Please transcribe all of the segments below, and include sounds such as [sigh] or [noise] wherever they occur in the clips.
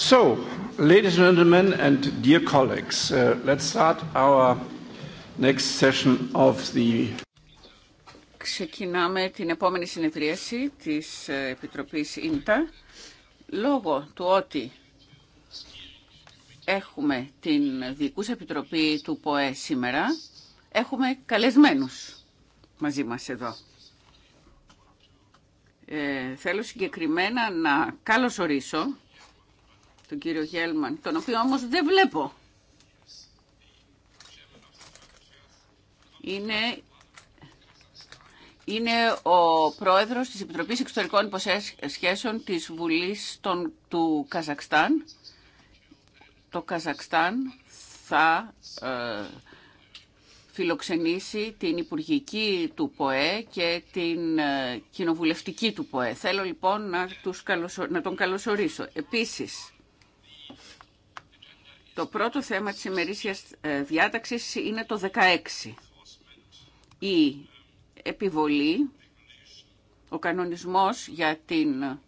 So, ladies and gentlemen and dear colleagues, uh, let's Ξεκινάμε την επόμενη συνεδρίαση της ε, Επιτροπής ΙΝΤΑ. Λόγω του ότι έχουμε την Δικούς Επιτροπή του ΠΟΕ σήμερα, έχουμε καλεσμένους μαζί μας εδώ. Ε, θέλω συγκεκριμένα να καλωσορίσω τον κύριο Γέλμαν, τον οποίο όμως δεν βλέπω. Είναι, είναι ο πρόεδρος της Επιτροπής Εξωτερικών Υποσχέσεων της Βουλής των, του Καζακστάν. Το Καζακστάν θα ε, φιλοξενήσει την Υπουργική του ΠΟΕ και την ε, Κοινοβουλευτική του ΠΟΕ. Θέλω λοιπόν να, τους να τον καλωσορίσω. Επίσης, το πρώτο θέμα της ημερήσιας ε, διάταξης είναι το 16. Η επιβολή, ο κανονισμός για την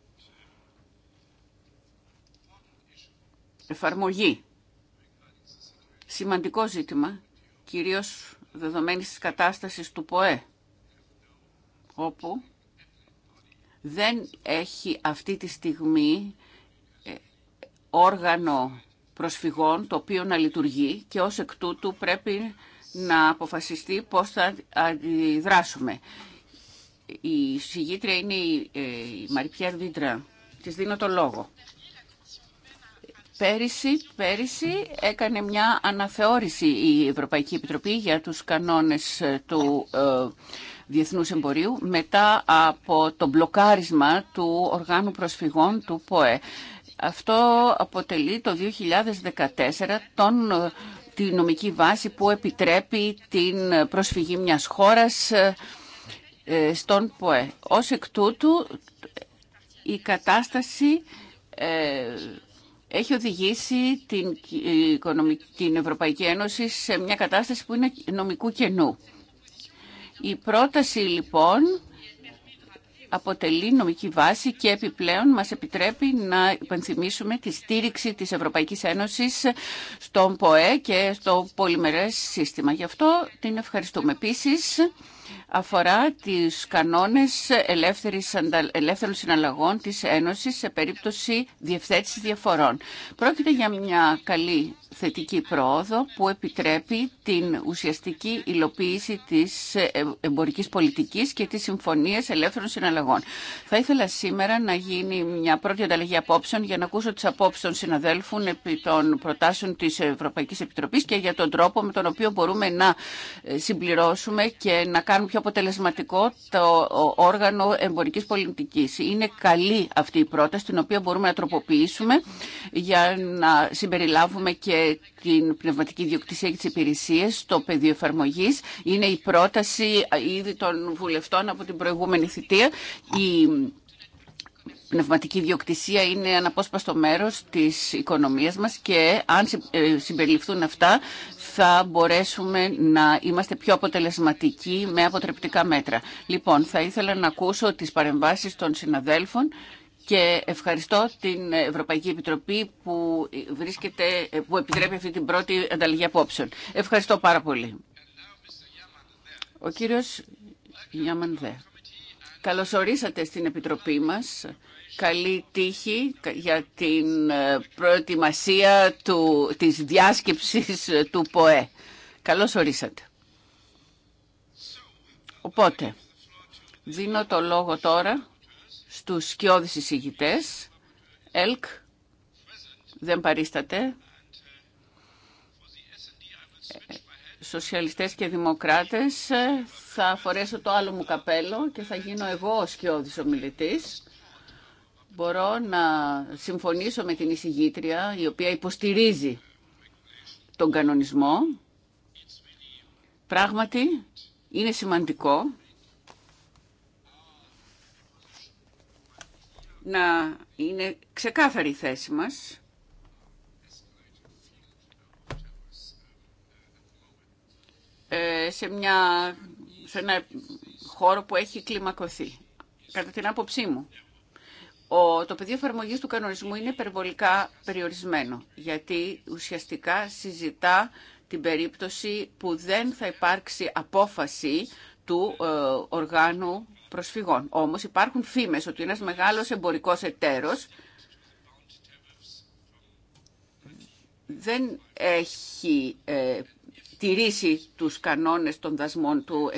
εφαρμογή. Σημαντικό ζήτημα, κυρίως δεδομένης της κατάστασης του ΠΟΕ, όπου δεν έχει αυτή τη στιγμή ε, όργανο προσφυγών το οποίο να λειτουργεί και ως εκ τούτου πρέπει να αποφασιστεί πώς θα αντιδράσουμε. Η συγγήτρια είναι η, ε, η Μαριπιέρ Της δίνω το λόγο. Πέρυσι, πέρυσι έκανε μια αναθεώρηση η Ευρωπαϊκή Επιτροπή για τους κανόνες ε, του ε, διεθνούς εμπορίου μετά από το μπλοκάρισμα του οργάνου προσφυγών του ΠΟΕ. Αυτό αποτελεί το 2014 τον, ε, τη νομική βάση που επιτρέπει την προσφυγή μιας χώρας ε, ε, στον ΠΟΕ. Ως εκ τούτου η κατάσταση έχει οδηγήσει την, την Ευρωπαϊκή Ένωση σε μια κατάσταση που είναι νομικού κενού. Η πρόταση λοιπόν αποτελεί νομική βάση και επιπλέον μας επιτρέπει να υπενθυμίσουμε τη στήριξη της Ευρωπαϊκής Ένωσης στον ΠΟΕ και στο πολυμερές σύστημα. Γι' αυτό την ευχαριστούμε. Επίσης, αφορά τις κανόνες ελεύθερων συναλλαγών της Ένωσης σε περίπτωση διευθέτηση διαφορών. Πρόκειται για μια καλή θετική πρόοδο που επιτρέπει την ουσιαστική υλοποίηση της εμπορικής πολιτικής και της Συμφωνίας Ελεύθερων Συναλλαγών. Θα ήθελα σήμερα να γίνει μια πρώτη ανταλλαγή απόψεων για να ακούσω τις απόψεις των συναδέλφων επί των προτάσεων της Ευρωπαϊκής Επιτροπής και για τον τρόπο με τον οποίο μπορούμε να συμπληρώσουμε και να κάνουμε πιο αποτελεσματικό το όργανο εμπορικής πολιτικής. Είναι καλή αυτή η πρόταση, την οποία μπορούμε να τροποποιήσουμε για να συμπεριλάβουμε και την πνευματική διοκτησία και τις υπηρεσίες στο πεδίο εφαρμογή. Είναι η πρόταση ήδη των βουλευτών από την προηγούμενη θητεία πνευματική ιδιοκτησία είναι αναπόσπαστο μέρος της οικονομίας μας και αν ε, συμπεριληφθούν αυτά θα μπορέσουμε να είμαστε πιο αποτελεσματικοί με αποτρεπτικά μέτρα. Λοιπόν, θα ήθελα να ακούσω τις παρεμβάσεις των συναδέλφων και ευχαριστώ την Ευρωπαϊκή Επιτροπή που, βρίσκεται, που επιτρέπει αυτή την πρώτη ανταλλαγή απόψεων. Ευχαριστώ πάρα πολύ. Ο κύριος Γιάμανδε. Δέα. στην Επιτροπή μας καλή τύχη για την ε, προετοιμασία του, της διάσκεψης ε, του ΠΟΕ. Καλώς ορίσατε. Οπότε, δίνω το λόγο τώρα στους σκιώδεις εισηγητές. ΕΛΚ δεν παρίσταται. Σοσιαλιστές και Δημοκράτες ε, θα φορέσω το άλλο μου καπέλο και θα γίνω εγώ ο σκιώδης ομιλητής μπορώ να συμφωνήσω με την εισηγήτρια η οποία υποστηρίζει τον κανονισμό. Πράγματι είναι σημαντικό να είναι ξεκάθαρη η θέση μας ε, σε, μια, σε ένα χώρο που έχει κλιμακωθεί. Κατά την άποψή μου, ο, το πεδίο εφαρμογή του κανονισμού είναι υπερβολικά περιορισμένο, γιατί ουσιαστικά συζητά την περίπτωση που δεν θα υπάρξει απόφαση του ε, οργάνου προσφυγών. Όμως υπάρχουν φήμες ότι ένας μεγάλος εμπορικός εταίρος δεν έχει ε, τηρήσει τους κανόνες των δασμών του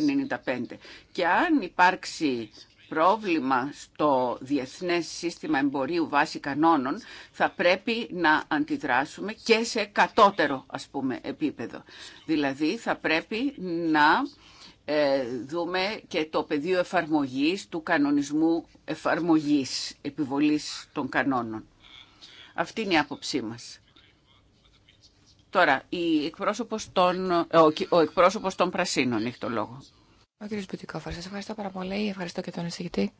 95. Και αν υπάρξει πρόβλημα στο διεθνές σύστημα εμπορίου βάση κανόνων, θα πρέπει να αντιδράσουμε και σε κατώτερο, ας πούμε, επίπεδο. Δηλαδή, θα πρέπει να ε, δούμε και το πεδίο εφαρμογής του κανονισμού εφαρμογής, επιβολής των κανόνων. Αυτή είναι η άποψή μας. Τώρα, η εκπρόσωπος των, ε, ο, ο εκπρόσωπος των Πρασίνων έχει το λόγο. Ο κύριος Μπουτικόφερ, σας ευχαριστώ πάρα πολύ. Ευχαριστώ και τον εισηγητή.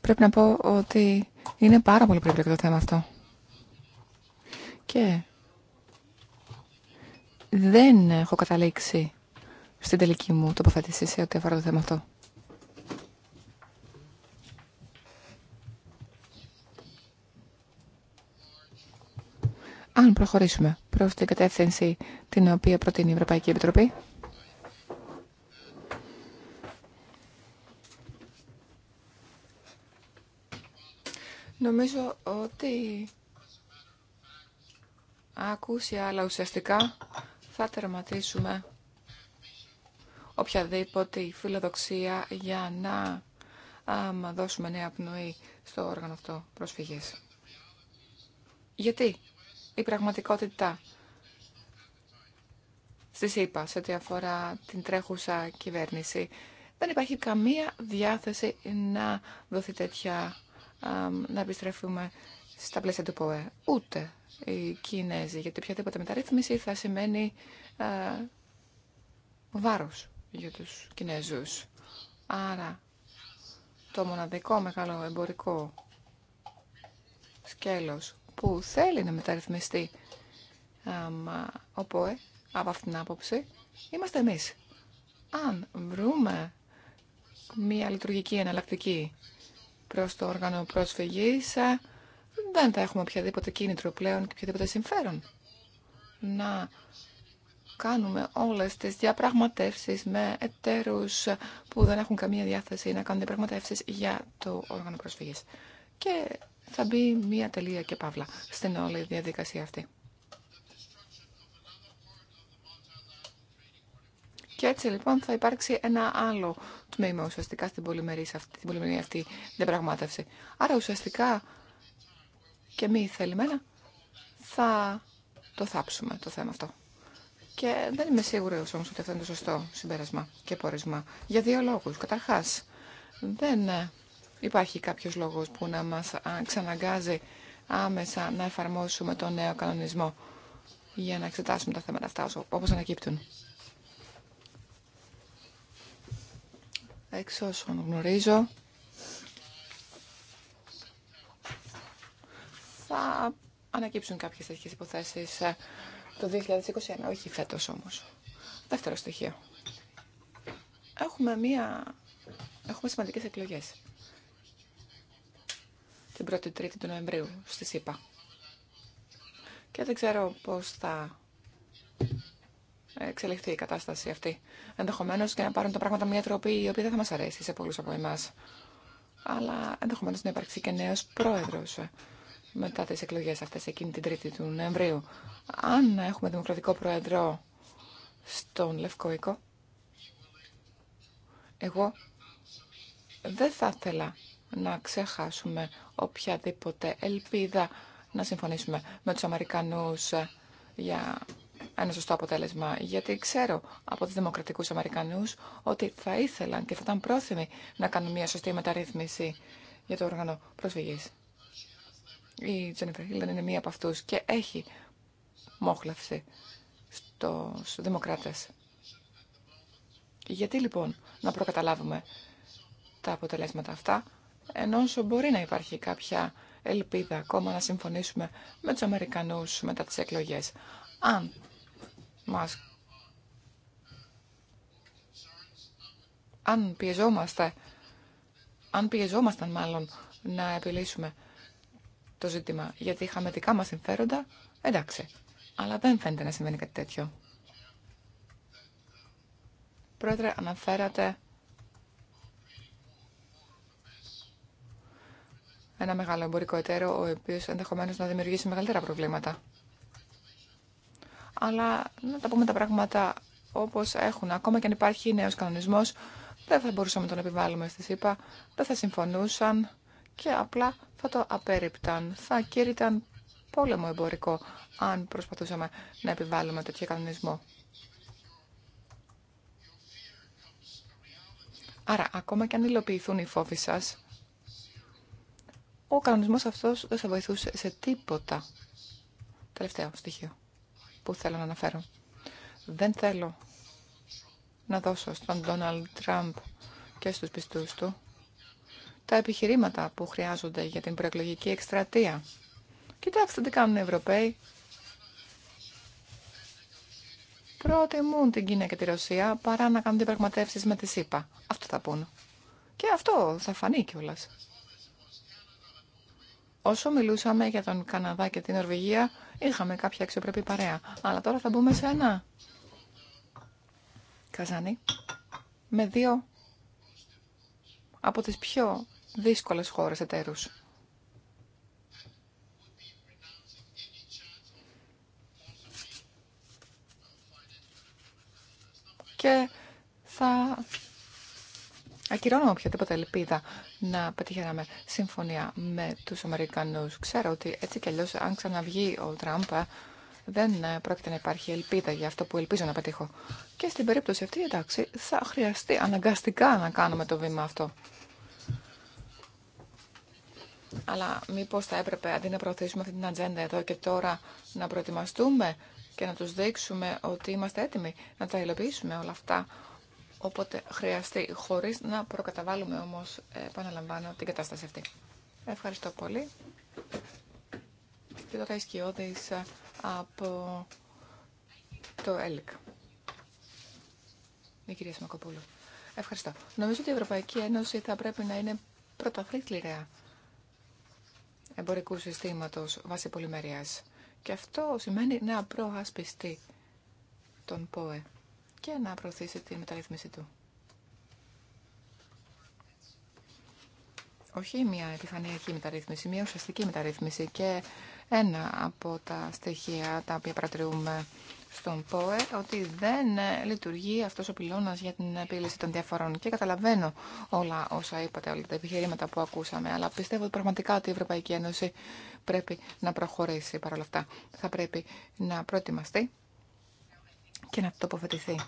Πρέπει να πω ότι είναι πάρα πολύ περίπλοκο το θέμα αυτό. Και δεν έχω καταλήξει στην τελική μου τοποθέτηση σε ό,τι αφορά το θέμα αυτό. αν προχωρήσουμε προ την κατεύθυνση την οποία προτείνει η Ευρωπαϊκή Επιτροπή. Νομίζω ότι ακούσει αλλά ουσιαστικά θα τερματίσουμε οποιαδήποτε φιλοδοξία για να δώσουμε νέα πνοή στο όργανο αυτό προσφυγής. Γιατί η πραγματικότητα στη είπα σε ό,τι αφορά την τρέχουσα κυβέρνηση. Δεν υπάρχει καμία διάθεση να δοθεί τέτοια, να επιστρέφουμε στα πλαίσια του ΠΟΕ. Ούτε οι Κινέζοι, γιατί οποιαδήποτε μεταρρύθμιση θα σημαίνει α, βάρος για τους Κινέζους. Άρα το μοναδικό μεγάλο εμπορικό σκέλος που θέλει να μεταρρυθμιστεί ο ΠΟΕ από αυτήν την άποψη, είμαστε εμείς. Αν βρούμε μία λειτουργική εναλλακτική προς το όργανο πρόσφυγης, ε, δεν θα έχουμε οποιαδήποτε κίνητρο πλέον και οποιαδήποτε συμφέρον. Να κάνουμε όλες τις διαπραγματεύσεις με εταίρους που δεν έχουν καμία διάθεση να κάνουν διαπραγματεύσεις για το όργανο προσφυγής. Και θα μπει μία τελεία και παύλα στην όλη διαδικασία αυτή. Και έτσι λοιπόν θα υπάρξει ένα άλλο τμήμα ουσιαστικά στην πολυμερή, αυτή, την πολυμερή αυτή διαπραγμάτευση. Άρα ουσιαστικά και μη θελημένα θα το θάψουμε το θέμα αυτό. Και δεν είμαι σίγουρη όμω ότι αυτό είναι το σωστό συμπέρασμα και πόρισμα. Για δύο λόγου, καταρχά. δεν ε, υπάρχει κάποιος λόγος που να μας ξαναγκάζει άμεσα να εφαρμόσουμε τον νέο κανονισμό για να εξετάσουμε τα θέματα αυτά όπως ανακύπτουν. Εξ όσων γνωρίζω, θα ανακύψουν κάποιες τέτοιες υποθέσεις ε, το 2021, όχι φέτος όμως. Δεύτερο στοιχείο. Έχουμε, μία... Έχουμε σημαντικές εκλογές την 1η Τρίτη του Νοεμβρίου στη ΣΥΠΑ. Και δεν ξέρω πώς θα εξελιχθεί η κατάσταση αυτή. Ενδεχομένω και να πάρουν τα πράγματα μια τροπή η οποία δεν θα μα αρέσει σε πολλού από εμά. Αλλά ενδεχομένω να υπάρξει και νέο πρόεδρο μετά τι εκλογέ αυτέ εκείνη την Τρίτη του Νοεμβρίου. Αν έχουμε δημοκρατικό πρόεδρο στον Λευκό Οίκο, εγώ δεν θα ήθελα να ξεχάσουμε οποιαδήποτε ελπίδα να συμφωνήσουμε με τους Αμερικανούς ε, για ένα σωστό αποτέλεσμα. Γιατί ξέρω από τους δημοκρατικούς Αμερικανούς ότι θα ήθελαν και θα ήταν πρόθυμοι να κάνουν μια σωστή μεταρρύθμιση για το όργανο προσφυγής. Η Τζένιφερ Χίλτον είναι μία από αυτούς και έχει μόχλευση στους δημοκράτες. Γιατί λοιπόν να προκαταλάβουμε τα αποτελέσματα αυτά ενώ μπορεί να υπάρχει κάποια ελπίδα ακόμα να συμφωνήσουμε με τους Αμερικανούς μετά τις εκλογές. Αν μας αν πιεζόμαστε αν πιεζόμασταν μάλλον να επιλύσουμε το ζήτημα γιατί είχαμε δικά μας συμφέροντα, εντάξει. Αλλά δεν φαίνεται να συμβαίνει κάτι τέτοιο. Πρόεδρε, αναφέρατε ένα μεγάλο εμπορικό εταίρο, ο οποίος ενδεχομένω να δημιουργήσει μεγαλύτερα προβλήματα. Αλλά να τα πούμε τα πράγματα όπως έχουν. Ακόμα και αν υπάρχει νέος κανονισμός, δεν θα μπορούσαμε να τον επιβάλλουμε στη ΣΥΠΑ, δεν θα συμφωνούσαν και απλά θα το απέρριπταν, Θα κήρυταν πόλεμο εμπορικό, αν προσπαθούσαμε να επιβάλλουμε τέτοιο κανονισμό. Άρα, ακόμα και αν υλοποιηθούν οι φόβοι σας, ο κανονισμός αυτός δεν θα βοηθούσε σε τίποτα. Τελευταίο στοιχείο που θέλω να αναφέρω. Δεν θέλω να δώσω στον Ντόναλντ Τραμπ και στους πιστούς του τα επιχειρήματα που χρειάζονται για την προεκλογική εκστρατεία. Κοιτάξτε τι κάνουν οι Ευρωπαίοι. Προτιμούν την Κίνα και τη Ρωσία παρά να κάνουν διαπραγματεύσει με τη ΣΥΠΑ. Αυτό θα πούν. Και αυτό θα φανεί κιόλας. Όσο μιλούσαμε για τον Καναδά και την Νορβηγία, είχαμε κάποια αξιοπρεπή παρέα. Αλλά τώρα θα μπούμε σε ένα. Καζάνι. Με δύο από τις πιο δύσκολες χώρες εταίρους. Και θα ακυρώνουμε οποιαδήποτε ελπίδα να πετυχαίναμε συμφωνία με τους Αμερικανούς. Ξέρω ότι έτσι κι αλλιώς αν ξαναβγεί ο Τραμπ δεν πρόκειται να υπάρχει ελπίδα για αυτό που ελπίζω να πετύχω. Και στην περίπτωση αυτή, εντάξει, θα χρειαστεί αναγκαστικά να κάνουμε το βήμα αυτό. Αλλά μήπως θα έπρεπε αντί να προωθήσουμε αυτή την ατζέντα εδώ και τώρα να προετοιμαστούμε και να τους δείξουμε ότι είμαστε έτοιμοι να τα υλοποιήσουμε όλα αυτά όποτε χρειαστεί, χωρίς να προκαταβάλουμε όμως, ε, επαναλαμβάνω, την κατάσταση αυτή. Ευχαριστώ πολύ. Και τώρα η ε, από το ΕΛΚ. Η κυρία Σμακοπούλου. Ευχαριστώ. Νομίζω ότι η Ευρωπαϊκή Ένωση θα πρέπει να είναι πρωταθλήτρια εμπορικού συστήματο βάσει πολυμερία. Και αυτό σημαίνει να προασπιστεί τον ΠΟΕ και να προωθήσει τη μεταρρύθμιση του. Όχι μια επιφανειακή μεταρρύθμιση, μια ουσιαστική μεταρρύθμιση και ένα από τα στοιχεία τα οποία παρατηρούμε στον ΠΟΕ ότι δεν λειτουργεί αυτός ο πυλώνας για την επίλυση των διαφορών. Και καταλαβαίνω όλα όσα είπατε, όλα τα επιχειρήματα που ακούσαμε, αλλά πιστεύω ότι πραγματικά ότι η Ευρωπαϊκή Ένωση πρέπει να προχωρήσει παρόλα αυτά. Θα πρέπει να προετοιμαστεί και να τοποθετηθεί.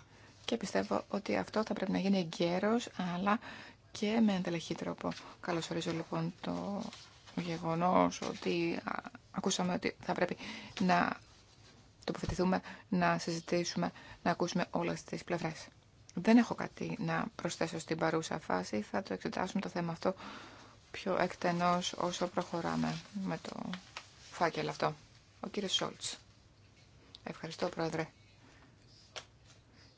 Και πιστεύω ότι αυτό θα πρέπει να γίνει εγκαίρος, αλλά και με εντελεχή τρόπο. Καλώς ορίζω λοιπόν το γεγονός ότι ακούσαμε ότι θα πρέπει να τοποθετηθούμε, να συζητήσουμε, να ακούσουμε όλες τις πλευρές. Δεν έχω κάτι να προσθέσω στην παρούσα φάση. Θα το εξετάσουμε το θέμα αυτό πιο εκτενώς όσο προχωράμε με το φάκελο αυτό. Ο κύριος Σόλτς. Ευχαριστώ, Πρόεδρε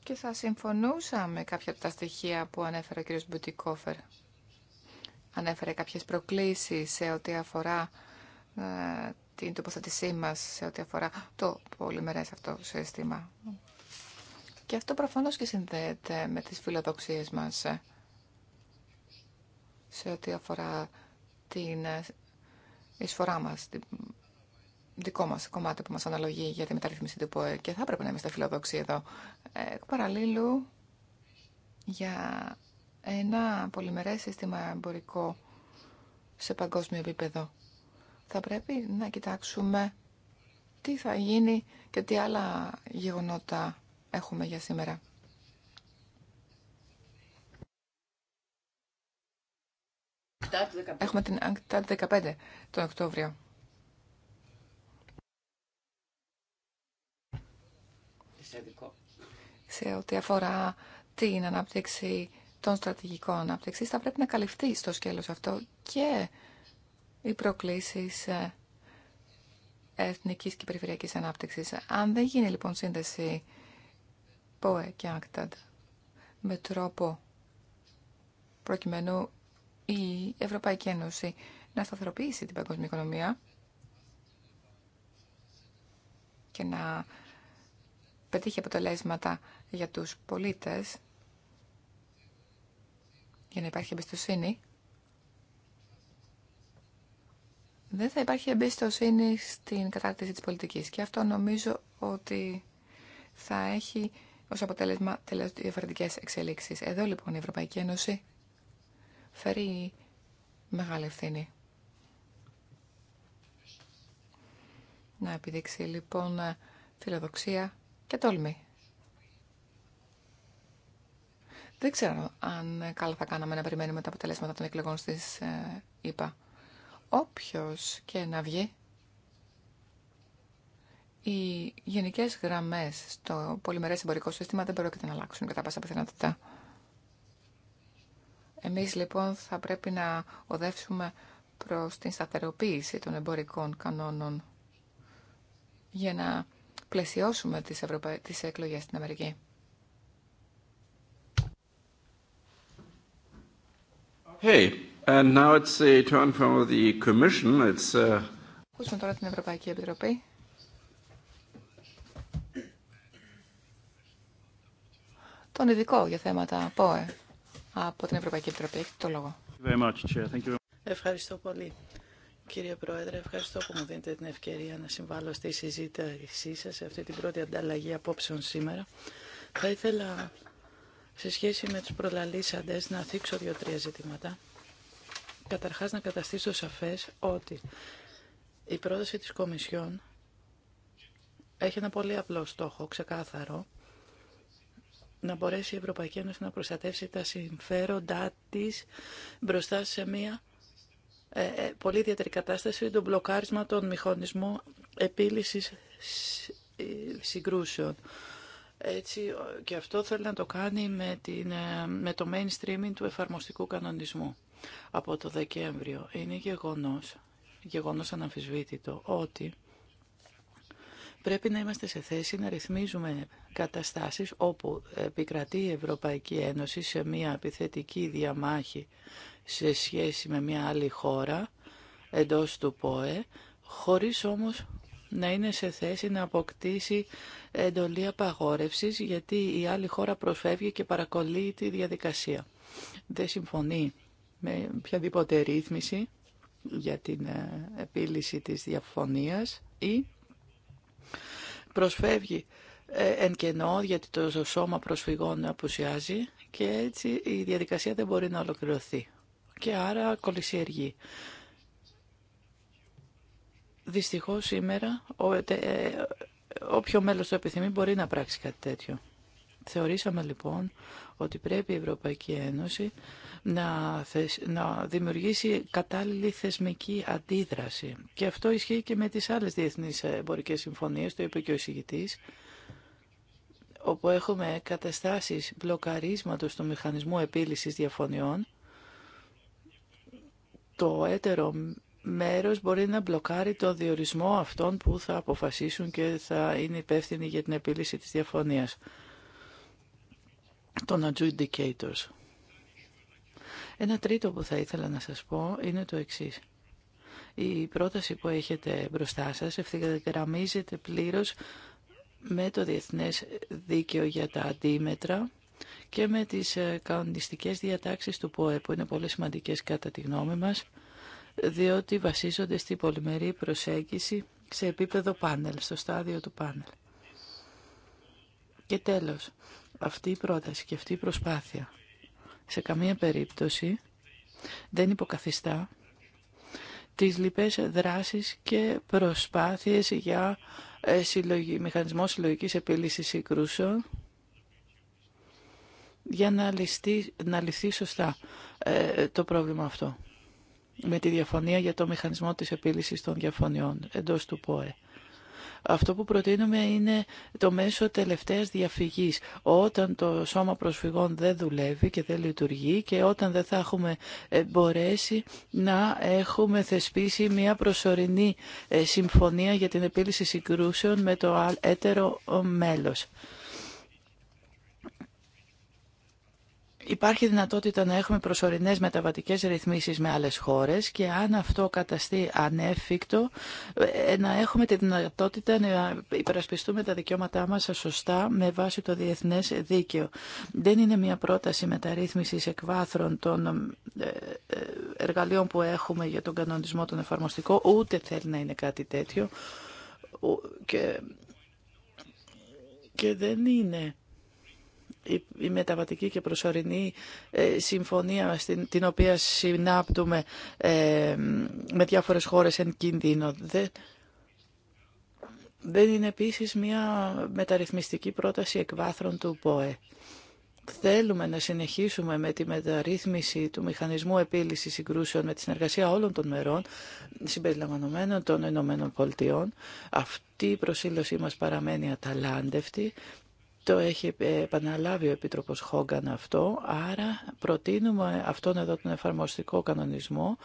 και θα συμφωνούσα με κάποια από τα στοιχεία που ανέφερε ο κ. Μπουτικόφερ. Ανέφερε κάποιες προκλήσεις σε ό,τι αφορά ε, την τοποθετησή μας, σε ό,τι αφορά το πολυμερές αυτό σύστημα. Και αυτό προφανώς και συνδέεται με τις φιλοδοξίες μας ε, σε ό,τι αφορά την ε, εισφορά μας, δικό μας κομμάτι που μας αναλογεί για τη μεταρρύθμιση του ΠΟΕ και θα πρέπει να είμαστε φιλοδόξοι εδώ. Ε, εκ παραλλήλου, για ένα πολυμερές σύστημα εμπορικό σε παγκόσμιο επίπεδο, θα πρέπει να κοιτάξουμε τι θα γίνει και τι άλλα γεγονότα έχουμε για σήμερα. Έχουμε την ΑΚΤΑΤ 15 τον Οκτώβριο. σε ό,τι αφορά την ανάπτυξη των στρατηγικών ανάπτυξη, θα πρέπει να καλυφθεί στο σκέλος αυτό και οι προκλήσεις ε, εθνικής και περιφερειακής ανάπτυξης. Αν δεν γίνει λοιπόν σύνδεση ΠΟΕ και ΑΚΤΑΤ με τρόπο προκειμένου η Ευρωπαϊκή Ένωση να σταθεροποιήσει την παγκόσμια οικονομία και να πετύχει αποτελέσματα για τους πολίτες, για να υπάρχει εμπιστοσύνη, δεν θα υπάρχει εμπιστοσύνη στην κατάρτιση της πολιτικής. Και αυτό νομίζω ότι θα έχει ως αποτέλεσμα τελείως διαφορετικές εξελίξεις. Εδώ λοιπόν η Ευρωπαϊκή Ένωση φέρει μεγάλη ευθύνη. Να επιδείξει λοιπόν φιλοδοξία και τόλμη. Δεν ξέρω αν καλά θα κάναμε να περιμένουμε τα αποτελέσματα των εκλογών στις ΕΠΑ. Όποιος και να βγει, οι γενικές γραμμές στο πολυμερές εμπορικό σύστημα δεν πρόκειται να αλλάξουν κατά πάσα πιθανότητα. Εμείς λοιπόν θα πρέπει να οδεύσουμε προς την σταθεροποίηση των εμπορικών κανόνων για να πλαισιώσουμε τις, Ευρωπα... τις εκλογές στην Αμερική. Hey, and now it's a turn from the Commission. It's, uh... τώρα την Ευρωπαϊκή Επιτροπή. Τον ειδικό για θέματα ΠΟΕ από την Ευρωπαϊκή Επιτροπή. Έχει το λόγο. Very much, Thank you. Ευχαριστώ πολύ. Κύριε Πρόεδρε, ευχαριστώ που μου δίνετε την ευκαιρία να συμβάλλω στη συζήτησή σα σε αυτή την πρώτη ανταλλαγή απόψεων σήμερα. Θα ήθελα σε σχέση με τους προλαλήσαντες να θίξω δύο-τρία ζητήματα. Καταρχάς να καταστήσω σαφές ότι η πρόταση της Κομισιόν έχει ένα πολύ απλό στόχο, ξεκάθαρο, να μπορέσει η Ευρωπαϊκή Ένωση να προστατεύσει τα συμφέροντά της μπροστά σε μια ε, ε, πολύ ιδιαίτερη κατάσταση το μπλοκάρισμα των μηχανισμών επίλυσης συγκρούσεων. Έτσι, και αυτό θέλει να το κάνει με, την, ε, με το mainstreaming του εφαρμοστικού κανονισμού από το Δεκέμβριο. Είναι γεγονός, γεγονός αναμφισβήτητο, ότι Πρέπει να είμαστε σε θέση να ρυθμίζουμε καταστάσεις όπου επικρατεί η Ευρωπαϊκή Ένωση σε μια επιθετική διαμάχη σε σχέση με μια άλλη χώρα εντός του ΠΟΕ, χωρίς όμως να είναι σε θέση να αποκτήσει εντολή απαγόρευσης γιατί η άλλη χώρα προσφεύγει και παρακολύει τη διαδικασία. Δεν συμφωνεί με οποιαδήποτε ρύθμιση για την ε, επίλυση της διαφωνίας ή προσφεύγει ε, εν κενό γιατί το σώμα προσφυγών απουσιάζει και έτσι η διαδικασία δεν μπορεί να ολοκληρωθεί και άρα κολλησιεργεί. Δυστυχώς σήμερα ε, ε, όποιο μέλος το επιθυμεί μπορεί να πράξει κάτι τέτοιο. Θεωρήσαμε λοιπόν ότι πρέπει η Ευρωπαϊκή Ένωση να, να δημιουργήσει κατάλληλη θεσμική αντίδραση. Και αυτό ισχύει και με τις άλλες διεθνείς εμπορικές συμφωνίες, το είπε και ο εισηγητής, όπου έχουμε καταστάσεις μπλοκαρίσματος του μηχανισμού επίλυσης διαφωνιών, το έτερο μέρος μπορεί να μπλοκάρει το διορισμό αυτών που θα αποφασίσουν και θα είναι υπεύθυνοι για την επίλυση της διαφωνίας, των adjudicators. Ένα τρίτο που θα ήθελα να σας πω είναι το εξής. Η πρόταση που έχετε μπροστά σας ευθυγραμμίζεται πλήρως με το Διεθνές Δίκαιο για τα Αντίμετρα και με τις ε, κανονιστικές διατάξεις του ΠΟΕ που είναι πολύ σημαντικές κατά τη γνώμη μας διότι βασίζονται στη πολυμερή προσέγγιση σε επίπεδο πάνελ, στο στάδιο του πάνελ. Και τέλος, αυτή η πρόταση και αυτή η προσπάθεια σε καμία περίπτωση δεν υποκαθιστά τις λοιπές δράσεις και προσπάθειες για ε, μηχανισμό συλλογικής επίλυσης συγκρούσεων για να λυθεί, να λυθεί σωστά ε, το πρόβλημα αυτό με τη διαφωνία για το μηχανισμό της επίλυσης των διαφωνιών εντός του ΠΟΕ. Αυτό που προτείνουμε είναι το μέσο τελευταίας διαφυγής. Όταν το σώμα προσφυγών δεν δουλεύει και δεν λειτουργεί και όταν δεν θα έχουμε ε, μπορέσει να έχουμε θεσπίσει μια προσωρινή ε, συμφωνία για την επίλυση συγκρούσεων με το έτερο μέλος. Υπάρχει δυνατότητα να έχουμε προσωρινές μεταβατικές ρυθμίσεις με άλλες χώρες και αν αυτό καταστεί ανέφικτο, ε, να έχουμε τη δυνατότητα να υπερασπιστούμε τα δικαιώματά μας σωστά με βάση το διεθνές δίκαιο. Δεν είναι μια πρόταση μεταρρύθμισης εκβάθρων των ε, ε, εργαλείων που έχουμε για τον κανονισμό τον εφαρμοστικό, ούτε θέλει να είναι κάτι τέτοιο και, και δεν είναι η μεταβατική και προσωρινή ε, συμφωνία την οποία συνάπτουμε ε, με διάφορες χώρες εν κίνδυνο. Δεν είναι επίσης μια μεταρρυθμιστική πρόταση εκβάθρων του ΠΟΕ. Θέλουμε να συνεχίσουμε με τη μεταρρύθμιση του μηχανισμού επίλυσης συγκρούσεων με τη συνεργασία όλων των μερών, συμπεριλαμβανομένων των Ηνωμένων Πολιτειών. Αυτή η προσήλωσή μας παραμένει αταλάντευτη το έχει επαναλάβει ο Επίτροπος Χόγκαν αυτό, άρα προτείνουμε αυτόν εδώ τον εφαρμοστικό κανονισμό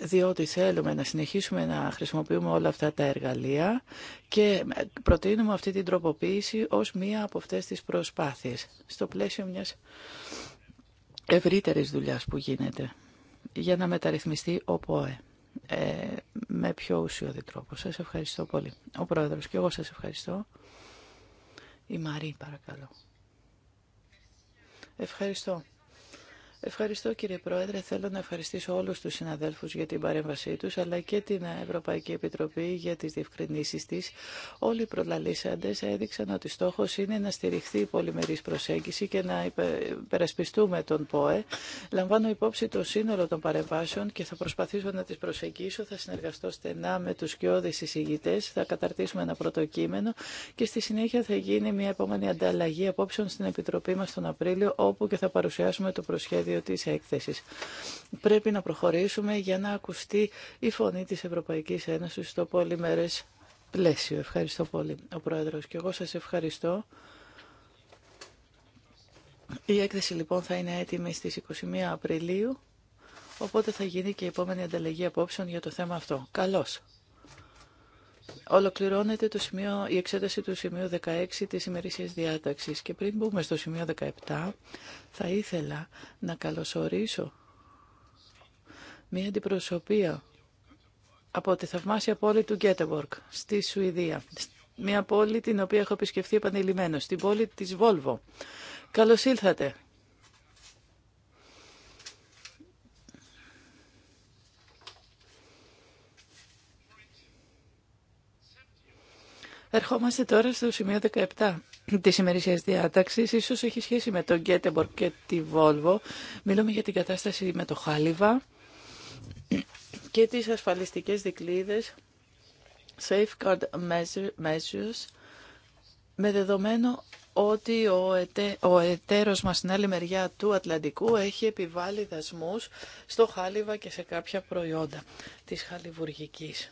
διότι θέλουμε να συνεχίσουμε να χρησιμοποιούμε όλα αυτά τα εργαλεία και προτείνουμε αυτή την τροποποίηση ως μία από αυτές τις προσπάθειες στο πλαίσιο μιας ευρύτερης δουλειάς που γίνεται για να μεταρρυθμιστεί ο ΠΟΕ ε, με πιο ουσιώδη τρόπο. Σας ευχαριστώ πολύ. Ο Πρόεδρος και εγώ σας ευχαριστώ. Η Μαρή, παρακαλώ. Ευχαριστώ. Ευχαριστώ κύριε Πρόεδρε. Θέλω να ευχαριστήσω όλους τους συναδέλφους για την παρέμβασή τους, αλλά και την Ευρωπαϊκή Επιτροπή για τις διευκρινήσεις της. Όλοι οι προλαλήσαντες έδειξαν ότι στόχος είναι να στηριχθεί η πολυμερής προσέγγιση και να υπερασπιστούμε τον ΠΟΕ. Λαμβάνω υπόψη το σύνολο των παρεμβάσεων και θα προσπαθήσω να τις προσεγγίσω. Θα συνεργαστώ στενά με τους κοιόδης εισηγητές, θα καταρτήσουμε ένα πρώτο και στη συνέχεια θα γίνει μια επόμενη ανταλλαγή απόψεων στην Επιτροπή μας τον Απρίλιο, όπου και θα παρουσιάσουμε το προσχέδιο της έκθεσης. Πρέπει να προχωρήσουμε για να ακουστεί η φωνή της Ευρωπαϊκής Ένωσης στο πολυμερές πλαίσιο. Ευχαριστώ πολύ ο Πρόεδρος και εγώ σας ευχαριστώ. Η έκθεση λοιπόν θα είναι έτοιμη στις 21 Απριλίου, οπότε θα γίνει και η επόμενη ανταλλαγή απόψεων για το θέμα αυτό. Καλώς. Ολοκληρώνεται το σημείο, η εξέταση του σημείου 16 της ημερήσιας διάταξης και πριν μπούμε στο σημείο 17 θα ήθελα να καλωσορίσω μία αντιπροσωπεία από τη θαυμάσια πόλη του Γκέτεμπορκ στη Σουηδία. Μία πόλη την οποία έχω επισκεφθεί επανειλημμένως, την πόλη της Βόλβο. Καλώς ήλθατε Ερχόμαστε τώρα στο σημείο 17 της ημερησίας διάταξης. Ίσως έχει σχέση με τον Γκέτεμπορ και τη Βόλβο. Μιλούμε για την κατάσταση με το Χάλιβα και τις ασφαλιστικές δικλείδες safeguard measures με δεδομένο ότι ο, ετέ, ο εταίρος μας στην άλλη μεριά του Ατλαντικού έχει επιβάλει δασμούς στο χάλιβα και σε κάποια προϊόντα της χαλιβουργικής.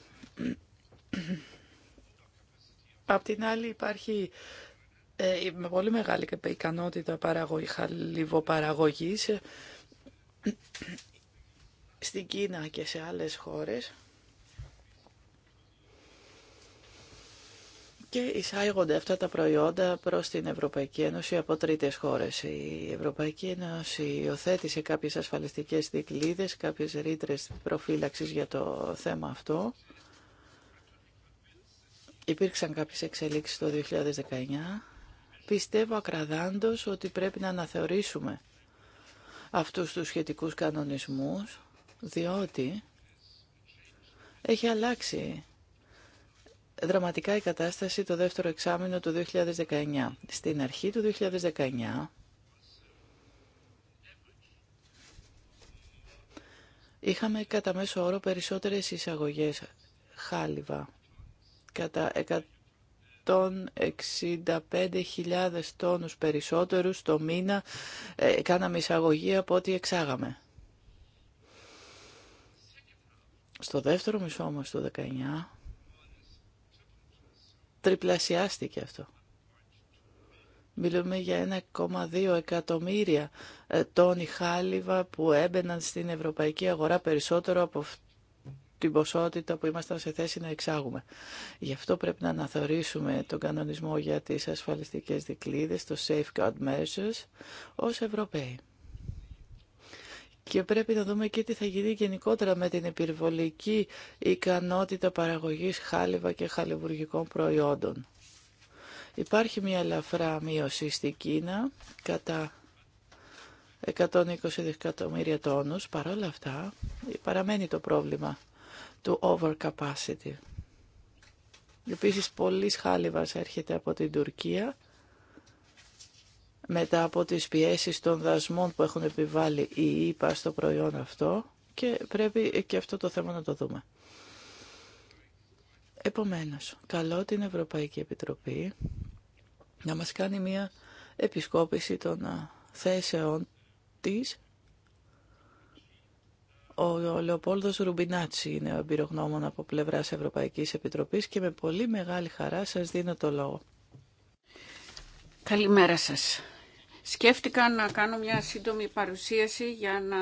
Απ' την άλλη υπάρχει ε, με πολύ μεγάλη ικανότητα παραγωγή, χαλιβοπαραγωγής ε, στην Κίνα και σε άλλες χώρες και εισάγονται αυτά τα προϊόντα προς την Ευρωπαϊκή Ένωση από τρίτες χώρες. Η Ευρωπαϊκή Ένωση υιοθέτησε κάποιες ασφαλιστικές δικλίδες, κάποιες ρήτρες προφύλαξης για το θέμα αυτό υπήρξαν κάποιες εξελίξεις το 2019. Πιστεύω ακραδάντως ότι πρέπει να αναθεωρήσουμε αυτούς τους σχετικούς κανονισμούς, διότι έχει αλλάξει δραματικά η κατάσταση το δεύτερο εξάμεινο του 2019. Στην αρχή του 2019 είχαμε κατά μέσο όρο περισσότερες εισαγωγές χάλιβα κατά 165.000 τόνους περισσότερους το μήνα ε, κάναμε εισαγωγή από ό,τι εξάγαμε. Στο δεύτερο μισό μας του 19 τριπλασιάστηκε αυτό. Μιλούμε για 1,2 εκατομμύρια ε, τόνοι χάλιβα που έμπαιναν στην ευρωπαϊκή αγορά περισσότερο από την ποσότητα που ήμασταν σε θέση να εξάγουμε. Γι' αυτό πρέπει να αναθεωρήσουμε τον κανονισμό για τις ασφαλιστικές δικλείδες, το safeguard measures, ως Ευρωπαίοι. Και πρέπει να δούμε και τι θα γίνει γενικότερα με την επιρβολική ικανότητα παραγωγής χάλιβα και χαλιβουργικών προϊόντων. Υπάρχει μια ελαφρά μείωση στην Κίνα κατά 120 δισεκατομμύρια τόνους. Παρ' όλα αυτά παραμένει το πρόβλημα του overcapacity. Επίσης, πολλή χάλιβας έρχεται από την Τουρκία μετά από τις πιέσεις των δασμών που έχουν επιβάλει οι το στο προϊόν αυτό και πρέπει και αυτό το θέμα να το δούμε. Επομένως, καλώ την Ευρωπαϊκή Επιτροπή να μας κάνει μια επισκόπηση των ε, θέσεων της ο Λεοπόλδο Ρουμπινάτσι είναι ο εμπειρογνώμων από πλευρά Ευρωπαϊκής Επιτροπής και με πολύ μεγάλη χαρά σας δίνω το λόγο. Καλημέρα σας. Σκέφτηκα να κάνω μια σύντομη παρουσίαση για να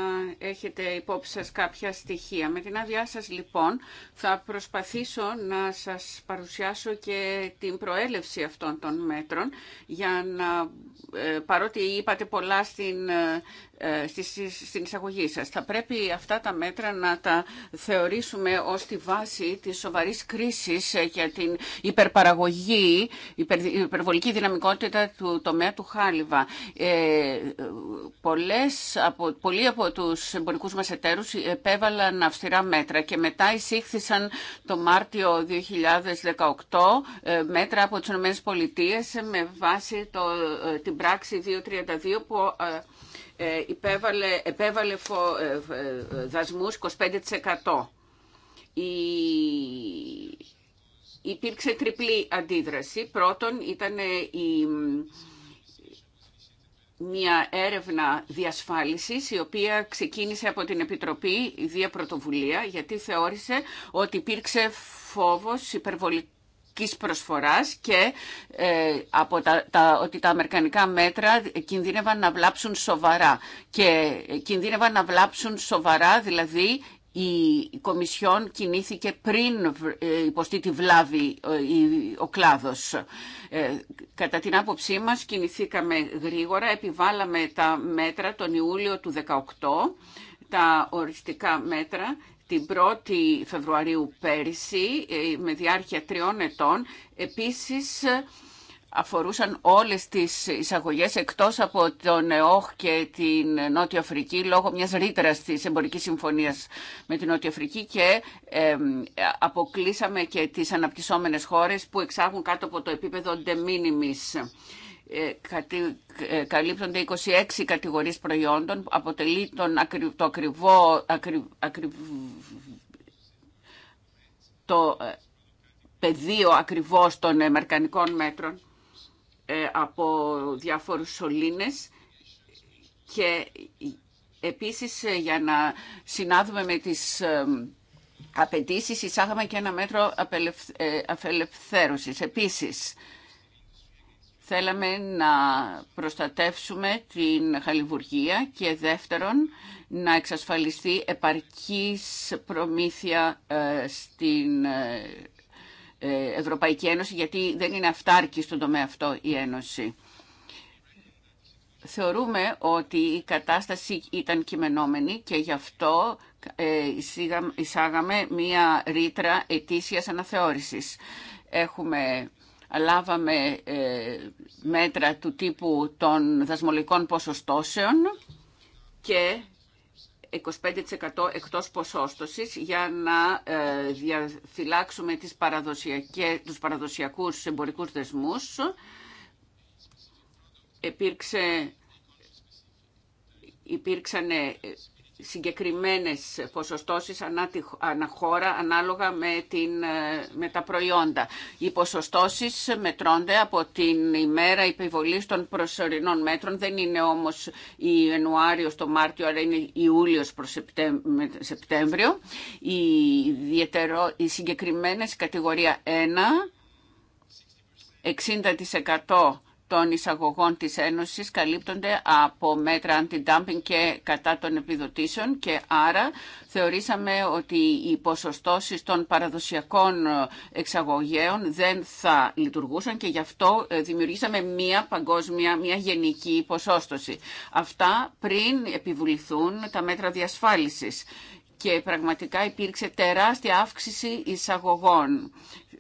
έχετε υπόψη σας κάποια στοιχεία. Με την άδειά σας λοιπόν θα προσπαθήσω να σας παρουσιάσω και την προέλευση αυτών των μέτρων για να, ε, παρότι είπατε πολλά στην, ε, στην εισαγωγή σας. Θα πρέπει αυτά τα μέτρα να τα θεωρήσουμε ως τη βάση της σοβαρής κρίσης για την υπερπαραγωγή, υπερ, υπερβολική δυναμικότητα του τομέα του Χάλιβα. Ε, πολλές από, πολλοί από τους εμπορικούς μας εταίρους επέβαλαν αυστηρά μέτρα και μετά εισήχθησαν το Μάρτιο 2018 ε, μέτρα από τις ΗΠΑ με βάση το, ε, την πράξη 232 που υπέβαλε, επέβαλε φο, δασμούς 25%. Η... Υπήρξε τριπλή αντίδραση. Πρώτον ήταν η μια έρευνα διασφάλισης η οποία ξεκίνησε από την Επιτροπή Ιδία Πρωτοβουλία γιατί θεώρησε ότι υπήρξε φόβος υπερβολικής προσφοράς και ε, από τα, ότι τα αμερικανικά μέτρα κινδύνευαν να βλάψουν σοβαρά και ε, κινδύνευαν να βλάψουν σοβαρά δηλαδή η Κομισιόν κινήθηκε πριν ε, υποστεί τη βλάβη ε, ο κλάδος. Ε, κατά την άποψή μας κινηθήκαμε γρήγορα, επιβάλαμε τα μέτρα τον Ιούλιο του 2018, τα οριστικά μέτρα, την 1η Φεβρουαρίου πέρυσι, με διάρκεια τριών ετών. Επίσης, αφορούσαν όλες τις εισαγωγές εκτός από τον ΕΟΧ και την Νότια Αφρική λόγω μιας ρήτρα της εμπορικής συμφωνίας με την Νότια Αφρική και ε, αποκλείσαμε και τις αναπτυσσόμενες χώρες που εξάγουν κάτω από το επίπεδο de minimis. Ε, ε, καλύπτονται 26 κατηγορίες προϊόντων, αποτελεί τον, το ακριβό, ακρι, το ε, πεδίο ακριβώς των αμερικανικών μέτρων ε, από διάφορους σωλήνες και επίσης ε, για να συνάδουμε με τις ε, απαιτήσει εισάγαμε και ένα μέτρο αφελευθέρωσης. Επίσης, θέλαμε να προστατεύσουμε την χαλιβουργία και δεύτερον να εξασφαλιστεί επαρκής προμήθεια στην, Ευρωπαϊκή Ένωση, γιατί δεν είναι αυτάρκη στον τομέα αυτό η Ένωση. Θεωρούμε ότι η κατάσταση ήταν κειμενόμενη και γι' αυτό ε, εισάγαμε μία ρήτρα ετήσιας αναθεώρησης. Έχουμε λάβαμε ε, μέτρα του τύπου των δασμολικών ποσοστώσεων και 25% εκτός ποσόστοσης για να ε, διαφυλάξουμε τις παραδοσιακές, τους παραδοσιακούς εμπορικούς δεσμούς. υπήρξαν συγκεκριμένες ποσοστώσεις ανά, χώρα, ανάλογα με, την, ε, με τα προϊόντα. Οι ποσοστώσεις μετρώνται από την ημέρα επιβολής των προσωρινών μέτρων. Δεν είναι όμως η Ιανουάριο στο Μάρτιο, αλλά είναι Ιούλιος προς Σεπτέμβριο. Η, ιδιαιτερο, οι συγκεκριμένες κατηγορία 1, 60% των εισαγωγών της Ένωσης καλύπτονται από μέτρα αντι-dumping και κατά των επιδοτήσεων και άρα θεωρήσαμε ότι οι ποσοστώσει των παραδοσιακών ε, εξαγωγέων δεν θα λειτουργούσαν και γι' αυτό ε, δημιουργήσαμε μία παγκόσμια, μία γενική ποσόστοση. Αυτά πριν επιβουληθούν τα μέτρα διασφάλισης και πραγματικά υπήρξε τεράστια αύξηση εισαγωγών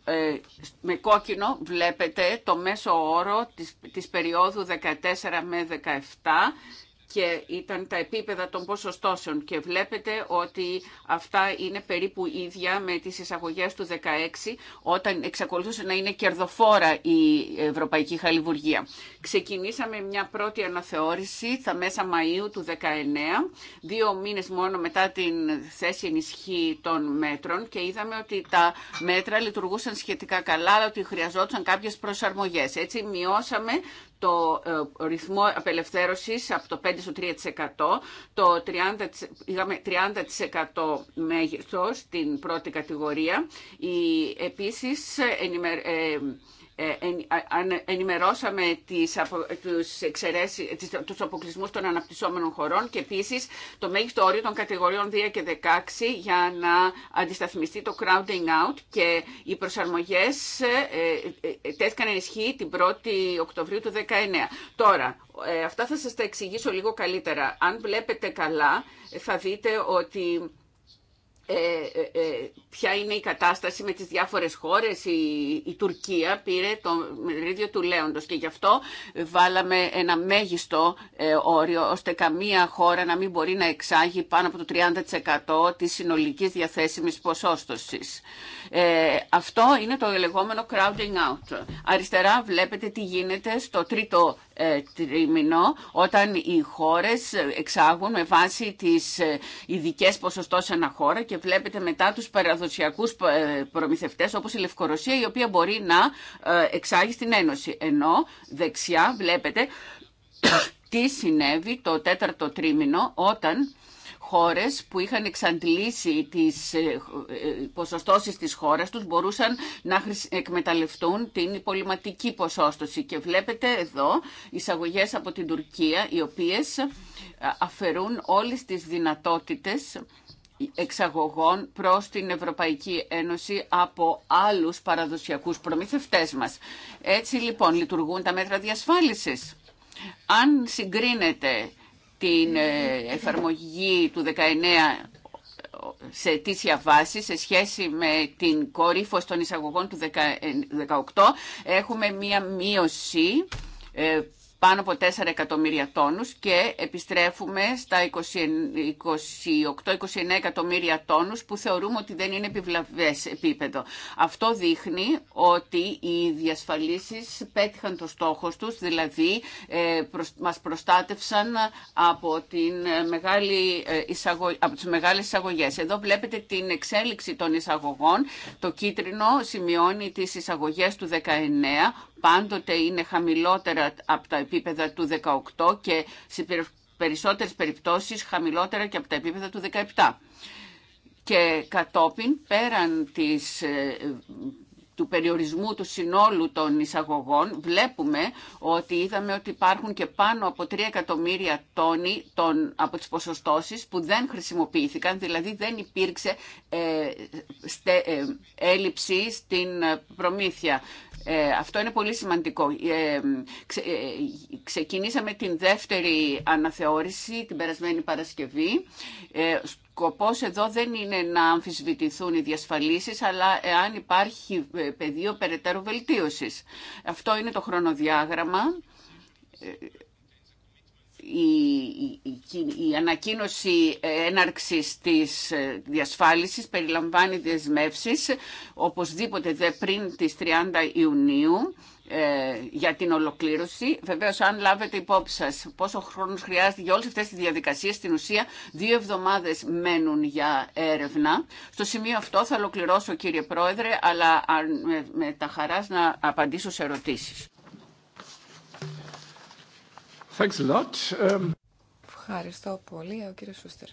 ε, με κόκκινο βλέπετε το μέσο όρο της, της περίοδου 14 με 17 και ήταν τα επίπεδα των ποσοστώσεων και βλέπετε ότι αυτά είναι περίπου ίδια με τις εισαγωγές του 16 όταν εξακολουθούσε να είναι κερδοφόρα η Ευρωπαϊκή Χαλιβουργία. Ξεκινήσαμε μια πρώτη αναθεώρηση τα μέσα Μαΐου του 19, δύο μήνες μόνο μετά την θέση ενισχύ των μέτρων και είδαμε ότι τα μέτρα λειτουργούσαν σχετικά καλά αλλά ότι χρειαζόταν κάποιες προσαρμογές. Έτσι μειώσαμε το ε, ρυθμό απελευθέρωσης από το 5% στο 3%, το 30%, είχαμε 30% μέγεθος στην πρώτη κατηγορία. Η, επίσης, ε, ε, ενημερώσαμε τις, τους, τους αποκλεισμούς των αναπτυσσόμενων χωρών και επίσης το μέγιστο όριο των κατηγοριών 2 και 16 για να αντισταθμιστεί το crowding out και οι προσαρμογές ε, ε, τέθηκαν ενισχύ την 1η Οκτωβρίου του 2019. Τώρα, αυτά θα σας τα εξηγήσω λίγο καλύτερα. Αν βλέπετε καλά, θα δείτε ότι ε, ε, ε, ποια είναι η κατάσταση με τις διάφορες χώρες. Η, Τουρκία πήρε το μερίδιο του λέοντος και γι' αυτό βάλαμε ένα μέγιστο όριο ώστε καμία χώρα να μην μπορεί να εξάγει πάνω από το 30% της συνολικής διαθέσιμης ποσόστοσης. αυτό είναι το λεγόμενο crowding out. Αριστερά βλέπετε τι γίνεται στο τρίτο ε, τρίμηνο όταν οι χώρες εξάγουν με βάση τις ε, ειδικέ ποσοστό σε ένα χώρα και βλέπετε μετά τους παραδοσιακούς ε, προμηθευτές όπως η Λευκορωσία η οποία μπορεί να εξάγει στην Ένωση. Ενώ δεξιά βλέπετε [clears throat] τι συνέβη το τέταρτο τρίμηνο όταν χώρες που είχαν εξαντλήσει τις ε, ε, ποσοστώσεις της χώρας τους μπορούσαν να εκμεταλλευτούν την υπολοιματική ποσόστοση. Και βλέπετε εδώ εισαγωγές από την Τουρκία οι οποίες ε, αφαιρούν όλες τις δυνατότητες εξαγωγών προς την Ευρωπαϊκή Ένωση από άλλους παραδοσιακούς προμηθευτές μας. Έτσι λοιπόν λειτουργούν τα μέτρα διασφάλισης. Αν συγκρίνεται την ε, εφαρμογή του 19 σε αιτήσια βάση σε σχέση με την κορύφωση των εισαγωγών του 18 έχουμε μία μείωση ε, πάνω από 4 εκατομμύρια τόνους και επιστρέφουμε στα 28-29 εκατομμύρια τόνους που θεωρούμε ότι δεν είναι επιβλαβές επίπεδο. Αυτό δείχνει ότι οι διασφαλίσεις πέτυχαν το στόχο τους, δηλαδή ε, μας προστάτευσαν από, την ε, μεγάλη ε, εισαγω... από τις μεγάλες εισαγωγές. Εδώ βλέπετε την εξέλιξη των εισαγωγών. Το κίτρινο σημειώνει τις εισαγωγές του 19 πάντοτε είναι χαμηλότερα από τα επίπεδα του 18 και σε περισσότερες περιπτώσεις χαμηλότερα και από τα επίπεδα του 17. Και κατόπιν, πέραν της ε, του περιορισμού του συνόλου των εισαγωγών βλέπουμε ότι είδαμε ότι υπάρχουν και πάνω από 3 εκατομμύρια τόνοι των, από τις ποσοστώσεις που δεν χρησιμοποιήθηκαν, δηλαδή δεν υπήρξε ε, στε, ε, έλλειψη στην προμήθεια. Ε, αυτό είναι πολύ σημαντικό. Ε, ξεκινήσαμε την δεύτερη αναθεώρηση την περασμένη Παρασκευή σκοπός εδώ δεν είναι να αμφισβητηθούν οι διασφαλίσεις, αλλά εάν υπάρχει ε, πεδίο περαιτέρω βελτίωσης. Αυτό είναι το χρονοδιάγραμμα. Ε, η, η, η ανακοίνωση έναρξης της ε, διασφάλισης περιλαμβάνει δεσμεύσεις, οπωσδήποτε δε πριν τις 30 Ιουνίου, ε, για την ολοκλήρωση. Βεβαίω, αν λάβετε υπόψη σα. πόσο χρόνο χρειάζεται για όλε αυτές τις διαδικασίες, στην ουσία δύο εβδομάδες μένουν για έρευνα. Στο σημείο αυτό θα ολοκληρώσω, κύριε Πρόεδρε, αλλά με, τα χαρά να απαντήσω σε ερωτήσεις. Um, Ευχαριστώ πολύ, ο Σούστερ.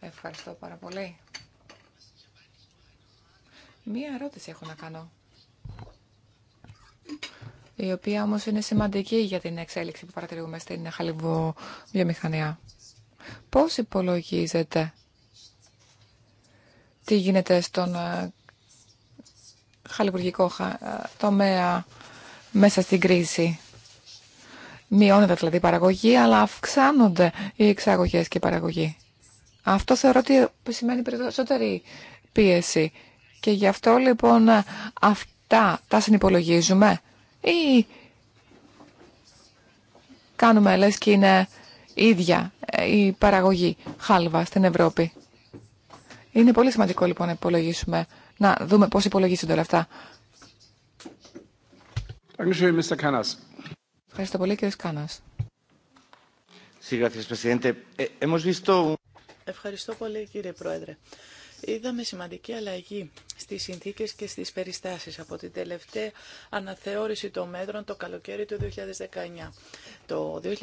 Ευχαριστώ πάρα πολύ. Μία ερώτηση έχω να κάνω η οποία όμως είναι σημαντική για την εξέλιξη που παρατηρούμε στην χαλιβό βιομηχανία. Πώς υπολογίζετε τι γίνεται στον ε, χαλιβουργικό ε, τομέα μέσα στην κρίση. Μειώνεται δηλαδή η παραγωγή, αλλά αυξάνονται οι εξαγωγές και η παραγωγή. Αυτό θεωρώ ότι σημαίνει περισσότερη πίεση. Και γι' αυτό λοιπόν τά τά συνυπολογίζουμε τα συνυπολογίζουμε ή κάνουμε λες και είναι ίδια ε, η παραγωγή χάλβα στην Ευρώπη. Είναι πολύ σημαντικό λοιπόν να υπολογίσουμε, να δούμε πώς υπολογίζονται όλα αυτά. Ευχαριστώ πολύ κύριε Σκάνας. Ε, Ευχαριστώ πολύ κύριε Πρόεδρε. Είδαμε σημαντική αλλαγή στις συνθήκες και στις περιστάσεις από την τελευταία αναθεώρηση των μέτρων το καλοκαίρι του 2019. Το 2019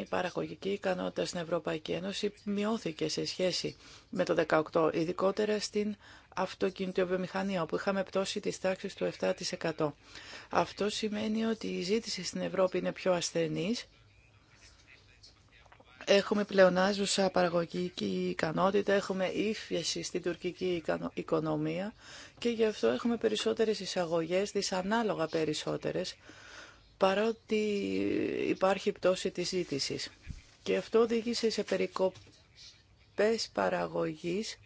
η παραγωγική ικανότητα στην Ευρωπαϊκή Ένωση μειώθηκε σε σχέση με το 2018, ειδικότερα στην αυτοκινητοβιομηχανία, όπου είχαμε πτώσει τις τάξεις του 7%. Αυτό σημαίνει ότι η ζήτηση στην Ευρώπη είναι πιο ασθενής Έχουμε πλεονάζουσα παραγωγική ικανότητα, έχουμε ύφεση στην τουρκική οικονομία και γι' αυτό έχουμε περισσότερες εισαγωγές, δυσανάλογα περισσότερες, παρότι υπάρχει πτώση της ζήτησης. Και αυτό οδήγησε σε περικοπές παραγωγής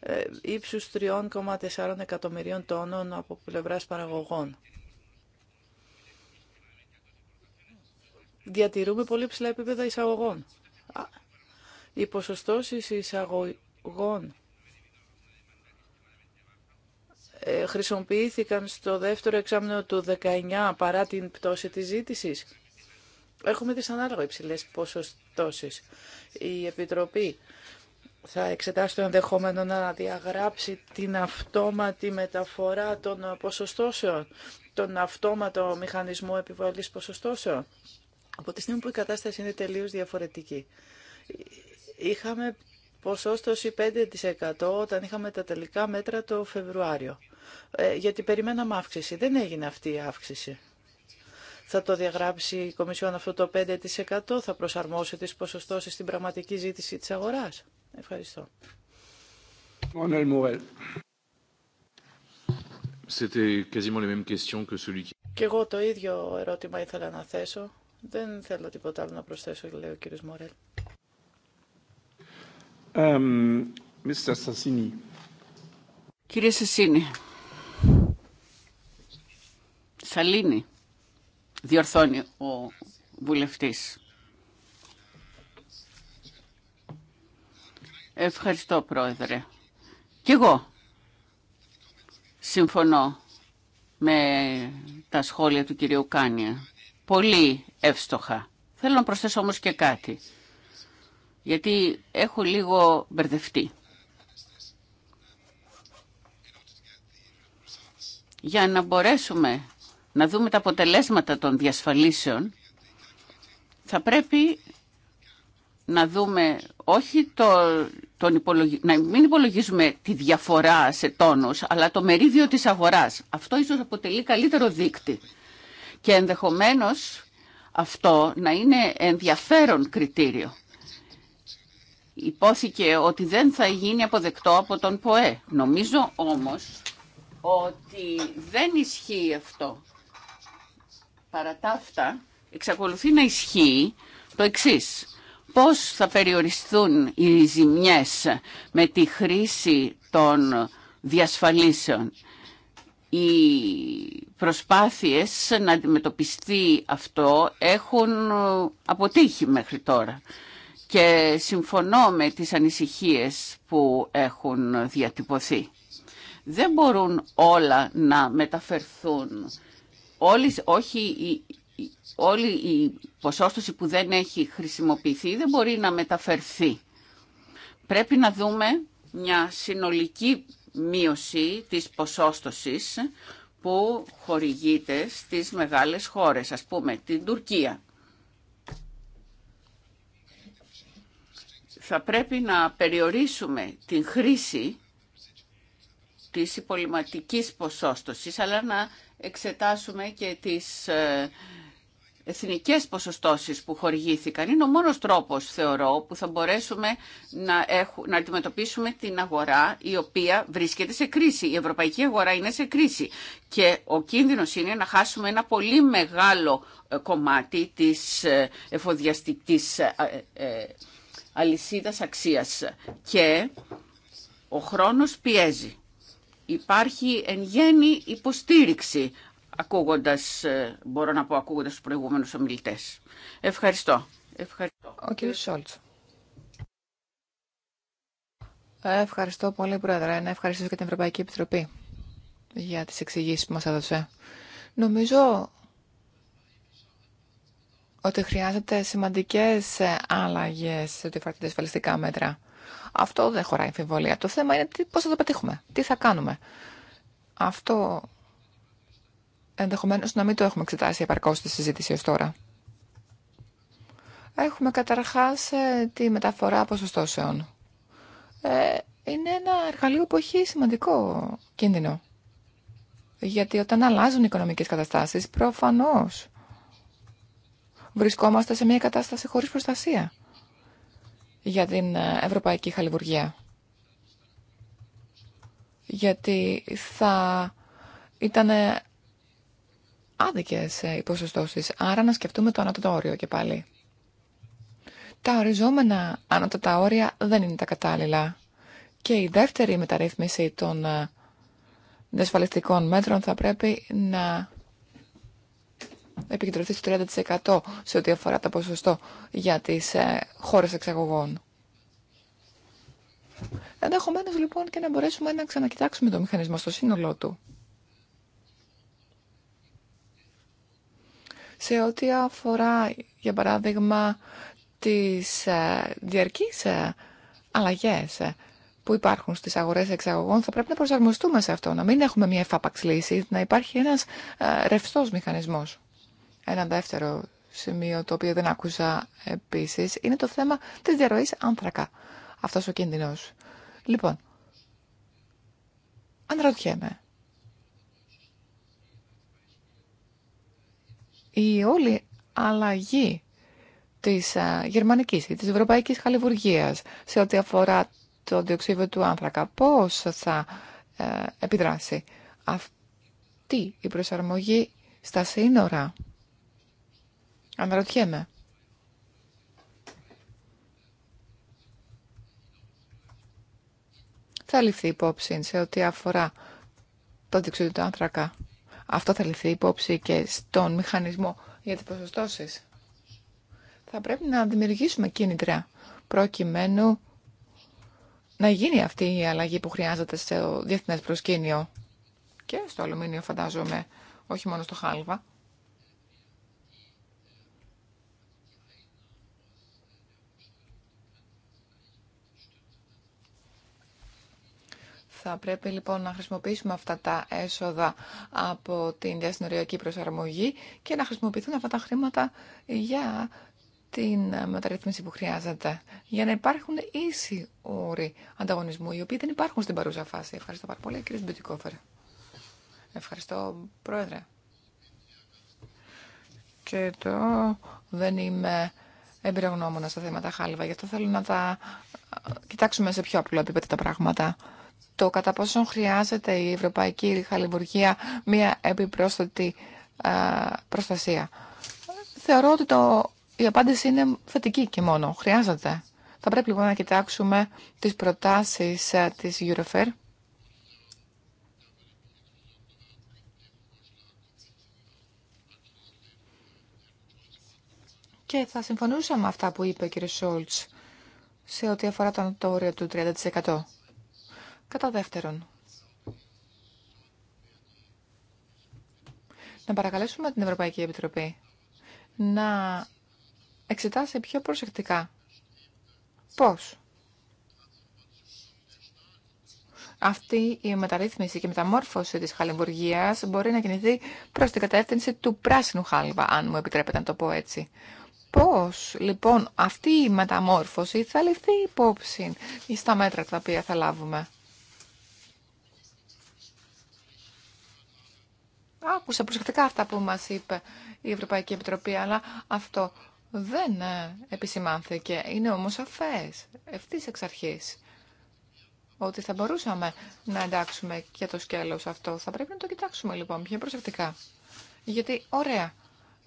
ε, ύψους 3,4 εκατομμυρίων τόνων από πλευράς παραγωγών. Διατηρούμε πολύ ψηλά επίπεδα εισαγωγών οι ποσοστώσει εισαγωγών ε, χρησιμοποιήθηκαν στο δεύτερο εξάμεινο του 19 παρά την πτώση της ζήτησης. Έχουμε τις ανάλογα υψηλές ποσοστώσεις. Η Επιτροπή θα εξετάσει το ενδεχόμενο να διαγράψει την αυτόματη μεταφορά των ποσοστώσεων, τον αυτόματο μηχανισμό επιβολής ποσοστώσεων από τη στιγμή που η κατάσταση είναι τελείως διαφορετική. Είχαμε ποσόστοση 5% όταν είχαμε τα τελικά μέτρα το Φεβρουάριο, ε, γιατί περιμέναμε αύξηση. Δεν έγινε αυτή η αύξηση. Θα το διαγράψει η Κομισιόν αυτό το 5%, θα προσαρμόσει τις ποσοστώσεις στην πραγματική ζήτηση της αγοράς. Ευχαριστώ. Και εγώ το ίδιο ερώτημα ήθελα να θέσω δεν θέλω τίποτα άλλο να προσθέσω, λέει ο κύριος Μορέλ. Um, Κύριε Σασίνη. Σαλίνη. Διορθώνει ο βουλευτής. Ευχαριστώ, Πρόεδρε. Κι εγώ συμφωνώ με τα σχόλια του κυρίου Κάνια πολύ εύστοχα. Θέλω να προσθέσω όμως και κάτι, γιατί έχω λίγο μπερδευτεί. Για να μπορέσουμε να δούμε τα αποτελέσματα των διασφαλίσεων, θα πρέπει να δούμε όχι το, τον υπολογι... να μην υπολογίζουμε τη διαφορά σε τόνους, αλλά το μερίδιο της αγοράς. Αυτό ίσως αποτελεί καλύτερο δείκτη και ενδεχομένως αυτό να είναι ενδιαφέρον κριτήριο. Υπόθηκε ότι δεν θα γίνει αποδεκτό από τον ΠΟΕ. Νομίζω όμως ότι δεν ισχύει αυτό. Παρά τα αυτά, εξακολουθεί να ισχύει το εξής. Πώς θα περιοριστούν οι ζημιές με τη χρήση των διασφαλίσεων οι προσπάθειες να αντιμετωπιστεί αυτό έχουν αποτύχει μέχρι τώρα. Και συμφωνώ με τις ανησυχίες που έχουν διατυπωθεί. Δεν μπορούν όλα να μεταφερθούν. όλοι όχι όλη η ποσόστοση που δεν έχει χρησιμοποιηθεί δεν μπορεί να μεταφερθεί. Πρέπει να δούμε μια συνολική μείωση της ποσόστοσης που χορηγείται στις μεγάλες χώρες, ας πούμε την Τουρκία. Θα πρέπει να περιορίσουμε την χρήση της υπολοιματικής ποσόστοσης, αλλά να εξετάσουμε και τις ε, εθνικές ποσοστώσεις που χορηγήθηκαν είναι ο μόνος τρόπος, θεωρώ, που θα μπορέσουμε να, έχουμε, να αντιμετωπίσουμε την αγορά η οποία βρίσκεται σε κρίση. Η ευρωπαϊκή αγορά είναι σε κρίση και ο κίνδυνος είναι να χάσουμε ένα πολύ μεγάλο ε, κομμάτι της ε, εφοδιαστικής ε, αλυσίδας αξίας και ο χρόνος πιέζει. Υπάρχει εν γέννη υποστήριξη ακούγοντας, ε, μπορώ να πω ακούγοντας τους προηγούμενους ομιλητές. Ευχαριστώ. Ευχαριστώ. Ο κύριος Σόλτς. Ευχαριστώ πολύ, Πρόεδρε. Να ευχαριστήσω και την Ευρωπαϊκή Επιτροπή για τις εξηγήσεις που μας έδωσε. Νομίζω ότι χρειάζεται σημαντικές αλλαγές ε, σε ό,τι αφορά ασφαλιστικά μέτρα. Αυτό δεν χωράει εμφιβολία. Το θέμα είναι πώς θα το πετύχουμε, τι θα κάνουμε. Αυτό ενδεχομένως να μην το έχουμε εξετάσει επαρκώς στη συζήτηση ως τώρα. Έχουμε καταρχάς ε, τη μεταφορά ποσοστώσεων. Ε, είναι ένα εργαλείο που έχει σημαντικό κίνδυνο. Γιατί όταν αλλάζουν οι οικονομικές καταστάσεις, προφανώς βρισκόμαστε σε μια κατάσταση χωρίς προστασία για την ε, ευρωπαϊκή χαλιβουργία. Γιατί θα ήταν Άδικέ οι ε, ποσοστώσει. Άρα να σκεφτούμε το ανώτατο όριο και πάλι. Τα οριζόμενα ανώτατα όρια δεν είναι τα κατάλληλα. Και η δεύτερη μεταρρύθμιση των ε, δεσφαλιστικών μέτρων θα πρέπει να επικεντρωθεί στο 30% σε ό,τι αφορά τα ποσοστό για τις ε, χώρες εξαγωγών. Ενδεχομένω λοιπόν και να μπορέσουμε να ξανακοιτάξουμε το μηχανισμό στο σύνολό του. σε ό,τι αφορά, για παράδειγμα, τις ε, διαρκείς ε, αλλαγές ε, που υπάρχουν στις αγορές εξαγωγών, θα πρέπει να προσαρμοστούμε σε αυτό, να μην έχουμε μια εφάπαξ λύση, να υπάρχει ένας ρευστός μηχανισμός. Ένα δεύτερο σημείο το οποίο δεν άκουσα επίσης είναι το θέμα της διαρροής άνθρακα. Αυτός ο κίνδυνος. Λοιπόν, ρωτιέμαι, η όλη αλλαγή της ε, γερμανικής ή της ευρωπαϊκής χαλιβουργίας σε ό,τι αφορά το διοξείδιο του άνθρακα, πώς θα ε, επιδράσει αυτή η προσαρμογή στα σύνορα. Αναρωτιέμαι. Θα ληφθεί υπόψη σε ό,τι αφορά το διοξείδιο του άνθρακα. Αυτό θα ληφθεί υπόψη και στον μηχανισμό για τις ποσοστώσεις. Θα πρέπει να δημιουργήσουμε κίνητρα προκειμένου να γίνει αυτή η αλλαγή που χρειάζεται στο διεθνές προσκήνιο και στο αλουμίνιο φαντάζομαι, όχι μόνο στο χάλβα. Θα πρέπει λοιπόν να χρησιμοποιήσουμε αυτά τα έσοδα από την διασυνοριακή προσαρμογή και να χρησιμοποιηθούν αυτά τα χρήματα για την μεταρρύθμιση που χρειάζεται. Για να υπάρχουν ίσοι όροι ανταγωνισμού, οι οποίοι δεν υπάρχουν στην παρούσα φάση. Ευχαριστώ πάρα πολύ, κύριε Σμπιτικόφερ. Ευχαριστώ, Πρόεδρε. Και το δεν είμαι εμπειρογνώμονα στα θέματα χάλιβα, γι' αυτό θέλω να τα κοιτάξουμε σε πιο απλό επίπεδο τα πράγματα το κατά πόσον χρειάζεται η Ευρωπαϊκή Χαλιβουργία μία επιπρόσθετη προστασία. Θεωρώ ότι το, η απάντηση είναι θετική και μόνο. Χρειάζεται. Θα πρέπει λοιπόν να κοιτάξουμε τις προτάσεις της Eurofair. Και θα συμφωνούσαμε με αυτά που είπε ο κ. Σόλτς σε ό,τι αφορά το όριο του 30%. Κατά δεύτερον, να παρακαλέσουμε την Ευρωπαϊκή Επιτροπή να εξετάσει πιο προσεκτικά πώς αυτή η μεταρρύθμιση και μεταμόρφωση της χαλιβουργίας μπορεί να κινηθεί προς την κατεύθυνση του πράσινου χάλιβα, αν μου επιτρέπετε να το πω έτσι. Πώς, λοιπόν, αυτή η μεταμόρφωση θα ληφθεί υπόψη στα μέτρα τα οποία θα λάβουμε. Άκουσα προσεκτικά αυτά που μας είπε η Ευρωπαϊκή Επιτροπή, αλλά αυτό δεν ε, επισημάνθηκε. Είναι όμως αφές, ευθύς εξ αρχής, ότι θα μπορούσαμε να εντάξουμε και το σκέλος αυτό. Θα πρέπει να το κοιτάξουμε λοιπόν πιο προσεκτικά. Γιατί, ωραία,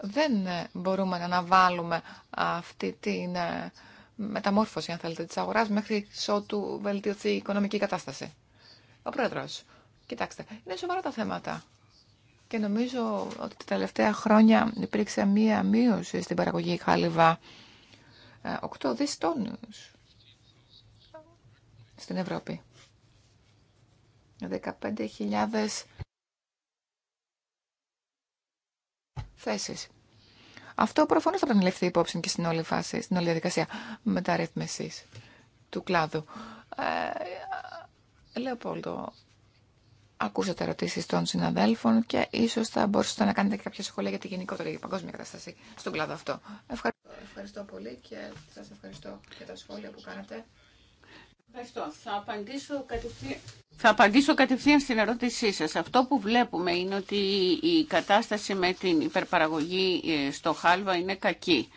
δεν ε, μπορούμε να αναβάλουμε αυτή την ε, μεταμόρφωση, αν θέλετε, της αγοράς μέχρι ότου βελτιωθεί η οικονομική κατάσταση. Ο Πρόεδρος, κοιτάξτε, είναι σοβαρά τα θέματα. Και νομίζω ότι τα τελευταία χρόνια υπήρξε μία μείωση στην παραγωγή χάλιβα 8 ε, δις τόνους στην Ευρώπη. 15.000 θέσεις. Αυτό προφανώς θα πρέπει να υπόψη και στην όλη φάση, στην όλη διαδικασία μεταρρύθμισης του κλάδου. Ε, το ακούσατε ερωτήσει των συναδέλφων και ίσω θα μπορούσατε να κάνετε και κάποια σχόλια για τη γενικότερη παγκόσμια κατάσταση στον κλάδο αυτό. Ευχαριστώ, ευχαριστώ πολύ και σα ευχαριστώ για τα σχόλια που κάνατε. Ευχαριστώ. Θα απαντήσω κατευθείαν. Θα απαντήσω κατευθείαν στην ερώτησή σας. Αυτό που βλέπουμε είναι ότι η κατάσταση με την υπερπαραγωγή ε, στο χάλβα είναι κακή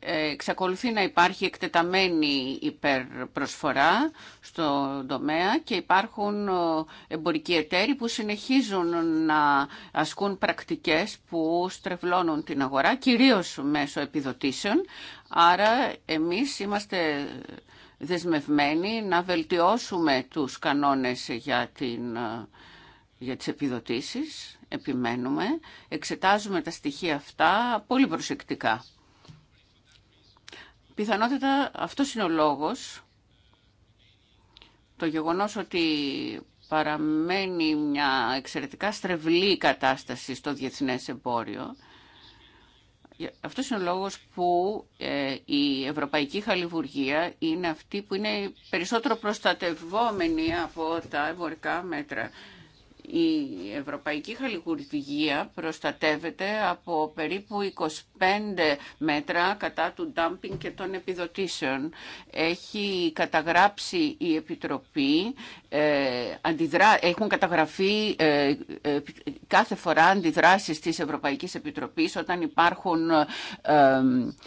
εξακολουθεί να υπάρχει εκτεταμένη υπερπροσφορά στον τομέα και υπάρχουν ε, εμπορικοί εταίροι που συνεχίζουν να ασκούν πρακτικές που στρεβλώνουν την αγορά, κυρίως μέσω επιδοτήσεων. Άρα εμείς είμαστε δεσμευμένοι να βελτιώσουμε τους κανόνες για, την, ε, για τις επιδοτήσεις, επιμένουμε, εξετάζουμε τα στοιχεία αυτά πολύ προσεκτικά. Πιθανότητα αυτό είναι ο λόγος, το γεγονός ότι παραμένει μια εξαιρετικά στρεβλή κατάσταση στο διεθνές εμπόριο. Αυτός είναι ο λόγος που ε, η Ευρωπαϊκή Χαλιβουργία είναι αυτή που είναι περισσότερο προστατευόμενη από τα εμπορικά μέτρα η Ευρωπαϊκή Χαλικουργία προστατεύεται από περίπου 25 μέτρα κατά του ντάμπινγκ και των επιδοτήσεων. Έχει καταγράψει η Επιτροπή, ε, αντιδρά, έχουν καταγραφεί ε, ε, κάθε φορά αντιδράσεις της Ευρωπαϊκής Επιτροπής όταν, υπάρχουν,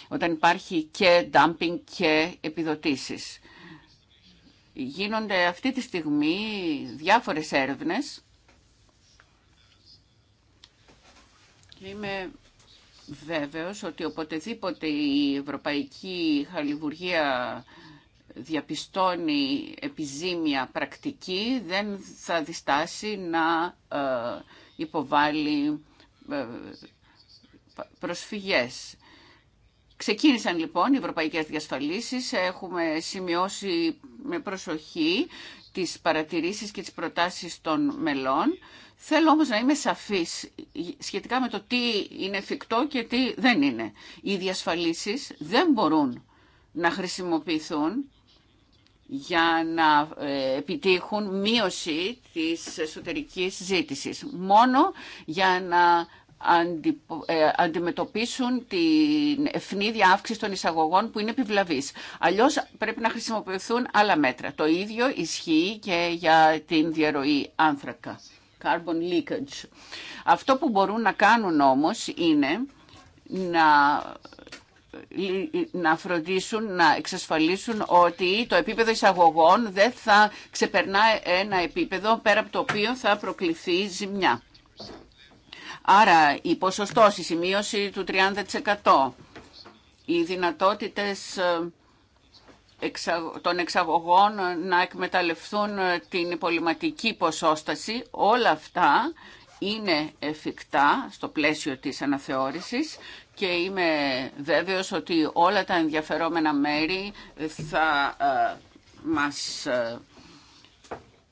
όταν υπάρχει και ντάμπινγκ και επιδοτήσεις. Γίνονται αυτή τη στιγμή διάφορες έρευνες Είμαι βέβαιος ότι οποτεδήποτε η Ευρωπαϊκή Χαλιβουργία διαπιστώνει επιζήμια πρακτική, δεν θα διστάσει να ε, υποβάλει ε, προσφυγές. Ξεκίνησαν λοιπόν οι ευρωπαϊκές διασφαλίσεις, έχουμε σημειώσει με προσοχή τις παρατηρήσεις και τις προτάσεις των μελών Θέλω όμως να είμαι σαφής σχετικά με το τι είναι εφικτό και τι δεν είναι. Οι διασφαλίσεις δεν μπορούν να χρησιμοποιηθούν για να ε, επιτύχουν μείωση της εσωτερικής ζήτησης. Μόνο για να ε, αντιμετωπίσουν την ευνίδια αύξηση των εισαγωγών που είναι επιβλαβής. Αλλιώς πρέπει να χρησιμοποιηθούν άλλα μέτρα. Το ίδιο ισχύει και για την διαρροή άνθρακα carbon leakage. Αυτό που μπορούν να κάνουν όμως είναι να να φροντίσουν, να εξασφαλίσουν ότι το επίπεδο εισαγωγών δεν θα ξεπερνά ένα επίπεδο πέρα από το οποίο θα προκληθεί ζημιά. Άρα η ποσοστός, η σημείωση του 30%, οι δυνατότητες ε, των εξαγωγών να εκμεταλλευτούν ε, την πολυματική ποσόσταση. Όλα αυτά είναι εφικτά στο πλαίσιο της αναθεώρησης και είμαι βέβαιος ότι όλα τα ενδιαφερόμενα μέρη θα ε, μας ε,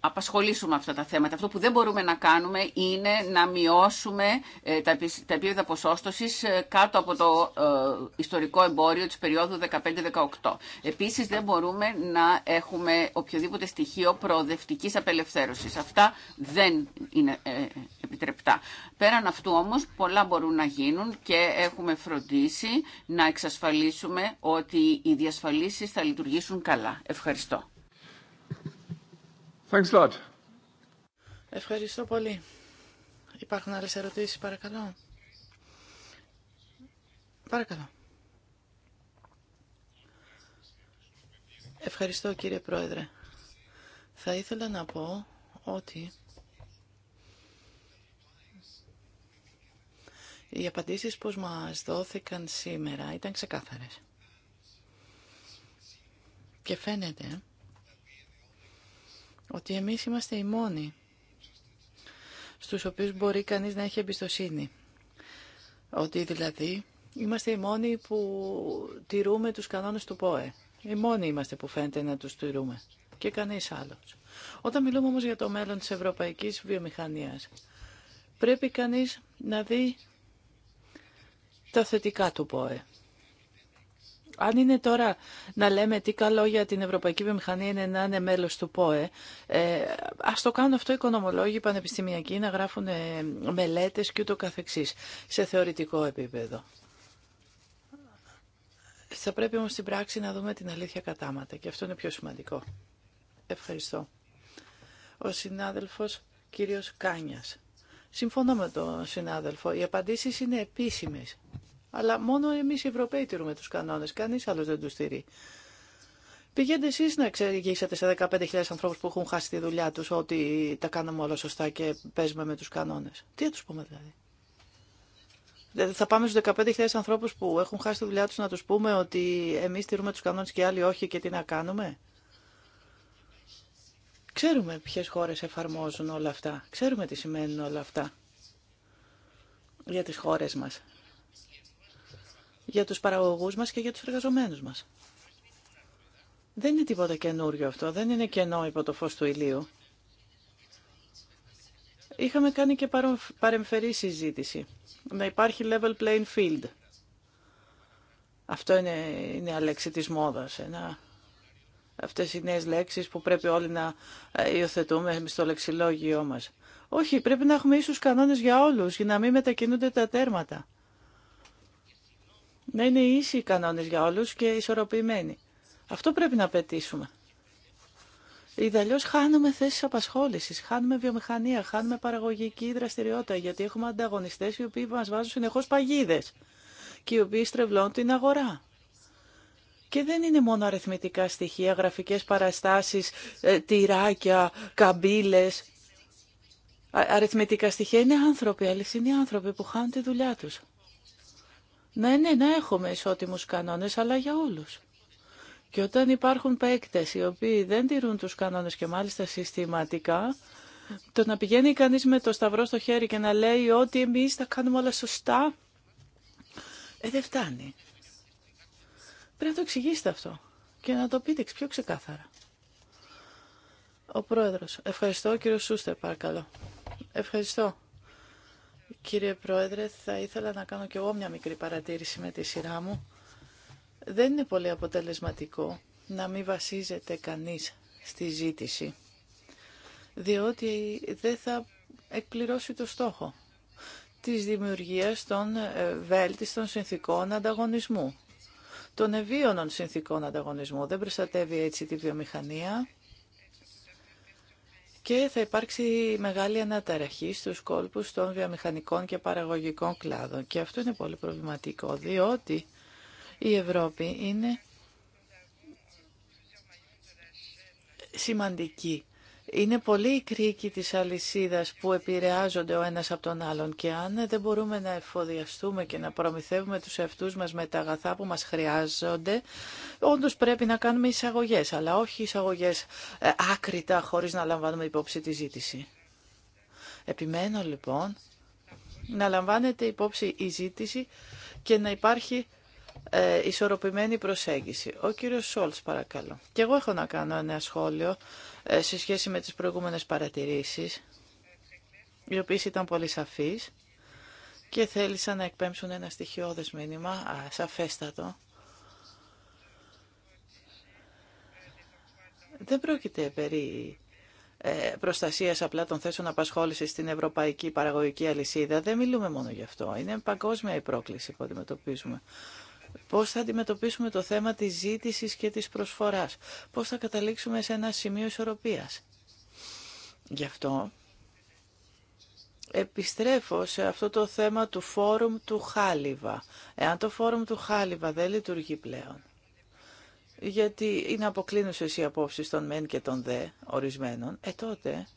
απασχολήσουμε αυτά τα θέματα. Αυτό που δεν μπορούμε να κάνουμε είναι να μειώσουμε ε, τα επίπεδα ποσόστοσης ε, κάτω από το ε, ιστορικό εμπόριο της περίοδου 15-18. Επίσης δεν μπορούμε να έχουμε οποιοδήποτε στοιχείο προοδευτικής απελευθέρωσης. Αυτά δεν είναι επιτρεπτά. Πέραν αυτού όμως πολλά μπορούν να γίνουν και έχουμε φροντίσει να εξασφαλίσουμε ότι οι διασφαλίσεις θα λειτουργήσουν καλά. Ευχαριστώ. Ευχαριστώ πολύ. Υπάρχουν άλλες ερωτήσεις, παρακαλώ. Παρακαλώ. Ευχαριστώ κύριε Πρόεδρε. Θα ήθελα να πω ότι οι απαντήσεις που μας δόθηκαν σήμερα ήταν ξεκάθαρες. Και φαίνεται ότι εμείς είμαστε οι μόνοι στους οποίους μπορεί κανείς να έχει εμπιστοσύνη. Ότι δηλαδή είμαστε οι μόνοι που τηρούμε τους κανόνες του ΠΟΕ. Οι μόνοι είμαστε που φαίνεται να τους τηρούμε και κανείς άλλος. Όταν μιλούμε όμως για το μέλλον της ευρωπαϊκής βιομηχανίας, πρέπει κανείς να δει τα θετικά του ΠΟΕ. Αν είναι τώρα να λέμε τι καλό για την Ευρωπαϊκή Βιομηχανία είναι να είναι μέλο του ΠΟΕ, ε, ας το κάνουν αυτό οι οικονομολόγοι οι πανεπιστημιακοί, να γράφουν ε, μελέτες και ούτω σε θεωρητικό επίπεδο. Θα πρέπει όμως στην πράξη να δούμε την αλήθεια κατάματα και αυτό είναι πιο σημαντικό. Ευχαριστώ. Ο συνάδελφος κ. Κάνιας. Συμφωνώ με τον συνάδελφο. Οι απαντήσει είναι επίσημε. Αλλά μόνο εμεί οι Ευρωπαίοι τηρούμε του κανόνε. Κανεί άλλο δεν του τηρεί. Πηγαίνετε εσεί να εξηγήσετε σε 15.000 ανθρώπου που έχουν χάσει τη δουλειά του ότι τα κάναμε όλα σωστά και παίζουμε με του κανόνε. Τι θα του πούμε δηλαδή. Δηλαδή θα πάμε στου 15.000 ανθρώπου που έχουν χάσει τη δουλειά του να του πούμε ότι εμεί τηρούμε του κανόνε και άλλοι όχι και τι να κάνουμε. Ξέρουμε ποιε χώρε εφαρμόζουν όλα αυτά. Ξέρουμε τι σημαίνουν όλα αυτά για τις χώρες μας για τους παραγωγούς μας και για τους εργαζομένους μας. Δεν είναι τίποτα καινούριο αυτό, δεν είναι κενό υπό το φως του ηλίου. Είχαμε κάνει και παρεμφερή συζήτηση, να υπάρχει level playing field. Αυτό είναι, είναι λέξη της μόδας, ένα αυτές οι νέες λέξεις που πρέπει όλοι να ε, υιοθετούμε στο λεξιλόγιο μας. Όχι, πρέπει να έχουμε ίσους κανόνες για όλους, για να μην μετακινούνται τα τέρματα να είναι ίσοι οι κανόνες για όλους και ισορροπημένοι. Αυτό πρέπει να απαιτήσουμε. Ιδαλλιώ χάνουμε θέσει απασχόληση, χάνουμε βιομηχανία, χάνουμε παραγωγική δραστηριότητα, γιατί έχουμε ανταγωνιστέ οι οποίοι μα βάζουν συνεχώ παγίδε και οι οποίοι στρεβλώνουν την αγορά. Και δεν είναι μόνο αριθμητικά στοιχεία, γραφικέ παραστάσει, ε, τυράκια, καμπύλε. Αριθμητικά στοιχεία είναι άνθρωποι, αληθινοί άνθρωποι που χάνουν τη δουλειά του. Ναι, ναι, να έχουμε ισότιμους κανόνες, αλλά για όλους. Και όταν υπάρχουν παίκτες οι οποίοι δεν τηρούν τους κανόνες και μάλιστα συστηματικά, το να πηγαίνει κανείς με το σταυρό στο χέρι και να λέει ότι εμείς θα κάνουμε όλα σωστά, ε, δεν φτάνει. Πρέπει να το εξηγήσετε αυτό και να το πείτε πιο ξεκάθαρα. Ο Πρόεδρος. Ευχαριστώ, κύριο Σούστερ, παρακαλώ. Ευχαριστώ. Κύριε Πρόεδρε, θα ήθελα να κάνω κι εγώ μια μικρή παρατήρηση με τη σειρά μου. Δεν είναι πολύ αποτελεσματικό να μην βασίζεται κανείς στη ζήτηση, διότι δεν θα εκπληρώσει το στόχο της δημιουργίας των ε, βέλτιστων συνθήκων ανταγωνισμού, των ευίωνων συνθήκων ανταγωνισμού. Δεν προστατεύει έτσι τη βιομηχανία, και θα υπάρξει μεγάλη αναταραχή στους κόλπους των βιομηχανικών και παραγωγικών κλάδων. Και αυτό είναι πολύ προβληματικό, διότι η Ευρώπη είναι σημαντική είναι πολύ οι κρίκοι της αλυσίδας που επηρεάζονται ο ένας από τον άλλον και αν δεν μπορούμε να εφοδιαστούμε και να προμηθεύουμε τους εαυτούς μας με τα αγαθά που μας χρειάζονται, όντως πρέπει να κάνουμε εισαγωγές, αλλά όχι εισαγωγές ε, άκρητα χωρίς να λαμβάνουμε υπόψη τη ζήτηση. Επιμένω λοιπόν να λαμβάνεται υπόψη η ζήτηση και να υπάρχει ε, ισορροπημένη προσέγγιση. Ο κύριος Σόλτς παρακαλώ. Και εγώ έχω να κάνω ένα σχόλιο ε, σε σχέση με τις προηγούμενες παρατηρήσεις, οι οποίες ήταν πολύ σαφείς και θέλησαν να εκπέμψουν ένα στοιχειώδες μήνυμα, α, σαφέστατο. Δεν πρόκειται περί ε, προστασίας απλά των θέσεων απασχόλησης στην ευρωπαϊκή παραγωγική αλυσίδα. Δεν μιλούμε μόνο γι' αυτό. Είναι παγκόσμια η πρόκληση που αντιμετωπίζουμε. Πώς θα αντιμετωπίσουμε το θέμα της ζήτησης και της προσφοράς. Πώς θα καταλήξουμε σε ένα σημείο ισορροπίας. Γι' αυτό επιστρέφω σε αυτό το θέμα του φόρουμ του Χάλιβα. Εάν το φόρουμ του Χάλιβα δεν λειτουργεί πλέον, γιατί είναι αποκλίνουσες οι απόψεις των μεν και των δε ορισμένων, ε τότε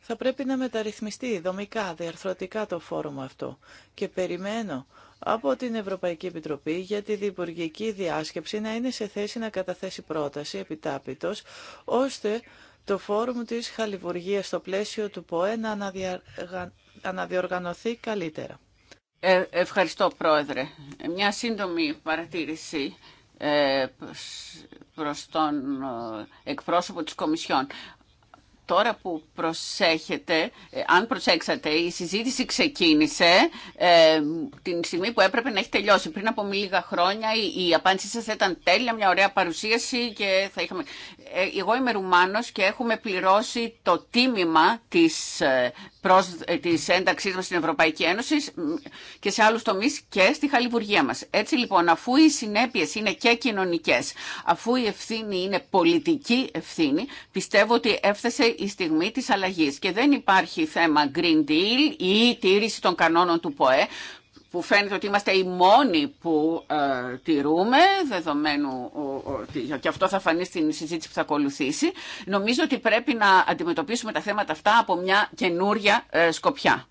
θα πρέπει να μεταρρυθμιστεί δομικά, διαρθρωτικά το φόρουμ αυτό. Και περιμένω από την Ευρωπαϊκή Επιτροπή για τη Διπουργική Διάσκεψη να είναι σε θέση να καταθέσει πρόταση επιτάπητος, ώστε το φόρουμ της Χαλιβουργίας στο πλαίσιο του ΠΟΕ να αναδιοργανωθεί καλύτερα. Ε, ευχαριστώ, Πρόεδρε. Μια σύντομη παρατήρηση ε, προς τον ε, εκπρόσωπο της Κομισιόν τώρα που προσέχετε, ε, αν προσέξατε, η συζήτηση ξεκίνησε ε, την στιγμή που έπρεπε να έχει τελειώσει. Πριν από λίγα χρόνια η, απάντησή σας ήταν τέλεια, μια ωραία παρουσίαση και θα είχαμε... Ε, εγώ είμαι Ρουμάνος και έχουμε πληρώσει το τίμημα της προς, ε, τη ένταξής μας στην Ευρωπαϊκή Ένωση και σε άλλους τομείς και στη χαλιβουργία μας. Έτσι λοιπόν, αφού οι συνέπειες είναι και κοινωνικές, αφού η ευθύνη είναι πολιτική ευθύνη, πιστεύω ότι έφτασε η στιγμή της αλλαγής και δεν υπάρχει θέμα Green Deal ή τήρηση των κανόνων του ΠΟΕ που φαίνεται ότι είμαστε οι μόνοι που ε, τηρούμε, δεδομένου ότι και αυτό θα φανεί στην συζήτηση που θα ακολουθήσει, νομίζω ότι πρέπει να αντιμετωπίσουμε τα θέματα αυτά από μια καινούρια ε, σκοπιά.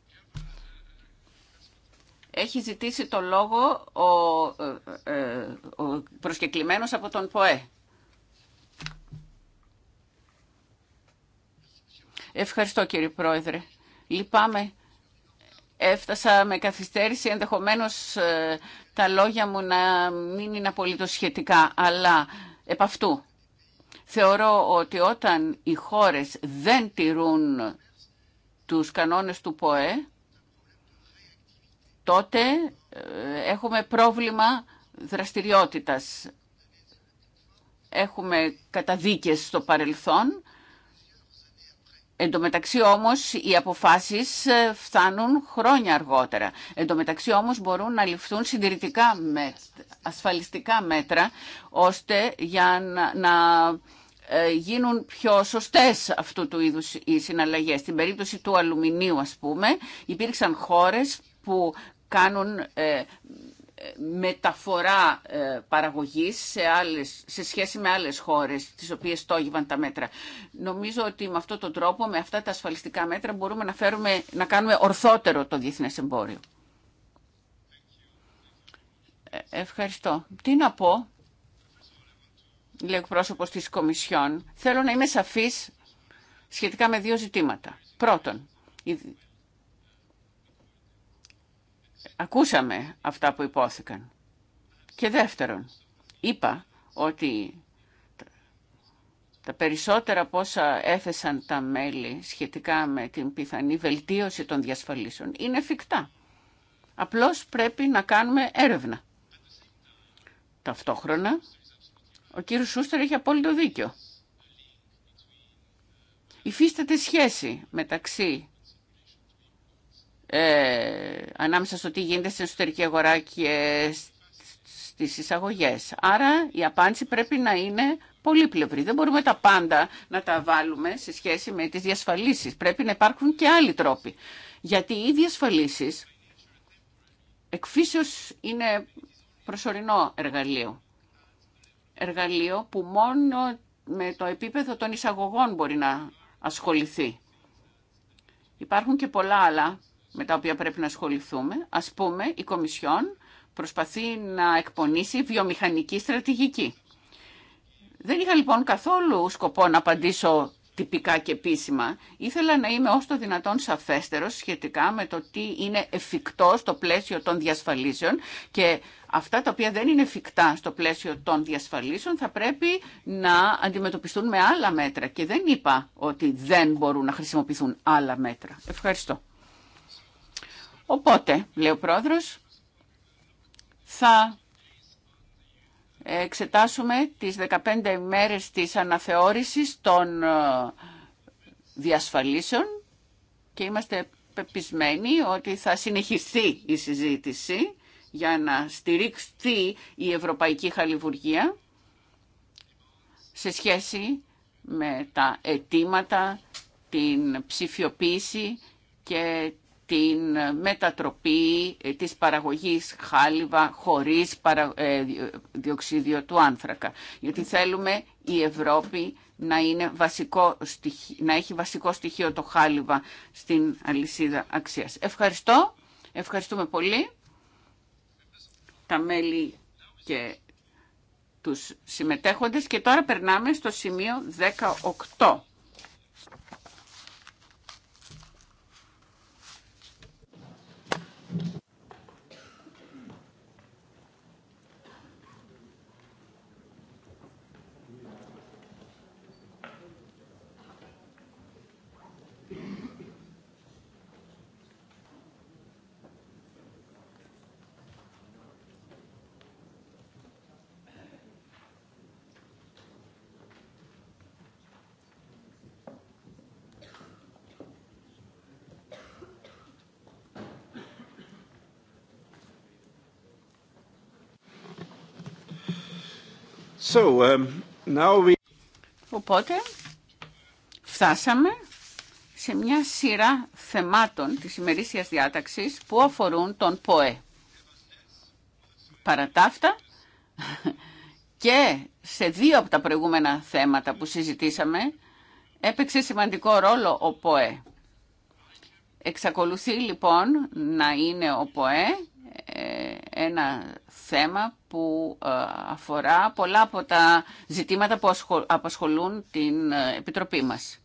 Έχει ζητήσει το λόγο ο, ε, ε, ο προσκεκλημένος από τον ΠΟΕ. Ευχαριστώ κύριε Πρόεδρε. Λυπάμαι έφτασα με καθυστέρηση, ενδεχομένως ε, τα λόγια μου να μην είναι απολύτως σχετικά, αλλά επ' αυτού. Θεωρώ ότι όταν οι χώρες δεν τηρούν τους κανόνες του ΠΟΕ, τότε ε, έχουμε πρόβλημα δραστηριότητας. Έχουμε καταδίκες στο παρελθόν Εν τω μεταξύ όμως οι αποφάσεις ε, φτάνουν χρόνια αργότερα. Εν τω μεταξύ όμως μπορούν να ληφθούν συντηρητικά ασφαλιστικά μέτρα, ώστε για να, ε, γίνουν πιο σωστές αυτού του είδους οι συναλλαγές. Στην περίπτωση του αλουμινίου ας πούμε υπήρξαν χώρες που κάνουν ε, μεταφορά ε, παραγωγής σε, άλλες, σε σχέση με άλλες χώρες τις οποίες στόγευαν τα μέτρα. Νομίζω ότι με αυτόν τον τρόπο, με αυτά τα ασφαλιστικά μέτρα μπορούμε να, φέρουμε, να κάνουμε ορθότερο το διεθνές εμπόριο. Ε, ευχαριστώ. Τι να πω, λέει ο πρόσωπος της Κομισιόν. Θέλω να είμαι σαφής σχετικά με δύο ζητήματα. Πρώτον, ακούσαμε αυτά που υπόθηκαν. Και δεύτερον, είπα ότι τα περισσότερα πόσα έθεσαν τα μέλη σχετικά με την πιθανή βελτίωση των διασφαλίσεων είναι εφικτά. Απλώς πρέπει να κάνουμε έρευνα. Ταυτόχρονα, ο κύριος Σούστερ έχει απόλυτο δίκιο. Υφίσταται σχέση μεταξύ ε, ανάμεσα στο τι γίνεται στην εσωτερική αγορά και στις εισαγωγές. Άρα η απάντηση πρέπει να είναι πολύπλευρη. Δεν μπορούμε τα πάντα να τα βάλουμε σε σχέση με τις διασφαλίσεις. Πρέπει να υπάρχουν και άλλοι τρόποι. Γιατί οι διασφαλίσεις εκφύσεως είναι προσωρινό εργαλείο. Εργαλείο που μόνο με το επίπεδο των εισαγωγών μπορεί να ασχοληθεί. Υπάρχουν και πολλά άλλα με τα οποία πρέπει να ασχοληθούμε. Ας πούμε, η Κομισιόν προσπαθεί να εκπονήσει βιομηχανική στρατηγική. Δεν είχα λοιπόν καθόλου σκοπό να απαντήσω τυπικά και επίσημα. Ήθελα να είμαι όσο το δυνατόν σαφέστερος σχετικά με το τι είναι εφικτό στο πλαίσιο των διασφαλίσεων και αυτά τα οποία δεν είναι εφικτά στο πλαίσιο των διασφαλίσεων θα πρέπει να αντιμετωπιστούν με άλλα μέτρα και δεν είπα ότι δεν μπορούν να χρησιμοποιηθούν άλλα μέτρα. Ευχαριστώ. Οπότε, λέει ο πρόεδρος, θα εξετάσουμε τις 15 ημέρες της αναθεώρησης των ε, διασφαλίσεων και είμαστε πεπισμένοι ότι θα συνεχιστεί η συζήτηση για να στηρίξει η Ευρωπαϊκή Χαλιβουργία σε σχέση με τα αιτήματα, την ψηφιοποίηση και την μετατροπή ε, της παραγωγής χάλιβα χωρίς ε, διοξίδιο του άνθρακα. Γιατί θέλουμε η Ευρώπη να, είναι βασικό, να έχει βασικό στοιχείο το χάλιβα στην αλυσίδα αξίας. Ευχαριστώ. Ευχαριστούμε πολύ τα μέλη και τους συμμετέχοντες και τώρα περνάμε στο σημείο 18. um, Οπότε φτάσαμε σε μια σειρά θεμάτων της ημερήσιας διάταξης που αφορούν τον ΠΟΕ. Παρατάφτα και σε δύο από τα προηγούμενα θέματα που συζητήσαμε έπαιξε σημαντικό ρόλο ο ΠΟΕ. Εξακολουθεί λοιπόν να είναι ο ΠΟΕ ένα θέμα που ε, αφορά πολλά από τα ζητήματα που απασχολούν την ε, Επιτροπή μας.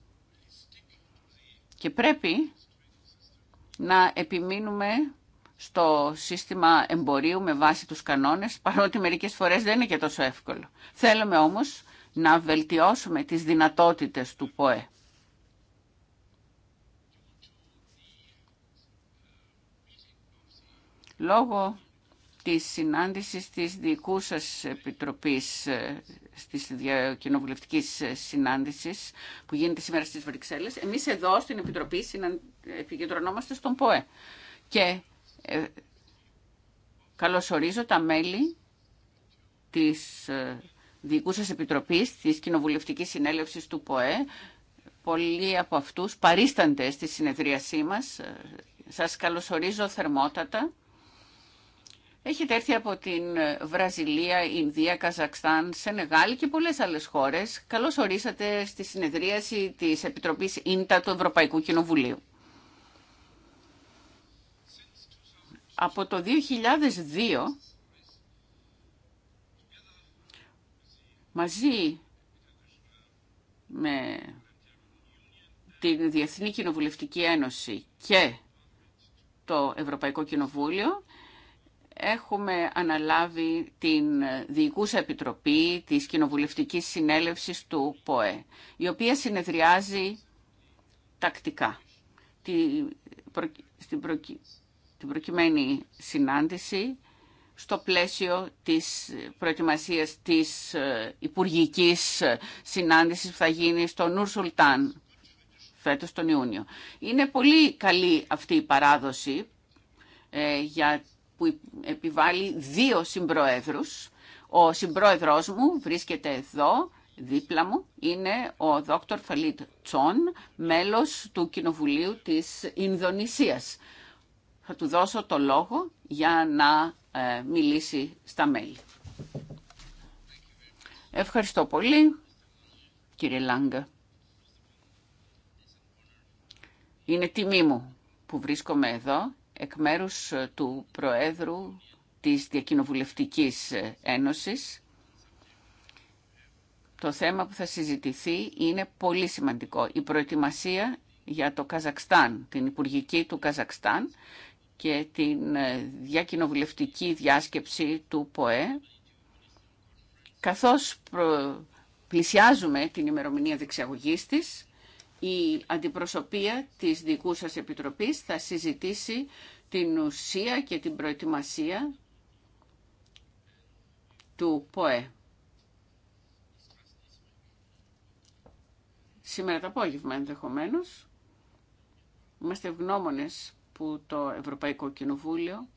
Και πρέπει να επιμείνουμε στο σύστημα εμπορίου με βάση τους κανόνες, παρότι μερικές φορές δεν είναι και τόσο εύκολο. Θέλουμε όμως να βελτιώσουμε τις δυνατότητες του ΠΟΕ. Λόγω της συνάντησης της δικού σας επιτροπής, στις ε, κοινοβουλευτικής ε, συνάντησης που γίνεται σήμερα στις Βρυξέλλες, εμείς εδώ στην Επιτροπή επικεντρωνόμαστε στον ΠΟΕ. Και ε, καλωσορίζω τα μέλη της ε, δικού σας επιτροπής, της κοινοβουλευτικής συνέλευσης του ΠΟΕ. Πολλοί από αυτούς παρίστανται στη συνεδρίασή μας. Σας καλωσορίζω θερμότατα. Έχετε έρθει από την Βραζιλία, Ινδία, Καζακστάν, Σενεγάλη και πολλές άλλες χώρες. Καλώς ορίσατε στη συνεδρίαση της Επιτροπής Ίντα του Ευρωπαϊκού Κοινοβουλίου. Από το 2002, μαζί με την Διεθνή Κοινοβουλευτική Ένωση και το Ευρωπαϊκό Κοινοβούλιο, έχουμε αναλάβει την Διοικούσα Επιτροπή της Κοινοβουλευτικής Συνέλευσης του ΠΟΕ, η οποία συνεδριάζει τακτικά. την προκειμένη συνάντηση στο πλαίσιο της προετοιμασίας της ε, υπουργικής συνάντησης που θα γίνει στο Νουρ Σουλτάν φέτος τον Ιούνιο. Είναι πολύ καλή αυτή η παράδοση ε, για που επιβάλλει δύο συμπροέδρους. Ο συμπρόεδρός μου βρίσκεται εδώ, δίπλα μου, είναι ο δόκτωρ Φαλίτ Τσόν, μέλος του Κοινοβουλίου της Ινδονησίας. Θα του δώσω το λόγο για να ε, μιλήσει στα μέλη. Ευχαριστώ πολύ, κύριε Λάγκα. Είναι τιμή μου που βρίσκομαι εδώ εκ μέρους ε, του Προέδρου της Διακοινοβουλευτικής ε, Ένωσης. Το θέμα που θα συζητηθεί είναι πολύ σημαντικό. Η προετοιμασία για το Καζακστάν, την Υπουργική του Καζακστάν και την ε, διακοινοβουλευτική διάσκεψη του ΠΟΕ, καθώς πλησιάζουμε την ημερομηνία δεξιαγωγής της η αντιπροσωπεία της δικού σας επιτροπής θα συζητήσει την ουσία και την προετοιμασία του ΠΟΕ. Σήμερα το απόγευμα ενδεχομένω. Είμαστε ευγνώμονες που το Ευρωπαϊκό Κοινοβούλιο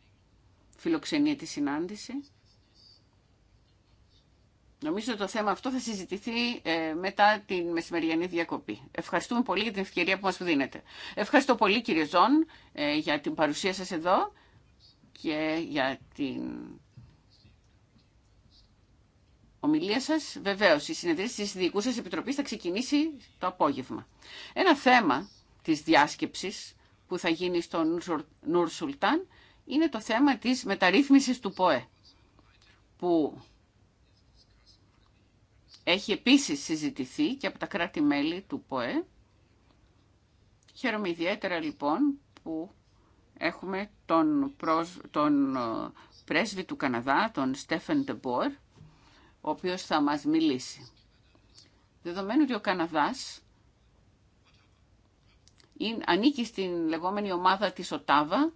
φιλοξενεί τη συνάντηση Νομίζω ότι το θέμα αυτό θα συζητηθεί ε, μετά την μεσημεριανή διακοπή. Ευχαριστούμε πολύ για την ευκαιρία που μας δίνετε. Ευχαριστώ πολύ κύριε Ζών ε, για την παρουσία σας εδώ και για την ομιλία σας. Βεβαίως, η συνεδρίαση της Διοικού σας Επιτροπής θα ξεκινήσει το απόγευμα. Ένα θέμα της διάσκεψης που θα γίνει στο Νουρ Σουλτάν είναι το θέμα της μεταρρύθμισης του ΠΟΕ που έχει επίσης συζητηθεί και από τα κράτη-μέλη του ΠΟΕ. Χαίρομαι ιδιαίτερα λοιπόν που έχουμε τον, τον ε, πρέσβη του Καναδά, τον Στέφεν Ντεμπόρ, ο οποίος θα μας μιλήσει. Δεδομένου ότι ο Καναδάς είναι, ανήκει στην λεγόμενη ομάδα της ΟΤΑΒΑ,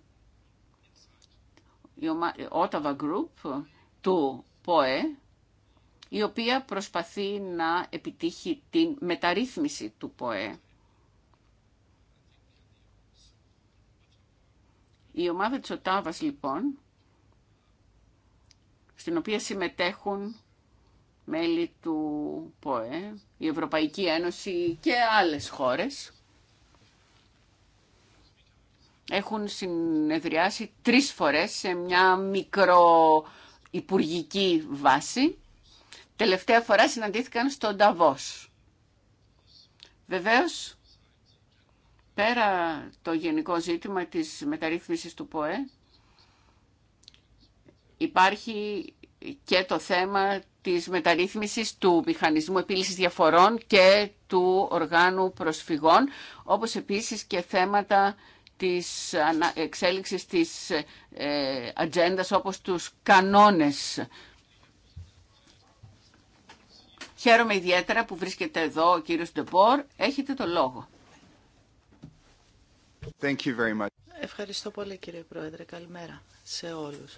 η Όταβα Group του ΠΟΕ, η οποία προσπαθεί να επιτύχει την μεταρρύθμιση του ΠΟΕ. Η ομάδα της Οτάβας, λοιπόν, στην οποία συμμετέχουν μέλη του ΠΟΕ, η Ευρωπαϊκή Ένωση και άλλες χώρες, έχουν συνεδριάσει τρεις φορές σε μια μικρουπουργική βάση τελευταία φορά συναντήθηκαν στο Νταβός. Βεβαίως, πέρα το γενικό ζήτημα της μεταρρύθμισης του ΠΟΕ, υπάρχει και το θέμα της μεταρρύθμισης του μηχανισμού επίλυσης διαφορών και του οργάνου προσφυγών, όπως επίσης και θέματα της εξέλιξης της ε, ατζέντας ατζέντα όπως τους κανόνες Χαίρομαι ιδιαίτερα που βρίσκεται εδώ ο κύριος Ντεμπόρ. Έχετε το λόγο. Thank you very much. Ευχαριστώ πολύ κύριε Πρόεδρε. Καλημέρα σε όλους.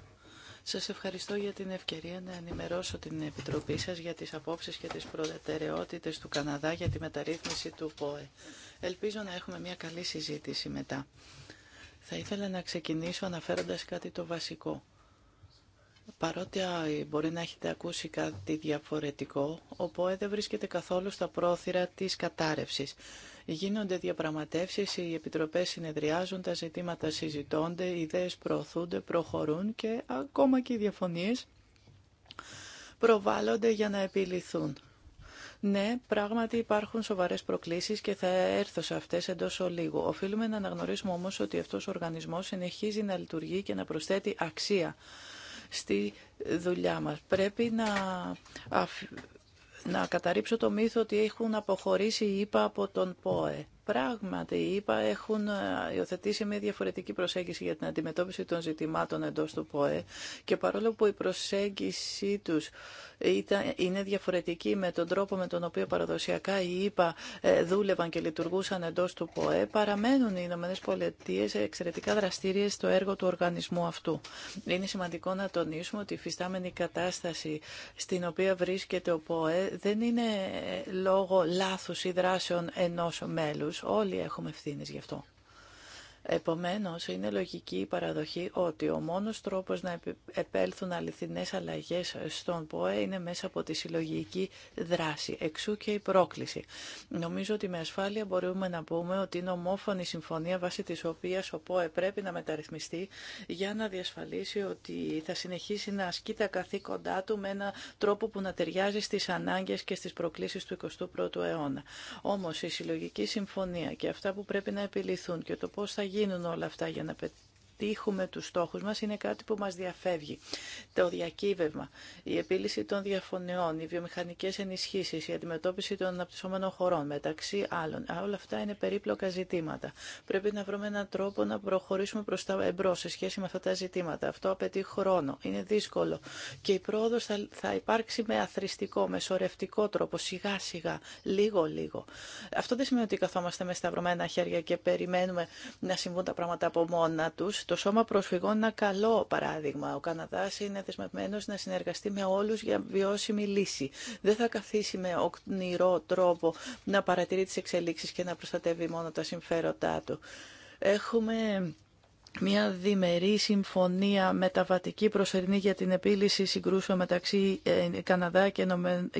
Σας ευχαριστώ για την ευκαιρία να ενημερώσω την Επιτροπή σας για τις απόψεις και τις προτεραιότητες του Καναδά για τη μεταρρύθμιση του ΠΟΕ. Ελπίζω να έχουμε μια καλή συζήτηση μετά. Θα ήθελα να ξεκινήσω αναφέροντας κάτι το βασικό. Παρότι μπορεί να έχετε ακούσει κάτι διαφορετικό, ο ΠΟΕ δεν βρίσκεται καθόλου στα πρόθυρα της κατάρρευσης. Γίνονται διαπραγματεύσεις, οι επιτροπές συνεδριάζουν, τα ζητήματα συζητώνται, οι ιδέες προωθούνται, προχωρούν και ακόμα και οι διαφωνίες προβάλλονται για να επιληθούν. Ναι, πράγματι υπάρχουν σοβαρές προκλήσεις και θα έρθω σε αυτές εντός ολίγου. Οφείλουμε να αναγνωρίσουμε όμως ότι αυτός ο οργανισμός συνεχίζει να λειτουργεί και να προσθέτει αξία στη δουλειά μας. Πρέπει να να καταρρύψω το μύθο ότι έχουν αποχωρήσει οι από τον ΠΟΕ. Πράγματι, οι έχουν ε, υιοθετήσει μια διαφορετική προσέγγιση για την αντιμετώπιση των ζητημάτων εντός του ΠΟΕ και παρόλο που η προσέγγιση τους είναι διαφορετική με τον τρόπο με τον οποίο παραδοσιακά οι ΗΠΑ ε, δούλευαν και λειτουργούσαν εντός του ΠΟΕ, παραμένουν οι ΗΠΑ Πολιτείες εξαιρετικά δραστήριες στο έργο του οργανισμού αυτού. Είναι σημαντικό να τονίσουμε ότι η φυστάμενη κατάσταση στην οποία βρίσκεται ο ΠΟΕ δεν είναι ε, λόγω λάθους ή δράσεων ενός μέλους Όλοι έχουμε ευθύνε γι' αυτό. Επομένως, είναι λογική η παραδοχή ότι ο μόνος τρόπος να επέλθουν αληθινές αλλαγές στον ΠΟΕ είναι μέσα από τη συλλογική δράση, εξού και η πρόκληση. Νομίζω ότι με ασφάλεια μπορούμε να πούμε ότι είναι ομόφωνη συμφωνία βάσει της οποίας ο ΠΟΕ πρέπει να μεταρρυθμιστεί για να διασφαλίσει ότι θα συνεχίσει να ασκεί τα καθήκοντά του με έναν τρόπο που να ταιριάζει στις ανάγκες και στις προκλήσεις του 21ου αιώνα. Όμως η συλλογική συμφωνία και αυτά που πρέπει να επιληθούν και το πώς θα γίνουν όλα αυτά για να πετύχουν πετύχουμε τους στόχους μας είναι κάτι που μας διαφεύγει. Το διακύβευμα, η επίλυση των διαφωνιών, οι βιομηχανικές ενισχύσεις, η αντιμετώπιση των αναπτυσσόμενων χωρών μεταξύ άλλων. Όλα αυτά είναι περίπλοκα ζητήματα. Πρέπει να βρούμε έναν τρόπο να προχωρήσουμε προς τα εμπρό σε σχέση με αυτά τα ζητήματα. Αυτό απαιτεί χρόνο. Είναι δύσκολο. Και η πρόοδος θα, θα υπάρξει με αθρηστικό, με σορευτικό τρόπο, σιγά σιγά, λίγο λίγο. Αυτό δεν σημαίνει ότι καθόμαστε με σταυρωμένα χέρια και περιμένουμε να συμβούν τα πράγματα από μόνα τους. Το Σώμα Προσφυγών ένα καλό παράδειγμα. Ο Καναδάς είναι δεσμευμένος να συνεργαστεί με όλους για βιώσιμη λύση. Δεν θα καθίσει με οκνηρό τρόπο να παρατηρεί τι εξελίξεις και να προστατεύει μόνο τα συμφέροντά του. Έχουμε μια διμερή συμφωνία μεταβατική προσωρινή για την επίλυση συγκρούσεων μεταξύ ε, Καναδά και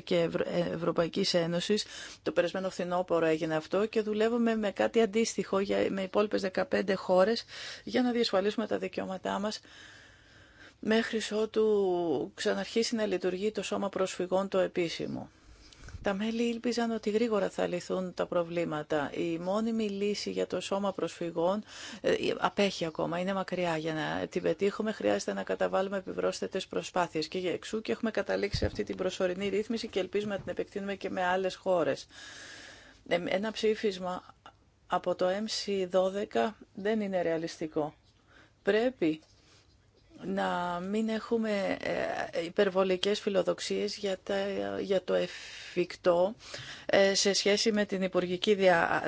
ε, Ευρωπαϊκής Ένωσης. Το περασμένο φθινόπωρο έγινε αυτό και δουλεύουμε με κάτι αντίστοιχο με υπόλοιπες 15 χώρες για να διασφαλίσουμε τα δικαιώματά μας μέχρι ότου ξαναρχίσει να λειτουργεί το Σώμα Προσφυγών το επίσημο. Τα μέλη ήλπιζαν ότι γρήγορα θα λυθούν τα προβλήματα. Η μόνιμη λύση για το σώμα προσφυγών ε, απέχει ακόμα, είναι μακριά. Για να την πετύχουμε χρειάζεται να καταβάλουμε επιβρόσθετες προσπάθειες και για εξού και έχουμε καταλήξει αυτή την προσωρινή ρύθμιση και ελπίζουμε να την επεκτείνουμε και με άλλες χώρες. Ε, ένα ψήφισμα από το MC12 δεν είναι ρεαλιστικό. Πρέπει να μην έχουμε ε, υπερβολικές φιλοδοξίες για, για το εφικτό ε, σε σχέση με την Υπουργική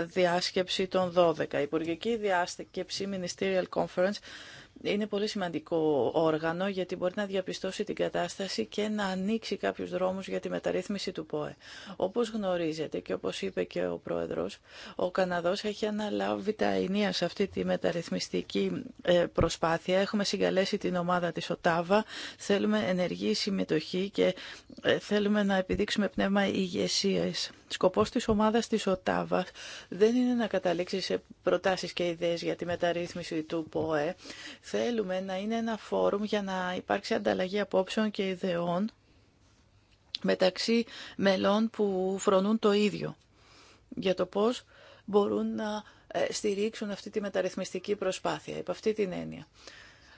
Διάσκεψη των 12. Η Υπουργική Διάσκεψη Ministerial Conference είναι πολύ σημαντικό όργανο γιατί μπορεί να διαπιστώσει την κατάσταση και να ανοίξει κάποιους δρόμους για τη μεταρρύθμιση του ΠΟΕ. Όπως γνωρίζετε και όπως είπε και ο Πρόεδρος, ο Καναδός έχει αναλάβει τα ενία σε αυτή τη μεταρρυθμιστική ε, προσπάθεια. Έχουμε συγκαλέσει την ομάδα της ΟΤΑΒΑ, θέλουμε ενεργή συμμετοχή και ε, θέλουμε να επιδείξουμε πνεύμα ηγεσίας. Σκοπός της ομάδας της ΟΤΑΒΑ δεν είναι να καταλήξει σε προτάσεις και ιδέες για τη μεταρρύθμιση του ΠΟΕ. Θέλουμε να είναι ένα φόρουμ για να υπάρξει ανταλλαγή απόψεων και ιδεών μεταξύ μελών που φρονούν το ίδιο για το πώς μπορούν να ε, στηρίξουν αυτή τη μεταρρυθμιστική προσπάθεια, υπ' αυτή την έννοια.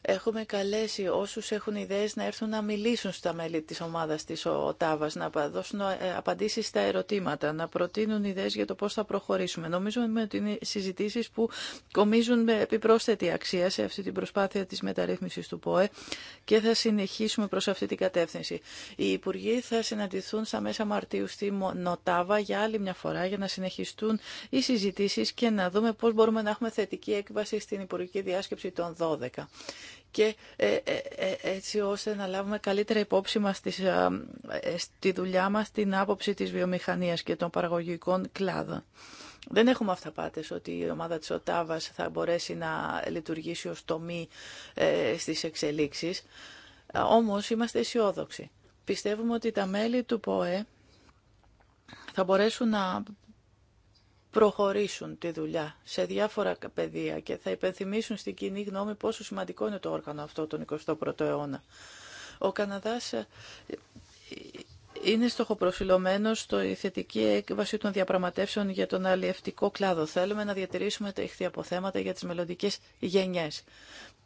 Έχουμε καλέσει όσους έχουν ιδέες να έρθουν να μιλήσουν στα μέλη της ομάδας της ΟΤΑΒΑ, να δώσουν ε, απαντήσεις στα ερωτήματα, να προτείνουν ιδέες για το πώς θα προχωρήσουμε. Νομίζουμε ότι είναι συζητήσεις που κομίζουν με επιπρόσθετη αξία σε αυτή την προσπάθεια της μεταρρύθμισης του ΠΟΕ και θα συνεχίσουμε προς αυτή την κατεύθυνση. Οι Υπουργοί θα συναντηθούν στα μέσα Μαρτίου στη ΝΟΤΑΒΑ για άλλη μια φορά για να συνεχιστούν οι συζητήσεις και να δούμε πώς μπορούμε να έχουμε θετική έκβαση στην Υπουργική Διάσκεψη των 12 και ε, ε, ε, έτσι ώστε να λάβουμε καλύτερα υπόψη μας στη δουλειά μας την άποψη της βιομηχανίας και των παραγωγικών κλάδων. Δεν έχουμε αυταπάτες ότι η ομάδα της ΟΤΑΒΑΣ θα μπορέσει να λειτουργήσει ως τομή στις εξελίξεις, όμως είμαστε αισιόδοξοι. Πιστεύουμε ότι τα μέλη του ΠΟΕ θα μπορέσουν να προχωρήσουν τη δουλειά σε διάφορα πεδία και θα υπενθυμίσουν στην κοινή γνώμη πόσο σημαντικό είναι το όργανο αυτό τον 21ο αιώνα. Ο Καναδάς ε, είναι στοχοπροφυλωμένο στο η θετική έκβαση των διαπραγματεύσεων για τον αλλιευτικό κλάδο. Θέλουμε να διατηρήσουμε τα αποθέματα για τις μελλοντικέ γενιές.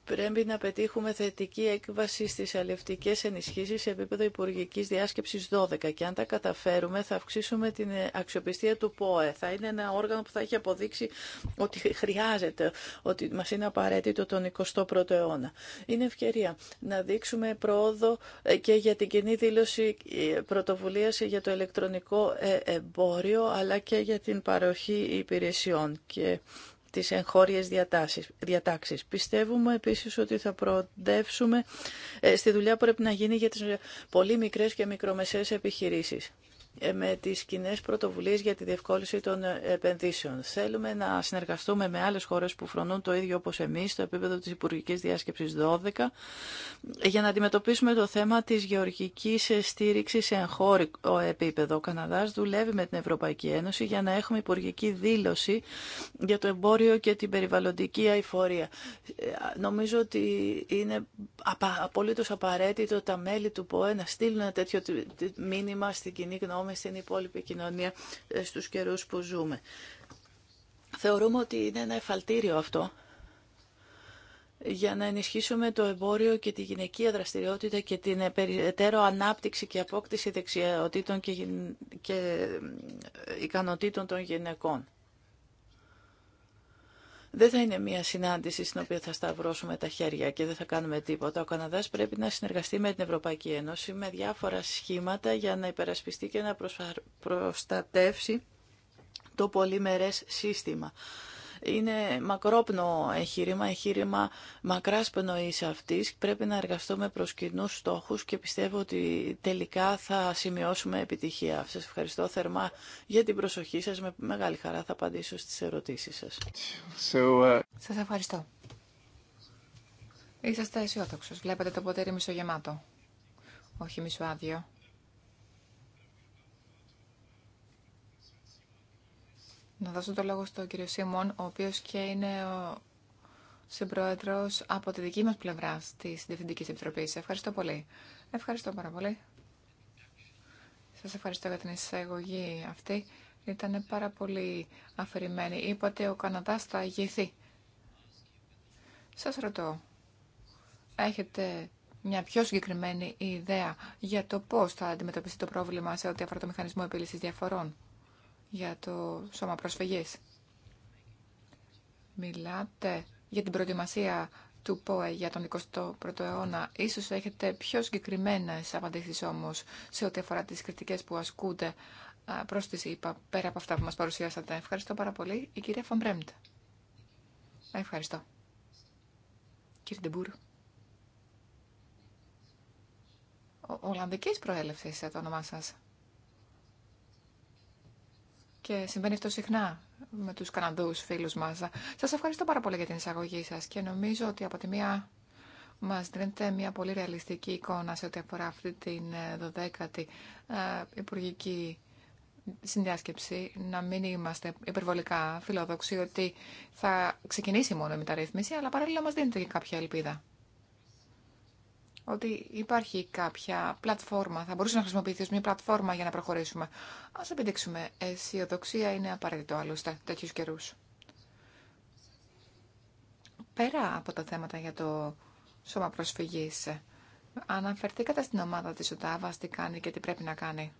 Πρέπει να πετύχουμε θετική έκβαση στις αλληλευτικές ενισχύσεις σε επίπεδο υπουργικής διάσκεψης 12 και αν τα καταφέρουμε θα αυξήσουμε την ε, αξιοπιστία του ΠΟΕ. Θα είναι ένα όργανο που θα έχει αποδείξει ότι χρειάζεται, ότι μας είναι απαραίτητο τον 21ο αιώνα. Είναι ευκαιρία να δείξουμε πρόοδο ε, και για την κοινή δήλωση ε, πρωτοβουλίας για το ηλεκτρονικό εμπόριο αλλά και για την παροχή υπηρεσιών. Και τις εγχώριες διατάξεις. Πιστεύουμε επίσης ότι θα προτεύσουμε ε, στη δουλειά που πρέπει να γίνει για τις πολύ μικρές και μικρομεσαίες επιχειρήσεις. Ε, με τις κοινέ πρωτοβουλίες για τη διευκόλυνση των ε, επενδύσεων. Θέλουμε να συνεργαστούμε με άλλες χώρες που φρονούν το ίδιο όπως εμείς στο επίπεδο της Υπουργικής Διάσκεψης 12 για να αντιμετωπίσουμε το θέμα της γεωργικής στήριξης σε εγχώρικο επίπεδο. Ο Καναδάς δουλεύει με την Ευρωπαϊκή Ένωση για να έχουμε υπουργική δήλωση για το εμπόριο και την περιβαλλοντική αηφορία. Ε, νομίζω ότι είναι απολύτως απαραίτητο τα μέλη του ΠΟΕ να στείλουν ένα τέτοιο μήνυμα στην κοινή γνώμη με στην υπόλοιπη κοινωνία ε, στους καιρούς που ζούμε. Θεωρούμε ότι είναι ένα εφαλτήριο αυτό για να ενισχύσουμε το εμπόριο και τη γυναικεία δραστηριότητα και την περαιτέρω ανάπτυξη και απόκτηση δεξιοτήτων και ε, ικανοτήτων των γυναικών δεν θα είναι μια συνάντηση στην οποία θα σταυρώσουμε τα χέρια και δεν θα κάνουμε τίποτα. Ο Καναδάς πρέπει να συνεργαστεί με την Ευρωπαϊκή Ένωση με διάφορα σχήματα για να υπερασπιστεί και να προστατεύσει το πολυμερές σύστημα είναι μακρόπνο εγχείρημα, εγχείρημα μακράς πνοής αυτής. Πρέπει να εργαστούμε προς κοινού στόχους και πιστεύω ότι τελικά θα σημειώσουμε επιτυχία. Σας ευχαριστώ θερμά για την προσοχή σας. Με μεγάλη χαρά θα απαντήσω στις ερωτήσεις σας. So, uh, Σας ευχαριστώ. Είσαστε αισιόδοξο. Βλέπετε το ποτέρι μισογεμάτο. Όχι μισοάδιο. να δώσω το λόγο στον κύριο Σίμων, ο οποίο και είναι ο συμπρόεδρο από τη δική μα πλευρά τη Διευθυντική Επιτροπή. Ευχαριστώ πολύ. Ευχαριστώ πάρα πολύ. Σα ευχαριστώ για την εισαγωγή αυτή. Ήταν πάρα πολύ αφηρημένη. Είπατε ο Καναδάς θα αγηθεί. Σας ρωτώ, έχετε μια πιο συγκεκριμένη ιδέα για το πώς θα αντιμετωπιστεί το πρόβλημα σε ό,τι αφορά το μηχανισμό επίλυσης διαφορών για το σώμα προσφυγής. Μιλάτε για την προετοιμασία του ΠΟΕ για τον 21ο αιώνα. Ίσως έχετε πιο συγκεκριμένες απαντήσεις όμως σε ό,τι αφορά τις κριτικές που ασκούνται προς τις πέρα από αυτά που μας παρουσιάσατε. Ευχαριστώ πάρα πολύ. Η κυρία Φαμπρέμπτ. Ευχαριστώ. Κύριε Ντεμπούρ. Ολλανδικής προέλευσης ε, το όνομά σας. Και συμβαίνει αυτό συχνά με τους Καναδούς φίλους μας. Σας ευχαριστώ πάρα πολύ για την εισαγωγή σας και νομίζω ότι από τη μία μας δίνετε μια μας δινεται ρεαλιστική εικόνα σε ό,τι αφορά αυτή την 12η ε, ε, υπουργική συνδιάσκεψη, να μην είμαστε υπερβολικά φιλόδοξοι ότι θα ξεκινήσει μόνο η μεταρρύθμιση, αλλά παράλληλα μας δίνεται και κάποια ελπίδα ότι υπάρχει κάποια πλατφόρμα, θα μπορούσε να χρησιμοποιηθεί ως μια πλατφόρμα για να προχωρήσουμε. Ας επιδείξουμε, αισιοδοξία είναι απαραίτητο άλλωστε τέτοιου καιρού. Πέρα από τα θέματα για το σώμα προσφυγής, αναφερθήκατε στην ομάδα της ΟΤΑΒΑ, τι κάνει και τι πρέπει να κάνει.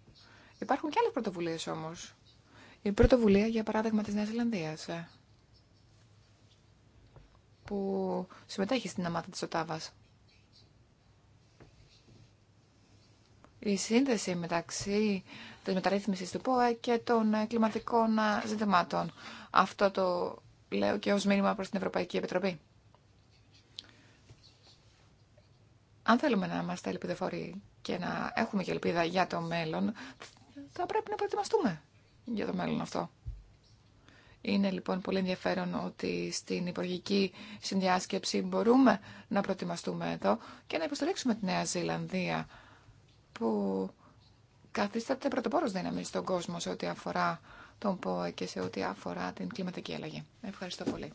Υπάρχουν και άλλες πρωτοβουλίες όμως. Η πρωτοβουλία, για παράδειγμα, της Νέας Ιλανδίας, ε, που συμμετέχει στην ομάδα της ΟΤΑΒΑ. η σύνδεση μεταξύ της μεταρρύθμισης του ΠΟΕ και των ε, κλιματικών ε, ζητημάτων. Αυτό το λέω και ως μήνυμα προς την Ευρωπαϊκή Επιτροπή. Αν θέλουμε να είμαστε ελπιδεφόροι και να έχουμε και ελπίδα για το μέλλον, θα πρέπει να προετοιμαστούμε για το μέλλον αυτό. Είναι λοιπόν πολύ ενδιαφέρον ότι στην υπουργική συνδιάσκεψη μπορούμε να προετοιμαστούμε εδώ και να υποστηρίξουμε τη Νέα Ζηλανδία που καθίσταται πρωτοπόρος δύναμη στον κόσμο σε ό,τι αφορά τον ΠΟΕ και σε ό,τι αφορά την κλιματική αλλαγή. Ευχαριστώ πολύ.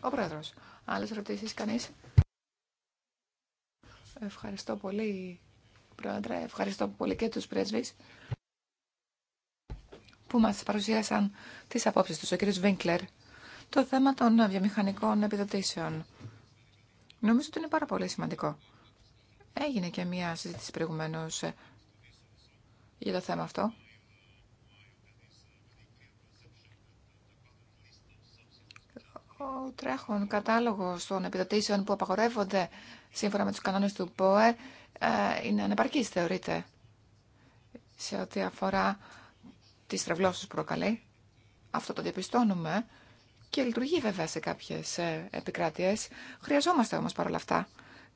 Ο Πρόεδρος. Άλλες ρωτήσεις κανείς. Ευχαριστώ πολύ, Πρόεδρε. Ευχαριστώ πολύ και τους πρέσβεις που μας παρουσίασαν τις απόψεις τους. Ο κύριος Βίνκλερ, το θέμα των βιομηχανικών επιδοτήσεων. Νομίζω ότι είναι πάρα πολύ σημαντικό. Έγινε και μια συζήτηση προηγουμένως ε, για το θέμα αυτό. Ο τρέχον κατάλογος των επιδοτήσεων που απαγορεύονται σύμφωνα με τους κανόνες του ΠΟΕ ε, είναι ανεπαρκής, θεωρείται, σε ό,τι αφορά τις τρευλώσεις που προκαλεί. Αυτό το διαπιστώνουμε και λειτουργεί βέβαια σε κάποιες ε, επικράτειες. Χρειαζόμαστε όμως παρόλα αυτά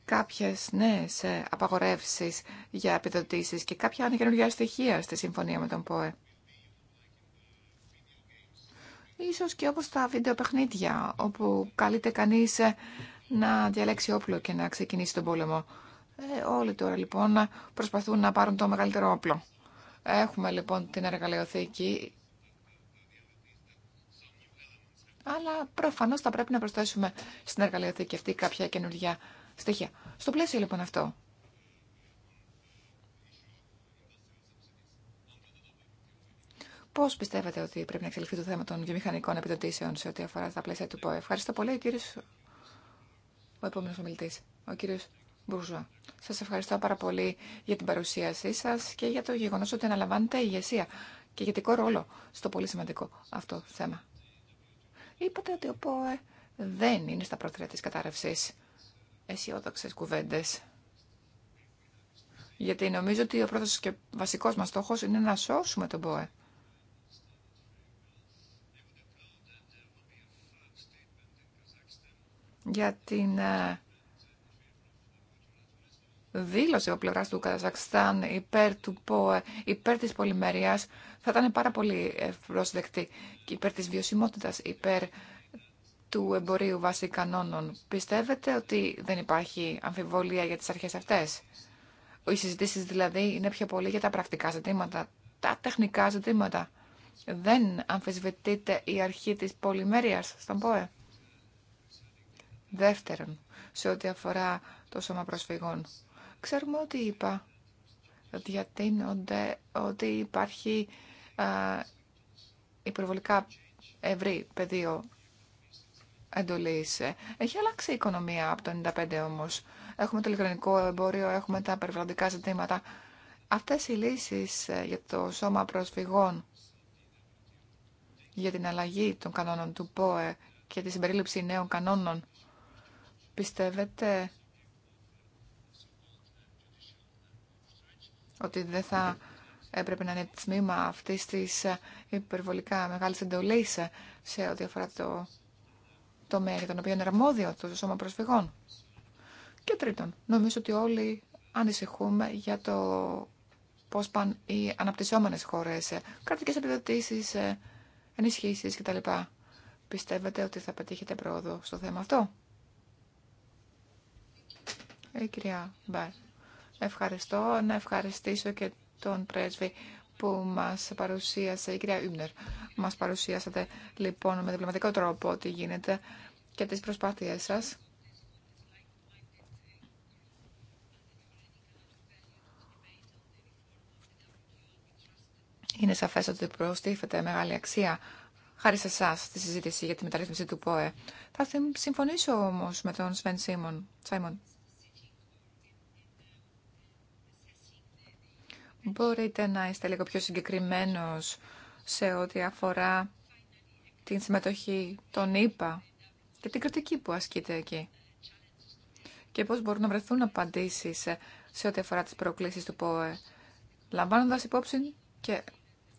κάποιες νέες ε, απαγορεύσεις για επιδοτήσεις και κάποια καινούργια στοιχεία στη συμφωνία με τον ΠΟΕ. Ίσως και όπως τα βίντεο παιχνίδια, όπου καλείται κανείς ε, να διαλέξει όπλο και να ξεκινήσει τον πόλεμο. Ε, όλοι τώρα λοιπόν προσπαθούν να πάρουν το μεγαλύτερο όπλο. Έχουμε λοιπόν την εργαλειοθήκη, αλλά προφανώς θα πρέπει να προσθέσουμε στην εργαλειοθήκη αυτή κάποια καινούργια στοιχεία. Στο πλαίσιο λοιπόν αυτό. Πώς πιστεύετε ότι πρέπει να εξελιχθεί το θέμα των βιομηχανικών επιδοτήσεων σε ό,τι αφορά τα πλαίσια του ΠΟΕ. Ευχαριστώ πολύ, ο κύριος, ο επόμενος ομιλητής, ο κύριος Μπουρζουά. Σας ευχαριστώ πάρα πολύ για την παρουσίασή σας και για το γεγονός ότι αναλαμβάνετε ηγεσία και ηγετικό ρόλο στο πολύ σημαντικό αυτό θέμα. Είπατε ότι ο ΠΟΕ δεν είναι στα πρόθυρα της κατάρρευσης αισιόδοξε κουβέντε. Γιατί νομίζω ότι ο πρώτος και βασικός μας στόχος είναι να σώσουμε τον ΠΟΕ. Για την ε, δήλωση ο πλευρά του Καζακστάν υπέρ του ΠΟΕ, υπέρ της πολυμερίας, θα ήταν πάρα πολύ προσδεκτή και υπέρ της βιωσιμότητας, υπέρ του εμπορίου βάσει κανόνων. Πιστεύετε ότι δεν υπάρχει αμφιβολία για τις αρχές αυτές. Οι συζητήσεις δηλαδή είναι πιο πολύ για τα πρακτικά ζητήματα, τα τεχνικά ζητήματα. Δεν αμφισβητείται η αρχή της πολυμέρειας στον ΠΟΕ. Δεύτερον, σε ό,τι αφορά το σώμα προσφυγών. Ξέρουμε ότι είπα διατείνονται ότι υπάρχει α, υπερβολικά ευρύ πεδίο έχει αλλάξει η οικονομία από το 1995 όμως. Έχουμε το ηλεκτρονικό εμπόριο, έχουμε τα περιβαλλοντικά ζητήματα. Αυτές οι λύσεις ε, για το σώμα προσφυγών, για την αλλαγή των κανόνων του ΠΟΕ και τη συμπερίληψη νέων κανόνων, πιστεύετε ότι δεν θα έπρεπε να είναι τμήμα αυτής της ε, υπερβολικά μεγάλης εντολής ε, σε ό,τι αφορά το τομέα για τον οποίο είναι αρμόδιο το Σώμα Προσφυγών. Και τρίτον, νομίζω ότι όλοι ανησυχούμε για το πώς πάνε οι αναπτυσσόμενες χώρες, ε, κρατικέ επιδοτήσει, ε, ενισχύσει κτλ. Πιστεύετε ότι θα πετύχετε πρόοδο στο θέμα αυτό. Η ε, κυρία Μπάρ, ευχαριστώ. Να ευχαριστήσω και τον πρέσβη που μας παρουσίασε η κυρία Ήμπνερ. Μας παρουσίασατε λοιπόν με διπλωματικό τρόπο ότι γίνεται και τις προσπάθειές σας. Είναι σαφές ότι προστίθεται μεγάλη αξία χάρη σε εσά στη συζήτηση για τη μεταρρύθμιση του ΠΟΕ. Θα συμφωνήσω όμως με τον Σβέν Σάιμον Μπορείτε να είστε λίγο πιο συγκεκριμένος σε ό,τι αφορά την συμμετοχή των ήπα και την κριτική που ασκείται εκεί. Και πώς μπορούν να βρεθούν απαντήσεις σε ό,τι αφορά τις προκλήσεις του ΠΟΕ, λαμβάνοντας υπόψη και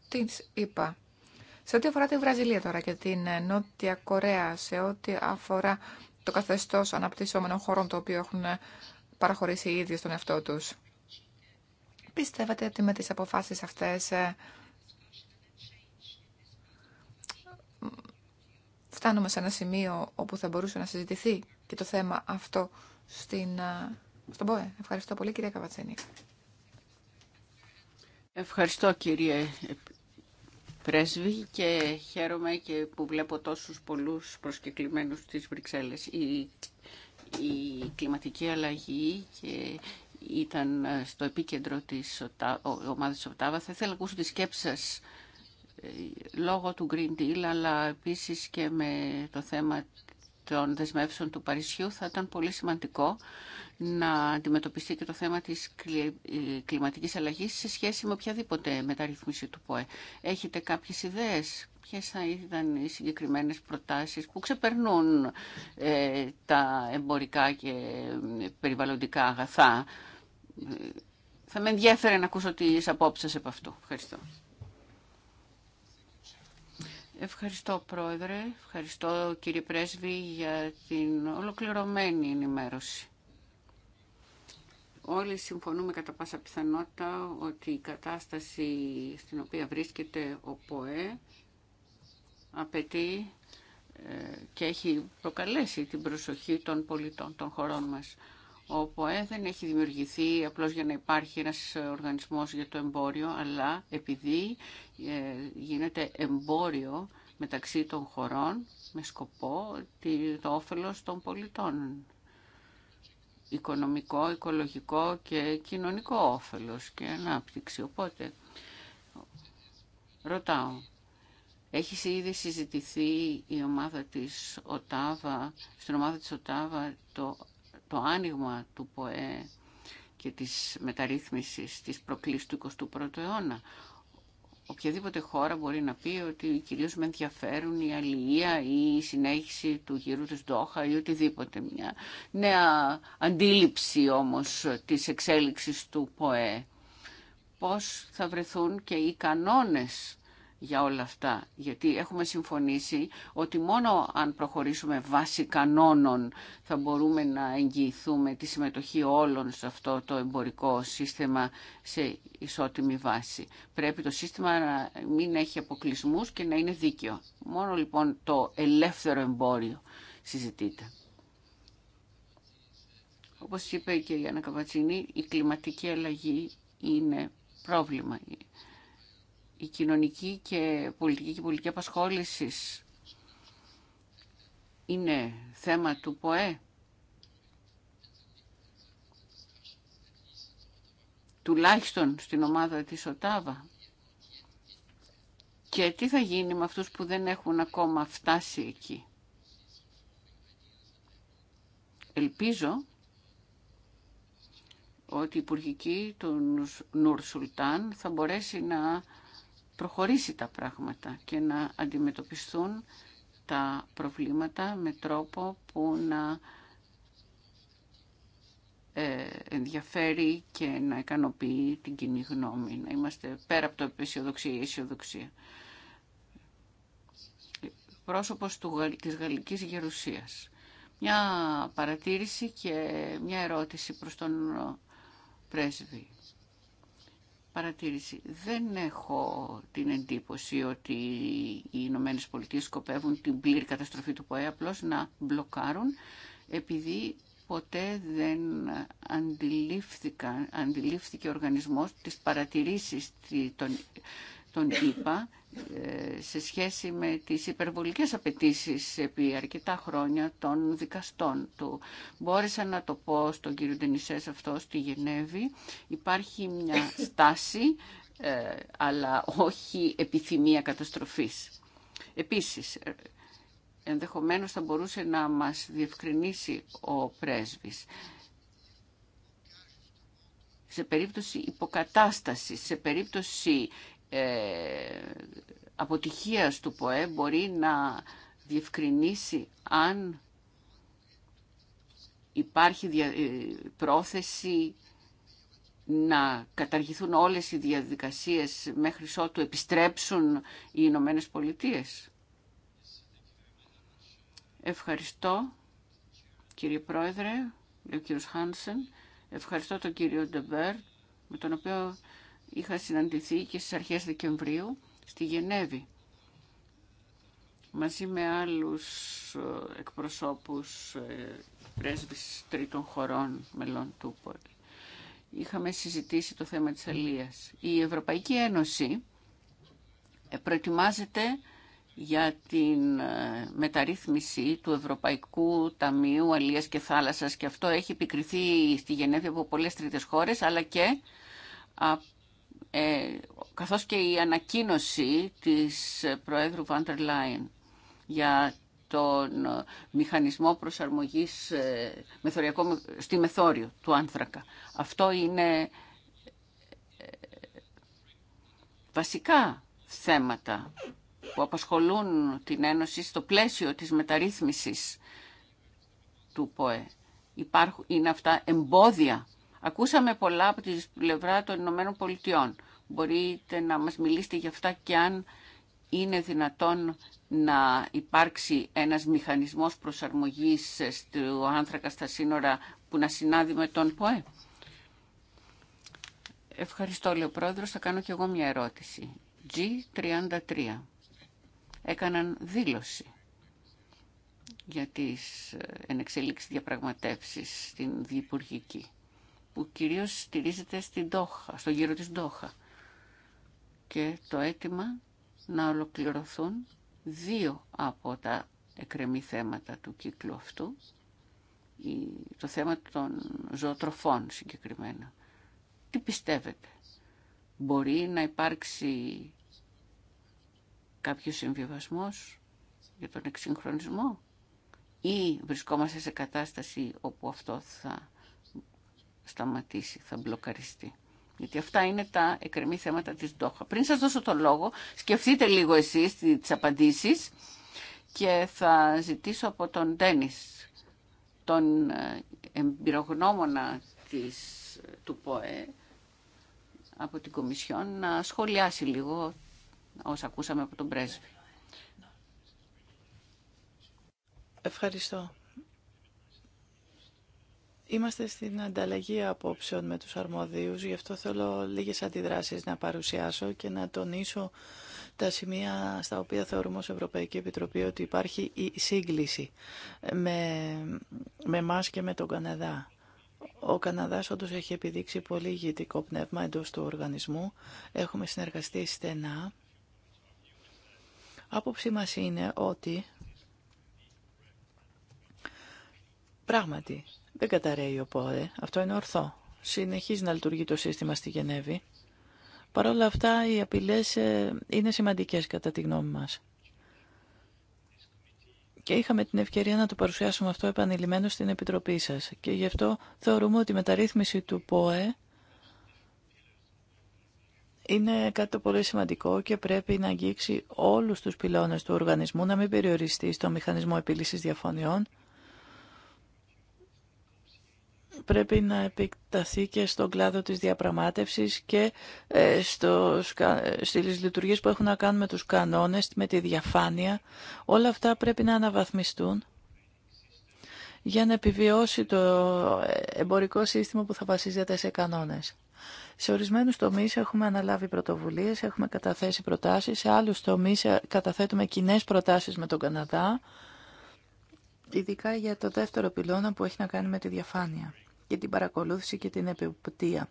την ήπα Σε ό,τι αφορά τη Βραζιλία τώρα και την ε, Νότια Κορέα, σε ό,τι αφορά το καθεστώς αναπτυσσόμενων χωρών το οποίο έχουν ε, παραχωρήσει οι ίδιοι στον εαυτό τους. Πιστεύετε ότι με τις αποφάσεις αυτές ε, φτάνουμε σε ένα σημείο όπου θα μπορούσε να συζητηθεί και το θέμα αυτό στην, ε, στον ΠΟΕ. Ευχαριστώ πολύ κυρία Καβατσένη. Ευχαριστώ κύριε Πρέσβη και χαίρομαι και που βλέπω τόσους πολλούς προσκεκλημένους στις Βρυξέλλες. Η, η κλιματική αλλαγή και ήταν ε, στο επίκεντρο της ομάδας της ΟΤΑΒΑ. Θα ήθελα να ακούσω τη σκέψη σας ε, λόγω του Green Deal, αλλά επίσης και με το θέμα των δεσμεύσεων του Παρισιού θα ήταν πολύ σημαντικό να αντιμετωπιστεί και το θέμα της ε, κλιματικής αλλαγής σε σχέση με οποιαδήποτε μεταρρύθμιση του ΠΟΕ. Έχετε κάποιες ιδέες, ποιες θα ήταν οι συγκεκριμένες προτάσεις που ξεπερνούν τα εμπορικά και περιβαλλοντικά αγαθά θα με ενδιαφέρει να ακούσω τις απόψεις από αυτού. Ευχαριστώ. Ευχαριστώ Πρόεδρε, ευχαριστώ κύριε Πρέσβη για την ολοκληρωμένη ενημέρωση. Όλοι συμφωνούμε κατά πάσα πιθανότητα ότι η κατάσταση στην οποία βρίσκεται ο ΠΟΕ απαιτεί ε, και έχει προκαλέσει την προσοχή των πολιτών των χωρών μας. Ο ΠΟΕ δεν έχει δημιουργηθεί απλώς για να υπάρχει ένας οργανισμός για το εμπόριο, αλλά επειδή ε, γίνεται εμπόριο μεταξύ των χωρών με σκοπό το όφελος των πολιτών. Οικονομικό, οικολογικό και κοινωνικό όφελος και ανάπτυξη. Οπότε, ρωτάω, έχει ήδη συζητηθεί η ομάδα της Οτάβα, στην ομάδα της Οτάβα το το άνοιγμα του ΠΟΕ και της μεταρρύθμισης της προκλήσης του 21ου αιώνα. Οποιαδήποτε χώρα μπορεί να πει ότι κυρίως με ενδιαφέρουν η αλληλεία ή η συνέχιση του γύρου της Ντόχα ή οτιδήποτε. Μια νέα αντίληψη όμως της εξέλιξης του ΠΟΕ. Πώς θα βρεθούν και οι κανόνες για όλα αυτά. Γιατί έχουμε συμφωνήσει ότι μόνο αν προχωρήσουμε βάσει κανόνων θα μπορούμε να εγγυηθούμε τη συμμετοχή όλων σε αυτό το εμπορικό σύστημα σε ισότιμη βάση. Πρέπει το σύστημα να μην έχει αποκλεισμού και να είναι δίκαιο. Μόνο λοιπόν το ελεύθερο εμπόριο συζητείται. Όπως είπε και η Ανακαβατσίνη, η κλιματική αλλαγή είναι πρόβλημα η κοινωνική και πολιτική και πολιτική απασχόληση είναι θέμα του ΠΟΕ. τουλάχιστον στην ομάδα της ΟΤΑΒΑ. Και τι θα γίνει με αυτούς που δεν έχουν ακόμα φτάσει εκεί. Ελπίζω ότι η Υπουργική του Νουρ Σουλτάν θα μπορέσει να προχωρήσει τα πράγματα και να αντιμετωπιστούν τα προβλήματα με τρόπο που να ε, ενδιαφέρει και να ικανοποιεί την κοινή γνώμη. Να είμαστε πέρα από το αισιοδοξία ή αισιοδοξία. Πρόσωπος του, της Γαλλικής Γερουσίας. Μια παρατήρηση και μια ερώτηση προς τον ε, πρέσβη παρατήρηση. Δεν έχω την εντύπωση ότι οι Ηνωμένε Πολιτείε σκοπεύουν την πλήρη καταστροφή του ΠΟΕ απλώ να μπλοκάρουν επειδή ποτέ δεν αντιλήφθηκαν, αντιλήφθηκε ο οργανισμός τις παρατηρήσεις των, των σε σχέση με τις υπερβολικές απαιτήσεις επί αρκετά χρόνια των δικαστών του. Μπόρεσα να το πω στον κύριο Ντενισές αυτό στη Γενέβη. Υπάρχει μια [coughs] στάση, ε, αλλά όχι επιθυμία καταστροφής. Επίσης, ε, ενδεχομένως θα μπορούσε να μας διευκρινίσει ο πρέσβης σε περίπτωση υποκατάστασης, σε περίπτωση ε, αποτυχίας του ΠΟΕ μπορεί να διευκρινίσει αν υπάρχει ε, πρόθεση να καταργηθούν όλες οι διαδικασίες μέχρι ότου επιστρέψουν οι Ηνωμένε Πολιτείε. Ευχαριστώ κύριε Πρόεδρε, ο κύριος Χάνσεν. Ευχαριστώ τον κύριο Ντεμπέρ, με τον οποίο είχα συναντηθεί και στις αρχές Δεκεμβρίου στη Γενέβη μαζί με άλλους ε, εκπροσώπους ε, πρέσβης τρίτων χωρών μελών του Είχαμε συζητήσει το θέμα της αλίας. Η Ευρωπαϊκή Ένωση ε, προετοιμάζεται για την μεταρρύθμιση του Ευρωπαϊκού Ταμείου Αλίας και Θάλασσας και αυτό έχει επικριθεί στη Γενέβη από πολλές τρίτες χώρες αλλά και από ε, καθώς και η ανακοίνωση της Προέδρου Βάντερ Λάιν για τον μηχανισμό προσαρμογής ε, μεθοριακό, στη μεθόριο του άνθρακα. Αυτό είναι ε, βασικά θέματα που απασχολούν την Ένωση στο πλαίσιο της μεταρρύθμισης του ΠΟΕ. Υπάρχουν, είναι αυτά εμπόδια. Ακούσαμε πολλά από τη πλευρά των Ηνωμένων Πολιτειών μπορείτε να μας μιλήσετε για αυτά και αν είναι δυνατόν να υπάρξει ένας μηχανισμός προσαρμογής του άνθρακα στα σύνορα που να συνάδει με τον ΠΟΕ. Ευχαριστώ, λέει ο Πρόεδρος. Θα κάνω κι εγώ μια ερώτηση. G33. Έκαναν δήλωση για τις ε, ενεξελίξεις διαπραγματεύσεις στην Διευπουργική, που κυρίως στηρίζεται στην τόχα στο γύρο της Ντόχα και το αίτημα να ολοκληρωθούν δύο από τα εκρεμή θέματα του κύκλου αυτού, το θέμα των ζωοτροφών συγκεκριμένα. Τι πιστεύετε, μπορεί να υπάρξει κάποιο συμβιβασμός για τον εξυγχρονισμό ή βρισκόμαστε σε κατάσταση όπου αυτό θα σταματήσει, θα μπλοκαριστεί. Γιατί αυτά είναι τα εκρεμή θέματα της Ντόχα. Πριν σας δώσω το λόγο, σκεφτείτε λίγο εσείς τις απαντήσεις και θα ζητήσω από τον Ντένις, τον ε, εμπειρογνώμονα της, του ΠΟΕ, από την Κομισιόν, να σχολιάσει λίγο όσα ακούσαμε από τον πρέσβη. Ευχαριστώ. Είμαστε στην ανταλλαγή απόψεων με τους αρμοδίους, γι' αυτό θέλω λίγες αντιδράσεις να παρουσιάσω και να τονίσω τα σημεία στα οποία θεωρούμε ως Ευρωπαϊκή Επιτροπή ότι υπάρχει η σύγκληση με, με μας και με τον Καναδά. Ο Καναδάς όντως έχει επιδείξει πολύ ηγετικό πνεύμα εντός του οργανισμού. Έχουμε συνεργαστεί στενά. Άποψή μας είναι ότι πράγματι δεν καταραίει ο ΠΟΕ. Αυτό είναι ορθό. Συνεχίζει να λειτουργεί το σύστημα στη Γενέβη. Παρ' όλα αυτά, οι απειλές ε, είναι σημαντικές κατά τη γνώμη μας. Και είχαμε την ευκαιρία να το παρουσιάσουμε αυτό επανειλημμένο στην Επιτροπή σας. Και γι' αυτό θεωρούμε ότι η μεταρρύθμιση του ΠΟΕ είναι κάτι πολύ σημαντικό και πρέπει να αγγίξει όλους τους πυλώνες του οργανισμού, να μην περιοριστεί στο μηχανισμό επίλυσης διαφωνιών, πρέπει να επικταθεί και στον κλάδο της διαπραγμάτευσης και ε, στο, στις λειτουργίες που έχουν να κάνουν με τους κανόνες, με τη διαφάνεια. Όλα αυτά πρέπει να αναβαθμιστούν για να επιβιώσει το εμπορικό σύστημα που θα βασίζεται σε κανόνες. Σε ορισμένου τομεί έχουμε αναλάβει πρωτοβουλίε, έχουμε καταθέσει προτάσει. Σε άλλου τομεί ε, καταθέτουμε κοινέ προτάσει με τον Καναδά, ειδικά για το δεύτερο πυλώνα που έχει να κάνει με τη διαφάνεια για την παρακολούθηση και την επιπτία.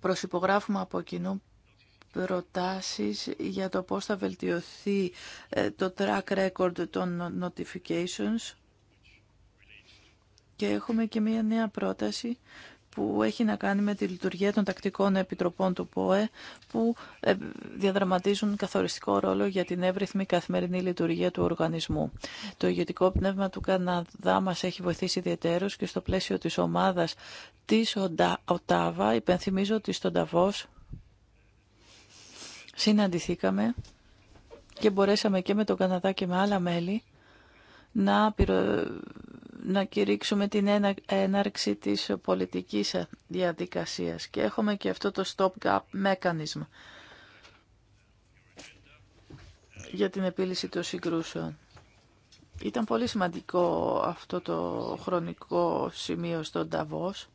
Προσυπογράφουμε από κοινού προτάσεις για το πώς θα βελτιωθεί ε, το track record των notifications και έχουμε και μία νέα πρόταση που έχει να κάνει με τη λειτουργία των τακτικών επιτροπών του ΠΟΕ που ε, διαδραματίζουν καθοριστικό ρόλο για την εύρυθμη καθημερινή λειτουργία του οργανισμού. Το ηγετικό πνεύμα του Καναδά μας έχει βοηθήσει ιδιαίτερως και στο πλαίσιο της ομάδας της ΟΤΑΒΑ υπενθυμίζω ότι στον Ταβός συναντηθήκαμε και μπορέσαμε και με τον Καναδά και με άλλα μέλη να να κηρύξουμε την έναρξη της πολιτικής διαδικασίας και έχουμε και αυτό το stop gap mechanism για την επίλυση των συγκρούσεων. Ήταν πολύ σημαντικό αυτό το χρονικό σημείο στον Ταβός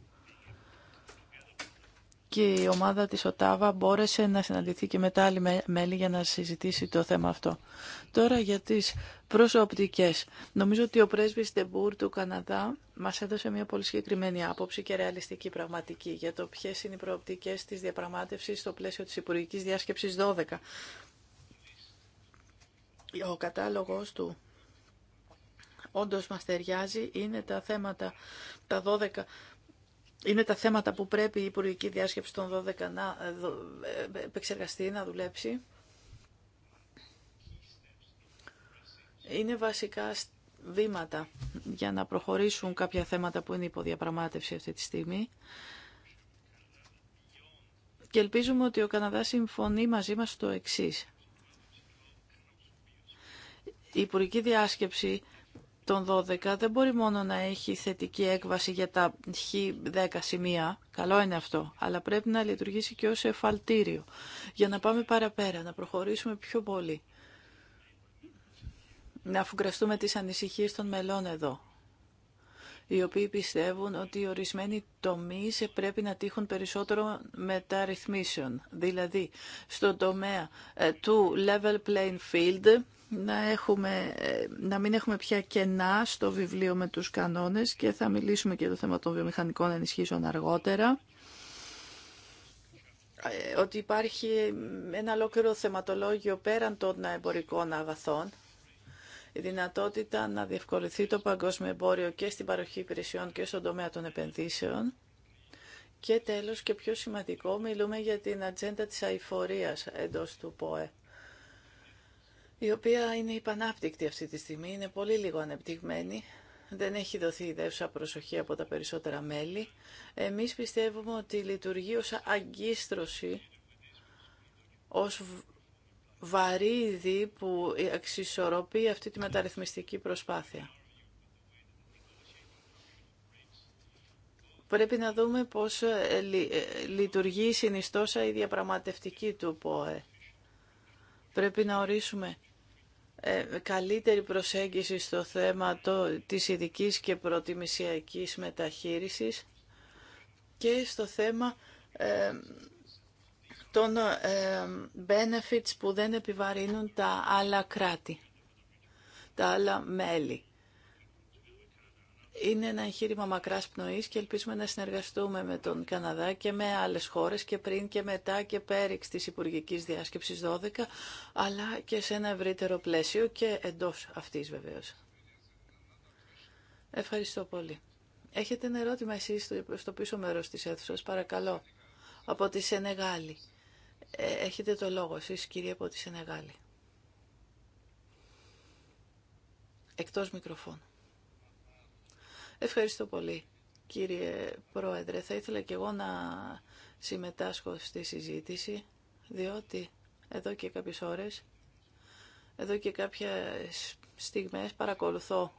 και η ομάδα της ΟΤΑΒΑ μπόρεσε να συναντηθεί και μετά άλλη μέλη για να συζητήσει το θέμα αυτό. Τώρα για τις προσωπτικές. Νομίζω ότι ο πρέσβης Τεμπούρ του Καναδά μας έδωσε μια πολύ συγκεκριμένη άποψη και ρεαλιστική πραγματική για το ποιε είναι οι προοπτικές της διαπραγμάτευσης στο πλαίσιο της Υπουργικής Διάσκεψης 12. Ο κατάλογος του όντως μας ταιριάζει είναι τα θέματα, τα 12 είναι τα θέματα που πρέπει η Υπουργική Διάσκεψη των 12 να ε, ε, επεξεργαστεί, να δουλέψει. Είναι βασικά βήματα για να προχωρήσουν κάποια θέματα που είναι υποδιαπραγμάτευση αυτή τη στιγμή. Και ελπίζουμε ότι ο Καναδάς συμφωνεί μαζί μας στο εξής. Η Υπουργική Διάσκεψη τον 12 δεν μπορεί μόνο να έχει θετική έκβαση για τα χ 10 σημεία, καλό είναι αυτό, αλλά πρέπει να λειτουργήσει και ως εφαλτήριο για να πάμε παραπέρα, να προχωρήσουμε πιο πολύ. Να αφουγκραστούμε τις ανησυχίες των μελών εδώ οι οποίοι πιστεύουν ότι ορισμένοι τομείς πρέπει να τύχουν περισσότερο μεταρρυθμίσεων. Δηλαδή, στον τομέα ε, του level playing field, να, έχουμε, ε, να μην έχουμε πια κενά στο βιβλίο με τους κανόνες και θα μιλήσουμε και το θέμα των βιομηχανικών ενισχύσεων αργότερα ε, ότι υπάρχει ένα ολόκληρο θεματολόγιο πέραν των εμπορικών αγαθών η δυνατότητα να διευκολυνθεί το παγκόσμιο εμπόριο και στην παροχή υπηρεσιών και στον τομέα των επενδύσεων. Και τέλος και πιο σημαντικό, μιλούμε για την ατζέντα της αηφορίας εντός του ΠΟΕ, η οποία είναι υπανάπτυκτη αυτή τη στιγμή, είναι πολύ λίγο ανεπτυγμένη, δεν έχει δοθεί ιδέουσα προσοχή από τα περισσότερα μέλη. Εμείς πιστεύουμε ότι λειτουργεί ως αγκίστρωση, ως βαρύδι που αξισορροπεί αυτή τη μεταρρυθμιστική προσπάθεια. Πρέπει να δούμε πώς ε, ε, λειτουργεί συνιστόσα η διαπραγματευτική του ΠΟΕ. Πρέπει να ορίσουμε ε, καλύτερη προσέγγιση στο θέμα το, της ειδική και προτιμησιακής μεταχείρισης και στο θέμα των benefits που δεν επιβαρύνουν τα άλλα κράτη, τα άλλα μέλη. Είναι ένα εγχείρημα μακράς πνοής και ελπίζουμε να συνεργαστούμε με τον Καναδά και με άλλες χώρες και πριν και μετά και πέριξ της Υπουργικής Διάσκεψης 12, αλλά και σε ένα ευρύτερο πλαίσιο και εντός αυτής βεβαίως. Ευχαριστώ πολύ. Έχετε ένα ερώτημα εσείς στο πίσω μέρος της αίθουσας, παρακαλώ. Από τη Σενεγάλη. Ε, έχετε το λόγο εσείς κύριε από τη Σενεγάλη. Εκτός μικροφώνου. Ευχαριστώ πολύ κύριε Πρόεδρε. Θα ήθελα και εγώ να συμμετάσχω στη συζήτηση διότι εδώ και κάποιες ώρες, εδώ και κάποιες στιγμές παρακολουθώ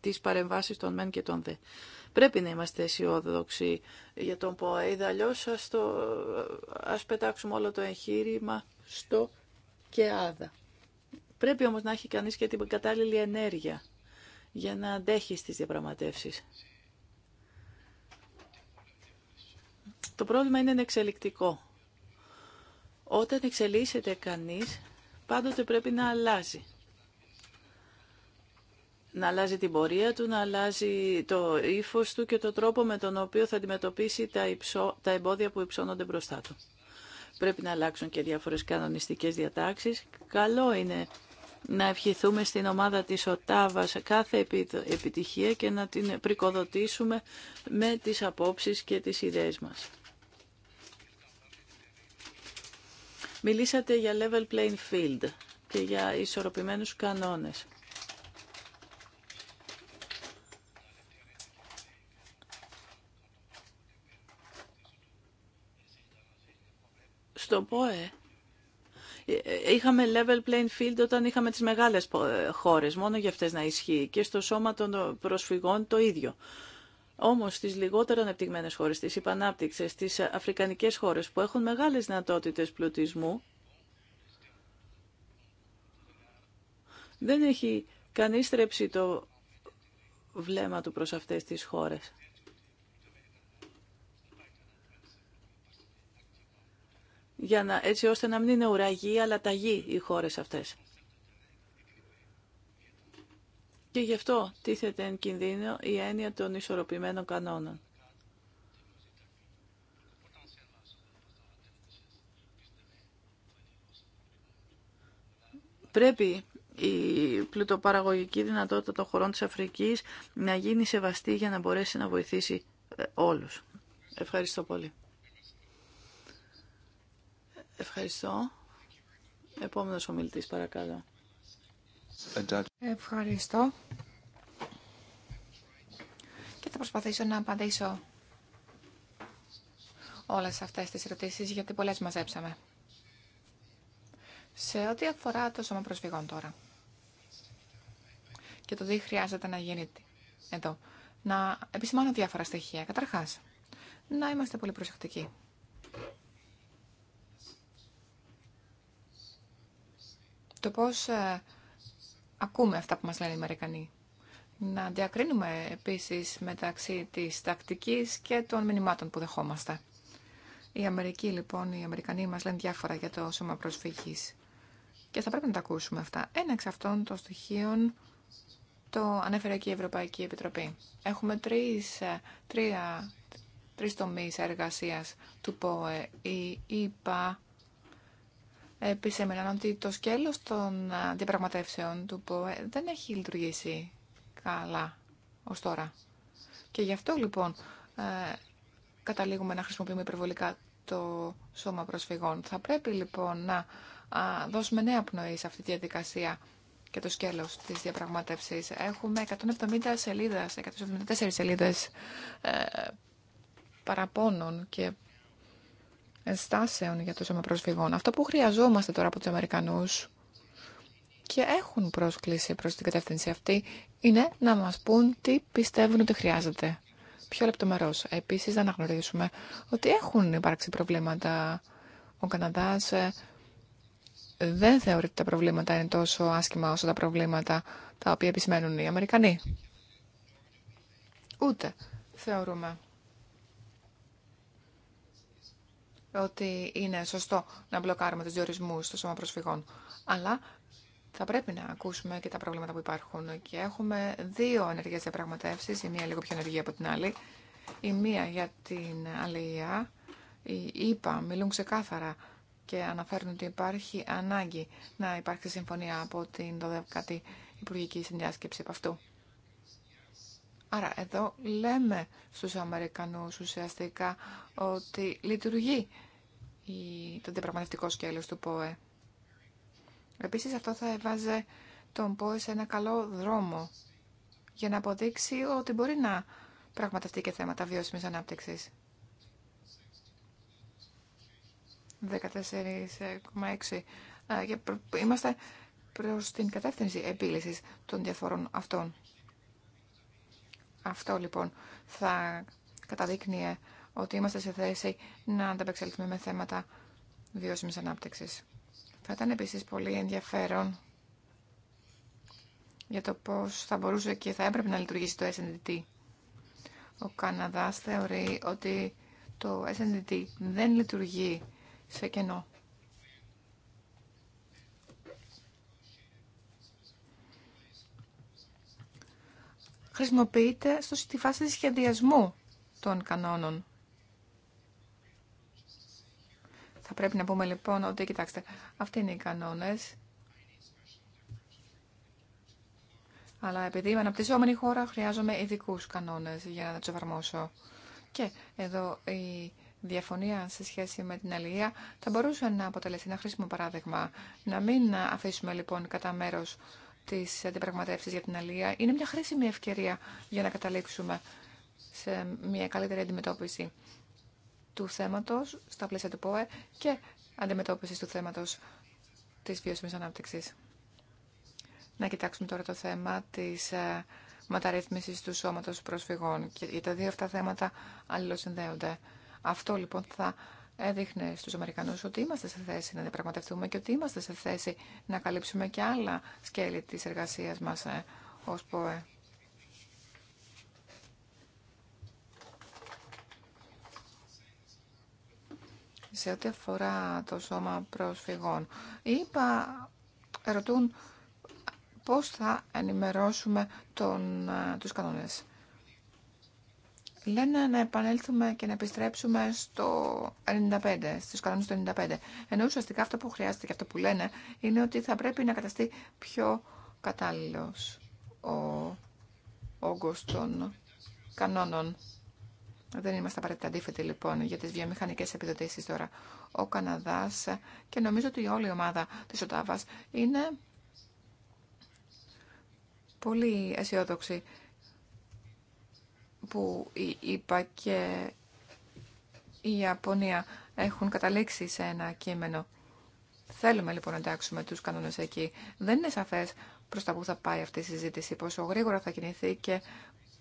τις παρεμβάσεις των μεν και των δε. Πρέπει να είμαστε αισιόδοξοι για τον ποια Αλλιώς ας, το, πετάξουμε όλο το εγχείρημα στο και Πρέπει όμως να έχει κανείς και την κατάλληλη ενέργεια για να αντέχει στις διαπραγματεύσεις. Το πρόβλημα είναι εξελικτικό. Όταν εξελίσσεται κανείς, πάντοτε πρέπει να αλλάζει να αλλάζει την πορεία του, να αλλάζει το ύφο του και τον τρόπο με τον οποίο θα αντιμετωπίσει τα, υψο... τα εμπόδια που υψώνονται μπροστά του. Πρέπει να αλλάξουν και διάφορες κανονιστικές διατάξεις. Καλό είναι να ευχηθούμε στην ομάδα της Οτάβα κάθε επιτυχία και να την πρικοδοτήσουμε με τις απόψεις και τις ιδέες μας. Μιλήσατε για level playing field και για ισορροπημένους κανόνες. στο ΠΟΕ είχαμε level playing field όταν είχαμε τις μεγάλες ε, χώρες, μόνο για αυτές να ισχύει και στο σώμα των προσφυγών το ίδιο. Όμως στι λιγότερο ανεπτυγμένε χώρες, στις υπανάπτυξες, στι αφρικανικές χώρες που έχουν μεγάλες δυνατότητε πλουτισμού, δεν έχει κανείς στρέψει το βλέμμα του προς αυτές τις χώρες. για να, έτσι ώστε να μην είναι ουραγή αλλά ταγή οι χώρες αυτές. Και γι' αυτό τίθεται εν κινδύνο η έννοια των ισορροπημένων κανόνων. Πρέπει η πλουτοπαραγωγική δυνατότητα των χωρών της Αφρικής να γίνει σεβαστή για να μπορέσει να βοηθήσει ε, όλους. Ευχαριστώ πολύ. Ευχαριστώ. Επόμενος ομιλητής, παρακαλώ. Ευχαριστώ. Και θα προσπαθήσω να απαντήσω όλες αυτές τις ερωτήσεις, γιατί πολλές μαζέψαμε. Σε ό,τι αφορά το σώμα προσφυγών τώρα και το τι χρειάζεται να γίνει εδώ, να επισημάνω διάφορα στοιχεία. Καταρχάς, να είμαστε πολύ προσεκτικοί το πώς ε, ακούμε αυτά που μας λένε οι Αμερικανοί. Να διακρίνουμε επίσης μεταξύ της τακτικής και των μηνυμάτων που δεχόμαστε. Οι Αμερικοί λοιπόν, οι Αμερικανοί μας λένε διάφορα για το σώμα προσφυγής. Και θα πρέπει να τα ακούσουμε αυτά. Ένα εξ αυτών των στοιχείων το ανέφερε και η Ευρωπαϊκή Επιτροπή. Έχουμε τρεις, ε, τρία, τρεις τομείς εργασίας του ΠΟΕ. Η επισέμεναν ότι το σκέλος των διαπραγματεύσεων του ΠΟΕ δεν έχει λειτουργήσει καλά ως τώρα. Και γι' αυτό λοιπόν ε, καταλήγουμε να χρησιμοποιούμε υπερβολικά το σώμα προσφυγών. Θα πρέπει λοιπόν να δώσουμε νέα πνοή σε αυτή τη διαδικασία και το σκέλος της διαπραγματεύσης. Έχουμε 170 σελίδες, 174 σελίδες ε, παραπώνων και ενστάσεων για το σώμα προσφυγών. Αυτό που χρειαζόμαστε τώρα από τους Αμερικανούς και έχουν πρόσκληση προς την κατεύθυνση αυτή είναι να μας πούν τι πιστεύουν ότι χρειάζεται. Πιο λεπτομερώς. Επίσης να αναγνωρίσουμε ότι έχουν υπάρξει προβλήματα. Ο Καναδάς ε, δεν θεωρεί ότι τα προβλήματα είναι τόσο άσχημα όσο τα προβλήματα τα οποία επισημαίνουν οι Αμερικανοί. Ούτε θεωρούμε ότι είναι σωστό να μπλοκάρουμε τους διορισμούς στο σώμα προσφυγών. Αλλά θα πρέπει να ακούσουμε και τα προβλήματα που υπάρχουν. Και έχουμε δύο ενεργές διαπραγματεύσει, η μία λίγο πιο ενεργή από την άλλη. Η μία για την αλληλεία. Οι ΕΠΑ μιλούν ξεκάθαρα και αναφέρουν ότι υπάρχει ανάγκη να υπάρξει συμφωνία από την 12η Υπουργική Συνδιάσκεψη από αυτού. Άρα εδώ λέμε στους Αμερικανούς ουσιαστικά ότι λειτουργεί το διαπραγματευτικό σκέλος του ΠΟΕ. Επίσης αυτό θα έβαζε τον ΠΟΕ σε ένα καλό δρόμο για να αποδείξει ότι μπορεί να πραγματευτεί και θέματα βιώσιμης ανάπτυξης. 14,6. Ε, είμαστε προς την κατεύθυνση επίλυσης των διαφορών αυτών. Αυτό λοιπόν θα καταδείκνυε ότι είμαστε σε θέση να ανταπεξελθούμε με θέματα βιώσιμης ανάπτυξης. Θα ήταν επίσης πολύ ενδιαφέρον για το πώς θα μπορούσε και θα έπρεπε να λειτουργήσει το SNDT. Ο Καναδάς θεωρεί ότι το SNDT δεν λειτουργεί σε κενό. χρησιμοποιείται στο, στη φάση σχεδιασμού των κανόνων. Θα πρέπει να πούμε λοιπόν ότι, κοιτάξτε, αυτοί είναι οι κανόνες. Αλλά επειδή είμαι αναπτυσσόμενη χώρα, χρειάζομαι ειδικού κανόνες για να τους εφαρμόσω. Και εδώ η διαφωνία σε σχέση με την αλληλεία θα μπορούσε να αποτελέσει ένα χρήσιμο παράδειγμα. Να μην αφήσουμε λοιπόν κατά μέρος της αντιπραγματεύσει για την Αλία είναι μια χρήσιμη ευκαιρία για να καταλήξουμε σε μια καλύτερη αντιμετώπιση του θέματος στα πλαίσια του ΠΟΕ και αντιμετώπιση του θέματος της βιώσιμη ανάπτυξης. Να κοιτάξουμε τώρα το θέμα της ε, μεταρρύθμιση του σώματος προσφυγών. Και τα δύο αυτά θέματα αλληλοσυνδέονται. Αυτό λοιπόν θα έδειχνε στους Αμερικανούς ότι είμαστε σε θέση να διαπραγματευτούμε και ότι είμαστε σε θέση να καλύψουμε και άλλα σκέλη της εργασίας μας ε, ως ΠΟΕ. Σε ό,τι αφορά το σώμα προσφυγών, είπα, ρωτούν πώς θα ενημερώσουμε τον, ε, τους κανόνες λένε να επανέλθουμε και να επιστρέψουμε στο 95, στους κανόνες του 95. Ενώ ουσιαστικά αυτό που χρειάζεται και αυτό που λένε είναι ότι θα πρέπει να καταστεί πιο κατάλληλος ο όγκος των κανόνων. Δεν είμαστε απαραίτητα αντίθετοι λοιπόν για τις βιομηχανικές επιδοτήσεις τώρα. Ο Καναδάς και νομίζω ότι όλη η ομάδα της ΟΤΑΒΑΣ είναι πολύ αισιόδοξη που η και η Ιαπωνία έχουν καταλήξει σε ένα κείμενο. Θέλουμε λοιπόν να εντάξουμε τους κανόνες εκεί. Δεν είναι σαφές προς τα που θα πάει αυτή η συζήτηση, πόσο γρήγορα θα κινηθεί και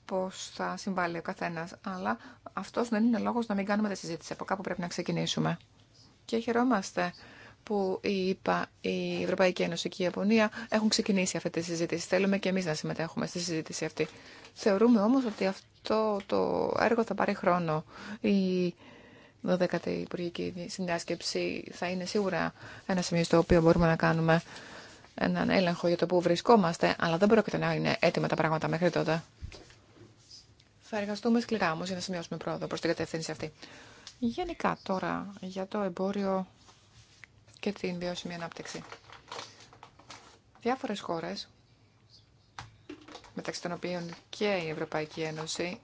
πώς θα συμβάλλει ο καθένας. Αλλά αυτός δεν είναι λόγος να μην κάνουμε τη συζήτηση. Από κάπου πρέπει να ξεκινήσουμε. Και χαιρόμαστε που η ΕΠΑ, Ευρωπαϊκή Ένωση και η Ιαπωνία έχουν ξεκινήσει αυτή τη συζήτηση. Θέλουμε και εμείς να συμμετέχουμε στη συζήτηση αυτή. Θεωρούμε όμως ότι αυτό το έργο θα πάρει χρόνο. Η 12η Υπουργική Συνδιάσκεψη θα είναι σίγουρα ένα σημείο στο οποίο μπορούμε να κάνουμε έναν έλεγχο για το που βρισκόμαστε, αλλά δεν πρόκειται να είναι έτοιμα τα πράγματα μέχρι τότε. Θα εργαστούμε σκληρά όμω για να σημειώσουμε πρόοδο προ την κατεύθυνση αυτή. Γενικά τώρα για το εμπόριο και την βιώσιμη ανάπτυξη. Διάφορες χώρες μεταξύ των οποίων και η Ευρωπαϊκή Ένωση,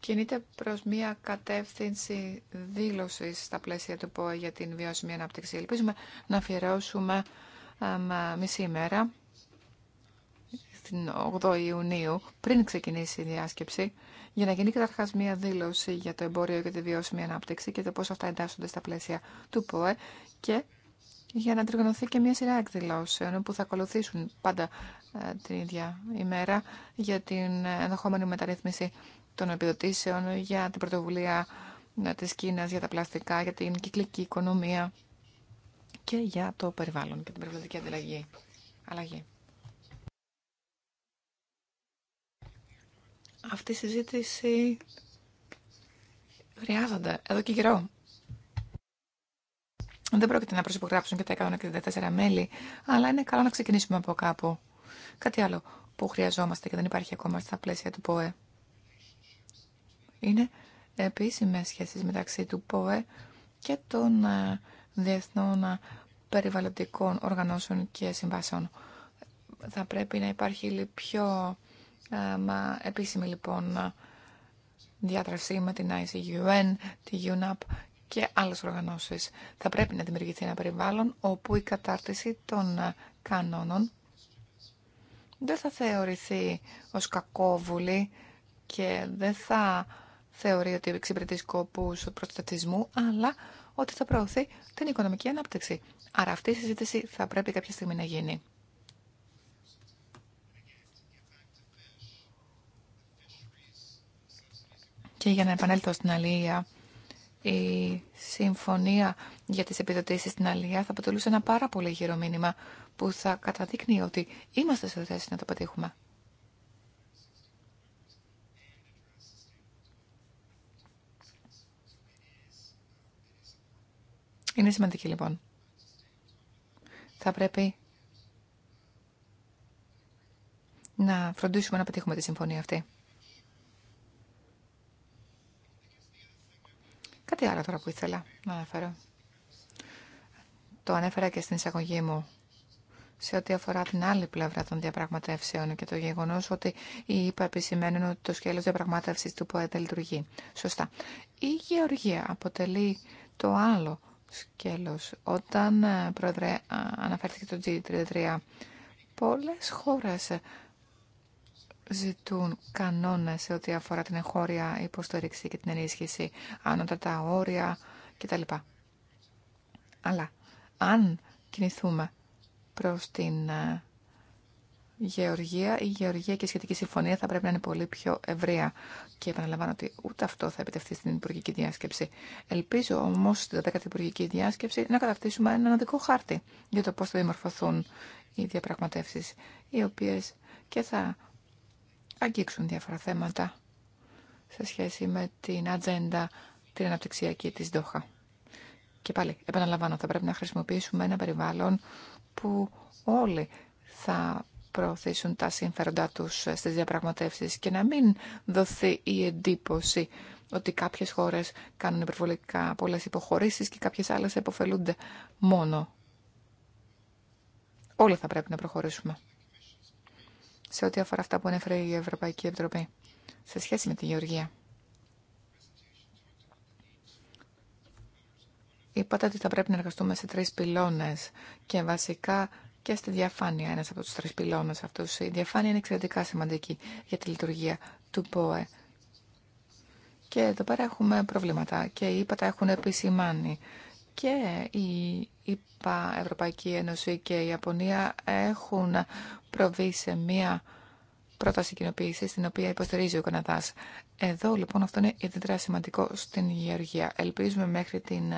κινείται προς μια κατεύθυνση δήλωσης στα πλαίσια του ΠΟΕ για την βιώσιμη ανάπτυξη. Ελπίζουμε να αφιερώσουμε μισή ημέρα, την 8 Ιουνίου, πριν ξεκινήσει η διάσκεψη, για να γίνει καταρχάς μια δήλωση για το εμπόριο και τη βιώσιμη ανάπτυξη και το πώς αυτά εντάσσονται στα πλαίσια του ΠΟΕ και για να τριγωνωθεί και μια σειρά εκδηλώσεων που θα ακολουθήσουν πάντα ε, την ίδια ημέρα για την ενδεχόμενη μεταρρύθμιση των επιδοτήσεων, για την πρωτοβουλία ε, της Κίνας, για τα πλαστικά, για την κυκλική οικονομία και για το περιβάλλον και την περιβαλλοντική ανταλλαγή. Αλλαγή. Αυτή η συζήτηση χρειάζονται εδώ και καιρό. Δεν πρόκειται να προσυπογράψουν και τα 164 μέλη, αλλά είναι καλό να ξεκινήσουμε από κάπου. Κάτι άλλο που χρειαζόμαστε και δεν υπάρχει ακόμα στα πλαίσια του ΠΟΕ. Είναι επίσημες σχέσεις μεταξύ του ΠΟΕ και των ε, διεθνών ε, περιβαλλοντικών οργανώσεων και συμβάσεων. Θα πρέπει να υπάρχει πιο ε, επίσημη λοιπόν διάτραση με την ICUN, τη UNAP και άλλες οργανώσεις. Θα πρέπει να δημιουργηθεί ένα περιβάλλον όπου η κατάρτιση των κανόνων δεν θα θεωρηθεί ως κακόβουλη και δεν θα θεωρεί ότι εξυπηρετεί σκοπούς προστατισμού, αλλά ότι θα προωθεί την οικονομική ανάπτυξη. Άρα αυτή η συζήτηση θα πρέπει κάποια στιγμή να γίνει. Και για να επανέλθω στην Αλία η συμφωνία για τις επιδοτήσεις στην Αλία θα αποτελούσε ένα πάρα πολύ γύρω μήνυμα που θα καταδείκνει ότι είμαστε σε θέση να το πετύχουμε. Είναι σημαντική λοιπόν. Θα πρέπει να φροντίσουμε να πετύχουμε τη συμφωνία αυτή. Κάτι άλλο τώρα που ήθελα να αναφέρω. Το ανέφερα και στην εισαγωγή μου σε ό,τι αφορά την άλλη πλευρά των διαπραγματεύσεων και το γεγονό ότι οι υπα ότι το σκέλο διαπραγμάτευση του ΠΟΕΤΑ λειτουργεί. Σωστά. Η γεωργία αποτελεί το άλλο σκέλο. Όταν, ε, πρόεδρε, αναφέρθηκε το G33, πολλέ χώρε ζητούν κανόνες σε ό,τι αφορά την εγχώρια υποστήριξη και την ενίσχυση, άνωτατα όρια κτλ. Αλλά αν κινηθούμε προς την ε, γεωργία, η γεωργία και η σχετική συμφωνία θα πρέπει να είναι πολύ πιο ευρεία. Και επαναλαμβάνω ότι ούτε αυτό θα επιτευχθεί στην υπουργική διάσκεψη. Ελπίζω όμω στην 10η υπουργική διάσκεψη να κατακτήσουμε έναν δικό χάρτη για το πώ θα διαμορφωθούν οι διαπραγματεύσει, οι οποίε και θα αγγίξουν διάφορα θέματα σε σχέση με την ατζέντα την αναπτυξιακή της Δόχα. Και πάλι, επαναλαμβάνω, θα πρέπει να χρησιμοποιήσουμε ένα περιβάλλον που όλοι θα προωθήσουν τα συμφέροντά τους στις διαπραγματεύσεις και να μην δοθεί η εντύπωση ότι κάποιες χώρες κάνουν υπερβολικά πολλές υποχωρήσεις και κάποιες άλλες επωφελούνται μόνο. Όλοι θα πρέπει να προχωρήσουμε σε ό,τι αφορά αυτά που ανέφερε η Ευρωπαϊκή Επιτροπή σε σχέση με τη Γεωργία. Είπατε ότι θα πρέπει να εργαστούμε σε τρεις πυλώνες και βασικά και στη διαφάνεια ένας από τους τρεις πυλώνες αυτούς. Η διαφάνεια είναι εξαιρετικά σημαντική για τη λειτουργία του ΠΟΕ. Και εδώ πέρα έχουμε προβλήματα και οι έχουν επισημάνει και η ΙΠΑ, Ευρωπαϊκή Ένωση και η Ιαπωνία έχουν προβεί σε μία πρόταση κοινοποίηση την οποία υποστηρίζει ο Καναδάς. Εδώ λοιπόν αυτό είναι ιδιαίτερα σημαντικό στην Γεωργία. Ελπίζουμε μέχρι την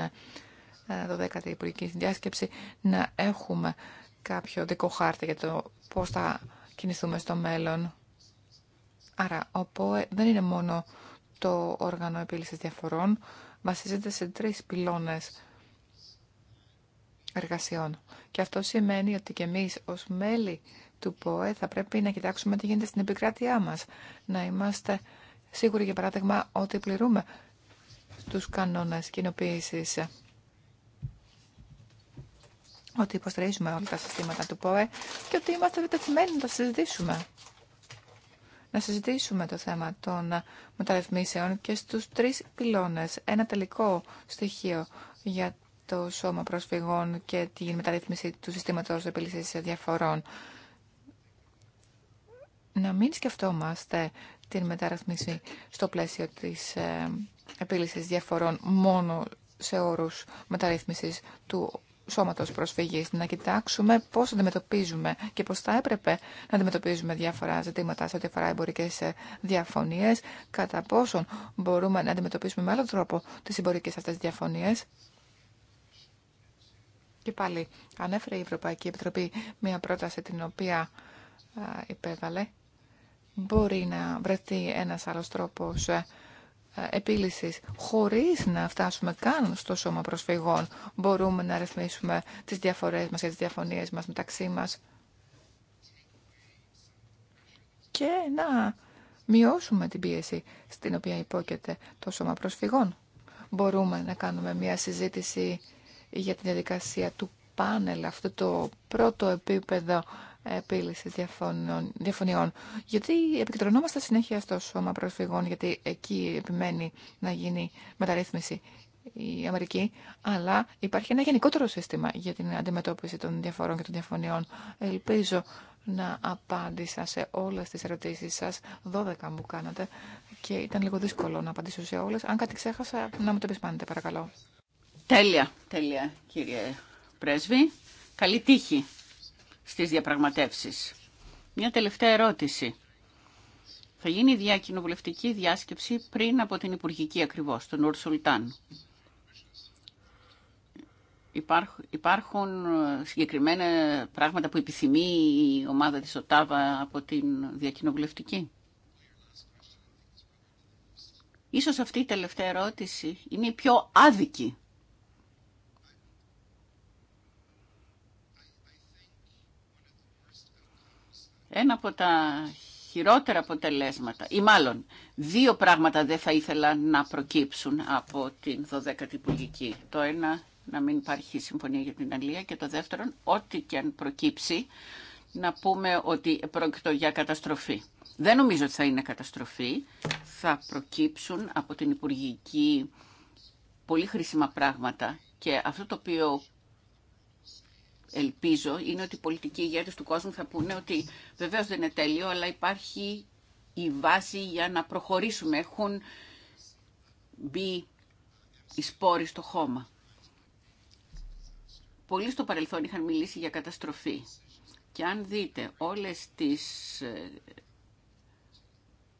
12η ε, Υπουργική Διάσκεψη να έχουμε κάποιο δικό χάρτη για το πώς θα κινηθούμε στο μέλλον. Άρα, ο ΠΟΕ δεν είναι μόνο το όργανο επίλυσης διαφορών, βασίζεται σε τρεις πυλώνες εργασιών. Και αυτό σημαίνει ότι και εμείς ως μέλη του ΠΟΕ θα πρέπει να κοιτάξουμε τι γίνεται στην επικράτειά μας. Να είμαστε σίγουροι, για παράδειγμα, ότι πληρούμε τους κανόνες κοινοποίησης ότι υποστηρίζουμε όλα τα συστήματα του ΠΟΕ και ότι είμαστε διτεθειμένοι να τα συζητήσουμε. Να συζητήσουμε το θέμα των μεταρρυθμίσεων και στους τρεις πυλώνες. Ένα τελικό στοιχείο για το Σώμα Προσφυγών και τη μεταρρύθμιση του συστήματος επίλυσης διαφορών. Να μην σκεφτόμαστε την μεταρρύθμιση στο πλαίσιο της ε, επίλυσης διαφορών μόνο σε όρους μεταρρύθμισης του σώματος προσφυγής, να κοιτάξουμε πώς αντιμετωπίζουμε και πώς θα έπρεπε να αντιμετωπίζουμε διάφορα ζητήματα σε ό,τι αφορά εμπορικέ ε, διαφωνίες, κατά πόσον μπορούμε να αντιμετωπίσουμε με άλλο τρόπο τις εμπορικές αυτές διαφωνίες και πάλι ανέφερε η Ευρωπαϊκή Επιτροπή μια πρόταση την οποία υπέβαλε. Μπορεί να βρεθεί ένας άλλος τρόπος ε, ε, επίλυσης χωρίς να φτάσουμε καν στο σώμα προσφυγών. Μπορούμε να ρυθμίσουμε τις διαφορές μας και τις διαφωνίες μας μεταξύ μας και να μειώσουμε την πίεση στην οποία υπόκειται το σώμα προσφυγών. Μπορούμε να κάνουμε μια συζήτηση για τη διαδικασία του πάνελ, αυτό το πρώτο επίπεδο επίλυσης διαφωνιών. Γιατί επικεντρωνόμαστε συνέχεια στο σώμα προσφυγών, γιατί εκεί επιμένει να γίνει μεταρρύθμιση η Αμερική, αλλά υπάρχει ένα γενικότερο σύστημα για την αντιμετώπιση των διαφορών και των διαφωνιών. Ελπίζω να απάντησα σε όλες τις ερωτήσεις σας, 12 μου κάνατε και ήταν λίγο δύσκολο να απαντήσω σε όλες. Αν κάτι ξέχασα, να μου το επισπάνετε παρακαλώ. Τέλεια, τέλεια κύριε Πρέσβη. Καλή τύχη στις διαπραγματεύσεις. Μια τελευταία ερώτηση. Θα γίνει διακοινοβουλευτική διάσκεψη πριν από την Υπουργική ακριβώς, τον Ουρ Σουλτάν. Υπάρχουν συγκεκριμένα πράγματα που επιθυμεί η ομάδα της ΟΤΑΒΑ από την διακοινοβουλευτική. Ίσως αυτή η τελευταία ερώτηση είναι η πιο άδικη Ένα από τα χειρότερα αποτελέσματα, ή μάλλον δύο πράγματα δεν θα ήθελα να προκύψουν από την 12η Υπουργική. Το ένα, να μην υπάρχει συμφωνία για την Αλία και το δεύτερο, ό,τι και αν προκύψει, να πούμε ότι πρόκειται για καταστροφή. Δεν νομίζω ότι θα είναι καταστροφή. Θα προκύψουν από την Υπουργική πολύ χρήσιμα πράγματα και αυτό το οποίο ελπίζω είναι ότι οι πολιτικοί ηγέτε του κόσμου θα πούνε ότι βεβαίως δεν είναι τέλειο, αλλά υπάρχει η βάση για να προχωρήσουμε. Έχουν μπει οι σπόροι στο χώμα. Πολλοί στο παρελθόν είχαν μιλήσει για καταστροφή. Και αν δείτε όλες τις ε,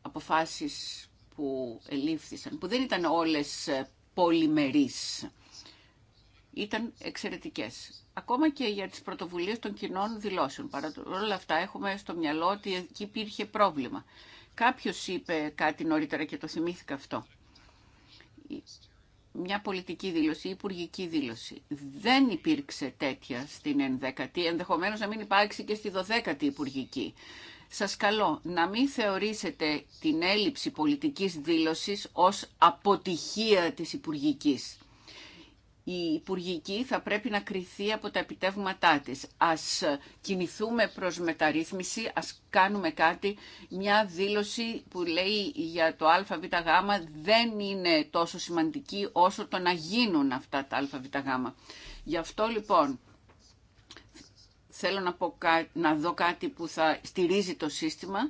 αποφάσεις που ελήφθησαν, που δεν ήταν όλες ε, πολυμερείς, ήταν εξαιρετικέ. Ακόμα και για τις πρωτοβουλίε των κοινών δηλώσεων. Παρά όλα αυτά έχουμε στο μυαλό ότι εκεί υπήρχε πρόβλημα. Κάποιο είπε κάτι νωρίτερα και το θυμήθηκα αυτό. Μια πολιτική δήλωση, υπουργική δήλωση. Δεν υπήρξε τέτοια στην ενδέκατη, ενδεχομένως να μην υπάρξει και στη δωδέκατη υπουργική. Σας καλώ να μην θεωρήσετε την έλλειψη πολιτικής δήλωσης ως αποτυχία της υπουργικής η Υπουργική θα πρέπει να κριθεί από τα επιτεύγματά της. Ας κινηθούμε προς μεταρρύθμιση, ας κάνουμε κάτι. Μια δήλωση που λέει για το ΑΒΓ δεν είναι τόσο σημαντική όσο το να γίνουν αυτά τα ΑΒΓ. Γι' αυτό λοιπόν θέλω να, να δω κάτι που θα στηρίζει το σύστημα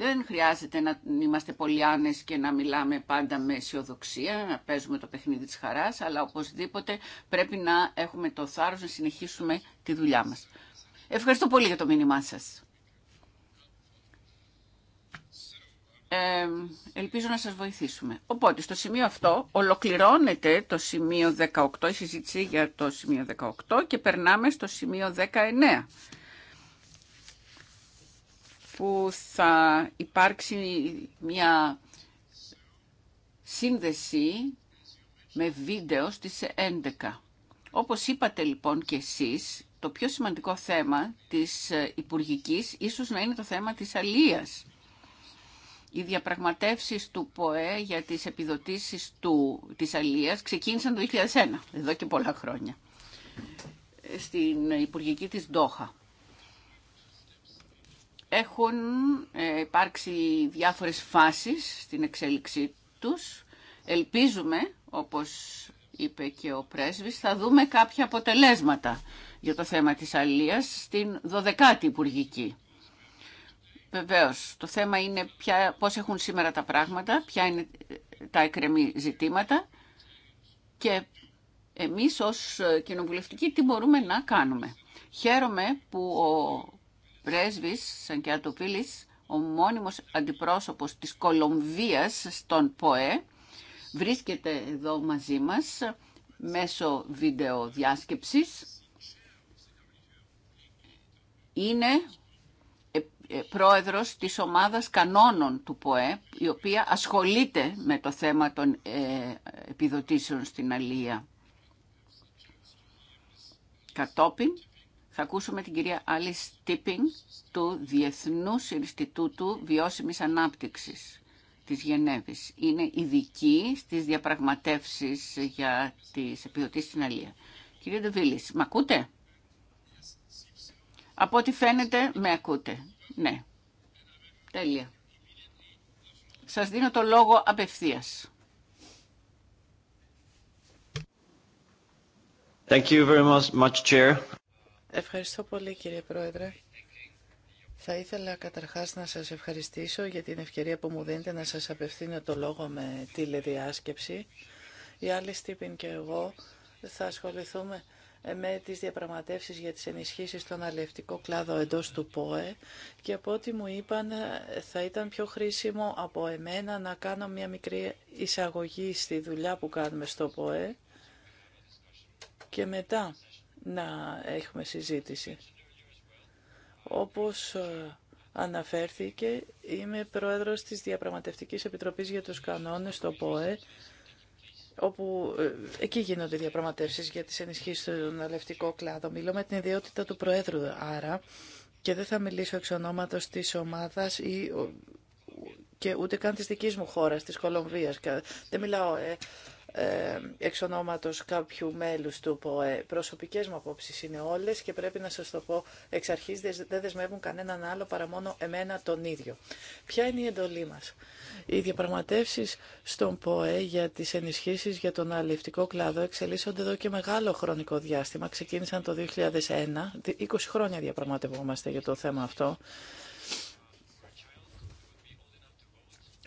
δεν χρειάζεται να είμαστε πολύ και να μιλάμε πάντα με αισιοδοξία, να παίζουμε το παιχνίδι της χαράς, αλλά οπωσδήποτε πρέπει να έχουμε το θάρρος να συνεχίσουμε τη δουλειά μας. Ευχαριστώ πολύ για το μήνυμά σας. Ε, ελπίζω να σας βοηθήσουμε. Οπότε, στο σημείο αυτό ολοκληρώνεται το σημείο 18, η συζήτηση για το σημείο 18 και περνάμε στο σημείο 19 που θα υπάρξει μια σύνδεση με βίντεο στις 11. Όπως είπατε λοιπόν και εσείς, το πιο σημαντικό θέμα της Υπουργικής ίσως να είναι το θέμα της αλίας. Οι διαπραγματεύσεις του ΠΟΕ για τις επιδοτήσεις του, της αλίας ξεκίνησαν το 2001, εδώ και πολλά χρόνια, στην Υπουργική της Ντόχα. Έχουν ε, υπάρξει διάφορες φάσεις στην εξέλιξή τους. Ελπίζουμε, όπως είπε και ο πρέσβης, θα δούμε κάποια αποτελέσματα για το θέμα της αλληλείας στην 12η Υπουργική. Βεβαίως, το θέμα είναι ποια, πώς έχουν σήμερα τα πράγματα, ποια είναι τα εκρεμή ζητήματα και εμείς ως κοινοβουλευτικοί τι μπορούμε να κάνουμε. Χαίρομαι που ο πρέσβης Σανκιάτο Φίλης, ο μόνιμος αντιπρόσωπος της Κολομβίας στον ΠΟΕ, βρίσκεται εδώ μαζί μας μέσω βίντεο διάσκεψης. Είναι ε, ε, πρόεδρος της ομάδας κανόνων του ΠΟΕ, η οποία ασχολείται με το θέμα των ε, επιδοτήσεων στην Αλία. Κατόπιν θα ακούσουμε την κυρία Άλλη Στίπινγκ του Διεθνούς Ινστιτούτου Βιώσιμης Ανάπτυξης της Γενέβης. Είναι ειδική στις διαπραγματεύσεις για τις επιδοτήσεις στην Αλία. Κύριε Ντεβίλης, με ακούτε? Από ό,τι φαίνεται, με ακούτε. Ναι. Τέλεια. Σας δίνω το λόγο απευθείας. Thank you very much, much, Chair. Ευχαριστώ πολύ κύριε Πρόεδρε. Θα ήθελα καταρχάς να σας ευχαριστήσω για την ευκαιρία που μου δίνετε να σας απευθύνω το λόγο με τηλεδιάσκεψη. Οι άλλοι Στύπιν και εγώ θα ασχοληθούμε με τις διαπραγματεύσεις για τις ενισχύσεις στον αλληλευτικό κλάδο εντός του ΠΟΕ και από ό,τι μου είπαν θα ήταν πιο χρήσιμο από εμένα να κάνω μια μικρή εισαγωγή στη δουλειά που κάνουμε στο ΠΟΕ και μετά να έχουμε συζήτηση. Όπως ε, αναφέρθηκε, είμαι πρόεδρος της Διαπραγματευτικής Επιτροπής για τους Κανόνες στο ΠΟΕ, όπου ε, εκεί γίνονται οι διαπραγματεύσεις για τις ενισχύσεις στον αλευτικό κλάδο. Μιλώ με την ιδιότητα του Προέδρου, άρα, και δεν θα μιλήσω εξ ονόματος της ομάδας ή και ούτε καν της δικής μου χώρας, της Κολομβίας. Δεν μιλάω ε, ε, εξ ονόματος κάποιου μέλους του ΠΟΕ. Προσωπικές μου απόψεις είναι όλες και πρέπει να σας το πω εξ αρχής δεν δεσμεύουν κανέναν άλλο παρά μόνο εμένα τον ίδιο. Ποια είναι η εντολή μας. Οι διαπραγματεύσεις στον ΠΟΕ για τις ενισχύσεις για τον αλληλευτικό κλάδο εξελίσσονται εδώ και μεγάλο χρονικό διάστημα. Ξεκίνησαν το 2001, 20 χρόνια διαπραγματευόμαστε για το θέμα αυτό.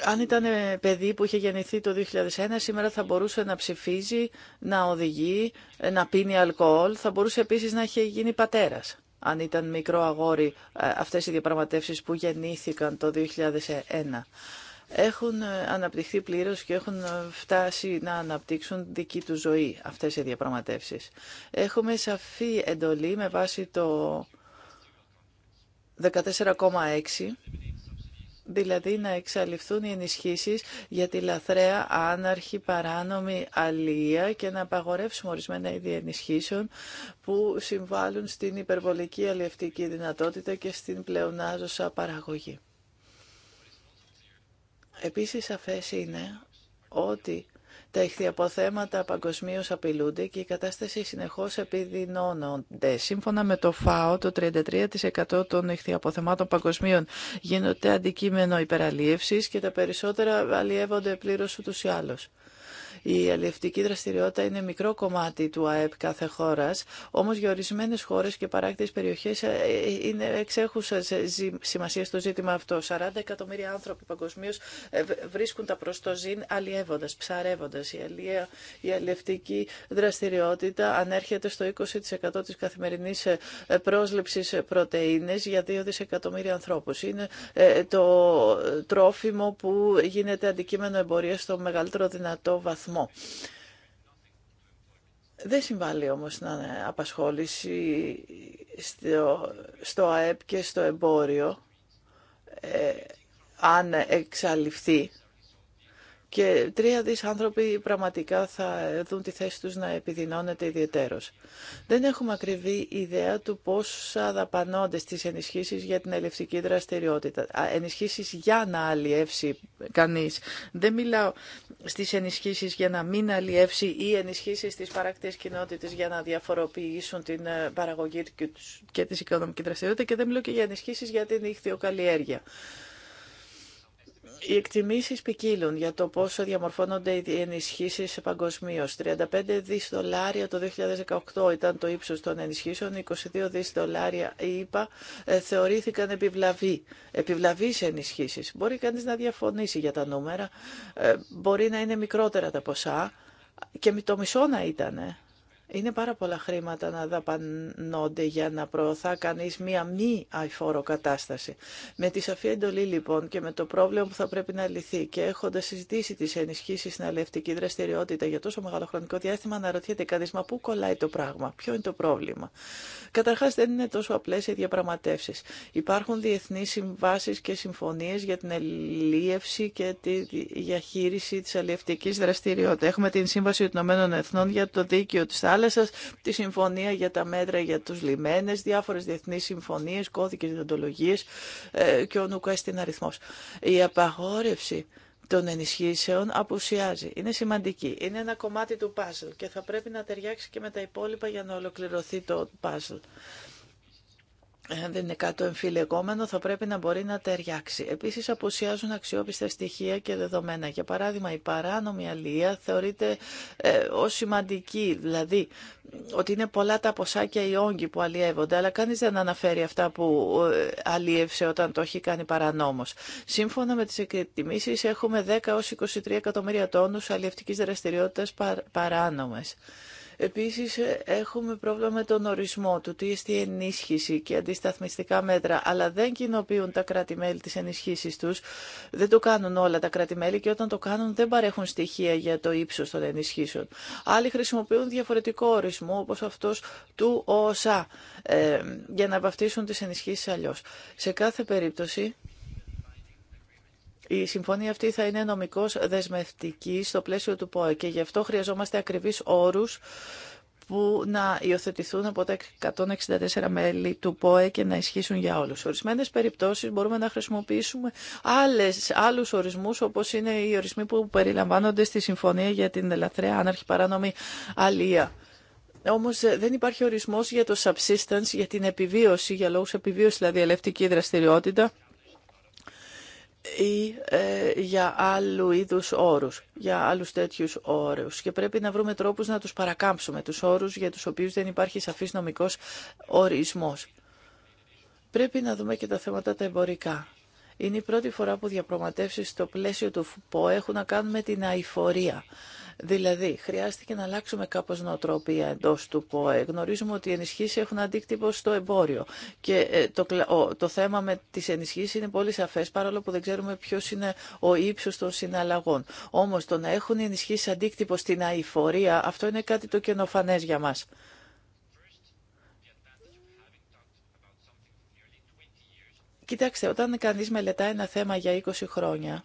αν ήταν παιδί που είχε γεννηθεί το 2001, σήμερα θα μπορούσε να ψηφίζει, να οδηγεί, να πίνει αλκοόλ. Θα μπορούσε επίσης να είχε γίνει πατέρας, αν ήταν μικρό αγόρι ε, αυτές οι διαπραγματεύσεις που γεννήθηκαν το 2001. Έχουν ε, αναπτυχθεί πλήρως και έχουν ε, φτάσει να αναπτύξουν δική του ζωή αυτές οι διαπραγματεύσεις. Έχουμε σαφή εντολή με βάση το 14,6 δηλαδή να εξαλειφθούν οι ενισχύσεις για τη λαθρέα, άναρχη, παράνομη αλία και να απαγορεύσουμε ορισμένα είδη ενισχύσεων που συμβάλλουν στην υπερβολική αλευτική δυνατότητα και στην πλεονάζωσα παραγωγή. Επίσης, αφές είναι ότι τα ηχθιαποθέματα παγκοσμίω απειλούνται και η κατάσταση συνεχώς επιδεινώνονται. Σύμφωνα με το ΦΑΟ, το 33% των ηχθιαποθεμάτων παγκοσμίων γίνονται αντικείμενο υπεραλίευση και τα περισσότερα αλλιεύονται πλήρως ούτω ή άλλω. Η αλληλευτική δραστηριότητα είναι μικρό κομμάτι του ΑΕΠ κάθε χώρα, όμω για ορισμένε χώρε και παράκτητε περιοχέ ε, είναι εξέχουσα ε, σημασία στο ζήτημα αυτό. 40 εκατομμύρια άνθρωποι παγκοσμίω ε, βρίσκουν τα προστοζήν αλλιεύοντα, ψαρεύοντα. Η αλληλευτική δραστηριότητα ανέρχεται στο 20% τη καθημερινή πρόσληψη πρωτενε για 2 δισεκατομμύρια ανθρώπου. Είναι το τρόφιμο που γίνεται αντικείμενο εμπορία στο μεγαλύτερο δυνατό βαθμό δεν συμβάλλει όμως να απασχόληση στο, στο ΑΕΠ και στο εμπόριο ε, αν εξαλειφθεί και τρία δις άνθρωποι πραγματικά θα δουν τη θέση τους να επιδεινώνεται ιδιαιτέρως. Δεν έχουμε ακριβή ιδέα του πόσα δαπανώνται στις ενισχύσεις για την ελευτική δραστηριότητα. Ενισχύσεις για να αλλιεύσει κανείς. Δεν μιλάω στις ενισχύσεις για να μην αλλιεύσει ή ενισχύσεις στις παρακτές κοινότητε για να διαφοροποιήσουν την ε, παραγωγή και τις οικονομική δραστηριότητα και δεν μιλάω και για ενισχύσεις για την ηχθειοκαλλιέργεια. Οι εκτιμήσει ποικίλουν για το πόσο διαμορφώνονται οι ενισχύσεις παγκοσμίω. 35 δι δολάρια το 2018 ήταν το ύψος των ενισχύσεων, 22 δι δολάρια είπα, ε, θεωρήθηκαν επιβλαβή, επιβλαβείς ενισχύσεις. Μπορεί κανείς να διαφωνήσει για τα νούμερα, ε, μπορεί να είναι μικρότερα τα ποσά και το μισό να ήταν είναι πάρα πολλά χρήματα να δαπανώνται για να προωθά κανείς μία μη αηφόρο κατάσταση. Με τη σαφή εντολή λοιπόν και με το πρόβλημα που θα πρέπει να λυθεί και έχοντας συζητήσει τις ενισχύσεις στην αλληλευτική δραστηριότητα για τόσο μεγάλο χρονικό διάστημα αναρωτιέται κανεί μα πού κολλάει το πράγμα, ποιο είναι το πρόβλημα. Καταρχάς δεν είναι τόσο απλές οι διαπραγματεύσεις. Υπάρχουν διεθνείς συμβάσεις και συμφωνίες για την ελίευση και τη διαχείριση της αλλευτική δραστηριότητας. Έχουμε την Σύμβαση των Ηνωμένων Εθνών για το Δίκαιο της θάλασσας, τη συμφωνία για τα μέτρα για τους λιμένες, διάφορες διεθνείς συμφωνίες, κώδικες διοντολογίες ε, και ο Νουκάς αριθμός. Η απαγόρευση των ενισχύσεων απουσιάζει. Είναι σημαντική. Είναι ένα κομμάτι του παζλ και θα πρέπει να ταιριάξει και με τα υπόλοιπα για να ολοκληρωθεί το παζλ αν δεν είναι κάτι το εμφυλεγόμενο, θα πρέπει να μπορεί να ταιριάξει. Επίσης, απουσιάζουν αξιόπιστα στοιχεία και δεδομένα. Για παράδειγμα, η παράνομη αλληλεία θεωρείται ε, ως σημαντική, δηλαδή ότι είναι πολλά τα ποσάκια οι όγκοι που αλλιεύονται, αλλά κανείς δεν αναφέρει αυτά που ε, αλλιεύσε όταν το έχει κάνει παρανόμος. Σύμφωνα με τις εκτιμήσεις, έχουμε 10 έως 23 εκατομμύρια τόνους αλλιευτικής δραστηριότητας παράνομες. Επίσης ε, έχουμε πρόβλημα με τον ορισμό του, τι η ενίσχυση και αντισταθμιστικά μέτρα, αλλά δεν κοινοποιούν τα κράτη-μέλη τις ενισχύσεις τους, δεν το κάνουν όλα τα κράτη-μέλη και όταν το κάνουν δεν παρέχουν στοιχεία για το ύψος των ενισχύσεων. Άλλοι χρησιμοποιούν διαφορετικό ορισμό όπως αυτός του ΟΣΑ ε, για να βαφτίσουν τις ενισχύσεις αλλιώς. Σε κάθε περίπτωση η συμφωνία αυτή θα είναι νομικώς δεσμευτική στο πλαίσιο του ΠΟΕ και γι' αυτό χρειαζόμαστε ακριβείς όρους που να υιοθετηθούν από τα 164 μέλη του ΠΟΕ και να ισχύσουν για όλους. Σε ορισμένες περιπτώσεις μπορούμε να χρησιμοποιήσουμε άλλου άλλους ορισμούς όπως είναι οι ορισμοί που περιλαμβάνονται στη Συμφωνία για την Ελαθρέα Άναρχη Παράνομη Αλία. Όμως ε, δεν υπάρχει ορισμός για το subsistence, για την επιβίωση, για λόγους επιβίωσης δηλαδή ελευτική δραστηριότητα ή ε, για άλλου είδους όρους, για άλλους τέτοιους όρους. Και πρέπει να βρούμε τρόπους να τους παρακάμψουμε, τους όρους για τους οποίους δεν υπάρχει σαφής νομικός ορισμός. Πρέπει να δούμε και τα θέματα τα εμπορικά. Είναι η πρώτη φορά που διαπραγματεύσεις στο πλαίσιο του ΦΠΟ έχουν να κάνουν με την αηφορία. Δηλαδή, χρειάστηκε να αλλάξουμε κάπως νοοτροπία εντό του ΠΟΕ. Γνωρίζουμε ότι οι ενισχύσει έχουν αντίκτυπο στο εμπόριο και ε, το, το θέμα με τις ενισχύσει είναι πολύ σαφές παρόλο που δεν ξέρουμε ποιο είναι ο ύψο των συναλλαγών. Όμως το να έχουν οι ενισχύσεις αντίκτυπο στην αηφορία, αυτό είναι κάτι το καινοφανέ για μα. Κοιτάξτε, όταν κανείς μελετά ένα θέμα για 20 χρόνια,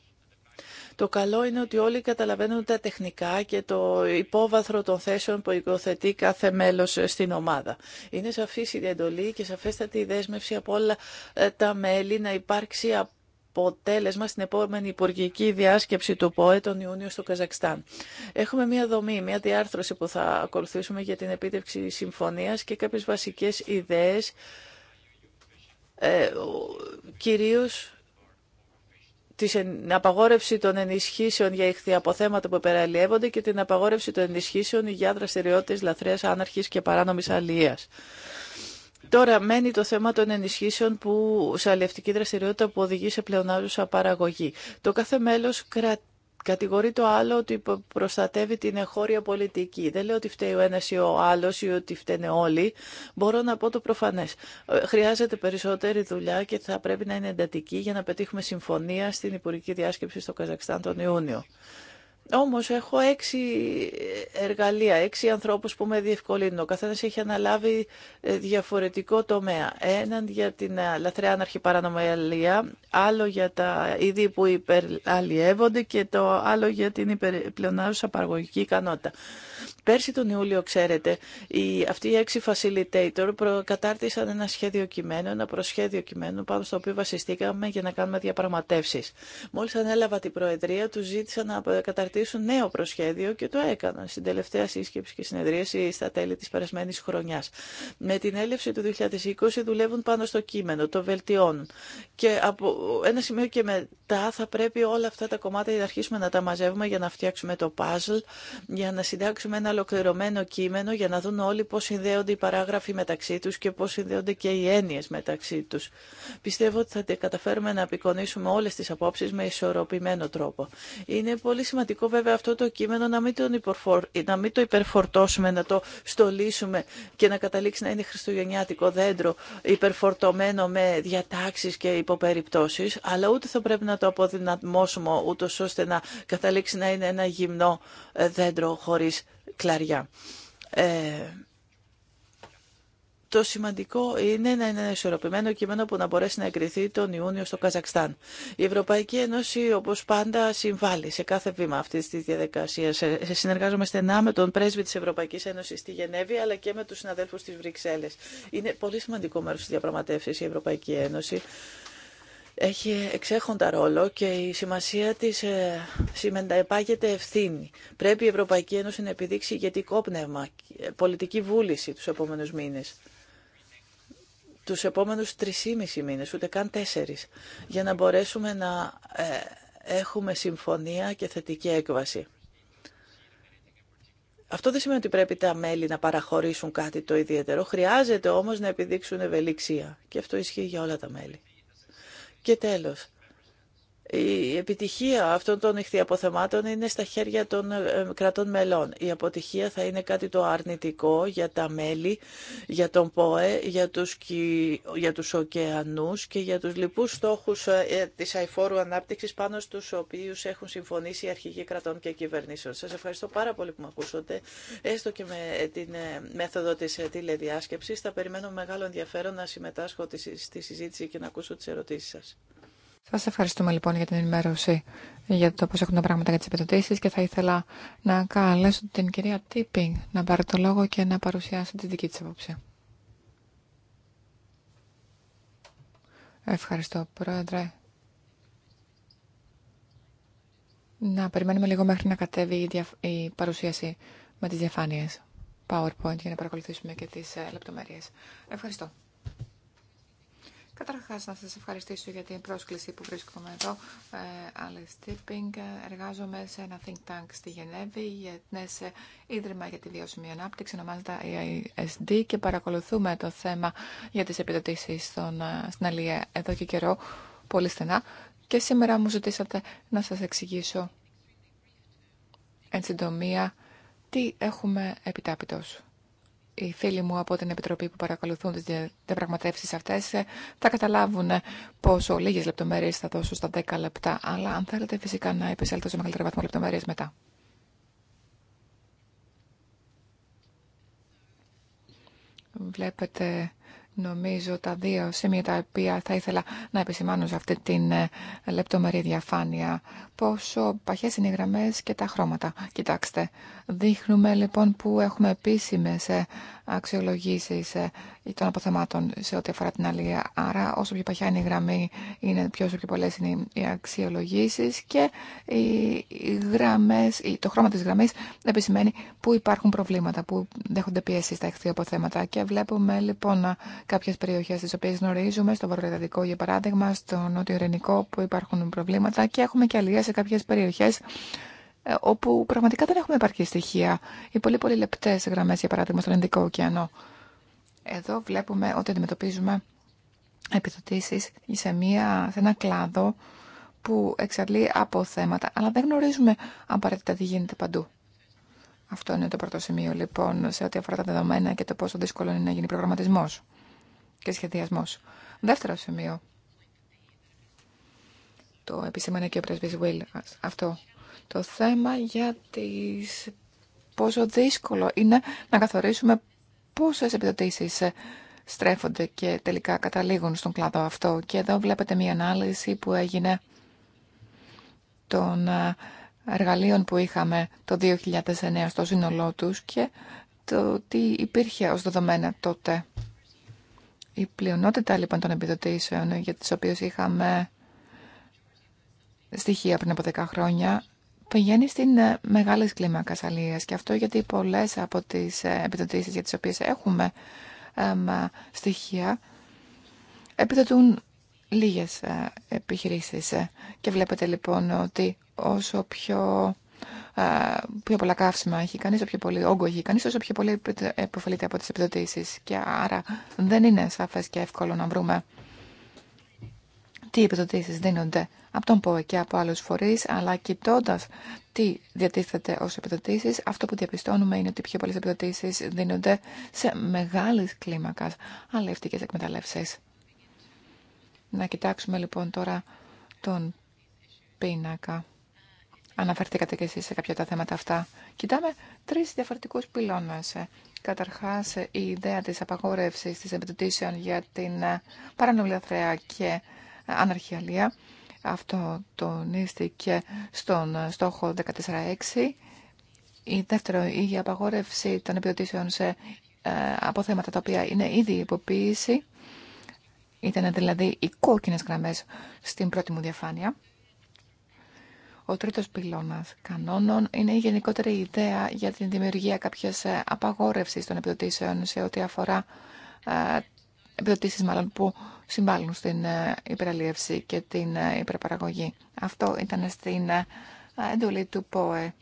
το καλό είναι ότι όλοι καταλαβαίνουν τα τεχνικά και το υπόβαθρο των θέσεων που υποθετεί κάθε μέλο στην ομάδα. Είναι σαφής η εντολή και σαφέστατη η δέσμευση από όλα ε, τα μέλη να υπάρξει αποτέλεσμα στην επόμενη υπουργική διάσκεψη του ΠΟΕ τον Ιούνιο στο Καζακστάν. Έχουμε μια δομή, μια διάρθρωση που θα ακολουθήσουμε για την επίτευξη συμφωνίας και κάποιες βασικές ιδέες, ε, κυρίως την απαγόρευση των ενισχύσεων για ηχθιαποθέματα που υπεραλλιεύονται και την απαγόρευση των ενισχύσεων για δραστηριότητες λαθρέας άναρχης και παράνομης αλληλεία. Τώρα μένει το θέμα των ενισχύσεων που, σε αλληλευτική δραστηριότητα που οδηγεί σε πλεονάζουσα παραγωγή. Το κάθε μέλος κρατάει Κατηγορεί το άλλο ότι προστατεύει την εγχώρια πολιτική. Δεν λέω ότι φταίει ο ένα ή ο άλλο ή ότι φταίνε όλοι. Μπορώ να πω το προφανέ. Ε, χρειάζεται περισσότερη δουλειά και θα πρέπει να είναι εντατική για να πετύχουμε συμφωνία στην Υπουργική Διάσκεψη στο Καζακστάν τον Ιούνιο. Όμως έχω έξι εργαλεία, έξι ανθρώπους που με διευκολύνουν. Ο καθένας έχει αναλάβει ε, διαφορετικό τομέα. Έναν για την ε, λαθρέα άναρχη παρανομαλία, άλλο για τα είδη που υπεραλλιεύονται και το άλλο για την υπερπλεονάζουσα παραγωγική ικανότητα. Πέρσι τον Ιούλιο, ξέρετε, οι, αυτοί οι έξι facilitator κατάρτισαν ένα σχέδιο κειμένου, ένα προσχέδιο κειμένου πάνω στο οποίο βασιστήκαμε για να κάνουμε διαπραγματεύσει. Μόλι ανέλαβα την Προεδρία, του ζήτησαν να καταρτήσουν νέο προσχέδιο και το έκαναν στην τελευταία σύσκεψη και συνεδρίαση στα τέλη τη περασμένη χρονιά. Με την έλευση του 2020 δουλεύουν πάνω στο κείμενο, το βελτιώνουν. Και από ένα σημείο και μετά θα πρέπει όλα αυτά τα κομμάτια να αρχίσουμε να τα μαζεύουμε για να φτιάξουμε το puzzle, για να συντάξουμε ένα ολοκληρωμένο κείμενο για να δουν όλοι πώς συνδέονται οι παράγραφοι μεταξύ τους και πώς συνδέονται και οι έννοιες μεταξύ τους. Πιστεύω ότι θα καταφέρουμε να απεικονίσουμε όλες τις απόψεις με ισορροπημένο τρόπο. Είναι πολύ σημαντικό βέβαια αυτό το κείμενο να μην, τον να μην το υπερφορτώσουμε, να το στολίσουμε και να καταλήξει να είναι χριστουγεννιάτικο δέντρο υπερφορτωμένο με διατάξεις και υποπεριπτώσεις, αλλά ούτε θα πρέπει να το αποδυναμώσουμε ούτως ώστε να καταλήξει να είναι ένα γυμνό ε, δέντρο χωρίς κλαριά. Ε, το σημαντικό είναι να είναι ένα ισορροπημένο κείμενο που να μπορέσει να εγκριθεί τον Ιούνιο στο Καζακστάν. Η Ευρωπαϊκή Ένωση, όπω πάντα, συμβάλλει σε κάθε βήμα αυτή τη διαδικασία. Ε, ε, συνεργάζομαι στενά με τον πρέσβη τη Ευρωπαϊκή Ένωση στη Γενέβη, αλλά και με του συναδέλφου τη Βρυξέλλε. Είναι πολύ σημαντικό μέρο τη διαπραγματεύση η Ευρωπαϊκή Ένωση έχει εξέχοντα ρόλο και η σημασία της ε, επάγεται ευθύνη. Πρέπει η Ευρωπαϊκή Ένωση να επιδείξει ηγετικό πνεύμα, ε, πολιτική βούληση τους επόμενους μήνες. Τους επόμενους μισή μήνες, ούτε καν τέσσερις, για να μπορέσουμε να ε, έχουμε συμφωνία και θετική έκβαση. Αυτό δεν σημαίνει ότι πρέπει τα μέλη να παραχωρήσουν κάτι το ιδιαίτερο. Χρειάζεται όμως να επιδείξουν ευελιξία. Και αυτό ισχύει για όλα τα μέλη. Και τέλος, η επιτυχία αυτών των νυχτιαποθεμάτων είναι στα χέρια των ε, ε, κρατών μελών. Η αποτυχία θα είναι κάτι το αρνητικό για τα μέλη, για τον ΠΟΕ, για τους, για τους ωκεανούς και για τους λοιπούς στόχους ε, της αηφόρου ανάπτυξης πάνω στους οποίους έχουν συμφωνήσει οι αρχηγοί κρατών και κυβερνήσεων. Σας ευχαριστώ πάρα πολύ που με ακούσατε, έστω και με την μέθοδο της τηλεδιάσκεψης. Θα περιμένω μεγάλο ενδιαφέρον να συμμετάσχω στη συζήτηση και να ακούσω τις ερωτήσεις σας. Σας ευχαριστούμε λοιπόν για την ενημέρωση για το πώς έχουν τα πράγματα για τις επιδοτήσεις και θα ήθελα να καλέσω την κυρία Τίπινγκ να πάρει το λόγο και να παρουσιάσει την δική της απόψη. Ευχαριστώ, Πρόεδρε. Να περιμένουμε λίγο μέχρι να κατέβει η, η παρουσίαση με τις διαφάνειες PowerPoint για να παρακολουθήσουμε και τις ε, λεπτομέρειες. Ευχαριστώ. Καταρχάς να σας ευχαριστήσω για την πρόσκληση που βρίσκομαι εδώ. Ε, Alice Tipping, ε, εργάζομαι σε ένα think tank στη Γενέβη, για σε Ίδρυμα για τη Βιώσιμη Ανάπτυξη, ονομάζεται AISD και παρακολουθούμε το θέμα για τις επιδοτήσεις στον, ε, στην Αλία εδώ και καιρό πολύ στενά. Και σήμερα μου ζητήσατε να σας εξηγήσω εν συντομία τι έχουμε επιτάπητος οι φίλοι μου από την Επιτροπή που παρακολουθούν τις διαπραγματεύσεις αυτές ε, θα καταλάβουν ε, πόσο λίγες λεπτομέρειες θα δώσω στα 10 λεπτά. Αλλά αν θέλετε φυσικά να επισέλθω σε μεγαλύτερο βαθμό λεπτομέρειες μετά. Βλέπετε Νομίζω τα δύο σημεία τα οποία θα ήθελα να επισημάνω σε αυτή την ε, λεπτομερή διαφάνεια. Πόσο παχές είναι οι γραμμές και τα χρώματα. Κοιτάξτε, δείχνουμε λοιπόν που έχουμε επίσημες ε, αξιολογήσει ε, των αποθεμάτων σε ό,τι αφορά την αλληλεία. Άρα, όσο πιο παχιά είναι η γραμμή, είναι πιο, όσο πιο πολλέ είναι οι αξιολογήσει και οι γραμμές, το χρώμα τη γραμμή επισημαίνει που υπάρχουν προβλήματα, που δέχονται πίεση στα εχθρία αποθέματα. Και βλέπουμε λοιπόν κάποιε περιοχέ τι οποίε γνωρίζουμε, στο Βορειοελλαδικό για παράδειγμα, στο Νότιο Ειρηνικό που υπάρχουν προβλήματα και έχουμε και αλληλεία σε κάποιε περιοχέ ε, όπου πραγματικά δεν έχουμε επαρκή στοιχεία. Οι πολύ πολύ λεπτέ γραμμέ για παράδειγμα, στον Ινδικό ωκεανό. Εδώ βλέπουμε ότι αντιμετωπίζουμε επιδοτήσει σε, σε ένα κλάδο που εξαρλεί από θέματα, αλλά δεν γνωρίζουμε απαραίτητα τι γίνεται παντού. Αυτό είναι το πρώτο σημείο, λοιπόν, σε ό,τι αφορά τα δεδομένα και το πόσο δύσκολο είναι να γίνει προγραμματισμό και σχεδιασμό. Δεύτερο σημείο, το επισήμανε και ο πρεσβή Will, αυτό το θέμα για τις... πόσο δύσκολο είναι να καθορίσουμε πόσες επιδοτήσεις ε, στρέφονται και τελικά καταλήγουν στον κλάδο αυτό. Και εδώ βλέπετε μία ανάλυση που έγινε των ε, εργαλείων που είχαμε το 2009 στο σύνολό τους και το τι υπήρχε ως δεδομένα τότε. Η πλειονότητα λοιπόν των επιδοτήσεων για τις οποίες είχαμε στοιχεία πριν από 10 χρόνια πηγαίνει στην ε, μεγάλη κλίμακα αλληλεία. Και αυτό γιατί πολλέ από τι ε, επιδοτήσει για τι οποίε έχουμε εμ, ε, στοιχεία επιδοτούν λίγε επιχειρήσει. Και βλέπετε λοιπόν ότι όσο πιο πιο πολλά καύσιμα έχει κανείς, πιο πολύ όγκο έχει κανείς, όσο πιο πολύ υποφελείται από τις επιδοτήσεις. Και άρα δεν είναι σαφές και εύκολο να βρούμε τι επιδοτήσεις δίνονται από τον ΠΟΕ και από άλλους φορείς, αλλά κοιτώντα τι διατίθεται ως επιδοτήσεις, αυτό που διαπιστώνουμε είναι ότι πιο πολλές επιδοτήσεις δίνονται σε μεγάλη κλίμακας αλληλευτικές εκμεταλλεύσεις. Να κοιτάξουμε λοιπόν τώρα τον πίνακα. Αναφερθήκατε και εσείς σε κάποια τα θέματα αυτά. Κοιτάμε τρεις διαφορετικούς πυλώνες. Καταρχάς, η ιδέα της απαγόρευσης της επιδοτήσεων για την παρανομιλαθρέα και αναρχιαλία. Αυτό τονίστηκε στον στόχο 14.6. Η δεύτερη, η απαγόρευση των επιδοτήσεων σε ε, θέματα τα οποία είναι ήδη υποποίηση. Ήταν δηλαδή οι κόκκινες γραμμές στην πρώτη μου διαφάνεια. Ο τρίτος πυλώνας κανόνων είναι η γενικότερη ιδέα για την δημιουργία κάποιας ε, απαγόρευσης των επιδοτήσεων σε ό,τι αφορά ε, επιδοτήσεις μάλλον που συμβάλλουν στην ε, υπεραλίευση και την ε, υπερπαραγωγή. Αυτό ήταν στην ε, εντολή του ΠΟΕ.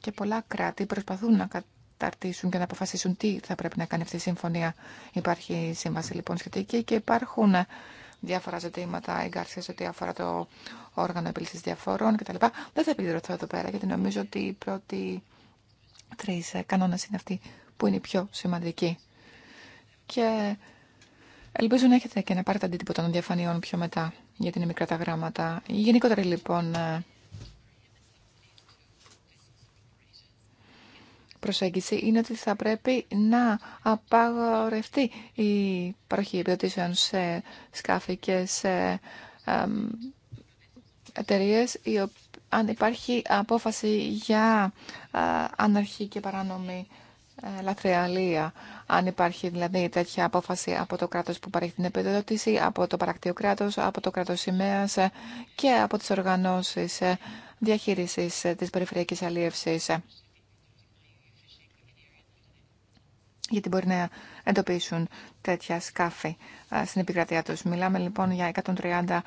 Και πολλά κράτη προσπαθούν να καταρτήσουν και να αποφασίσουν τι θα πρέπει να κάνει αυτή η συμφωνία. Υπάρχει σύμβαση λοιπόν σχετική και υπάρχουν διάφορα ζητήματα εγκάρσια ό,τι αφορά το όργανο επίλυση διαφόρων κτλ. Δεν θα επιδροθώ εδώ πέρα γιατί νομίζω ότι οι πρώτοι τρει κανόνε είναι αυτοί που είναι οι πιο σημαντικοί και ελπίζω να έχετε και να πάρετε αντίτυπο των διαφανειών πιο μετά, για την μικρά τα γράμματα. Γενικότερα λοιπόν ε, προσέγγιση είναι ότι θα πρέπει να απαγορευτεί η παροχή επιδοτήσεων σε σκάφη και σε εταιρείε αν υπάρχει απόφαση για ε, αναρχή και παράνομη ε, λαθρεαλία, αν υπάρχει δηλαδή τέτοια απόφαση από το κράτος που παρέχει την επιδότηση, από το ο κράτος, από το κράτος σημαίας ε, και από τις οργανώσεις ε, διαχείρισης της περιφερειακής αλίευσης. Γιατί μπορεί να εντοπίσουν τέτοια σκάφη στην επικρατεία τους. Μιλάμε λοιπόν για 130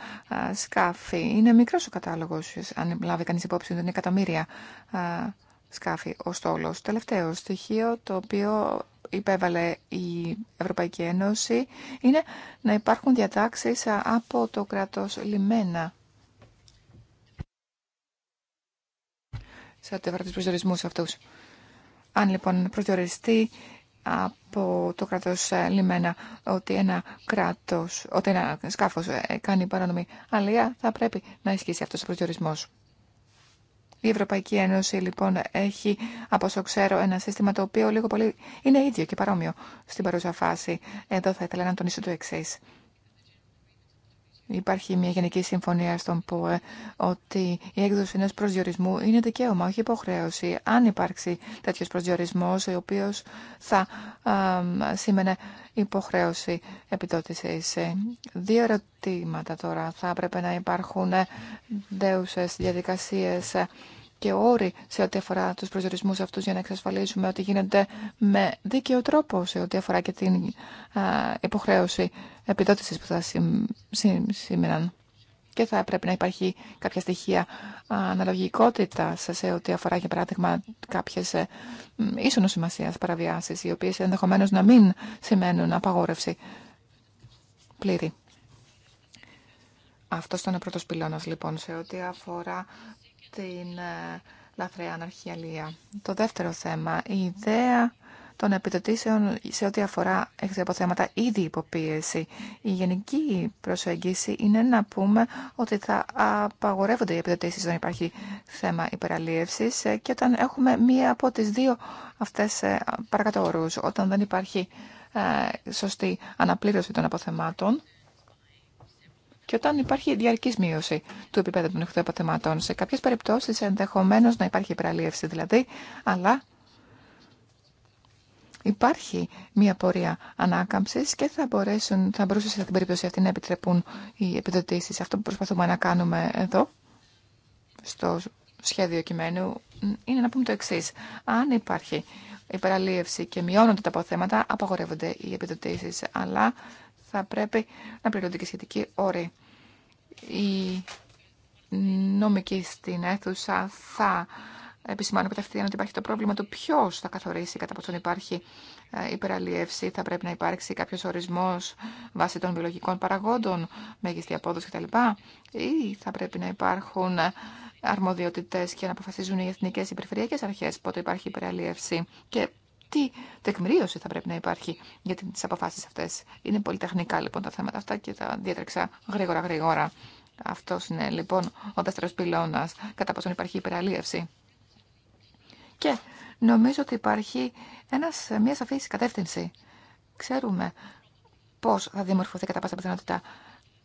σκάφη. Είναι μικρός ο κατάλογος, αν λάβει κανείς υπόψη, είναι εκατομμύρια σκάφη ο στόλος. Τελευταίο στοιχείο το οποίο υπέβαλε η Ευρωπαϊκή Ένωση είναι να υπάρχουν διατάξεις από το κράτος λιμένα. Σε ό,τι αφορά τους προσδιορισμούς αυτούς. Αν λοιπόν προσδιοριστεί από το κράτος ε, λιμένα ότι ένα κράτος, ότι ένα σκάφος ε, κάνει παρανομή αλία, θα πρέπει να ισχύσει αυτός ο προσδιορισμός. Η Ευρωπαϊκή Ένωση λοιπόν έχει, από όσο ξέρω, ένα σύστημα το οποίο λίγο πολύ είναι ίδιο και παρόμοιο στην παρούσα φάση. Εδώ θα ήθελα να τονίσω το εξή. Υπάρχει μια γενική συμφωνία στον ΠΟΕ ότι η έκδοση ενό προσδιορισμού είναι δικαίωμα, όχι υποχρέωση. Αν υπάρξει τέτοιο προσδιορισμό, ο οποίο θα α, σήμαινε υποχρέωση επιδότηση. Δύο ερωτήματα τώρα. Θα έπρεπε να υπάρχουν δέουσε διαδικασίε και όροι σε ό,τι αφορά τους προσδιορισμούς αυτούς για να εξασφαλίσουμε ότι γίνεται με δίκαιο τρόπο σε ό,τι αφορά και την υποχρέωση επιδότησης που θα σήμεραν. Και θα πρέπει να υπάρχει κάποια στοιχεία αναλογικότητα σε ό,τι αφορά, για παράδειγμα, κάποιε ε, ίσονο σημασία παραβιάσεις... οι οποίες ενδεχομένω να μην σημαίνουν απαγόρευση πλήρη. Αυτό ήταν ο πρώτο πυλώνα, λοιπόν, σε ό,τι αφορά την ε, λαθρέα αναρχιαλία. Το δεύτερο θέμα, η ιδέα των επιδοτήσεων σε ό,τι αφορά θέματα ήδη υποπίεση. Η γενική προσέγγιση είναι να πούμε ότι θα απαγορεύονται οι επιδοτήσεις όταν υπάρχει θέμα υπεραλίευσης ε, και όταν έχουμε μία από τις δύο αυτές ε, παρακατόρους, όταν δεν υπάρχει σωστή αναπλήρωση των αποθεμάτων και όταν υπάρχει διαρκή μείωση του επίπεδου των αποθεμάτων. σε κάποιε περιπτώσει ενδεχομένω να υπάρχει υπεραλίευση δηλαδή, αλλά υπάρχει μια πορεία ανάκαμψη και θα, μπορέσουν, θα μπορούσε σε αυτήν την περίπτωση αυτή να επιτρέπουν οι επιδοτήσει. Αυτό που προσπαθούμε να κάνουμε εδώ, στο σχέδιο κειμένου, είναι να πούμε το εξή. Αν υπάρχει υπεραλίευση και μειώνονται τα αποθέματα, απαγορεύονται οι επιδοτήσει. Αλλά θα πρέπει να πληρώνουν και σχετικοί όροι. Οι νομικοί στην αίθουσα θα επισημάνουν κατευθείαν ότι υπάρχει το πρόβλημα του ποιο θα καθορίσει κατά πόσον υπάρχει ε, υπεραλίευση, θα πρέπει να υπάρξει κάποιο ορισμό βάσει των βιολογικών παραγόντων, μέγιστη απόδοση κτλ. ή θα πρέπει να υπάρχουν αρμοδιότητε και να αποφασίζουν οι εθνικέ ή περιφερειακέ αρχέ πότε υπάρχει υπεραλίευση και τι τεκμηρίωση θα πρέπει να υπάρχει για τι αποφάσει αυτέ. Είναι πολυτεχνικά λοιπόν τα θέματα αυτά και τα διέτρεξα γρήγορα-γρήγορα. Αυτό είναι λοιπόν ο δεύτερο πυλώνα, κατά πόσον υπάρχει υπεραλίευση. Και νομίζω ότι υπάρχει ένας, μια σαφή κατεύθυνση. Ξέρουμε πώ θα δημορφωθεί κατά πάσα πιθανότητα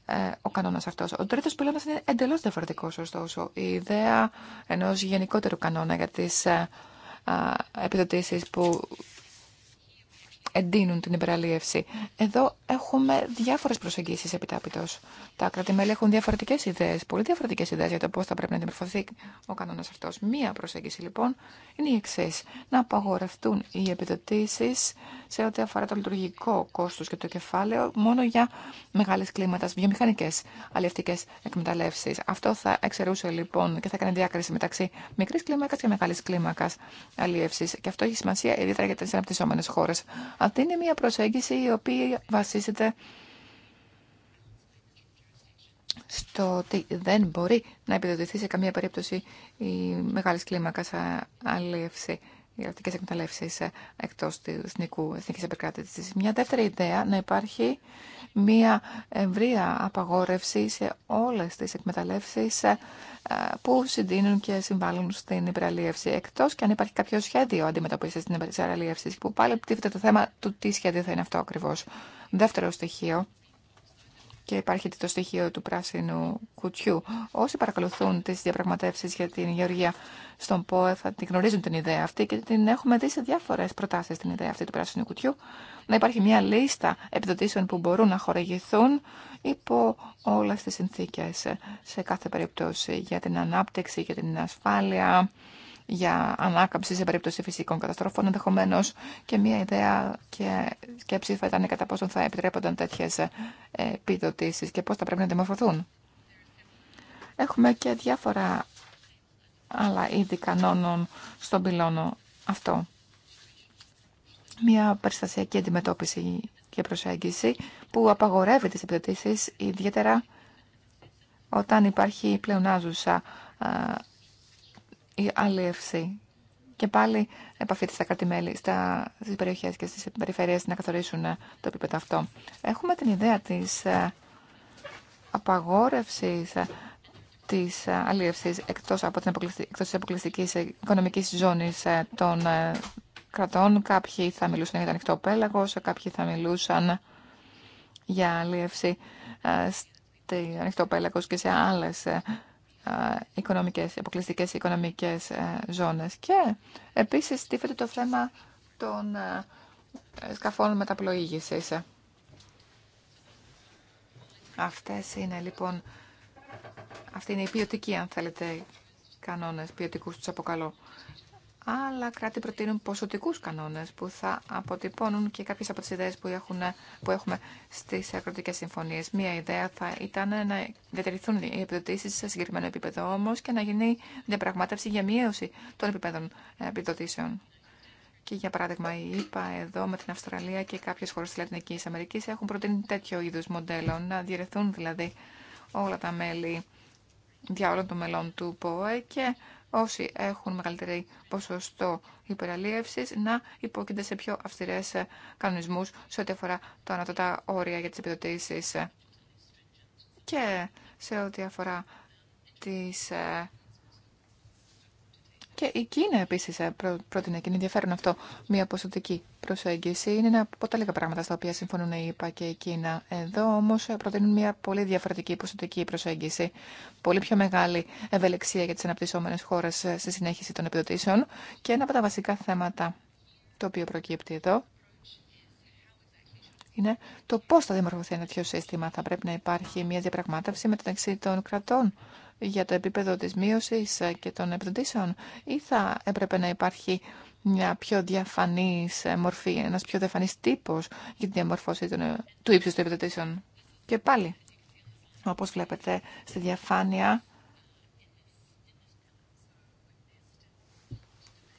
ε, ο κανόνα αυτό. Ο τρίτο πυλώνα είναι εντελώ διαφορετικό, ωστόσο. Η ιδέα ενό γενικότερου κανόνα για τι ε, επιδοτήσεις που εντείνουν την υπεραλίευση. Εδώ έχουμε διάφορε προσεγγίσει επιτάπητο. Τα κρατημέλη έχουν διαφορετικέ ιδέε, πολύ διαφορετικέ ιδέε για το πώ θα πρέπει να αντιμετωπιστεί ο κανόνα αυτό. Μία προσέγγιση λοιπόν είναι η εξή. Να απαγορευτούν οι επιδοτήσει σε ό,τι αφορά το λειτουργικό κόστο και το κεφάλαιο μόνο για μεγάλε κλίματα, βιομηχανικέ αλλιευτικέ εκμεταλλεύσει. Αυτό θα εξαιρούσε λοιπόν και θα κάνει διάκριση μεταξύ μικρή κλίμακα και μεγάλη κλίμακα αλλιεύση. Και αυτό έχει σημασία ιδιαίτερα για τι αναπτυσσόμενε χώρε. Αυτή είναι μια προσέγγιση η οποία βασίζεται στο ότι δεν μπορεί να επιδοτηθεί σε καμία περίπτωση η μεγάλη κλίμακα αλλιεύση γραφτικέ εκμεταλλεύσει ε, εκτό του εθνικού εθνική επικράτηση. Μια δεύτερη ιδέα να υπάρχει μια ευρεία απαγόρευση σε όλε τι εκμεταλλεύσει ε, που συντείνουν και συμβάλλουν στην υπεραλίευση. Εκτό και αν υπάρχει κάποιο σχέδιο αντιμετωπίση τη υπεραλίευση, που πάλι πτύφεται το θέμα του τι σχέδιο θα είναι αυτό ακριβώ. Δεύτερο στοιχείο και υπάρχει το στοιχείο του πράσινου κουτιού. Όσοι παρακολουθούν τι διαπραγματεύσει για την Γεωργία στον ΠΟΕ θα την γνωρίζουν την ιδέα αυτή και την έχουμε δει σε διάφορες προτάσεις την ιδέα αυτή του πράσινου κουτιού. Να υπάρχει μια λίστα επιδοτήσεων που μπορούν να χορηγηθούν υπό όλε τις συνθήκες σε κάθε περίπτωση για την ανάπτυξη, για την ασφάλεια, για ανάκαμψη σε περίπτωση φυσικών καταστροφών, ενδεχομένω και μια ιδέα και σκέψη θα ήταν κατά πόσο θα επιτρέπονταν τέτοιε επιδοτήσει και πώ θα πρέπει να δημορφωθούν. Έχουμε και διάφορα άλλα είδη κανόνων στον πυλώνο αυτό. Μια περιστασιακή αντιμετώπιση και προσέγγιση που απαγορεύει τις επιδοτήσεις ιδιαίτερα όταν υπάρχει πλεονάζουσα ε, η αλίευση. Και πάλι επαφείται στα κρατημέλη, στα, στις περιοχές και στις περιφέρειες να καθορίσουν ε, το επίπεδο αυτό. Έχουμε την ιδέα της ε, απαγόρευσης ε, της αλίευσης εκτός, από την αποκλειστική, οικονομική της αποκλειστικής ζώνης των κρατών. Κάποιοι θα μιλούσαν για το ανοιχτό πέλαγος, κάποιοι θα μιλούσαν για αλλιεύση στο ανοιχτό πέλαγος και σε άλλες ε, οικονομικές, αποκλειστικές οικονομικές ε, ζώνες. Και επίσης τίθεται το θέμα των ε, σκαφών μεταπλοήγησης. Αυτές είναι λοιπόν, αυτή είναι η ποιοτική αν θέλετε κανόνες, ποιοτικούς τους αποκαλώ. Άλλα κράτη προτείνουν ποσοτικούς κανόνες που θα αποτυπώνουν και κάποιες από τις ιδέες που, έχουμε στις ακροτικές συμφωνίες. Μία ιδέα θα ήταν να διατηρηθούν οι επιδοτήσει σε συγκεκριμένο επίπεδο όμως και να γίνει διαπραγμάτευση για μείωση των επίπεδων επιδοτήσεων. Και για παράδειγμα, η εδώ με την Αυστραλία και κάποιε χώρε τη Λατινική Αμερική έχουν προτείνει τέτοιο είδου μοντέλο, να διαιρεθούν δηλαδή όλα τα μέλη για όλων των μελών του ΠΟΕ και όσοι έχουν μεγαλύτερη ποσοστό υπεραλίευσης να υπόκεινται σε πιο αυστηρές κανονισμούς σε ό,τι αφορά τα ανατοτά όρια για τις επιδοτήσεις και σε ό,τι αφορά τις ε, και η Κίνα επίση ε, πρότεινε και είναι ενδιαφέρον αυτό μια ποσοτική προσέγγιση. Είναι ένα από τα λίγα πράγματα στα οποία συμφωνούν η ΕΠΑ και η Κίνα. Εδώ όμω ε, προτείνουν μια πολύ διαφορετική ποσοτική προσέγγιση. Πολύ πιο μεγάλη ευελεξία για τι αναπτυσσόμενε χώρε ε, στη συνέχιση των επιδοτήσεων. Και ένα από τα βασικά θέματα το οποίο προκύπτει εδώ είναι το πώ θα δημορφωθεί ένα τέτοιο σύστημα. Θα πρέπει να υπάρχει μια διαπραγμάτευση μεταξύ των κρατών για το επίπεδο της μείωσης ε, και των επενδύσεων ή θα έπρεπε να υπάρχει μια πιο διαφανής ε, μορφή, ένας πιο διαφανής τύπος για τη διαμορφώση ε, του ύψους των επιδοτήσεων. Και πάλι, όπως βλέπετε στη διαφάνεια,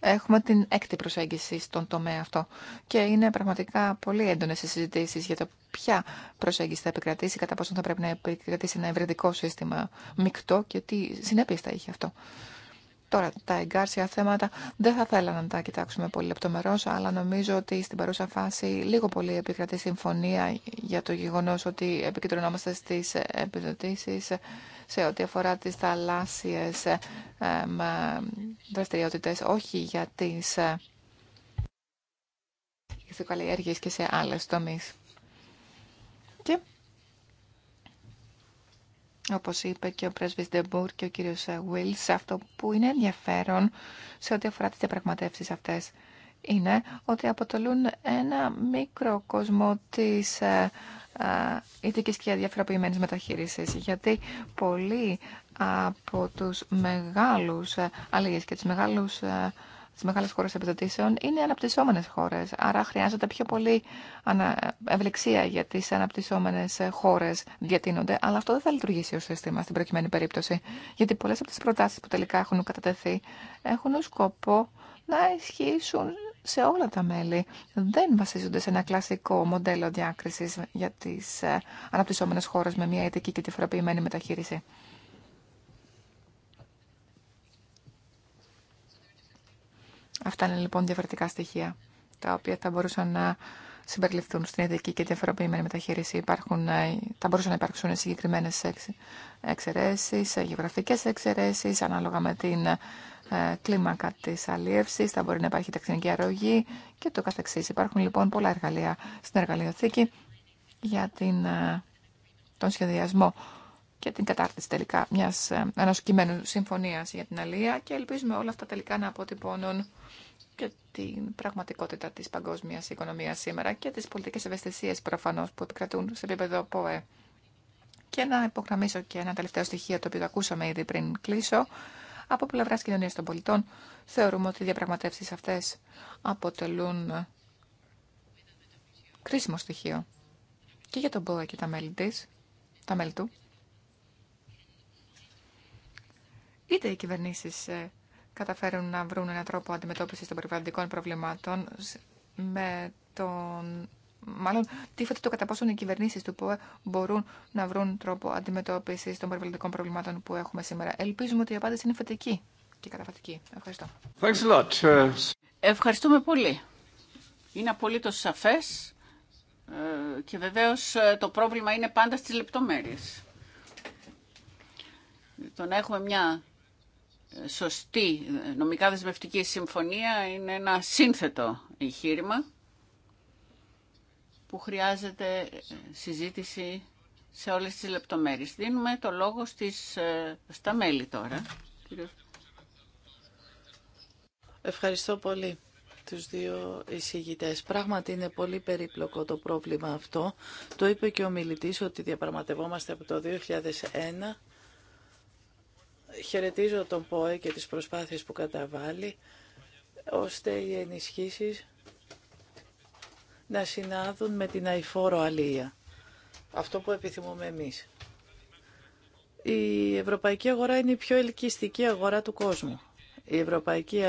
έχουμε την έκτη προσέγγιση στον τομέα αυτό. Και είναι πραγματικά πολύ έντονες οι συζητήσεις για το ποια προσέγγιση θα επικρατήσει, κατά πόσο θα πρέπει να επικρατήσει ένα ευρετικό σύστημα μεικτό και τι συνέπειες θα έχει αυτό Τώρα, τα εγκάρσια θέματα δεν θα θέλαμε να τα κοιτάξουμε πολύ λεπτομερώς, αλλά νομίζω ότι στην παρούσα φάση λίγο πολύ επικρατεί συμφωνία για το γεγονός ότι επικεντρωνόμαστε στις επιδοτήσει σε ό,τι αφορά τις θαλάσσιες δραστηριότητες, όχι για τις καλλιέργειες και σε άλλες τομείς. όπως είπε και ο πρέσβης Ντεμπούρ και ο κύριος ε, Βίλς, αυτό που είναι ενδιαφέρον σε ό,τι αφορά τις διαπραγματεύσεις αυτές είναι ότι αποτελούν ένα μικρό κόσμο της ειδικής ε, και διαφοροποιημένης μεταχείρισης, γιατί πολλοί από τους μεγάλους ε, αλληλείς και τους μεγάλους τις μεγάλε χώρε επιδοτήσεων είναι αναπτυσσόμενε χώρε. Άρα χρειάζεται πιο πολύ ευλεξία για τι αναπτυσσόμενε χώρε διατείνονται. Αλλά αυτό δεν θα λειτουργήσει ω σύστημα στην προκειμένη περίπτωση. Γιατί πολλέ από τι προτάσει που τελικά έχουν κατατεθεί έχουν σκοπό να ισχύσουν σε όλα τα μέλη. Δεν βασίζονται σε ένα κλασικό μοντέλο διάκριση για τι ε, αναπτυσσόμενε χώρε με μια ειδική και διαφοροποιημένη μεταχείριση. Αυτά είναι λοιπόν διαφορετικά στοιχεία, τα οποία θα μπορούσαν να συμπεριληφθούν στην ειδική και διαφοροποιημένη μεταχείριση. Υπάρχουν, ε, θα μπορούσαν να υπάρξουν συγκεκριμένε εξαιρέσει, ε, γεωγραφικέ εξαιρέσει, ανάλογα με την ε, κλίμακα τη αλίευση, θα μπορεί να υπάρχει ταξινική αρρωγή και το καθεξή. Υπάρχουν λοιπόν πολλά εργαλεία στην εργαλειοθήκη για τον σχεδιασμό και την κατάρτιση τελικά μιας, ε, ενός κειμένου συμφωνίας για την αλία και ελπίζουμε όλα αυτά τελικά να αποτυπώνουν και την πραγματικότητα της παγκόσμιας οικονομίας σήμερα και τις πολιτικές ευαισθησίες προφανώς που επικρατούν σε επίπεδο ΠΟΕ. Και να υπογραμμίσω και ένα τελευταίο στοιχείο το οποίο το ακούσαμε ήδη πριν κλείσω. Από πλευρά κοινωνία των πολιτών θεωρούμε ότι οι διαπραγματεύσεις αυτές αποτελούν κρίσιμο στοιχείο και για τον ΠΟΕ και τα μέλη τα μέλη του είτε οι κυβερνήσει ε, καταφέρουν να βρουν έναν τρόπο αντιμετώπιση των περιβαλλοντικών προβλημάτων με τον. Μάλλον τίθεται το κατά πόσο οι κυβερνήσει του ΠΟΕ μπορούν να βρουν τρόπο αντιμετώπιση των περιβαλλοντικών προβλημάτων που έχουμε σήμερα. Ελπίζουμε ότι η απάντηση είναι φετική και καταφατική. Ευχαριστώ. Ε, Ευχαριστούμε πολύ. Είναι απολύτω σαφέ ε, και βεβαίω το πρόβλημα είναι πάντα στι λεπτομέρειε. Το να έχουμε μια σωστή νομικά δεσμευτική συμφωνία είναι ένα σύνθετο εγχείρημα που χρειάζεται συζήτηση σε όλες τις λεπτομέρειες. Δίνουμε το λόγο στις, ε, στα μέλη τώρα. Ευχαριστώ πολύ τους δύο εισηγητές. Πράγματι είναι πολύ περίπλοκο το πρόβλημα αυτό. Το είπε και ο μιλητής ότι διαπραγματευόμαστε από το 2001 Χαιρετίζω τον ΠΟΕ και τις προσπάθειες που καταβάλει, ώστε οι ενισχύσεις να συνάδουν με την αηφόρο αλία. Αυτό που επιθυμούμε εμείς. Η ευρωπαϊκή αγορά είναι η πιο ελκυστική αγορά του κόσμου. Η ευρωπαϊκή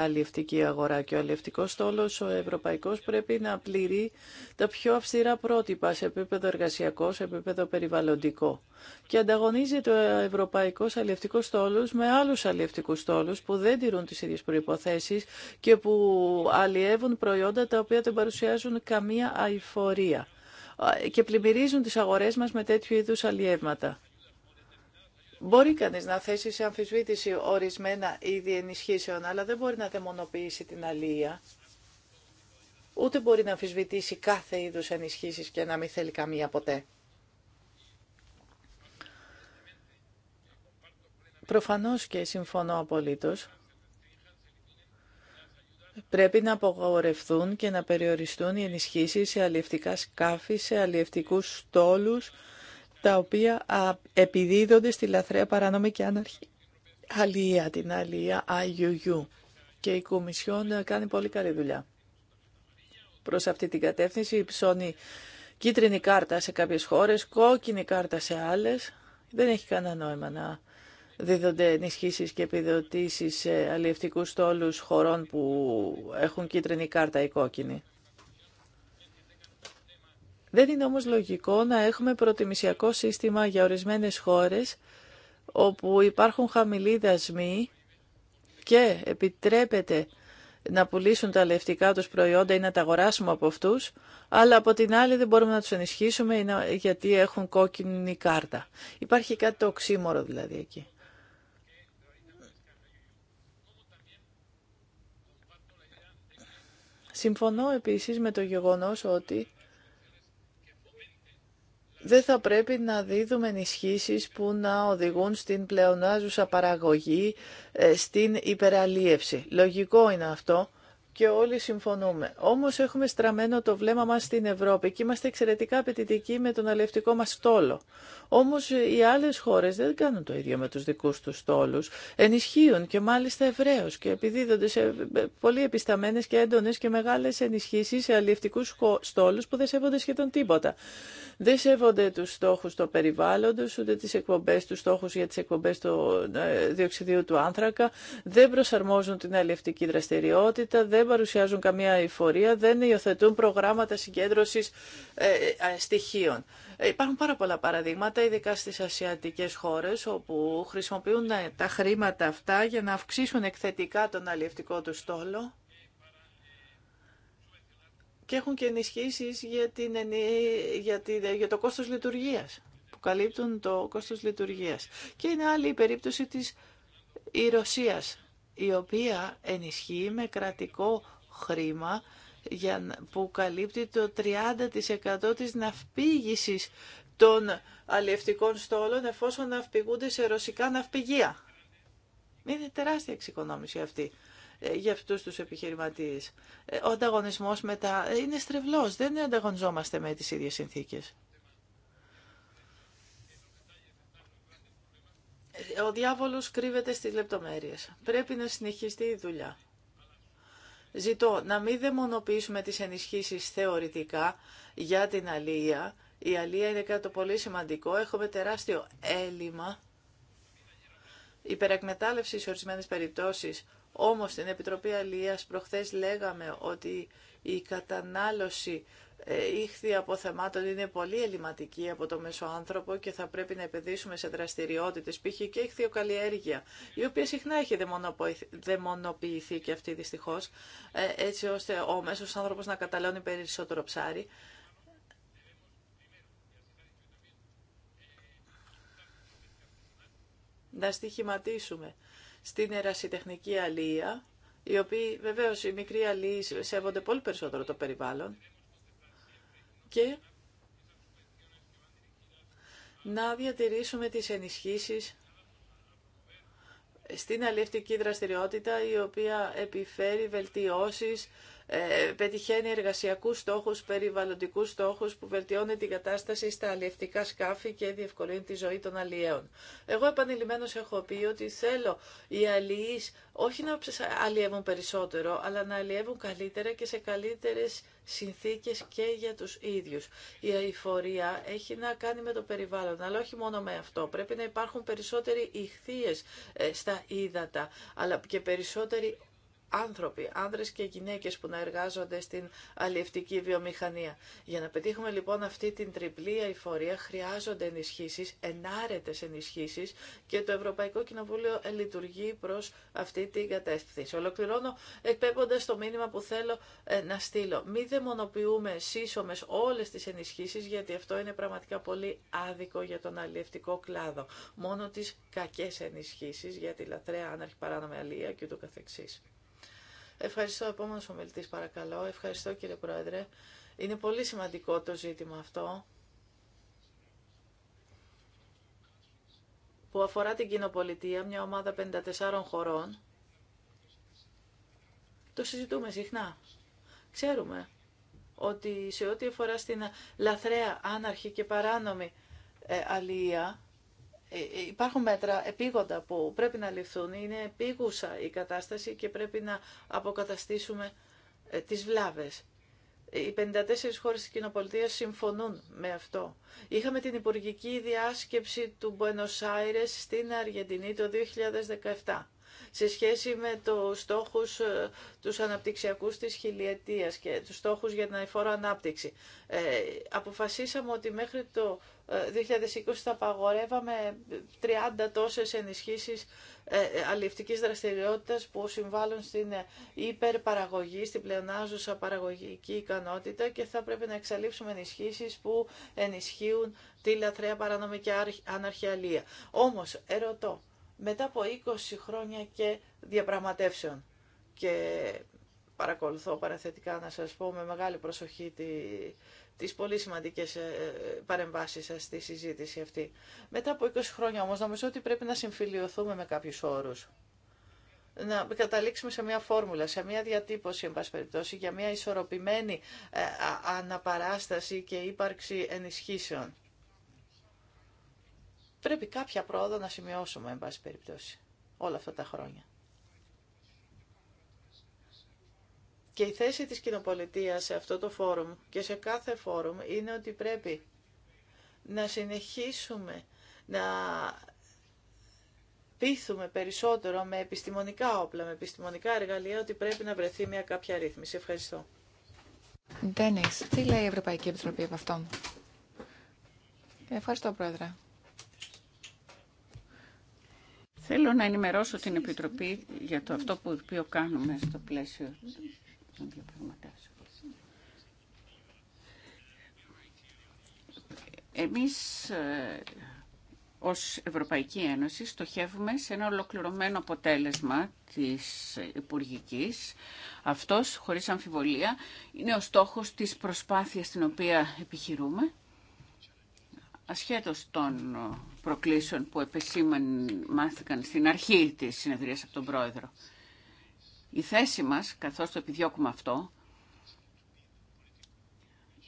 αλληλευτική αγορά και ο αλλιευτικός στόλος, ο ευρωπαϊκός πρέπει να πληρεί τα πιο αυστηρά πρότυπα σε επίπεδο εργασιακό, σε επίπεδο περιβαλλοντικό. Και ανταγωνίζεται ο ευρωπαϊκό αλλιευτικό στόλο με άλλου αλληλευτικού στόλου που δεν τηρούν τι ίδιε προποθέσει και που αλλιεύουν προϊόντα τα οποία δεν παρουσιάζουν καμία αηφορία ε, και πλημμυρίζουν τις αγορές μας με τέτοιου είδους αλλιεύματα. Μπορεί κανείς να θέσει σε αμφισβήτηση ορισμένα είδη ενισχύσεων, αλλά δεν μπορεί να δαιμονοποιήσει την αλληλεία. Ούτε μπορεί να αμφισβητήσει κάθε είδους ενισχύσεις και να μην θέλει καμία ποτέ. Προφανώς και συμφωνώ απολύτως. Πρέπει να απογορευτούν και να περιοριστούν οι ενισχύσεις σε αλλιευτικά σκάφη, σε αλλιευτικούς στόλους, τα οποία επιδίδονται στη λαθρέα παράνομη και άναρχη αλία, την αλία IUU. Και η Κομισιόν ε, κάνει πολύ καλή δουλειά. Προς αυτή την κατεύθυνση ψώνει κίτρινη κάρτα σε κάποιες χώρες, κόκκινη κάρτα σε άλλες. Δεν έχει κανένα νόημα να δίδονται ενισχύσει και επιδοτήσεις σε αλλιευτικούς στόλους χωρών που έχουν κίτρινη κάρτα ή κόκκινη. Δεν είναι όμως λογικό να έχουμε προτιμησιακό σύστημα για ορισμένες χώρες όπου υπάρχουν χαμηλοί δασμοί και επιτρέπεται να πουλήσουν τα λευτικά τους προϊόντα ή να τα αγοράσουμε από αυτούς, αλλά από την άλλη δεν μπορούμε να τους ενισχύσουμε γιατί έχουν κόκκινη κάρτα. Υπάρχει κάτι το οξύμορο δηλαδή εκεί. Συμφωνώ επίσης με το γεγονός ότι δεν θα πρέπει να δίδουμε ενισχύσεις που να οδηγούν στην πλεονάζουσα παραγωγή, ε, στην υπεραλίευση. Λογικό είναι αυτό και όλοι συμφωνούμε. Όμως έχουμε στραμμένο το βλέμμα μας στην Ευρώπη και είμαστε εξαιρετικά απαιτητικοί με τον αλευτικό μας στόλο. Όμως οι άλλες χώρες δεν κάνουν το ίδιο με τους δικούς τους στόλους. Ενισχύουν και μάλιστα ευρέως και επιδίδονται σε πολύ επισταμένες και έντονες και μεγάλες ενισχύσεις σε αλευτικούς στόλους που δεν σέβονται σχεδόν τίποτα. Δεν σέβονται τους στόχους του περιβάλλοντος, ούτε τις εκπομπές, τους στόχους για τις εκπομπές του ε, διοξιδίου του άνθρακα, δεν προσαρμόζουν την αλληλευτική δραστηριότητα, παρουσιάζουν καμία εφορία, δεν υιοθετούν προγράμματα συγκέντρωσης ε, ε, στοιχείων. Ε, υπάρχουν πάρα πολλά παραδείγματα, ειδικά στις ασιατικές χώρες, όπου χρησιμοποιούν τα χρήματα αυτά για να αυξήσουν εκθετικά τον αλλιευτικό του στόλο και έχουν και ενισχύσεις για, την, για, για το κόστος λειτουργίας, που καλύπτουν το κόστος λειτουργίας. Και είναι άλλη η περίπτωση της η οποία ενισχύει με κρατικό χρήμα για, που καλύπτει το 30% της ναυπήγησης των αλλιευτικών στόλων εφόσον ναυπηγούνται σε ρωσικά ναυπηγεία. Είναι τεράστια εξοικονόμηση αυτή ε, για αυτούς τους επιχειρηματίες. Ε, ο ανταγωνισμός μετά είναι στρεβλός, δεν ανταγωνιζόμαστε με τις ίδιες συνθήκες. ο διάβολος κρύβεται στις λεπτομέρειες. Πρέπει να συνεχιστεί η δουλειά. Ζητώ να μην δαιμονοποιήσουμε τις ενισχύσεις θεωρητικά για την αλία. Η αλία είναι κάτι το πολύ σημαντικό. Έχουμε τεράστιο έλλειμμα υπερακμετάλλευση σε ορισμένε περιπτώσεις. Όμως στην Επιτροπή Αλίας προχθές λέγαμε ότι η κατανάλωση ήχθη από θεμάτων είναι πολύ ελληματική από το μέσο άνθρωπο και θα πρέπει να επενδύσουμε σε δραστηριότητες, π.χ. και ηχθειοκαλλιέργεια, η οποία συχνά έχει δαιμονοποιηθεί και αυτή δυστυχώς, ε, έτσι ώστε ο μέσο άνθρωπο να καταλώνει περισσότερο ψάρι. Να στοιχηματίσουμε στην ερασιτεχνική αλία, οι οποίοι βεβαίως οι μικροί αλίοι σέβονται πολύ περισσότερο το περιβάλλον, και να διατηρήσουμε τις ενισχύσεις στην αλληλευτική δραστηριότητα η οποία επιφέρει βελτιώσεις ε, πετυχαίνει εργασιακούς στόχους, περιβαλλοντικούς στόχους που βελτιώνει την κατάσταση στα αλλιευτικά σκάφη και διευκολύνει τη ζωή των αλλιέων. Εγώ επανειλημμένως έχω πει ότι θέλω οι αλλιείς όχι να αλλιεύουν περισσότερο, αλλά να αλλιεύουν καλύτερα και σε καλύτερες συνθήκες και για τους ίδιους. Η αηφορία έχει να κάνει με το περιβάλλον, αλλά όχι μόνο με αυτό. Πρέπει να υπάρχουν περισσότεροι ηχθείες ε, στα ύδατα, αλλά και περισσότεροι άνθρωποι, άνδρες και γυναίκες που να εργάζονται στην αλλιευτική βιομηχανία. Για να πετύχουμε λοιπόν αυτή την τριπλή αηφορία χρειάζονται ενισχύσεις, ενάρετες ενισχύσεις και το Ευρωπαϊκό Κοινοβούλιο λειτουργεί προς αυτή την κατεύθυνση. Ολοκληρώνω εκπέμποντας το μήνυμα που θέλω ε, να στείλω. Μη δαιμονοποιούμε σύσσωμες όλες τις ενισχύσεις γιατί αυτό είναι πραγματικά πολύ άδικο για τον αλλιευτικό κλάδο. Μόνο τις κακές ενισχύσεις για τη λαθρέα άναρχη παράνομη αλληλεία και ούτω καθεξής. Ευχαριστώ, επόμενο ομιλητή, παρακαλώ. Ευχαριστώ, κύριε Πρόεδρε. Είναι πολύ σημαντικό το ζήτημα αυτό. που αφορά την κοινοπολιτεία, μια ομάδα 54 χωρών, το συζητούμε συχνά. Ξέρουμε ότι σε ό,τι αφορά στην λαθρέα, άναρχη και παράνομη ε, ε, ε, υπάρχουν μέτρα επίγοντα που πρέπει να ληφθούν. Είναι επίγουσα η κατάσταση και πρέπει να αποκαταστήσουμε ε, τις βλάβες. Οι 54 χώρες της κοινοπολιτείας συμφωνούν με αυτό. Είχαμε την υπουργική διάσκεψη του Buenos Aires στην Αργεντινή το 2017 σε σχέση με το στόχους ε, τους αναπτυξιακούς της χιλιετίας και τους στόχους για την αηφόρο ανάπτυξη. Ε, αποφασίσαμε ότι μέχρι το 2020 ε, θα απαγορεύαμε 30 τόσες ενισχύσεις ε, αλληλευτικής δραστηριότητας που συμβάλλουν στην υπερπαραγωγή, στην πλεονάζουσα παραγωγική ικανότητα και θα πρέπει να εξαλείψουμε ενισχύσεις που ενισχύουν τη λαθρέα παρανομική αναρχιαλία. Όμως, ερωτώ, μετά από 20 χρόνια και διαπραγματεύσεων. Και παρακολουθώ παραθετικά να σας πω με μεγάλη προσοχή τη, τις πολύ σημαντικές ε, παρεμβάσεις σας στη συζήτηση αυτή. Μετά από 20 χρόνια όμως νομίζω ότι πρέπει να συμφιλειωθούμε με κάποιους όρους. Να καταλήξουμε σε μια φόρμουλα, σε μια διατύπωση, εν πάση περιπτώσει, για μια ισορροπημένη ε, αναπαράσταση και ύπαρξη ενισχύσεων. Πρέπει κάποια πρόοδο να σημειώσουμε, εν πάση περιπτώσει, όλα αυτά τα χρόνια. Και η θέση της κοινοπολιτείας σε αυτό το φόρουμ και σε κάθε φόρουμ είναι ότι πρέπει να συνεχίσουμε να πείθουμε περισσότερο με επιστημονικά όπλα, με επιστημονικά εργαλεία ότι πρέπει να βρεθεί μια κάποια ρύθμιση. Ευχαριστώ. τι λέει η Ευρωπαϊκή Επιτροπή από αυτόν? Ευχαριστώ, Πρόεδρε. Θέλω να ενημερώσω την Επιτροπή για το αυτό που οποίο κάνουμε στο πλαίσιο των διαπραγματεύσεων. Εμείς ε, ως Ευρωπαϊκή Ένωση στοχεύουμε σε ένα ολοκληρωμένο αποτέλεσμα της υπουργική. Αυτός, χωρίς αμφιβολία, είναι ο στόχος της προσπάθειας την οποία επιχειρούμε, ασχέτως των προκλήσεων που μάθηκαν στην αρχή της συνεδρίας από τον Πρόεδρο. Η θέση μας, καθώς το επιδιώκουμε αυτό,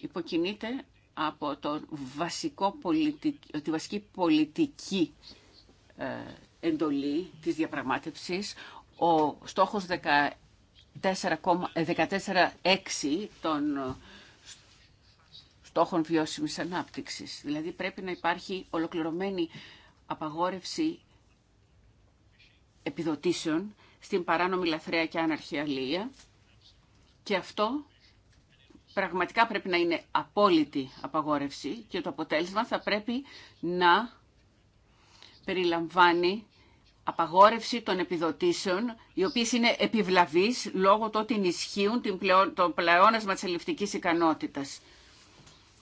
υποκινείται από το βασικό πολιτικ... τη βασική πολιτική ε, εντολή της διαπραγμάτευσης. Ο στόχος 14,6 ε, των στόχων βιώσιμης ανάπτυξης. Δηλαδή πρέπει να υπάρχει ολοκληρωμένη απαγόρευση επιδοτήσεων στην παράνομη λαθρέα και άναρχη αλληλεία και αυτό πραγματικά πρέπει να είναι απόλυτη απαγόρευση και το αποτέλεσμα θα πρέπει να περιλαμβάνει απαγόρευση των επιδοτήσεων, οι οποίες είναι επιβλαβείς λόγω του ότι ενισχύουν το πλεόνασμα της ικανότητας.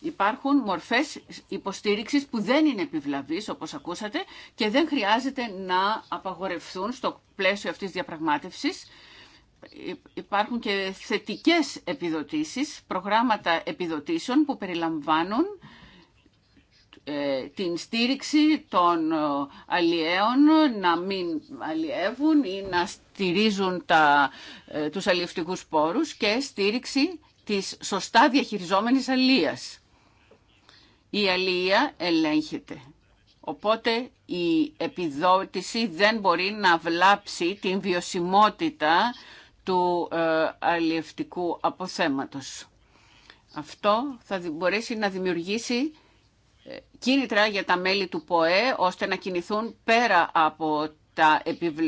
Υπάρχουν μορφές υποστήριξης που δεν είναι επιβλαβείς, όπως ακούσατε, και δεν χρειάζεται να απαγορευθούν στο πλαίσιο αυτής της διαπραγμάτευσης. Υπάρχουν και θετικές επιδοτήσεις, προγράμματα επιδοτήσεων που περιλαμβάνουν ε, την στήριξη των ε, αλλιέων να μην αλλιεύουν ή να στηρίζουν τα, ε, τους αλλιευτικούς πόρους και στήριξη της σωστά διαχειριζόμενης αλλίας η αλληλεία ελέγχεται. Οπότε η επιδότηση δεν μπορεί να βλάψει την βιωσιμότητα του ε, αλληλευτικού αποθέματος. Αυτό θα μπορέσει να δημιουργήσει ε, κίνητρα για τα μέλη του ΠΟΕ ώστε να κινηθούν πέρα από τα,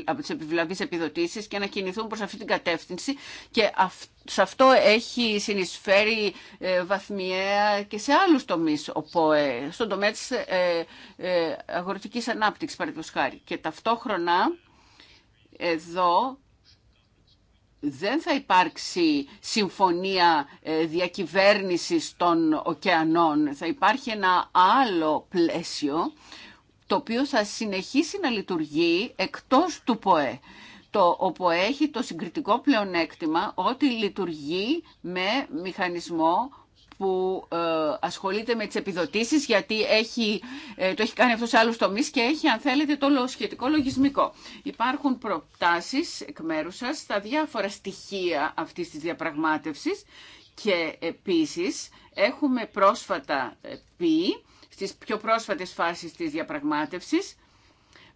από τις επιβλαβείς επιδοτήσεις και να κινηθούν προς αυτή την κατεύθυνση και σε αυτό έχει συνεισφέρει ε, βαθμιαία και σε άλλους τομείς στον τομέα της ε, ε, αγροτικής ανάπτυξης παραδείγματος χάρη. Και ταυτόχρονα εδώ δεν θα υπάρξει συμφωνία διακυβέρνησης των ωκεανών. Θα υπάρχει ένα άλλο πλαίσιο το οποίο θα συνεχίσει να λειτουργεί εκτός του ΠΟΕ. Το οποίο έχει το συγκριτικό πλεονέκτημα ότι λειτουργεί με μηχανισμό που ε, ασχολείται με τις επιδοτήσεις γιατί έχει, ε, το έχει κάνει αυτό σε άλλους τομείς και έχει αν θέλετε το σχετικό λογισμικό. Υπάρχουν προτάσεις εκ μέρους σας στα διάφορα στοιχεία αυτής της διαπραγμάτευσης και επίσης έχουμε πρόσφατα πει στις πιο πρόσφατες φάσεις της διαπραγμάτευσης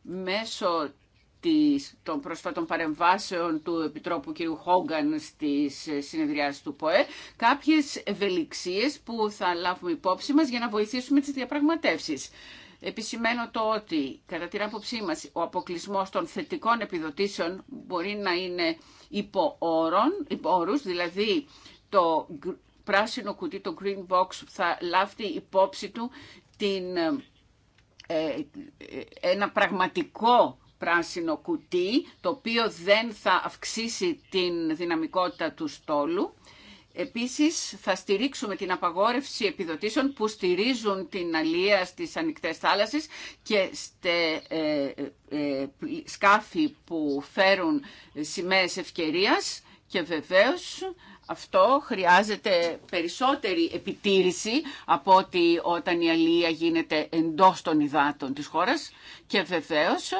μέσω της, των πρόσφατων παρεμβάσεων του Επιτρόπου κ. Χόγκαν στις συνεδριάσεις του ΠΟΕ κάποιες ευελιξίες που θα λάβουμε υπόψη μας για να βοηθήσουμε τις διαπραγματεύσεις. Επισημαίνω το ότι, κατά την άποψή μας, ο αποκλεισμό των θετικών επιδοτήσεων μπορεί να είναι υπό, όρων, υπό όρους, δηλαδή το πράσινο κουτί, το green box, θα λάβει υπόψη του την, ε, ε, ένα πραγματικό πράσινο κουτί, το οποίο δεν θα αυξήσει την δυναμικότητα του στόλου. Επίσης, θα στηρίξουμε την απαγόρευση επιδοτήσεων που στηρίζουν την αλία στις ανοιχτές θάλασσες και στε, ε, ε σκάφη που φέρουν σημαίες ευκαιρίας και βεβαίως αυτό χρειάζεται περισσότερη επιτήρηση από ότι όταν η αλληλεία γίνεται εντός των υδάτων της χώρας και βεβαίως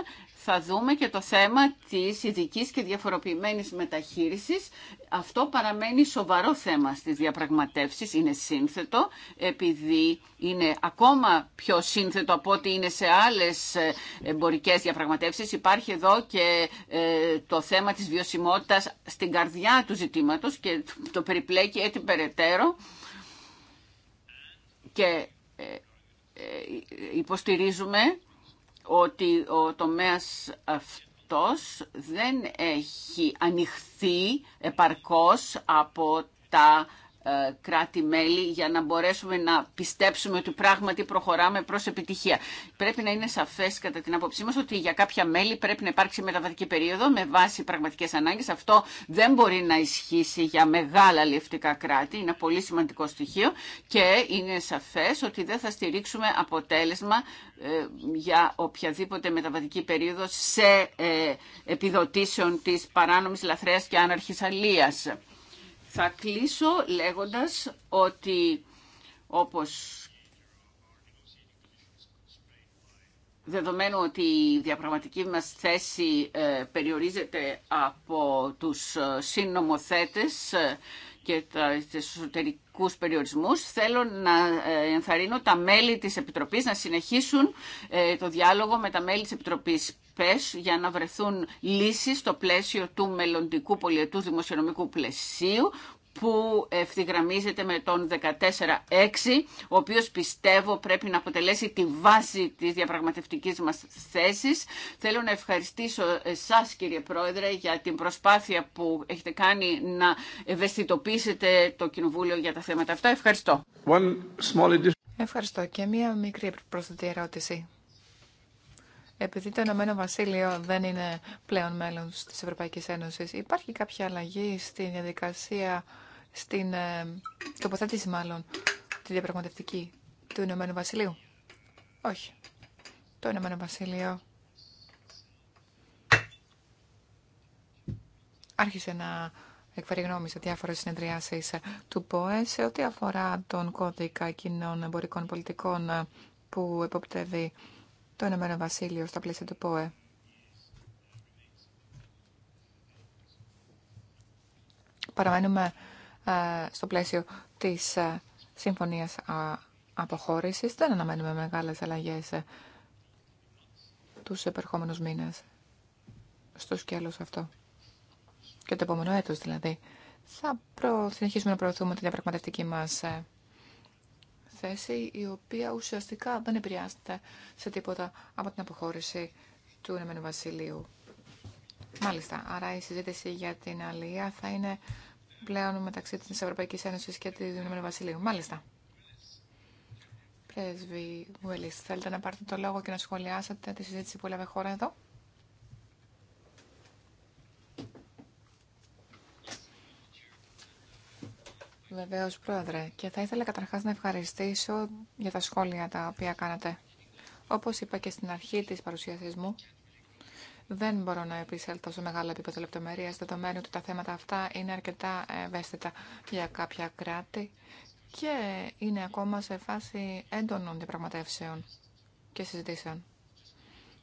θα δούμε και το θέμα της ειδική και διαφοροποιημένης μεταχείρισης. Αυτό παραμένει σοβαρό θέμα στις διαπραγματεύσεις, είναι σύνθετο, επειδή είναι ακόμα πιο σύνθετο από ό,τι είναι σε άλλες εμπορικές διαπραγματεύσεις. Υπάρχει εδώ και ε, το θέμα της βιωσιμότητας στην καρδιά του ζητήματος και το περιπλέκει έτσι περαιτέρω. Και ε, ε, υποστηρίζουμε ότι ο τομέας αυτός δεν έχει ανοιχθεί επαρκώς από τα ε, κράτη-μέλη για να μπορέσουμε να πιστέψουμε ότι πράγματι προχωράμε προς επιτυχία. Πρέπει να είναι σαφές κατά την άποψή μας ότι για κάποια μέλη πρέπει να υπάρξει μεταβατική περίοδο με βάση πραγματικές ανάγκες. Αυτό δεν μπορεί να ισχύσει για μεγάλα λευτικά κράτη. Είναι πολύ σημαντικό στοιχείο και είναι σαφές ότι δεν θα στηρίξουμε αποτέλεσμα ε, για οποιαδήποτε μεταβατική περίοδο σε ε, επιδοτήσεων της παράνομης λαθρέας και άναρχης αλίας. Θα κλείσω λέγοντας ότι όπως δεδομένου ότι η διαπραγματική μας θέση ε, περιορίζεται από τους ε, συνομοθέτες ε, και τους εσωτερικούς περιορισμούς, θέλω να ενθαρρύνω τα μέλη της Επιτροπής να συνεχίσουν το διάλογο με τα μέλη της Επιτροπής για να βρεθούν λύσεις στο πλαίσιο του μελλοντικού πολιετού δημοσιονομικού πλαισίου που ευθυγραμμίζεται με τον 14-6, ο οποίος πιστεύω πρέπει να αποτελέσει τη βάση της διαπραγματευτικής μας θέσης. Θέλω να ευχαριστήσω εσάς κύριε Πρόεδρε για την προσπάθεια που έχετε κάνει να ευαισθητοποιήσετε το Κοινοβούλιο για τα θέματα αυτά. Ευχαριστώ. Ευχαριστώ και μία μικρή πρόσθετη ερώτηση επειδή το Ηνωμένο Βασίλειο δεν είναι πλέον μέλος της Ευρωπαϊκής Ένωσης, υπάρχει κάποια αλλαγή στην διαδικασία, στην ε, τοποθέτηση μάλλον, τη διαπραγματευτική του Ηνωμένου Βασιλείου. Όχι. Το Ηνωμένο Βασίλειο άρχισε να εκφέρει γνώμη σε διάφορες συνεδριάσεις του ΠΟΕ σε ό,τι αφορά τον κώδικα κοινών εμπορικών πολιτικών που εποπτεύει το Ενωμένο Βασίλειο στα πλαίσια του ΠΟΕ. Παραμένουμε ε, στο πλαίσιο της ε, Συμφωνίας Αποχώρησης. Δεν αναμένουμε μεγάλες αλλαγές ε, τους επερχόμενους μήνες στο σκέλος αυτό. Και το επόμενο έτος δηλαδή. Θα συνεχίσουμε να προωθούμε τη διαπραγματευτική μας θέση η οποία ουσιαστικά δεν επηρεάζεται σε τίποτα από την αποχώρηση του Ηνωμένου Βασιλείου. Μάλιστα, άρα η συζήτηση για την Αλία θα είναι πλέον μεταξύ της Ευρωπαϊκής Ένωσης και του Ηνωμένου Βασιλείου. Μάλιστα. Πρέσβη Βουελής, θέλετε να πάρετε το λόγο και να σχολιάσετε τη συζήτηση που έλαβε χώρα εδώ. Βεβαίω, Πρόεδρε. Και θα ήθελα καταρχά να ευχαριστήσω για τα σχόλια τα οποία κάνατε. Όπω είπα και στην αρχή τη παρουσίασή μου, δεν μπορώ να επισέλθω σε μεγάλο επίπεδο λεπτομερία, δεδομένου ότι τα θέματα αυτά είναι αρκετά ευαίσθητα για κάποια κράτη και είναι ακόμα σε φάση έντονων διαπραγματεύσεων και συζητήσεων.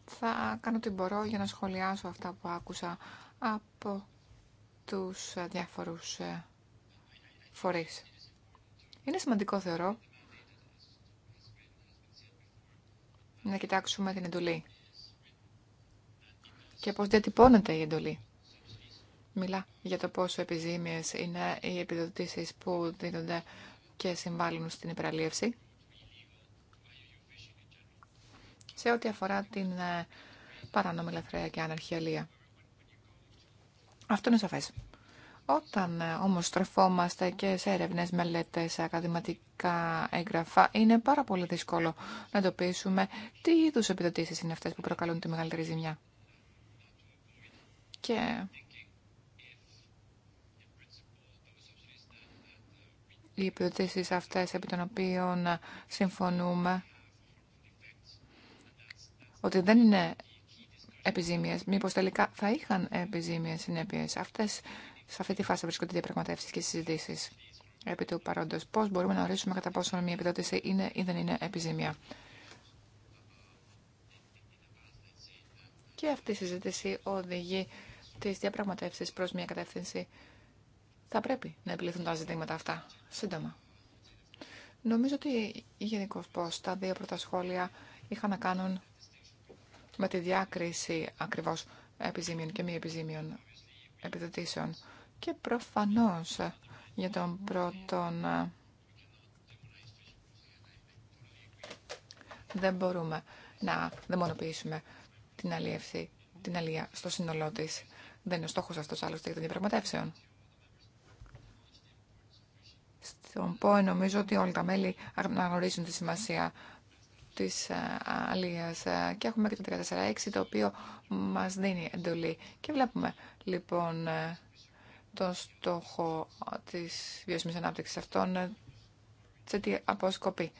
Θα κάνω ό,τι μπορώ για να σχολιάσω αυτά που άκουσα από τους διάφορους ε, φορείς. Είναι σημαντικό, θεωρώ, να κοιτάξουμε την εντολή και πώς διατυπώνεται η εντολή. Μιλά για το πόσο επιζήμιες είναι οι επιδοτήσεις που δίνονται και συμβάλλουν στην υπεραλίευση. Σε ό,τι αφορά την ε, παράνομη ελευθερία και αναρχιαλία. Αυτό είναι σαφές. Όταν ε, όμως στρεφόμαστε και σε έρευνες, μελέτες, ακαδηματικά έγγραφα, είναι πάρα πολύ δύσκολο να εντοπίσουμε τι είδους επιδοτήσεις είναι αυτές που προκαλούν τη μεγαλύτερη ζημιά. Και οι επιδοτήσεις αυτές επί των οποίων συμφωνούμε ότι δεν είναι επιζήμιες, μήπως τελικά θα είχαν επιζήμιες συνέπειες. Αυτές σε αυτή τη φάση βρίσκονται οι διαπραγματεύσει και οι συζητήσει επί του παρόντο. Πώ μπορούμε να ορίσουμε κατά πόσο μια επιδότηση είναι ή δεν είναι επιζήμια. Και αυτή η συζήτηση οδηγεί τι διαπραγματεύσει προ μια κατεύθυνση. Θα πρέπει να επιληθούν τα ζητήματα αυτά σύντομα. Νομίζω ότι γενικώ πώ τα δύο πρώτα σχόλια είχαν να κάνουν με τη διάκριση ακριβώ επιζήμιων και μη επιζήμιων επιδοτήσεων. Και προφανώς για τον πρώτον ε, δεν μπορούμε να δαιμονοποιήσουμε την αλλιεύση, την αλλία στο σύνολό τη. Δεν είναι ο στόχος αυτός άλλωστε για των διαπραγματεύσεων. Στον ΠΟΕ νομίζω ότι όλοι τα μέλη αναγνωρίζουν τη σημασία της ε, αλλίας ε, και έχουμε και το 14 το οποίο μας δίνει εντολή και βλέπουμε λοιπόν τον στόχο της βιώσιμης ανάπτυξης αυτών σε τι αποσκοπεί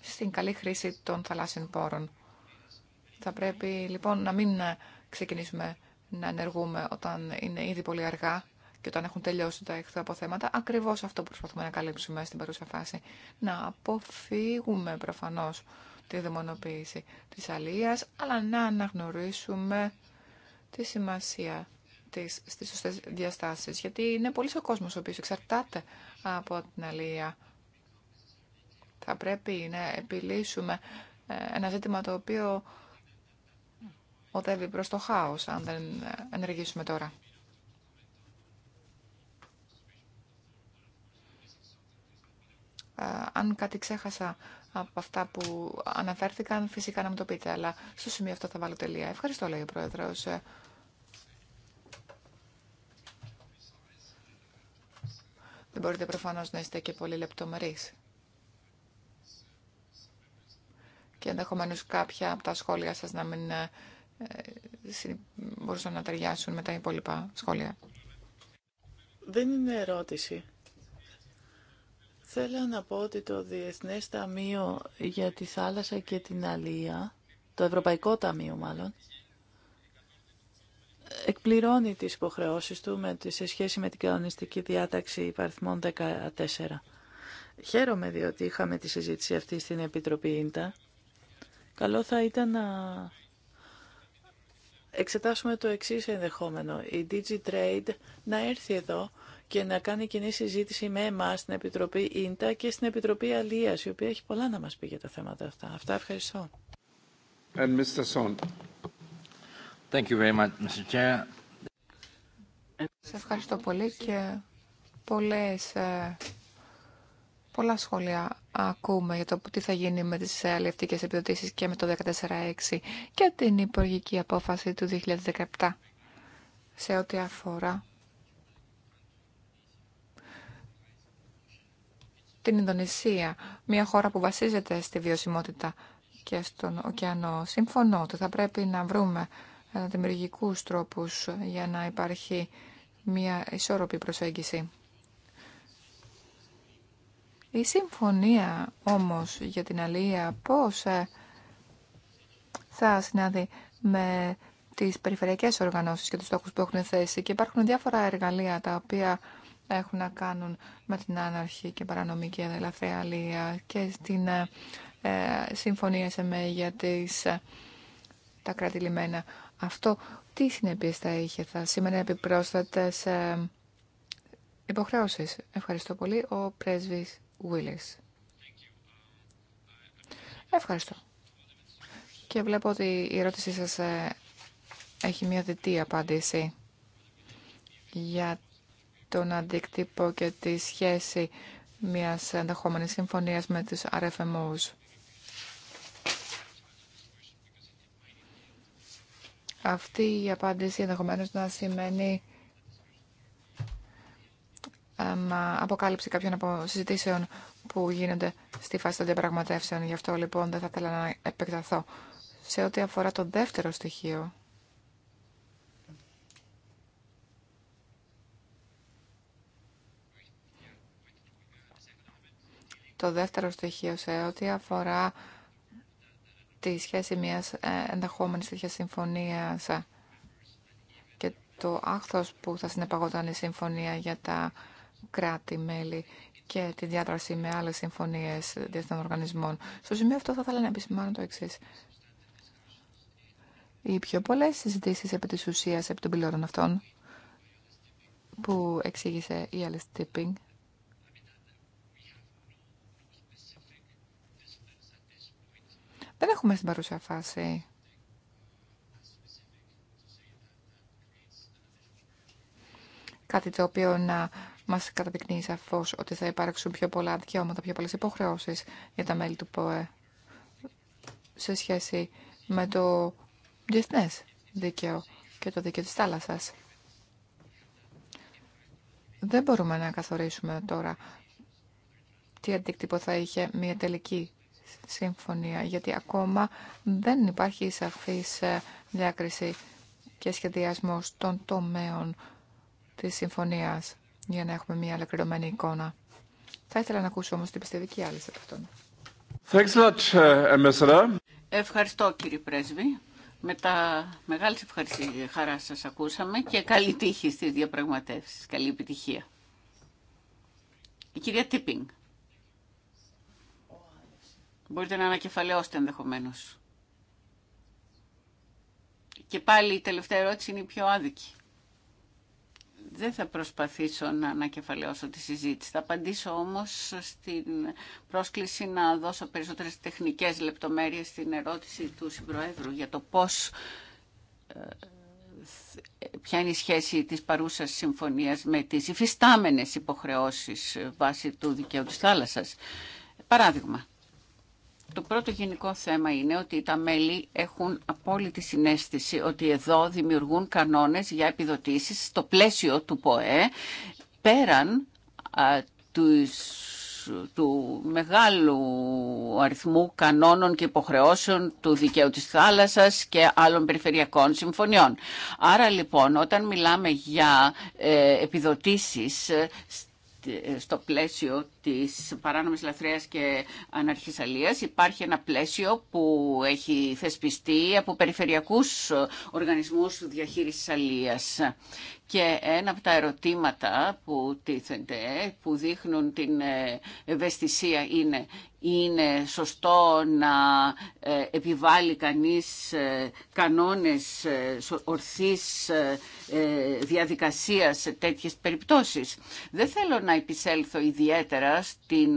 στην καλή χρήση των θαλάσσιων πόρων. Θα πρέπει λοιπόν να μην ε, ξεκινήσουμε να ενεργούμε όταν είναι ήδη πολύ αργά και όταν έχουν τελειώσει τα από θέματα, Ακριβώς αυτό που προσπαθούμε να καλύψουμε στην παρούσα φάση. Να αποφύγουμε προφανώς τη δαιμονοποίηση της αλίας, αλλά να αναγνωρίσουμε τη σημασία τις, στις σωστές διαστάσεις. Γιατί είναι πολύ ο κόσμος ο οποίος εξαρτάται από την αλληλεία. Θα πρέπει να επιλύσουμε ε, ένα ζήτημα το οποίο οδεύει προς το χάος, αν δεν ενεργήσουμε τώρα. Ε, αν κάτι ξέχασα από αυτά που αναφέρθηκαν, φυσικά να μου το πείτε, αλλά στο σημείο αυτό θα βάλω τελεία. Ευχαριστώ, λέει ο Πρόεδρος. Ε, Δεν μπορείτε προφανώς να είστε και πολύ λεπτομερείς. Και ενδεχομένω κάποια από τα σχόλια σας να μην ε, μπορούσαν να ταιριάσουν με τα υπόλοιπα σχόλια. Δεν είναι ερώτηση. Θέλω να πω ότι το Διεθνές Ταμείο για τη Θάλασσα και την Αλία, το Ευρωπαϊκό Ταμείο μάλλον, εκπληρώνει τις υποχρεώσεις του με, σε σχέση με την κανονιστική διάταξη υπαριθμών 14. Χαίρομαι διότι είχαμε τη συζήτηση αυτή στην Επιτροπή Ίντα. Καλό θα ήταν να εξετάσουμε το εξής ενδεχόμενο. Η DigiTrade να έρθει εδώ και να κάνει κοινή συζήτηση με εμά στην Επιτροπή Ίντα και στην Επιτροπή Αλία, η οποία έχει πολλά να μα πει για τα θέματα αυτά. Αυτά ευχαριστώ. Thank ευχαριστώ πολύ και πολλές, ε, πολλά σχόλια ακούμε για το τι θα γίνει με τις αλληλευτικές επιδοτήσεις και με το 14.6 και την υπουργική απόφαση του 2017 σε ό,τι αφορά την Ινδονησία, μια χώρα που βασίζεται στη βιωσιμότητα και στον ωκεανό. Συμφωνώ ότι θα πρέπει να βρούμε δημιουργικού τρόπου για να υπάρχει μια ισόρροπη προσέγγιση. Η συμφωνία όμως για την αλληλεία πώς ε, θα συνάδει με τις περιφερειακές οργανώσεις και τους στόχους που έχουν θέσει και υπάρχουν διάφορα εργαλεία τα οποία έχουν να κάνουν με την άναρχη και παρανομική ελαφρία αλληλεία και στην ε, ε, συμφωνία σε με για τα κρατηλημένα αυτό τι συνέπειες θα είχε, θα σήμαινε επιπρόσθετες ε, υποχρεώσεις. Ευχαριστώ πολύ, ο πρέσβης Βίλης. Ευχαριστώ. Και βλέπω ότι η ερώτησή σας ε, έχει μια διτή απάντηση για τον αντίκτυπο και τη σχέση μιας ενδεχόμενης συμφωνίας με τους RFMOs. Αυτή η απάντηση ενδεχομένω να σημαίνει αποκάλυψη κάποιων από συζητήσεων που γίνονται στη φάση των διαπραγματεύσεων. Γι' αυτό λοιπόν δεν θα ήθελα να επεκταθώ. Σε ό,τι αφορά το δεύτερο στοιχείο, το δεύτερο στοιχείο σε ό,τι αφορά τη σχέση μιας ε, ενδεχόμενης τέτοια συμφωνίας και το άχθος που θα συνεπαγόταν η συμφωνία για τα κράτη-μέλη και τη διάδραση με άλλες συμφωνίες διεθνών οργανισμών. Στο σημείο αυτό θα ήθελα να επισημάνω το εξή. Οι πιο πολλές συζητήσεις επί της ουσίας επί των πιλότων αυτών που εξήγησε η Alice Tipping Δεν έχουμε στην παρούσα φάση κάτι το οποίο να μας καταδεικνύει σαφώ ότι θα υπάρξουν πιο πολλά δικαιώματα, πιο πολλές υποχρεώσεις για τα μέλη του ΠΟΕ σε σχέση με το διεθνέ δίκαιο και το δίκαιο της θάλασσας. Δεν μπορούμε να καθορίσουμε τώρα τι αντίκτυπο θα είχε μια τελική συμφωνία, γιατί ακόμα δεν υπάρχει σαφής ε, διάκριση και σχεδιασμός των τομέων της συμφωνίας για να έχουμε μια ολοκληρωμένη εικόνα. Θα ήθελα να ακούσω όμως την πιστεύει και άλλες από αυτόν. Ε, Ευχαριστώ κύριε Πρέσβη. Με τα μεγάλη χαρά σας ακούσαμε και καλή τύχη στις διαπραγματεύσεις. Καλή επιτυχία. Η κυρία Τίπινγκ. Μπορείτε να ανακεφαλαιώσετε ενδεχομένω. Και πάλι η τελευταία ερώτηση είναι η πιο άδικη. Δεν θα προσπαθήσω να ανακεφαλαιώσω τη συζήτηση. Θα απαντήσω όμως στην πρόσκληση να δώσω περισσότερες τεχνικές λεπτομέρειες στην ερώτηση του Συμπροέδρου για το πώς ε, ποια είναι η σχέση της παρούσας συμφωνίας με τις υφιστάμενες υποχρεώσεις βάσει του δικαίου της θάλασσας. Παράδειγμα, το πρώτο γενικό θέμα είναι ότι τα μέλη έχουν απόλυτη συνέστηση ότι εδώ δημιουργούν κανόνες για επιδοτήσεις στο πλαίσιο του ΠΟΕ πέραν του μεγάλου αριθμού κανόνων και υποχρεώσεων του δικαίου της θάλασσας και άλλων περιφερειακών συμφωνιών. Άρα λοιπόν όταν μιλάμε για ε, επιδοτήσεις στο πλαίσιο της παράνομης λαθρέας και αναρχής Υπάρχει ένα πλαίσιο που έχει θεσπιστεί από περιφερειακούς οργανισμούς διαχείρισης αλίας και ένα από τα ερωτήματα που τίθενται, που δείχνουν την ε, ευαισθησία είναι είναι σωστό να ε, επιβάλλει κανείς ε, κανόνες ορθής διαδικασίας σε τέτοιες περιπτώσεις. Δεν θέλω να επισέλθω ιδιαίτερα στην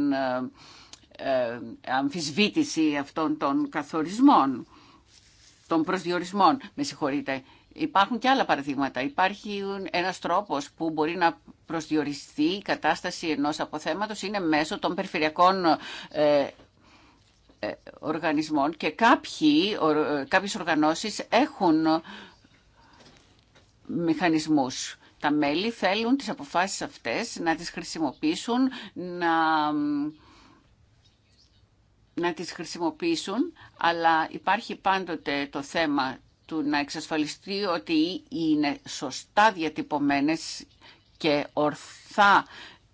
αμφισβήτηση αυτών των καθορισμών, των προσδιορισμών, με συγχωρείτε, Υπάρχουν και άλλα παραδείγματα. Υπάρχει ένας τρόπος που μπορεί να προσδιοριστεί η κατάσταση ενός αποθέματος είναι μέσω των περιφερειακών ε, ε, οργανισμών και κάποιοι, οργανώσει κάποιες οργανώσεις έχουν μηχανισμούς. Τα μέλη θέλουν τις αποφάσεις αυτές να τις χρησιμοποιήσουν, να να τις χρησιμοποιήσουν, αλλά υπάρχει πάντοτε το θέμα του να εξασφαλιστεί ότι είναι σωστά διατυπωμένες και ορθά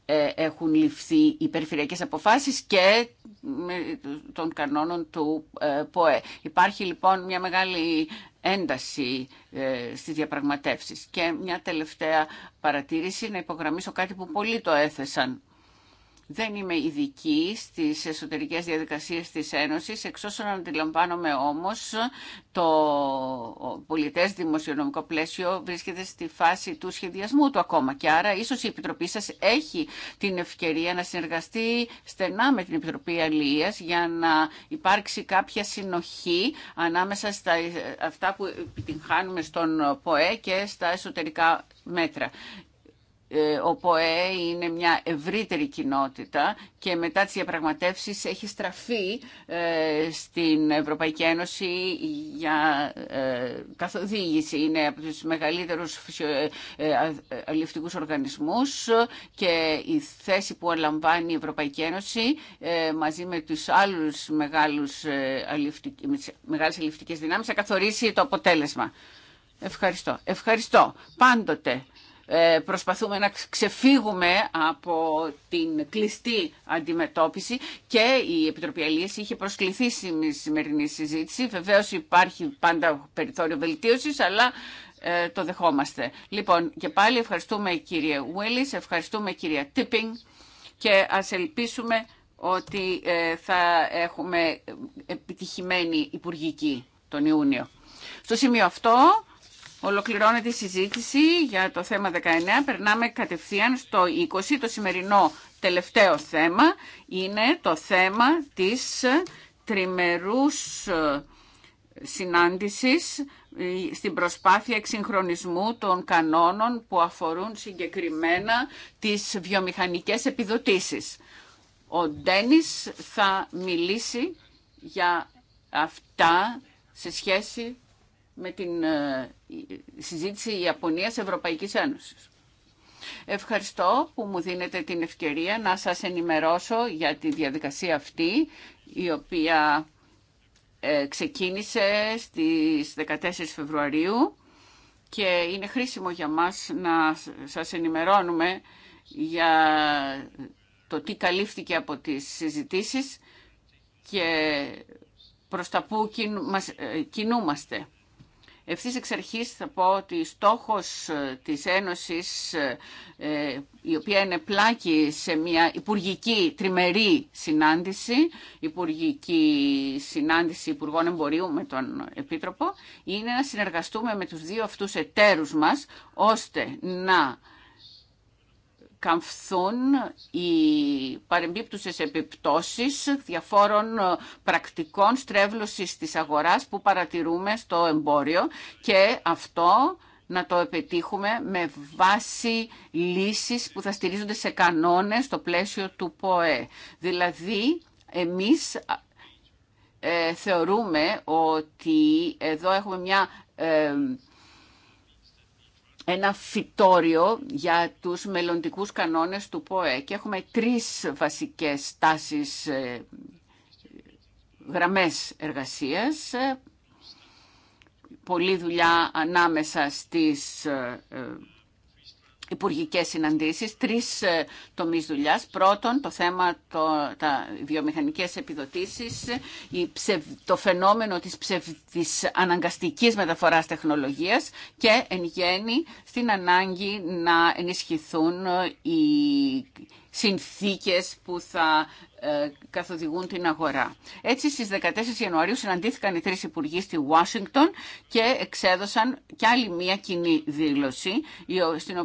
ε, έχουν ληφθεί οι περιφερειακές αποφάσεις και των κανόνων του ε, ΠΟΕ. Υπάρχει λοιπόν μια μεγάλη ένταση ε, στις διαπραγματεύσεις. Και μια τελευταία παρατήρηση, να υπογραμμίσω κάτι που πολλοί το έθεσαν δεν είμαι ειδική στις εσωτερικές διαδικασίες της Ένωσης, εξ όσων αντιλαμβάνομαι όμως το πολιτές δημοσιονομικό πλαίσιο βρίσκεται στη φάση του σχεδιασμού του ακόμα και άρα ίσως η Επιτροπή σας έχει την ευκαιρία να συνεργαστεί στενά με την Επιτροπή Αλίας για να υπάρξει κάποια συνοχή ανάμεσα στα ε, αυτά που επιτυγχάνουμε στον ΠΟΕ και στα εσωτερικά μέτρα. Ε, ο ΠΟΕ είναι μια ευρύτερη κοινότητα και μετά τις διαπραγματεύσεις έχει στραφεί ε, στην Ευρωπαϊκή Ένωση για ε, καθοδήγηση. Είναι από τους μεγαλύτερους αλληλευτικούς οργανισμούς και η θέση που αλαμβάνει η Ευρωπαϊκή Ένωση μαζί με τους άλλους μεγάλους μεγάλες αλληλευτικές δυνάμεις θα καθορίσει το αποτέλεσμα. Ευχαριστώ. Ευχαριστώ. Πάντοτε ε, προσπαθούμε να ξεφύγουμε από την κλειστή αντιμετώπιση και η Επιτροπή Αλίας είχε προσκληθεί στη σημερινή συζήτηση. Βεβαίως υπάρχει πάντα περιθώριο βελτίωσης, αλλά ε, το δεχόμαστε. Λοιπόν, και πάλι ευχαριστούμε κύριε Βουίλης, ευχαριστούμε κυρία Τίπινγκ και ας ελπίσουμε ότι ε, θα έχουμε επιτυχημένη υπουργική τον Ιούνιο. Στο σημείο αυτό Ολοκληρώνεται η συζήτηση για το θέμα 19. Περνάμε κατευθείαν στο 20. Το σημερινό τελευταίο θέμα είναι το θέμα της τριμερούς ε, συνάντησης ε, στην προσπάθεια εξυγχρονισμού των κανόνων που αφορούν συγκεκριμένα τις βιομηχανικές επιδοτήσεις. Ο Ντένις θα μιλήσει για αυτά σε σχέση με την ε, συζήτηση Ιαπωνίας-Ευρωπαϊκής Ένωσης. Ευχαριστώ που μου δίνετε την ευκαιρία να σας ενημερώσω για τη διαδικασία αυτή, η οποία ε, ξεκίνησε στις 14 Φεβρουαρίου και είναι χρήσιμο για μας να σας ενημερώνουμε για το τι καλύφθηκε από τις συζητήσεις και προς τα που ε, κινούμαστε. Ευθύς εξ αρχής θα πω ότι στόχος ε, της Ένωσης, ε, ε, η οποία είναι πλάκη σε μια υπουργική τριμερή συνάντηση, υπουργική συνάντηση Υπουργών Εμπορίου με τον Επίτροπο, είναι να συνεργαστούμε με τους δύο αυτούς εταίρους μας, ώστε να καμφθούν οι παρεμπίπτουσες επιπτώσεις διαφόρων ε, πρακτικών στρέβλωσης της αγοράς που παρατηρούμε στο εμπόριο και αυτό να το επιτύχουμε με βάση λύσεις που θα στηρίζονται σε κανόνες στο πλαίσιο του ΠΟΕ. Δηλαδή, εμείς ε, θεωρούμε ότι εδώ έχουμε μια ε, ένα φυτόριο για τους μελλοντικούς κανόνες του ΠΟΕ και έχουμε τρεις βασικές τάσεις ε, γραμμές εργασίας, πολλή δουλειά ανάμεσα στις ε, ε, υπουργικές συναντήσεις, τρεις ε, τομείς δουλειάς. Πρώτον, το θέμα, το, τα βιομηχανικές επιδοτήσεις, το φαινόμενο της, ψευ, της αναγκαστικής μεταφοράς τεχνολογίας και εν γέννη στην ανάγκη να ενισχυθούν ε, οι συνθήκες που θα ε, καθοδηγούν την αγορά. Έτσι στις 14 Ιανουαρίου συναντήθηκαν οι τρεις υπουργοί στη Ουάσιγκτον και εξέδωσαν κι άλλη μία κοινή δήλωση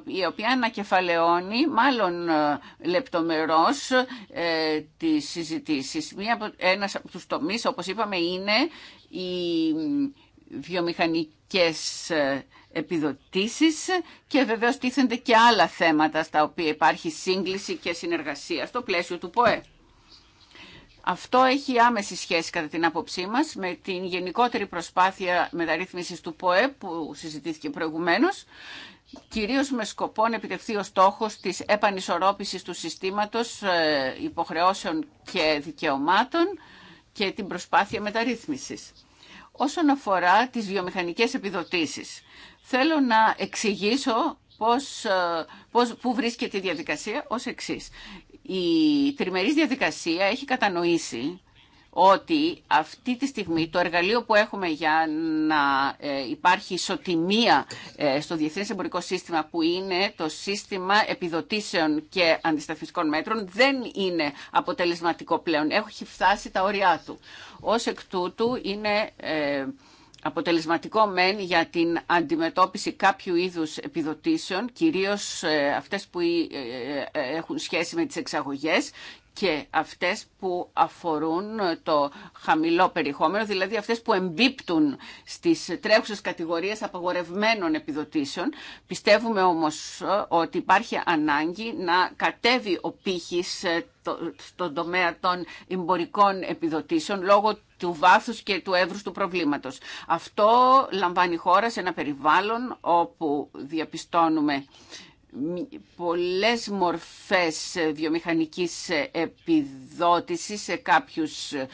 η οποία ανακεφαλαιώνει μάλλον ε, λεπτομερώς ε, τις συζητήσεις. Μία από, ένας από τους τομείς όπως είπαμε είναι οι βιομηχανικές ε, επιδοτήσεις και βεβαίως τίθενται και άλλα θέματα στα οποία υπάρχει σύγκληση και συνεργασία στο πλαίσιο του ΠΟΕ. Αυτό έχει άμεση σχέση κατά την άποψή μας με την γενικότερη προσπάθεια μεταρρύθμισης του ΠΟΕ που συζητήθηκε προηγουμένως κυρίως με σκοπό να επιτευχθεί ο στόχος της επανισορρόπησης του συστήματος ε, υποχρεώσεων και δικαιωμάτων και την προσπάθεια μεταρρύθμισης. Όσον αφορά τις βιομηχανικές επιδοτήσεις, θέλω να εξηγήσω πώς, ε, πώς, πού βρίσκεται η διαδικασία ως εξής. Η τριμερής διαδικασία έχει κατανοήσει ότι αυτή τη στιγμή το εργαλείο που έχουμε για να ε, υπάρχει ισοτιμία ε, στο Διεθνές Εμπορικό Σύστημα που είναι το σύστημα επιδοτήσεων και αντισταθμιστικών μέτρων δεν είναι αποτελεσματικό πλέον. Έχει φτάσει τα όρια του. Ως εκ τούτου είναι ε, αποτελεσματικό μεν για την αντιμετώπιση κάποιου είδους επιδοτήσεων, κυρίως αυτές που έχουν σχέση με τις εξαγωγές και αυτές που αφορούν το χαμηλό περιεχόμενο, δηλαδή αυτές που εμπίπτουν στις τρέχουσες κατηγορίες απαγορευμένων επιδοτήσεων. Πιστεύουμε όμως ε, ότι υπάρχει ανάγκη να κατέβει ο πύχης ε, στον τομέα των εμπορικών επιδοτήσεων λόγω του βάθους και του εύρους του προβλήματος. Αυτό λαμβάνει η χώρα σε ένα περιβάλλον όπου διαπιστώνουμε πολλές μορφές ε, βιομηχανικής ε, επιδότησης σε κάποιους ε,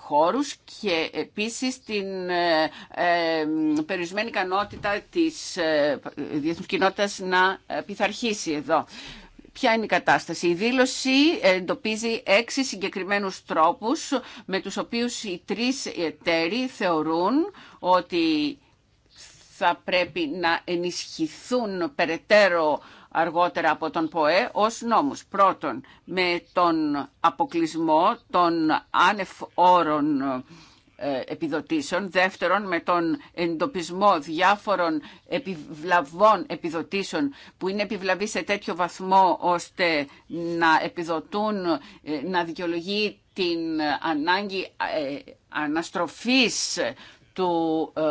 χώρους και επίσης την περιορισμένη ικανότητα της διεθνούς κοινότητας να πειθαρχήσει εδώ. Ποια είναι η κατάσταση. Η δήλωση εντοπίζει έξι συγκεκριμένους τρόπους με τους οποίους οι τρεις εταίροι θεωρούν ότι θα πρέπει να ενισχυθούν περαιτέρω αργότερα από τον ΠΟΕ ως νόμους. Πρώτον, με τον αποκλεισμό των άνευ όρων ε, επιδοτήσεων. Δεύτερον, με τον εντοπισμό διάφορων επιβλαβών επιδοτήσεων που είναι επιβλαβή σε τέτοιο βαθμό ώστε να επιδοτούν, ε, να δικαιολογεί την ανάγκη ε, αναστροφής του ε,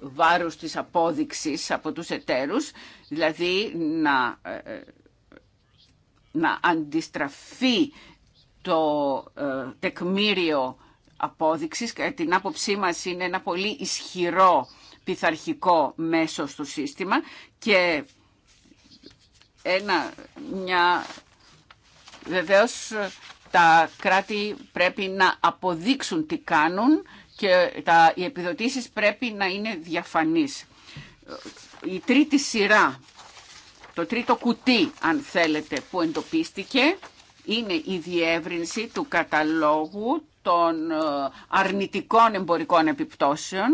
βάρους της απόδειξης από τους εταίρους, δηλαδή να, ε, ε, να αντιστραφεί το ε, τεκμήριο απόδειξης. Κατά την άποψή μας είναι ένα πολύ ισχυρό πειθαρχικό μέσο στο σύστημα και ένα, μια, βεβαίως τα κράτη πρέπει να αποδείξουν τι κάνουν και οι επιδοτήσεις πρέπει να είναι διαφανείς. Η τρίτη σειρά, το τρίτο κουτί αν θέλετε που εντοπίστηκε είναι η διεύρυνση του καταλόγου των ε, αρνητικών εμπορικών επιπτώσεων.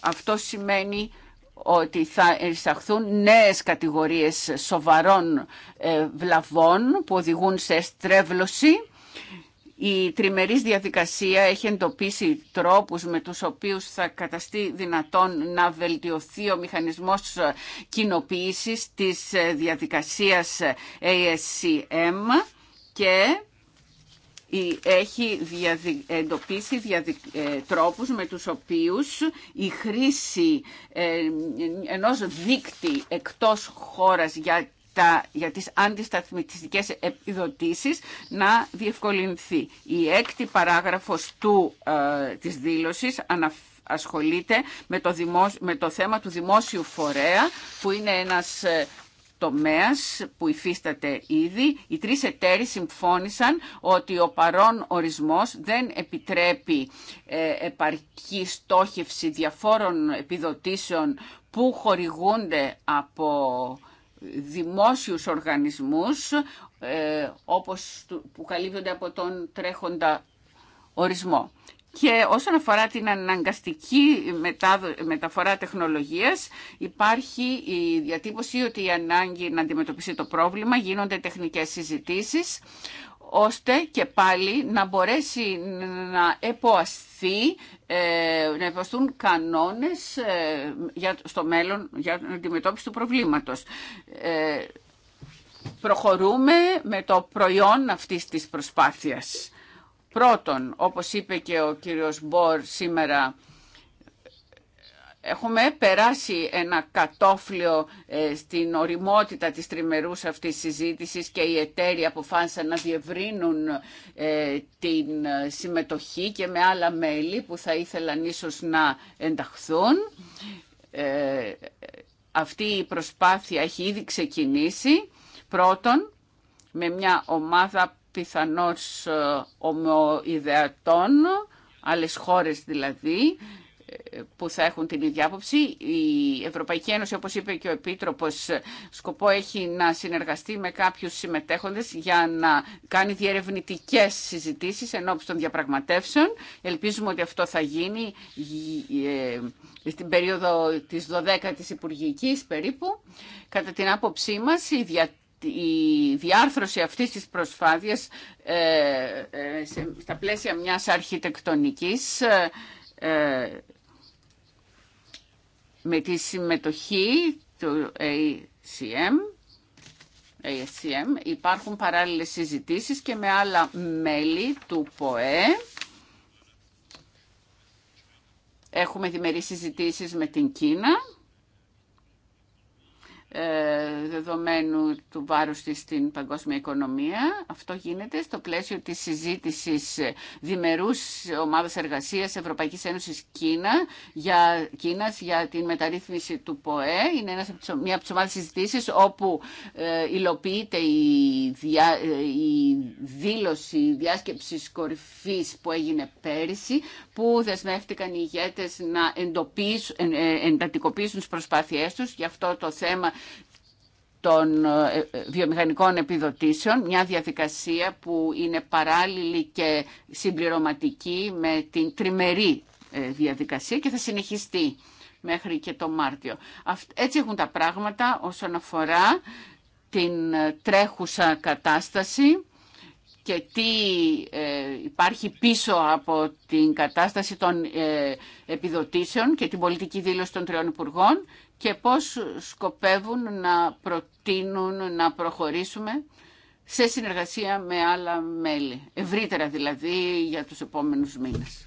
Αυτό σημαίνει ότι θα εισαχθούν νέες κατηγορίες σοβαρών ε, βλαβών που οδηγούν σε στρέβλωση η τριμερής διαδικασία έχει εντοπίσει τρόπους με τους οποίους θα καταστεί δυνατόν να βελτιωθεί ο μηχανισμός κοινοποίησης της διαδικασίας ASCM και έχει εντοπίσει τρόπου ε, τρόπους με τους οποίους η χρήση ε, ενός δίκτυ εκτός χώρας για για τις αντισταθμιστικές επιδοτήσεις να διευκολυνθεί. Η έκτη παράγραφος του, ε, της δήλωσης ασχολείται με το, θέμα του δημόσιου φορέα που είναι ένας ε, τομέας που υφίσταται ήδη. Οι τρεις εταίροι συμφώνησαν ότι ο παρόν ορισμός δεν επιτρέπει ε, επαρκή στόχευση διαφόρων επιδοτήσεων που χορηγούνται από δημόσιους οργανισμούς ε, όπως που καλύπτονται από τον τρέχοντα ορισμό. Και όσον αφορά την αναγκαστική μεταφορά τεχνολογίας, υπάρχει η διατύπωση ότι η ανάγκη να αντιμετωπίσει το πρόβλημα, γίνονται τεχνικές συζητήσεις ώστε και πάλι να μπορέσει να εποαστεί, ε, να εποαστούν κανόνες ε, στο μέλλον για την αντιμετώπιση του προβλήματος. Ε, προχωρούμε με το προϊόν αυτής της προσπάθειας. Πρώτον, όπως είπε και ο κύριος Μπορ σήμερα, Έχουμε περάσει ένα κατόφλιο ε, στην οριμότητα της τριμερούς αυτής συζήτησης και οι εταίροι αποφάσισαν να διευρύνουν ε, την ε, συμμετοχή και με άλλα μέλη που θα ήθελαν ίσως να ενταχθούν. Αυτή η προσπάθεια έχει ήδη ξεκινήσει. Πρώτον, με μια ομάδα πιθανώς ομοειδεατών, άλλες χώρες δηλαδή, που θα έχουν την ίδια άποψη. Η Ευρωπαϊκή Ένωση, όπως είπε και ο Επίτροπος, σκοπό έχει να συνεργαστεί με κάποιους συμμετέχοντες για να κάνει διερευνητικές συζητήσεις ενώπιση των διαπραγματεύσεων. Ελπίζουμε ότι αυτό θα γίνει ε, ε, στην περίοδο της 12ης Υπουργικής περίπου. Κατά την άποψή μας, η δια η διάρθρωση αυτής της προσφάδειας ε, ε στα πλαίσια μιας αρχιτεκτονικής με τη συμμετοχή του ACM, ASCM υπάρχουν παράλληλες συζητήσεις και με άλλα μέλη του ΠΟΕ. Έχουμε διμερείς συζητήσεις με την Κίνα ε, δεδομένου του βάρους της στην παγκόσμια οικονομία. Αυτό γίνεται στο πλαίσιο της συζήτησης διμερούς ομάδας εργασίας Ευρωπαϊκής Ένωσης Κίνα για, Κίνας για την μεταρρύθμιση του ΠΟΕ. Είναι μια από τις ομάδες συζητήσεις όπου ε, υλοποιείται η, διά, η δήλωση διάσκεψης κορυφής που έγινε πέρυσι που δεσμεύτηκαν οι ηγέτες να ε, ε, εντατικοποιήσουν τις προσπάθειές τους Γι' αυτό το θέμα των ε, ε, βιομηχανικών επιδοτήσεων, μια διαδικασία που είναι παράλληλη και συμπληρωματική με την τριμερή ε, διαδικασία και θα συνεχιστεί μέχρι και το Μάρτιο. Έτσι έχουν τα πράγματα όσον αφορά την τρέχουσα κατάσταση και τι ε, υπάρχει πίσω από την κατάσταση των ε, επιδοτήσεων και την πολιτική δήλωση των τριών υπουργών και πώς σκοπεύουν να προτείνουν να προχωρήσουμε σε συνεργασία με άλλα μέλη, ευρύτερα δηλαδή για τους επόμενους μήνες.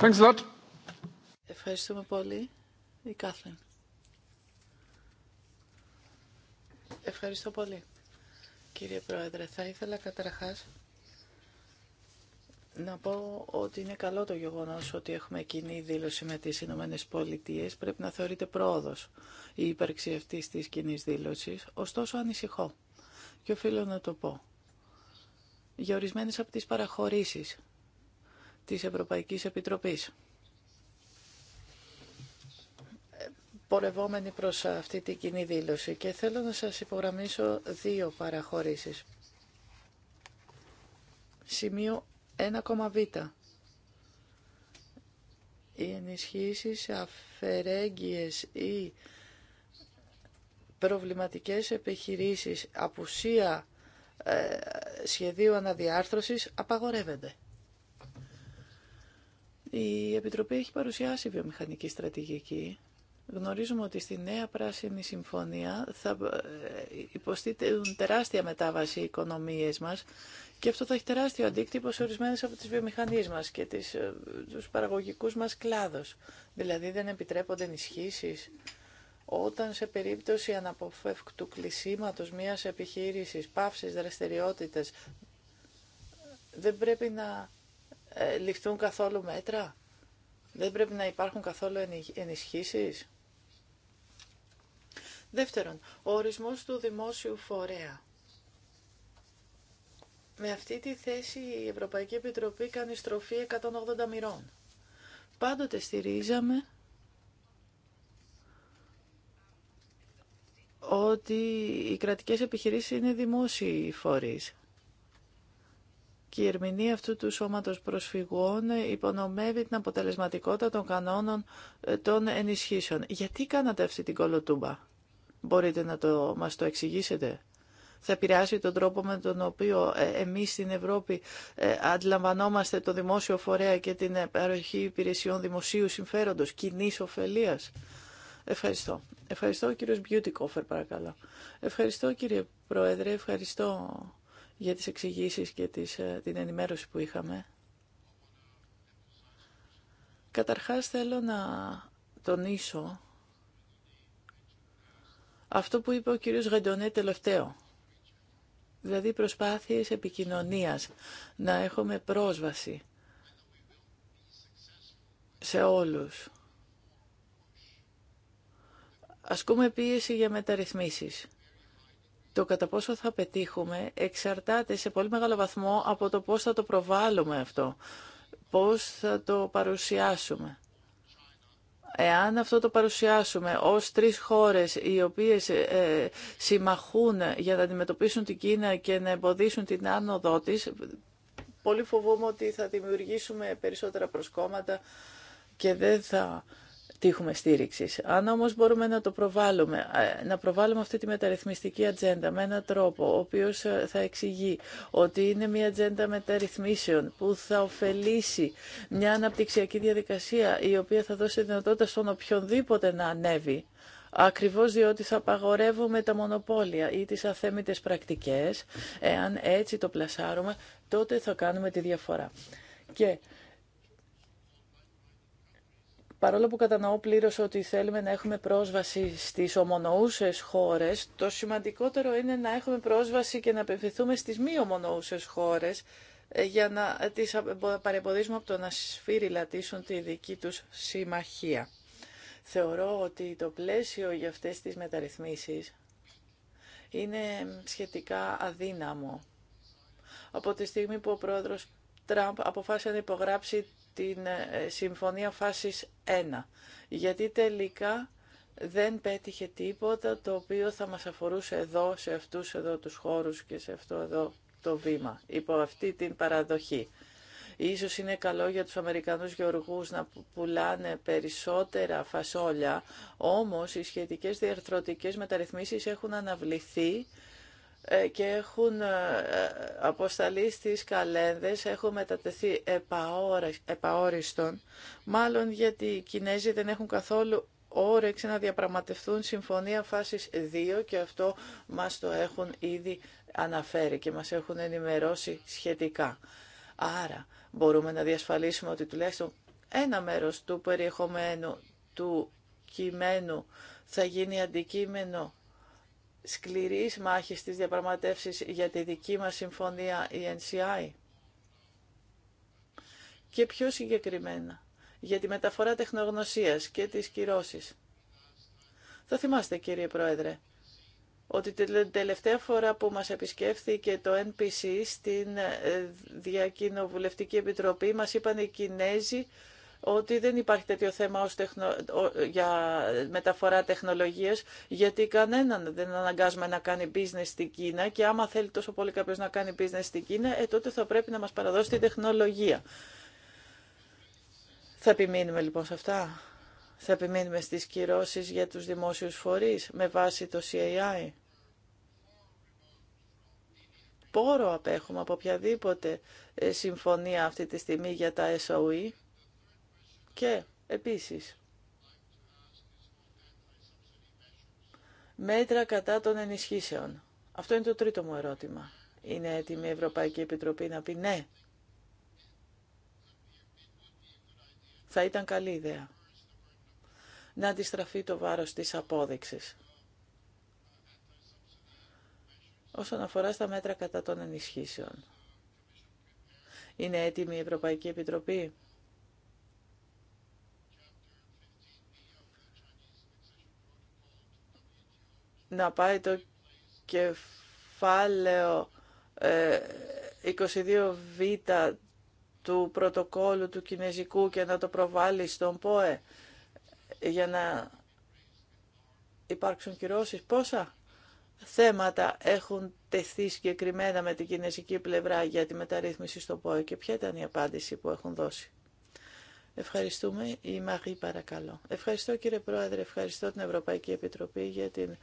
Thanks a lot. Ευχαριστούμε πολύ. Η Κάθεν. Ευχαριστώ πολύ κύριε Πρόεδρε. Θα ήθελα καταρχάς να πω ότι είναι καλό το γεγονός ότι έχουμε κοινή δήλωση με τις Ηνωμένε Πολιτείε. Πρέπει να θεωρείται πρόοδος η ύπαρξη αυτής της κοινή δήλωσης. Ωστόσο ανησυχώ και οφείλω να το πω. Για ορισμένες από τις παραχωρήσεις της Ευρωπαϊκής Επιτροπής πορευόμενοι προς αυτή την κοινή δήλωση και θέλω να σας υπογραμμίσω δύο παραχωρήσεις. Σημείο 1,β. Οι ενισχύσεις αφαιρέγγιες ή προβληματικές επιχειρήσεις απουσία ε, σχεδίου αναδιάρθρωσης απαγορεύεται. Η Επιτροπή έχει παρουσιάσει βιομηχανική στρατηγική Γνωρίζουμε ότι στη νέα πράσινη συμφωνία θα ε, υποστείτουν τεράστια μετάβαση οι οικονομίες μας και αυτό θα έχει τεράστιο αντίκτυπο σε ορισμένε από τις βιομηχανίες μας και τις, ε, τους παραγωγικούς μας κλάδους. Δηλαδή δεν επιτρέπονται ενισχύσει όταν σε περίπτωση αναποφεύκτου κλεισίματος μιας επιχείρησης, παύσης, δραστηριότητες, δεν πρέπει να ε, ληφθούν καθόλου μέτρα. Δεν πρέπει να υπάρχουν καθόλου ενισχύσεις. Δεύτερον, ο ορισμός του δημόσιου φορέα. Με αυτή τη θέση η Ευρωπαϊκή Επιτροπή κάνει στροφή 180 μοιρών. Πάντοτε στηρίζαμε ότι οι κρατικές επιχειρήσεις είναι δημόσιοι φορείς. Και η ερμηνεία αυτού του σώματος προσφυγών υπονομεύει την αποτελεσματικότητα των κανόνων ε, των ενισχύσεων. Γιατί κάνατε αυτή την κολοτούμπα. Μπορείτε να το, μας το εξηγήσετε. Θα επηρεάσει τον τρόπο με τον οποίο ε, εμείς στην Ευρώπη ε, αντιλαμβανόμαστε το δημόσιο φορέα και την ε, παροχή υπηρεσιών δημοσίου συμφέροντος, κοινή ωφελία. Ευχαριστώ. Ευχαριστώ κύριος Μπιούτικοφερ παρακαλώ. Ευχαριστώ κύριε Πρόεδρε, ευχαριστώ για τις εξηγήσει και τις, την ενημέρωση που είχαμε. Καταρχάς θέλω να τονίσω αυτό που είπε ο κύριος Γεντονέ τελευταίο. Δηλαδή προσπάθειες επικοινωνίας, να έχουμε πρόσβαση σε όλους. Ασκούμε πίεση για μεταρρυθμίσεις. Το κατά πόσο θα πετύχουμε εξαρτάται σε πολύ μεγάλο βαθμό από το πώς θα το προβάλλουμε αυτό, πώς θα το παρουσιάσουμε. Εάν αυτό το παρουσιάσουμε ως τρεις χώρες οι οποίες ε, συμμαχούν για να αντιμετωπίσουν την Κίνα και να εμποδίσουν την άνοδό της, πολύ φοβούμαι ότι θα δημιουργήσουμε περισσότερα προσκόμματα και δεν θα τύχουμε Αν όμω μπορούμε να το προβάλλουμε, ε, να προβάλλουμε αυτή τη μεταρρυθμιστική ατζέντα με έναν τρόπο ο οποίος ε, θα εξηγεί ότι είναι μια ατζέντα μεταρρυθμίσεων που θα ωφελήσει μια αναπτυξιακή διαδικασία η οποία θα δώσει δυνατότητα στον οποιονδήποτε να ανέβει ακριβώ διότι θα απαγορεύουμε τα μονοπόλια ή τις αθέμητες πρακτικέ, Εάν έτσι το πλασάρουμε, τότε θα κάνουμε τη διαφορά. Και Παρόλο που κατανοώ πλήρως ότι θέλουμε να έχουμε πρόσβαση στις ομονοούσες χώρες, το σημαντικότερο είναι να έχουμε πρόσβαση και να απευθυνθούμε στις μη ομονοούσες χώρες ε, για να τις παρεμποδίσουμε από το να σφύριλατήσουν τη δική τους συμμαχία. Θεωρώ ότι το πλαίσιο για αυτές τις μεταρρυθμίσεις είναι σχετικά αδύναμο. Από τη στιγμή που ο πρόεδρος Τραμπ αποφάσισε να υπογράψει την ε, συμφωνία φάσης 1, γιατί τελικά δεν πέτυχε τίποτα το οποίο θα μας αφορούσε εδώ, σε αυτούς εδώ τους χώρους και σε αυτό εδώ το βήμα, υπό αυτή την παραδοχή. Ίσως είναι καλό για τους Αμερικανούς γεωργούς να πουλάνε περισσότερα φασόλια, όμως οι σχετικές διαρθρωτικές μεταρρυθμίσεις έχουν αναβληθεί ε, και έχουν ε, ε, αποσταλεί στις καλένδες, έχουν μετατεθεί επαόριστον, μάλλον γιατί οι Κινέζοι δεν έχουν καθόλου όρεξη να διαπραγματευτούν συμφωνία φάσης 2 και αυτό μας το έχουν ήδη αναφέρει και μας έχουν ενημερώσει σχετικά. Άρα μπορούμε να διασφαλίσουμε ότι τουλάχιστον ένα μέρος του περιεχομένου του κειμένου θα γίνει αντικείμενο σκληρής μάχης της διαπραγματεύσεις για τη δική μας συμφωνία η NCI. Και πιο συγκεκριμένα, για τη μεταφορά τεχνογνωσίας και τις κυρώσεις. Θα θυμάστε κύριε Πρόεδρε, ότι την τελευταία φορά που μας επισκέφθηκε το NPC στην ε, Διακοινοβουλευτική Επιτροπή μας είπαν οι Κινέζοι ότι δεν υπάρχει τέτοιο θέμα ως τεχνο... για μεταφορά τεχνολογίας, γιατί κανέναν δεν αναγκάζουμε να κάνει business στην Κίνα και άμα θέλει τόσο πολύ κάποιος να κάνει business στην Κίνα, ε, τότε θα πρέπει να μας παραδώσει την τεχνολογία. Θα επιμείνουμε λοιπόν σε αυτά. Θα επιμείνουμε στις κυρώσεις για τους δημόσιους φορείς με βάση το CAI. Πόρο απέχουμε από οποιαδήποτε ε, συμφωνία αυτή τη στιγμή για τα SOE. Και επίσης, μέτρα κατά των ενισχύσεων. Αυτό είναι το τρίτο μου ερώτημα. Είναι έτοιμη η Ευρωπαϊκή Επιτροπή να πει ναι. Θα ήταν καλή ιδέα να αντιστραφεί το βάρος της απόδειξης. Όσον αφορά στα μέτρα κατά των ενισχύσεων. Είναι έτοιμη η Ευρωπαϊκή Επιτροπή να πάει το κεφάλαιο 22β ε, του πρωτοκόλου του Κινέζικου και να το προβάλλει στον ΠΟΕ για να υπάρξουν κυρώσεις. Πόσα θέματα έχουν τεθεί συγκεκριμένα με την κινέζικη πλευρά για τη μεταρρύθμιση στον ΠΟΕ και ποια ήταν η απάντηση που έχουν δώσει. Ευχαριστούμε. Η Μαγή παρακαλώ. Ευχαριστώ κύριε Πρόεδρε, ευχαριστώ την Ευρωπαϊκή Επιτροπή για την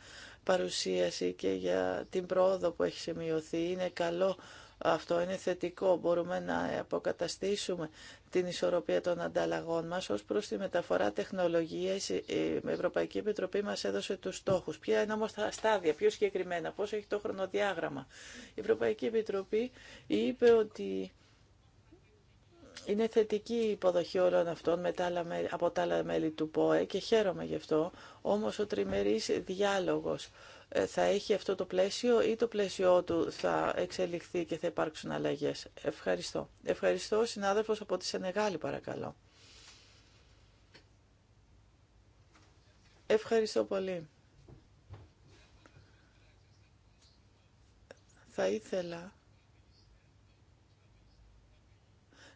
παρουσίαση και για την πρόοδο που έχει σημειωθεί. Είναι καλό αυτό, είναι θετικό. Μπορούμε να αποκαταστήσουμε την ισορροπία των ανταλλαγών μας ως προς τη μεταφορά τεχνολογίας. Η Ευρωπαϊκή Επιτροπή μας έδωσε τους στόχους. Ποια είναι όμως τα στάδια, πιο συγκεκριμένα, πώς έχει το χρονοδιάγραμμα. Η Ευρωπαϊκή Επιτροπή είπε ότι είναι θετική η υποδοχή όλων αυτών με από τα άλλα μέλη του ΠΟΕ και χαίρομαι γι' αυτό. Όμως ο τριμερής διάλογος ε, θα έχει αυτό το πλαίσιο ή το πλαίσιό του θα εξελιχθεί και θα υπάρξουν αλλαγές. Ευχαριστώ. Ευχαριστώ συνάδελφος από τη Σενεγάλη παρακαλώ. Ευχαριστώ πολύ. Θα ήθελα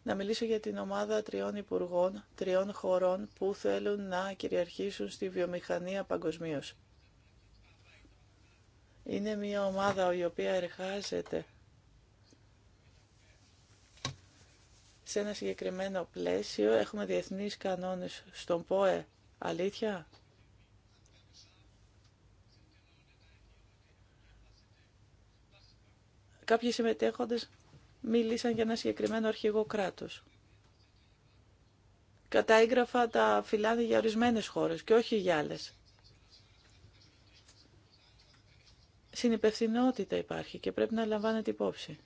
να μιλήσω για την ομάδα τριών υπουργών, τριών χωρών που θέλουν να κυριαρχήσουν στη βιομηχανία παγκοσμίω. Είναι μια ομάδα η οποία εργάζεται σε ένα συγκεκριμένο πλαίσιο. Έχουμε διεθνείς κανόνες στον ΠΟΕ. Αλήθεια. Κάποιοι συμμετέχοντες μίλησαν για ένα συγκεκριμένο αρχηγό κράτος. έγγραφα τα φυλάδια για ορισμένες χώρες και όχι για άλλες. Συνυπευθυνότητα υπάρχει και πρέπει να λαμβάνεται υπόψη.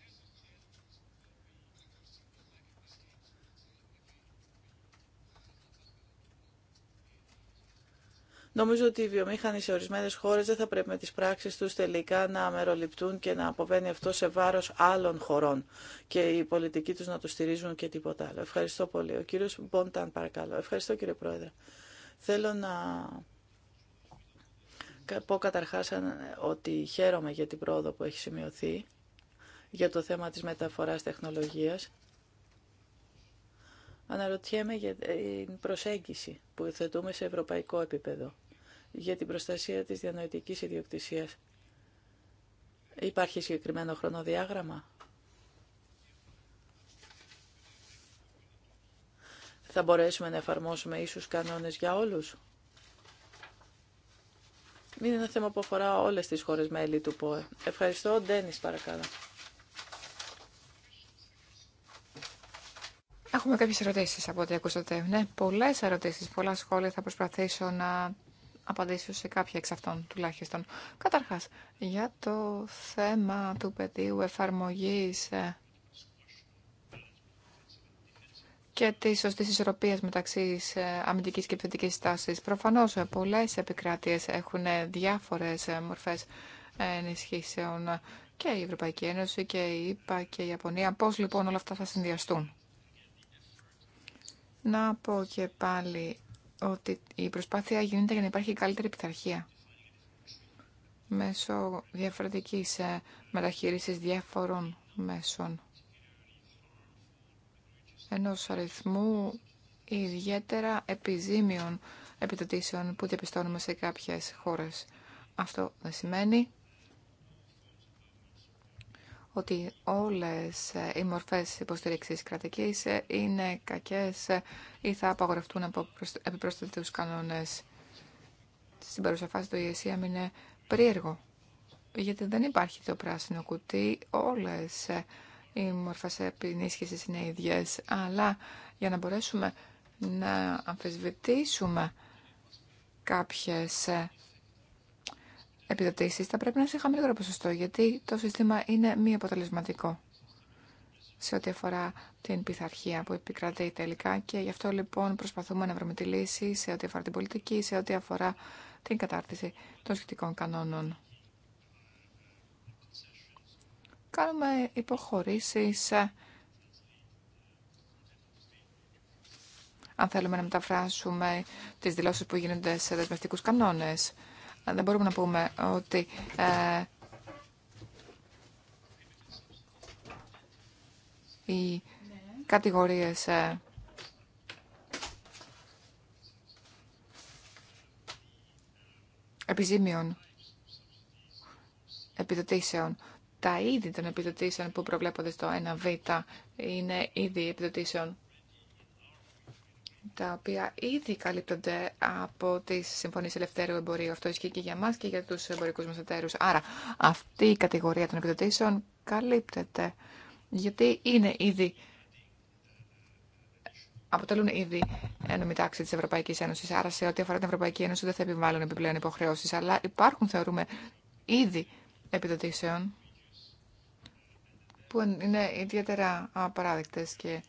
Νομίζω ότι οι βιομήχανοι σε ορισμένε χώρε δεν θα πρέπει με τι πράξει του τελικά να αμεροληπτούν και να αποβαίνει αυτό σε βάρο άλλων χωρών και οι πολιτικοί του να το στηρίζουν και τίποτα άλλο. Ευχαριστώ πολύ. Ο κύριο Μπόνταν παρακαλώ. Ευχαριστώ κύριε Πρόεδρε. Θέλω να πω καταρχάς ότι χαίρομαι για την πρόοδο που έχει σημειωθεί για το θέμα της μεταφοράς τεχνολογίας. Αναρωτιέμαι για την προσέγγιση που θετούμε σε ευρωπαϊκό επίπεδο για την προστασία της διανοητικής ιδιοκτησίας. Υπάρχει συγκεκριμένο χρονοδιάγραμμα. Θα μπορέσουμε να εφαρμόσουμε ίσους κανόνες για όλους. Είναι ένα θέμα που αφορά όλες τις χώρες μέλη του ΠΟΕ. Ευχαριστώ. Ντένις παρακαλώ. Έχουμε κάποιες ερωτήσεις από ό,τι ακούσατε. Ναι, πολλές ερωτήσεις, πολλά σχόλια. Θα προσπαθήσω να απαντήσω σε κάποια εξ αυτών τουλάχιστον. Καταρχάς, για το θέμα του πεδίου εφαρμογής ε, και τη σωστή ισορροπία μεταξύ ε, αμυντική και επιθετική τάση. Προφανώ, ε, πολλέ επικράτειε έχουν διάφορε μορφέ ενισχύσεων και η Ευρωπαϊκή Ένωση και η ΕΠΑ και η Ιαπωνία. Πώ λοιπόν όλα αυτά θα συνδυαστούν. Να πω και πάλι ότι η προσπάθεια γίνεται για να υπάρχει καλύτερη πειθαρχία μέσω διαφορετικής ε, μεταχείρισης διάφορων μέσων ενός αριθμού ιδιαίτερα επιζήμιων επιτοτήσεων που διαπιστώνουμε σε κάποιες χώρες. Αυτό δεν σημαίνει ότι όλες ε, οι μορφές υποστήριξης κρατικής ε, είναι κακές ε, ή θα απαγορευτούν από επιπροσθετούς κανόνες. Στην παρούσα φάση το ESM είναι περίεργο, γιατί δεν υπάρχει το πράσινο κουτί, όλες οι μορφές επινίσχυσης είναι ίδιες, αλλά για να μπορέσουμε να αμφισβητήσουμε κάποιες Επιδοτήσει θα πρέπει να είναι σε χαμηλότερο ποσοστό, γιατί το σύστημα είναι μη αποτελεσματικό σε ό,τι αφορά την πειθαρχία που επικρατεί τελικά και γι' αυτό λοιπόν προσπαθούμε να βρούμε τη λύση σε ό,τι αφορά την πολιτική, σε ό,τι αφορά την κατάρτιση των σχετικών κανόνων. Κάνουμε υποχωρήσεις ε, αν θέλουμε να μεταφράσουμε τις δηλώσεις που γίνονται σε δεσμευτικούς κανόνες δεν μπορούμε να πούμε ότι ε, οι κατηγορίες ε, επιζήμιων επιδοτήσεων τα είδη των επιδοτήσεων που προβλέπονται στο 1β είναι είδη επιδοτήσεων τα οποία ήδη καλύπτονται από τι συμφωνίε ελευθέρου εμπορίου. Αυτό ισχύει και για εμά και για του εμπορικού μα εταίρου. Άρα, αυτή η κατηγορία των επιδοτήσεων καλύπτεται, γιατί είναι ήδη αποτελούν ήδη ένωμη τάξη τη Ευρωπαϊκή Ένωση. Άρα, σε ό,τι αφορά την Ευρωπαϊκή Ένωση, δεν θα επιβάλλουν επιπλέον υποχρεώσει. Αλλά υπάρχουν, θεωρούμε, ήδη επιδοτήσεων που είναι ιδιαίτερα απαράδεκτε και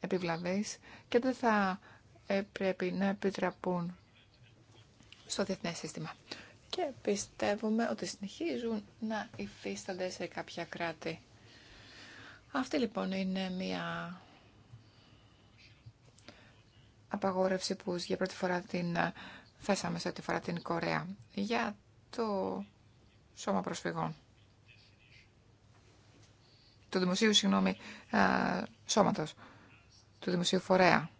επιβλαβείς και δεν θα ε, πρέπει να επιτραπούν στο διεθνές σύστημα. Και πιστεύουμε ότι συνεχίζουν να υφίστανται σε κάποια κράτη. Αυτή λοιπόν είναι μια απαγόρευση που για πρώτη φορά την ε, θέσαμε σε ό,τι φορά την Κορέα για το σώμα προσφυγών. Το δημοσίου, συγγνώμη, ε, σώματος του δημοσίου φορέα.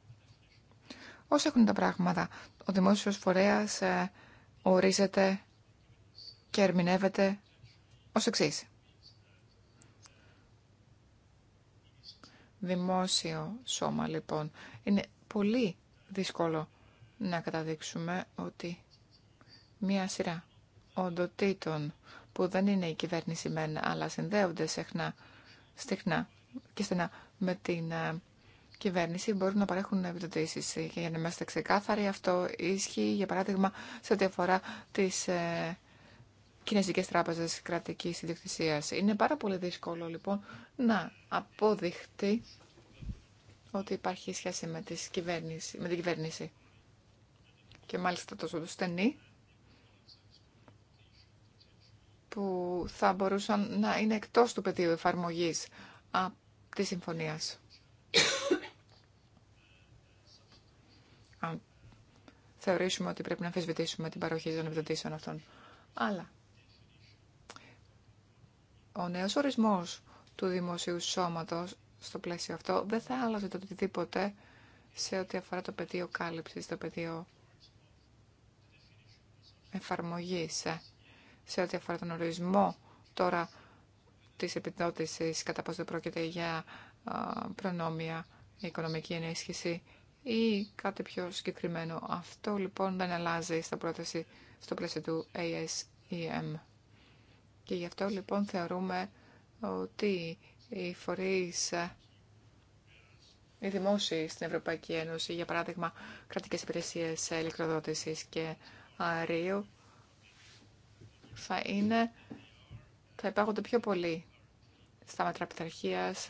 Όσο έχουν τα πράγματα, ο δημόσιος φορέας ε, ορίζεται και ερμηνεύεται ως εξής. Δημόσιο σώμα, λοιπόν. Είναι πολύ δύσκολο να καταδείξουμε ότι μία σειρά οντοτήτων που δεν είναι η κυβέρνηση μεν, αλλά συνδέονται συχνά, στιχνά και στενά με την ε, κυβέρνηση μπορούν να παρέχουν επιδοτήσει. Ε, και για να είμαστε ξεκάθαροι, αυτό ισχύει για παράδειγμα σε ό,τι αφορά τι ε, κινέζικε τράπεζε κρατική ιδιοκτησία. Είναι πάρα πολύ δύσκολο λοιπόν να αποδειχτεί ότι υπάρχει σχέση με, τις με την κυβέρνηση. Και μάλιστα τόσο στενή που θα μπορούσαν να είναι εκτός του πεδίου εφαρμογής α, της συμφωνίας. αν θεωρήσουμε ότι πρέπει να αμφισβητήσουμε την παροχή των επιδοτήσεων αυτών. Αλλά ο νέος ορισμός του δημοσίου σώματος στο πλαίσιο αυτό δεν θα άλλαζε το οτιδήποτε σε ό,τι αφορά το πεδίο κάλυψης, το πεδίο εφαρμογής, ε, σε ό,τι αφορά τον ορισμό τώρα της επιδότησης, κατά δεν πρόκειται για προνόμια, η οικονομική ενίσχυση ή κάτι πιο συγκεκριμένο. Αυτό λοιπόν δεν αλλάζει στα πρόταση στο πλαίσιο του ASEM. Και γι' αυτό λοιπόν θεωρούμε ότι οι φορείς, οι δημόσιοι στην Ευρωπαϊκή Ένωση, για παράδειγμα κρατικές υπηρεσίες ηλεκτροδότησης και αερίου, θα είναι, θα πιο πολύ στα μέτρα πειθαρχίας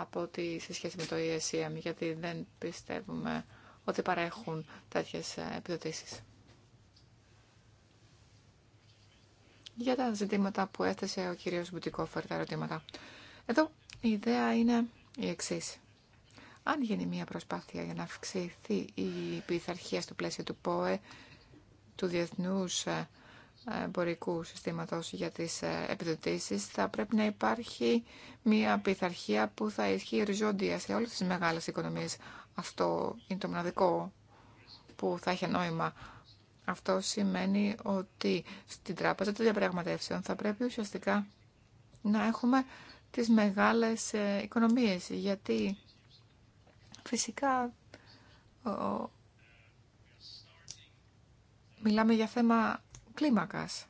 από σε σχέση με το ESM, γιατί δεν πιστεύουμε ότι παρέχουν τέτοιες ε, επιδοτήσεις. Για τα ζητήματα που έθεσε ο κύριος Μπουτικόφερ, τα ερωτήματα. Εδώ η ιδέα είναι η εξή. Αν γίνει μια προσπάθεια για να αυξηθεί η πειθαρχία στο πλαίσιο του ΠΟΕ, του Διεθνούς ε, εμπορικού συστήματος για τις ε, επιδοτήσεις θα πρέπει να υπάρχει μια πειθαρχία που θα ισχύει οριζόντια σε όλες τις μεγάλες οικονομίες. Αυτό είναι το μοναδικό που θα έχει νόημα. Αυτό σημαίνει ότι στην τράπεζα των διαπραγματεύσεων θα πρέπει ουσιαστικά να έχουμε τις μεγάλες ε, οικονομίες γιατί φυσικά μιλάμε για θέμα κλίμακας.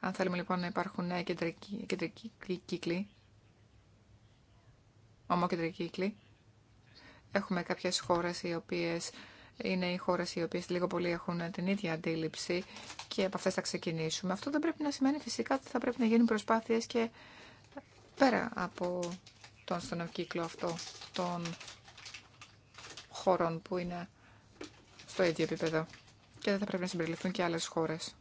Αν θέλουμε λοιπόν να υπάρχουν κεντρικοί, κεντρικοί κύκλοι, ομοκεντρικοί κύκλοι, έχουμε κάποιες χώρες οι οποίες είναι οι χώρες οι οποίες λίγο πολύ έχουν την ίδια αντίληψη και από αυτές θα ξεκινήσουμε. Αυτό δεν πρέπει να σημαίνει φυσικά ότι θα πρέπει να γίνουν προσπάθειες και πέρα από τον στον αυτό των χωρών που είναι στο ίδιο επίπεδο και δεν θα πρέπει να συμπεριληφθούν και άλλες χώρες.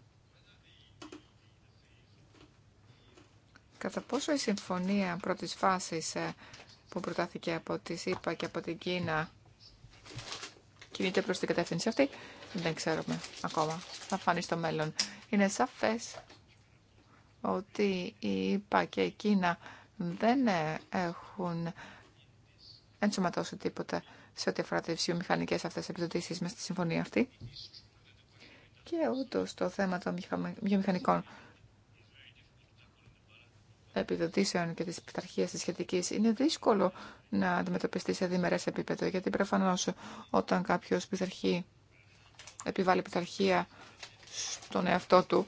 Κατά πόσο η συμφωνία πρώτης φάσης ε, που προτάθηκε από τη ΣΥΠΑ και από την Κίνα κινείται προς την κατεύθυνση αυτή, δεν ξέρουμε ακόμα. Θα φανεί στο μέλλον. Είναι σαφές ότι η ΙΠΑ και η Κίνα δεν ε, έχουν ενσωματώσει τίποτα σε ό,τι αφορά τις βιομηχανικές αυτές επιδοτήσεις μέσα στη συμφωνία αυτή. Και ούτω το θέμα των βιομηχανικών επιδοτήσεων και της πειθαρχίας της σχετικής είναι δύσκολο να αντιμετωπιστεί σε διμερές επίπεδο, γιατί προφανώς όταν κάποιος πειθαρχεί, επιβάλλει πειθαρχία στον εαυτό του,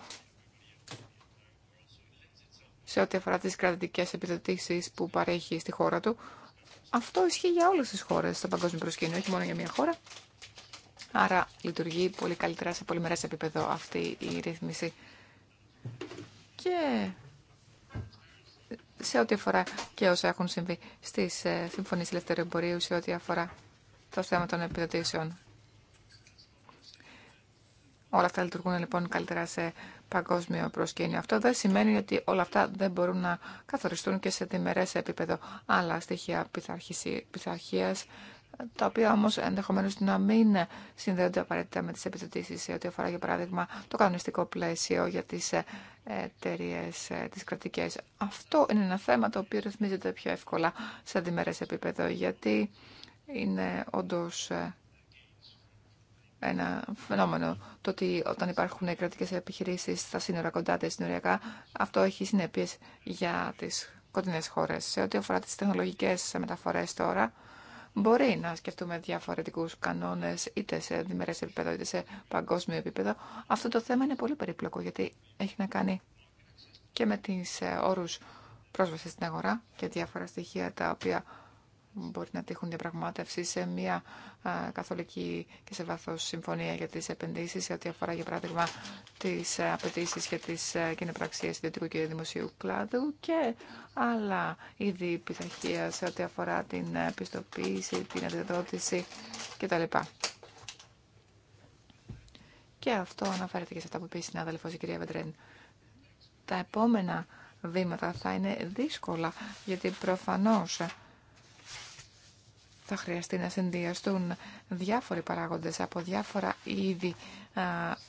σε ό,τι αφορά τις κρατητικές επιδοτήσεις που παρέχει στη χώρα του, αυτό ισχύει για όλες τις χώρες στο παγκόσμιο προσκήνιο, όχι μόνο για μια χώρα. Άρα λειτουργεί πολύ καλύτερα σε πολυμερές επίπεδο αυτή η ρύθμιση. Και σε ό,τι αφορά και όσα έχουν συμβεί στις ε, συμφωνίες ελευθερίου σε ό,τι αφορά το θέμα των επιδοτήσεων. Όλα αυτά λειτουργούν λοιπόν καλύτερα σε παγκόσμιο προσκήνιο. Αυτό δεν σημαίνει ότι όλα αυτά δεν μπορούν να καθοριστούν και σε διμερές επίπεδο. Άλλα στοιχεία πειθαρχία, τα οποία όμω ενδεχομένω να μην συνδέονται απαραίτητα με τι επιδοτήσει σε ό,τι αφορά, για παράδειγμα, το κανονιστικό πλαίσιο για τι ε, εταιρείε, ε, τι κρατικέ. Αυτό είναι ένα θέμα το οποίο ρυθμίζεται πιο εύκολα σε διμερές επίπεδο, γιατί είναι όντω ε, ένα φαινόμενο. Το ότι όταν υπάρχουν κρατικέ επιχειρήσει στα σύνορα κοντά τα συνοριακά, αυτό έχει συνέπειε για τι κοντινέ χώρε. Σε ό,τι αφορά τι τεχνολογικέ μεταφορέ τώρα, μπορεί να σκεφτούμε διαφορετικού κανόνε είτε σε διμερέ επίπεδο είτε σε παγκόσμιο επίπεδο. Αυτό το θέμα είναι πολύ περίπλοκο γιατί έχει να κάνει και με τι ε, όρου πρόσβαση στην αγορά και διάφορα στοιχεία τα οποία μπορεί να τύχουν διαπραγμάτευση σε μια καθολική και σε βάθος συμφωνία για τις επενδύσεις, σε ό,τι αφορά για παράδειγμα τις απαιτήσει και τις κοινοπραξίες ιδιωτικού και δημοσίου κλάδου και άλλα είδη πειθαρχία σε ό,τι αφορά την πιστοποίηση, την αντιδότηση κτλ. Και αυτό αναφέρεται και σε αυτά που είπε η συνάδελφος η κυρία Βεντρέν. Τα επόμενα βήματα θα είναι δύσκολα, γιατί προφανώς θα χρειαστεί να συνδυαστούν διάφοροι παράγοντες από διάφορα είδη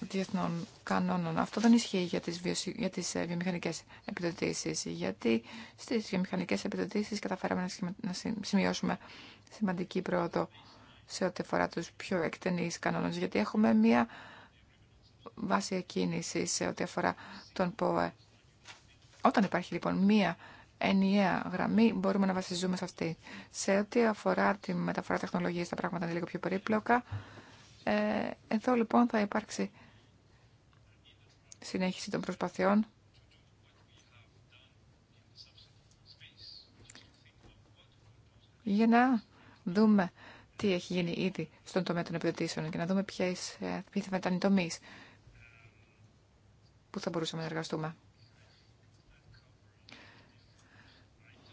διεθνών κανόνων. Αυτό δεν ισχύει για τις, βιοσυ... για τις ε, βιομηχανικές επιδοτήσεις, γιατί στις βιομηχανικές επιδοτήσεις καταφέραμε να, σημειώσουμε σημαντική πρόοδο σε ό,τι αφορά τους πιο εκτενείς κανόνες, γιατί έχουμε μία βάση εκκίνηση σε ό,τι αφορά τον ΠΟΕ. Όταν υπάρχει λοιπόν μία ενιαία γραμμή μπορούμε να βασιζούμε σε αυτή. Σε ό,τι αφορά τη μεταφορά τεχνολογίας, τα πράγματα είναι λίγο πιο περίπλοκα. Ε, εδώ λοιπόν θα υπάρξει συνέχιση των προσπαθειών. Για να δούμε τι έχει γίνει ήδη στον τομέα των επιδοτήσεων και να δούμε ποιες, ε, ποιες θα ήταν οι τομείς που θα μπορούσαμε να εργαστούμε.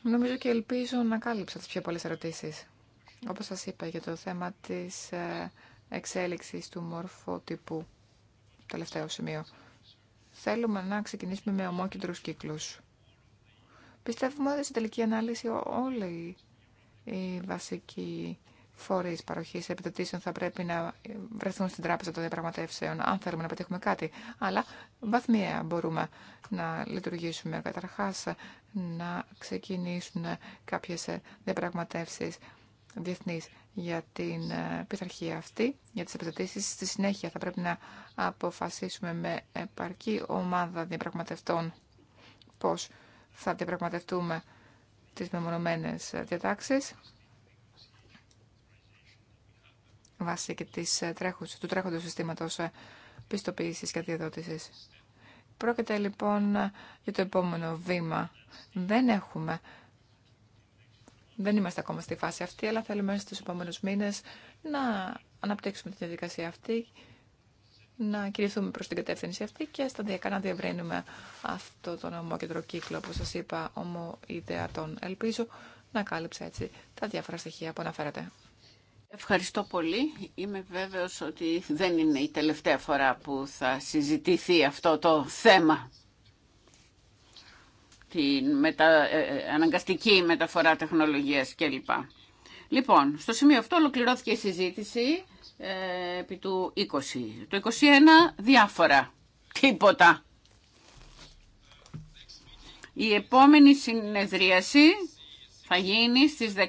Νομίζω και ελπίζω να κάλυψα τις πιο πολλές ερωτήσεις. Όπως σας είπα για το θέμα της ε, εξέλιξης του μορφότυπου, τελευταίο σημείο. Θέλουμε να ξεκινήσουμε με ομόκεντρους κύκλους. Πιστεύουμε ότι στην τελική ανάλυση όλοι οι βασικοί φορείς παροχή επιδοτήσεων θα πρέπει να βρεθούν στην τράπεζα των διαπραγματεύσεων, αν θέλουμε να πετύχουμε κάτι. Αλλά βαθμιαία μπορούμε να λειτουργήσουμε. Καταρχάς, να ξεκινήσουν κάποιε διαπραγματεύσει διεθνεί για την πειθαρχία αυτή, για τις επιδοτήσει. Στη συνέχεια θα πρέπει να αποφασίσουμε με επαρκή ομάδα διαπραγματευτών πώ θα διαπραγματευτούμε τις μεμονωμένες διατάξεις βάσει και της ε, τρέχου, του τρέχοντος συστήματος ε, πιστοποίησης και διαδότησης. Πρόκειται λοιπόν για το επόμενο βήμα. Δεν έχουμε, δεν είμαστε ακόμα στη φάση αυτή, αλλά θέλουμε στους επόμενους μήνες να αναπτύξουμε τη διαδικασία αυτή, να κινηθούμε προς την κατεύθυνση αυτή και σταδιακά να διευρύνουμε αυτό το ομόκεντρο κύκλο, όπως σας είπα, ομοειδεατών. Ελπίζω να κάλυψα έτσι τα διάφορα στοιχεία που αναφέρατε. Ευχαριστώ πολύ. Είμαι βέβαιος ότι δεν είναι η τελευταία φορά που θα συζητηθεί αυτό το θέμα. Την μετα... Ε, ε, αναγκαστική μεταφορά τεχνολογίας κλπ. Λοιπόν, στο σημείο αυτό ολοκληρώθηκε η συζήτηση ε, επί του 20. Το 21 διάφορα. Τίποτα. Η επόμενη συνεδρίαση θα γίνει στις 10.